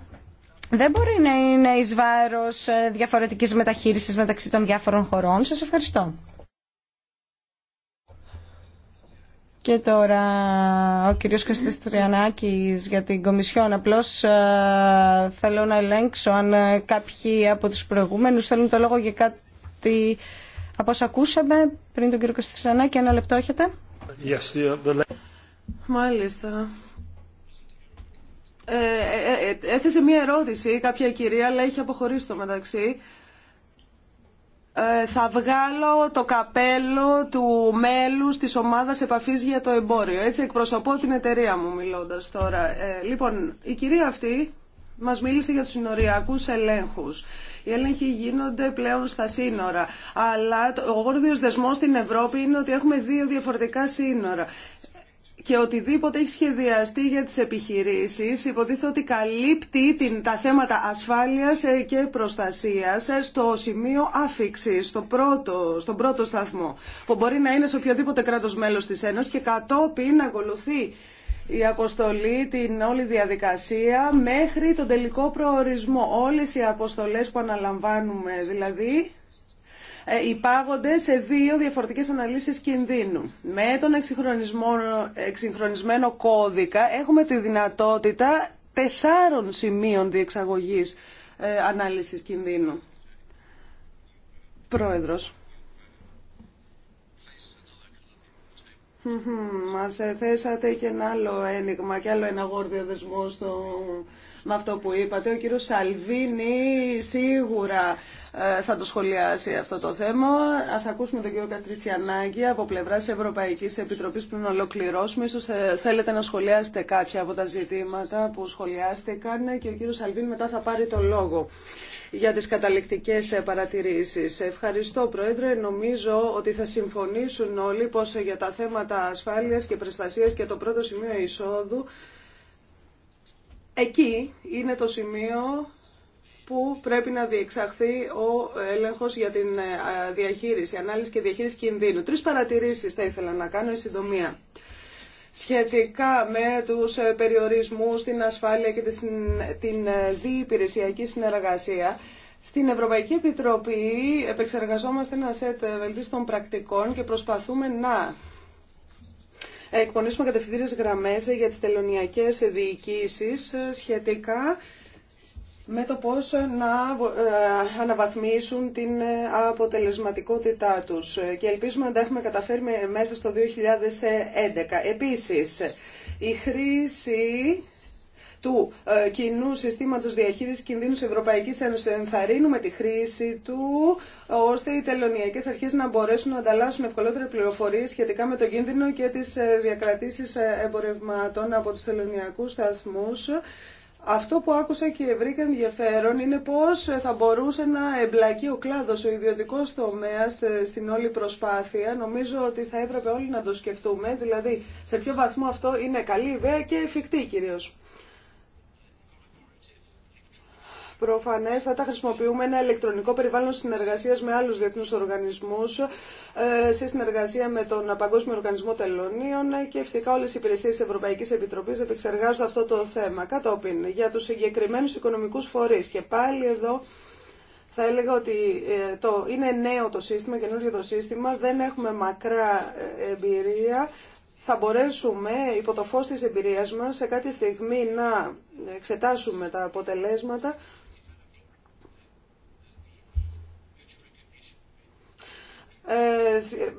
Speaker 2: δεν μπορεί να είναι εις βάρος ε, διαφορετικής μεταχείρισης μεταξύ των διάφορων χωρών. Σας ευχαριστώ. Και τώρα ο κύριος Καστιστριανάκης για την Κομισιόν. Απλώς ε, θέλω να ελέγξω αν ε, κάποιοι από τους προηγούμενους θέλουν το λόγο για κάτι από όσα ακούσαμε πριν τον κύριο Καστιστριανάκη. Ένα λεπτό έχετε. Yes, Μάλιστα. Ε, ε,
Speaker 5: ε, έθεσε μία ερώτηση κάποια κυρία, αλλά έχει αποχωρήσει το μεταξύ. Θα βγάλω το καπέλο του μέλου της ομάδας επαφής για το εμπόριο. Έτσι εκπροσωπώ την εταιρεία μου μιλώντας τώρα. Λοιπόν, η κυρία αυτή μας μίλησε για τους συνοριακού ελέγχους. Οι έλεγχοι γίνονται πλέον στα σύνορα. Αλλά ο γόρδιος δεσμός στην Ευρώπη είναι ότι έχουμε δύο διαφορετικά σύνορα και οτιδήποτε έχει σχεδιαστεί για τις επιχειρήσεις υποτίθεται ότι καλύπτει την, τα θέματα ασφάλειας ε, και προστασίας ε, στο σημείο άφηξη, στο πρώτο, στον πρώτο σταθμό που μπορεί να είναι σε οποιοδήποτε κράτος μέλος της Ένωσης και κατόπιν ακολουθεί η αποστολή, την όλη διαδικασία μέχρι τον τελικό προορισμό. Όλες οι αποστολές που αναλαμβάνουμε δηλαδή ε, υπάγονται σε δύο διαφορετικές αναλύσεις κινδύνου. Με τον εξυγχρονισμένο κώδικα έχουμε τη δυνατότητα τεσσάρων σημείων διεξαγωγής ε, ανάλυσης κινδύνου. Πρόεδρος. Μα θέσατε και ένα άλλο ένιγμα και άλλο ένα γόρδιο δεσμό στο με αυτό που είπατε. Ο κύριος Σαλβίνη σίγουρα ε, θα το σχολιάσει αυτό το θέμα. Ας ακούσουμε τον κύριο Καστριτσιανάκη από πλευράς Ευρωπαϊκής Επιτροπής πριν ολοκληρώσουμε. Ίσως ε, θέλετε να σχολιάσετε κάποια από τα ζητήματα που σχολιάστηκαν και ο κύριος Σαλβίνη μετά θα πάρει το λόγο για τις καταληκτικές ε, παρατηρήσεις. Ευχαριστώ Πρόεδρε. Νομίζω ότι θα συμφωνήσουν όλοι πως για τα θέματα ασφάλειας και προστασίας και το πρώτο σημείο εισόδου Εκεί είναι το σημείο που πρέπει να διεξαχθεί ο έλεγχος για την ε, διαχείριση, ανάλυση και διαχείριση κινδύνου. Τρεις παρατηρήσεις θα ήθελα να κάνω, η συντομία. Σχετικά με τους ε, περιορισμούς, την ασφάλεια και την ε, διυπηρεσιακή συνεργασία, στην Ευρωπαϊκή Επιτροπή επεξεργαζόμαστε ένα σετ βελτίστων πρακτικών και προσπαθούμε να εκπονήσουμε κατευθυντήριες γραμμές για τις τελωνιακές διοικήσεις σχετικά με το πώς να ε, αναβαθμίσουν την αποτελεσματικότητά τους και ελπίζουμε να τα έχουμε καταφέρει μέσα στο 2011. Επίσης, η χρήση του ε, κοινού συστήματος διαχείρισης κινδύνους Ευρωπαϊκής Ένωσης. Ενθαρρύνουμε τη χρήση του, ώστε οι τελωνιακές αρχές να μπορέσουν να ανταλλάσσουν ευκολότερα πληροφορίες σχετικά με το κίνδυνο και τις ε, διακρατήσεις ε, εμπορευμάτων από τους τελωνιακούς σταθμούς. Αυτό που άκουσα και βρήκα ενδιαφέρον είναι πώς θα μπορούσε να εμπλακεί ο κλάδος, ο ιδιωτικός τομέας στην όλη προσπάθεια. Νομίζω ότι θα έπρεπε όλοι να το σκεφτούμε, δηλαδή σε ποιο βαθμό αυτό είναι καλή ιδέα και εφικτή κυρίως. θα τα χρησιμοποιούμε ένα ηλεκτρονικό περιβάλλον συνεργασία με άλλου διεθνού οργανισμούς, ε, σε συνεργασία με τον Παγκόσμιο Οργανισμό Τελωνίων και φυσικά όλε οι υπηρεσίε τη Ευρωπαϊκής Επιτροπής επεξεργάζονται αυτό το θέμα. Κατόπιν, για του συγκεκριμένου οικονομικού φορεί. και πάλι εδώ θα έλεγα ότι ε, το, είναι νέο το σύστημα, καινούργιο το σύστημα, δεν έχουμε μακρά ε, εμπειρία. Θα μπορέσουμε υπό το φως της εμπειρίας μας σε κάποια στιγμή να εξετάσουμε τα αποτελέσματα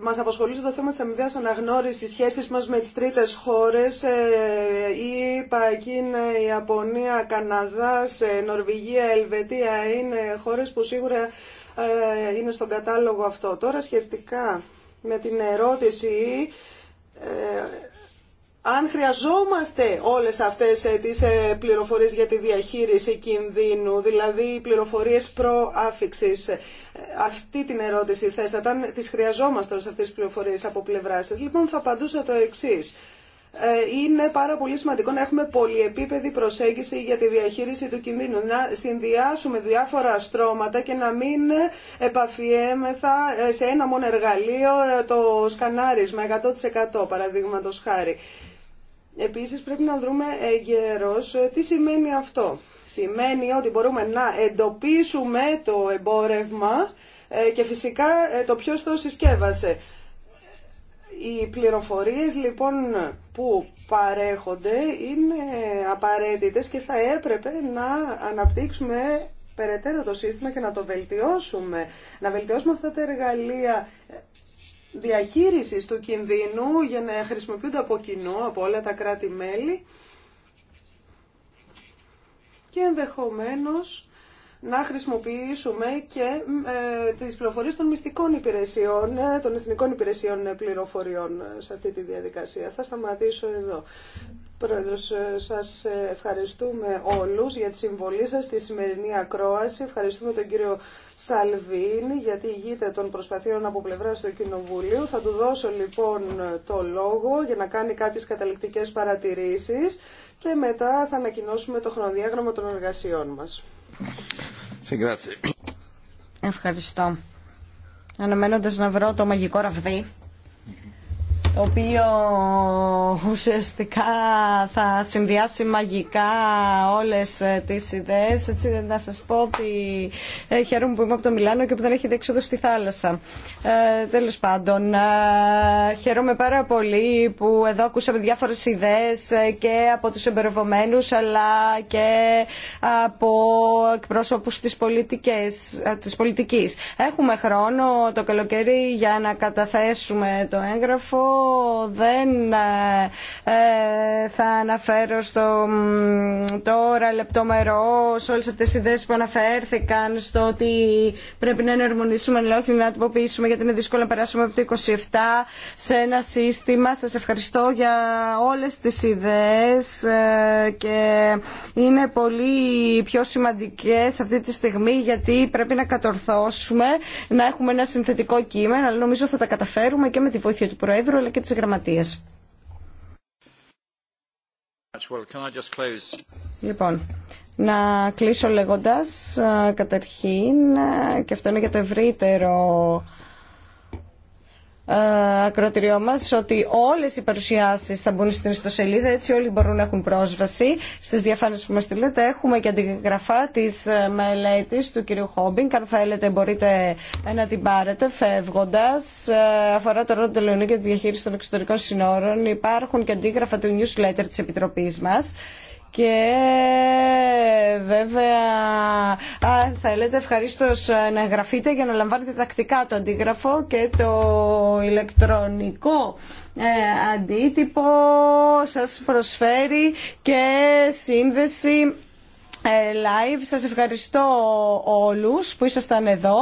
Speaker 5: μας απασχολεί το θέμα της αμοιβαίας αναγνώρισης σχέσεις μας με τις τρίτες χώρες ε, η ΕΠΑ, ΕΕ, η Ιαπωνία, Καναδάς, ε, Νορβηγία, Ελβετία είναι χώρες που σίγουρα ε, είναι στον κατάλογο αυτό. Τώρα σχετικά με την ερώτηση αν χρειαζόμαστε όλες αυτές ε, τις ε, πληροφορίες για τη διαχείριση κινδύνου, δηλαδή οι πληροφορίες προάφηξης. Ε, αυτή την ερώτηση θέσατε, τις χρειαζόμαστε όλες αυτές τις πληροφορίες από πλευρά σας. Λοιπόν, θα απαντούσα το εξή. Είναι πάρα πολύ σημαντικό να έχουμε πολυεπίπεδη προσέγγιση για τη διαχείριση του κινδύνου, να συνδυάσουμε διάφορα στρώματα και να μην επαφιέμεθα σε ένα μόνο εργαλείο το σκανάρισμα 100% παραδείγματος χάρη. Επίσης πρέπει να δούμε εγκαιρός ε, τι σημαίνει αυτό. Σημαίνει ότι μπορούμε να εντοπίσουμε το εμπόρευμα ε, και φυσικά ε, το ποιος το συσκεύασε. Οι πληροφορίες λοιπόν που παρέχονται είναι απαραίτητες και θα έπρεπε να αναπτύξουμε περαιτέρω το σύστημα και να το βελτιώσουμε. Να βελτιώσουμε αυτά τα εργαλεία διαχείρισης του κινδύνου για να χρησιμοποιούνται από κοινό, από όλα τα κράτη-μέλη και ενδεχομένως να χρησιμοποιήσουμε και ε, τις πληροφορίες των μυστικών υπηρεσιών, ε, των εθνικών υπηρεσιών ε, πληροφοριών ε, σε αυτή τη διαδικασία. Θα σταματήσω εδώ. Πρόεδρος, σας ευχαριστούμε όλους για τη συμβολή σας στη σημερινή ακρόαση. Ευχαριστούμε τον κύριο Σαλβίνη γιατί ηγείται των προσπαθειών από πλευρά του Κοινοβουλίου. Θα του δώσω λοιπόν το λόγο για να κάνει κάποιες καταληκτικές παρατηρήσεις και μετά θα ανακοινώσουμε το χρονοδιάγραμμα των εργασιών
Speaker 2: μας. Ευχαριστώ. Αναμένοντας να βρω το μαγικό ραβδί το οποίο ουσιαστικά θα συνδυάσει μαγικά όλες ε, τις ιδέες. Έτσι δεν θα σας πω ότι ε, χαίρομαι που είμαι από το Μιλάνο και που δεν έχετε έξοδο στη θάλασσα. Ε, τέλος πάντων, ε, χαίρομαι πάρα πολύ που εδώ ακούσαμε διάφορες ιδέες και από τους εμπεριβομένους αλλά και από εκπρόσωπους της, πολιτικής. της πολιτικής. Έχουμε χρόνο το καλοκαίρι για να καταθέσουμε το έγγραφο δεν ε, ε, θα αναφέρω στο τώρα λεπτομερό σε όλες αυτές τις ιδέες που αναφέρθηκαν στο ότι πρέπει να ενερμονίσουμε αλλά όχι να τυποποιήσουμε γιατί είναι δύσκολο να περάσουμε από το 27 σε ένα σύστημα. Σας ευχαριστώ για όλες τις ιδέες ε, και είναι πολύ πιο σημαντικές αυτή τη στιγμή γιατί πρέπει να κατορθώσουμε να έχουμε ένα συνθετικό κείμενο αλλά νομίζω θα τα καταφέρουμε και με τη βοήθεια του Προέδρου αλλά και της γραμματείας. Λοιπόν, να κλείσω λέγοντας ε, καταρχήν, ε, και αυτό είναι για το ευρύτερο ε, ακροτηριό μα ότι όλες οι παρουσιάσει θα μπουν στην ιστοσελίδα έτσι όλοι μπορούν να έχουν πρόσβαση στις διαφάνειες που μας στείλετε έχουμε και αντιγραφά της ε, μελέτη του κυρίου Χόμπινγκ αν θέλετε μπορείτε να την πάρετε φεύγοντας ε, αφορά το ρόλο του Λεωνίου και τη διαχείριση των εξωτερικών συνόρων υπάρχουν και αντίγραφα του newsletter τη Επιτροπή μα και βέβαια αν θέλετε ευχαριστώ να εγγραφείτε για να λαμβάνετε τακτικά το αντίγραφο και το ηλεκτρονικό ε, αντίτυπο σας προσφέρει και σύνδεση ε, live. Σας ευχαριστώ όλους που ήσασταν εδώ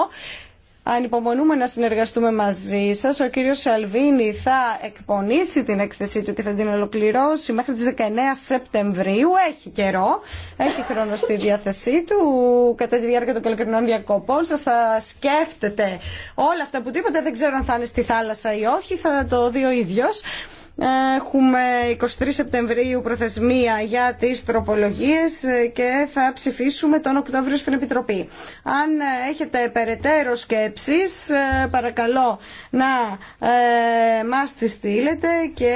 Speaker 2: Ανυπομονούμε να συνεργαστούμε μαζί σας. Ο κύριος Σαλβίνη θα εκπονήσει την έκθεσή του και θα την ολοκληρώσει μέχρι τι 19 Σεπτεμβρίου. Έχει καιρό, έχει χρόνο στη διάθεσή του. Κατά τη διάρκεια των καλοκαιρινών διακοπών σας θα σκέφτετε όλα αυτά που τίποτα. Δεν ξέρω αν θα είναι στη θάλασσα ή όχι, θα το δει ο ίδιο. Έχουμε 23 Σεπτεμβρίου προθεσμία για τις τροπολογίες και θα ψηφίσουμε τον Οκτώβριο στην Επιτροπή. Αν έχετε περαιτέρω σκέψεις, ε, παρακαλώ να ε, μας τις στείλετε και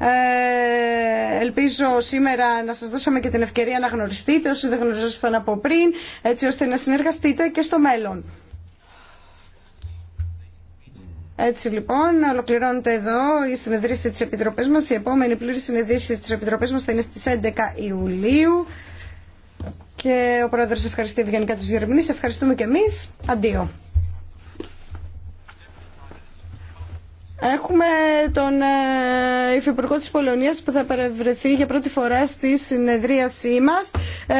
Speaker 2: ε, ελπίζω σήμερα να σας δώσαμε και την ευκαιρία να γνωριστείτε όσοι δεν γνωριζόσασταν από πριν, έτσι ώστε να συνεργαστείτε και στο μέλλον. Έτσι λοιπόν, ολοκληρώνεται εδώ η συνεδρίαση της Επιτροπής μας. Η επόμενη πλήρη συνεδρίαση της Επιτροπής μας θα είναι στις 11 Ιουλίου. Και ο Πρόεδρος ευχαριστεί ευγενικά τους διερμηνείς. Ευχαριστούμε και εμείς. Αντίο. Έχουμε τον ε, Υφυπουργό της Πολωνίας που θα παρευρεθεί για πρώτη φορά στη συνεδρίασή μας ε,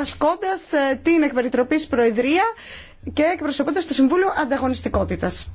Speaker 2: ασκώντας ε, την εκπεριτροπής Προεδρία και εκπροσωπούνται
Speaker 3: στο Συμβούλιο Ανταγωνιστικότητας.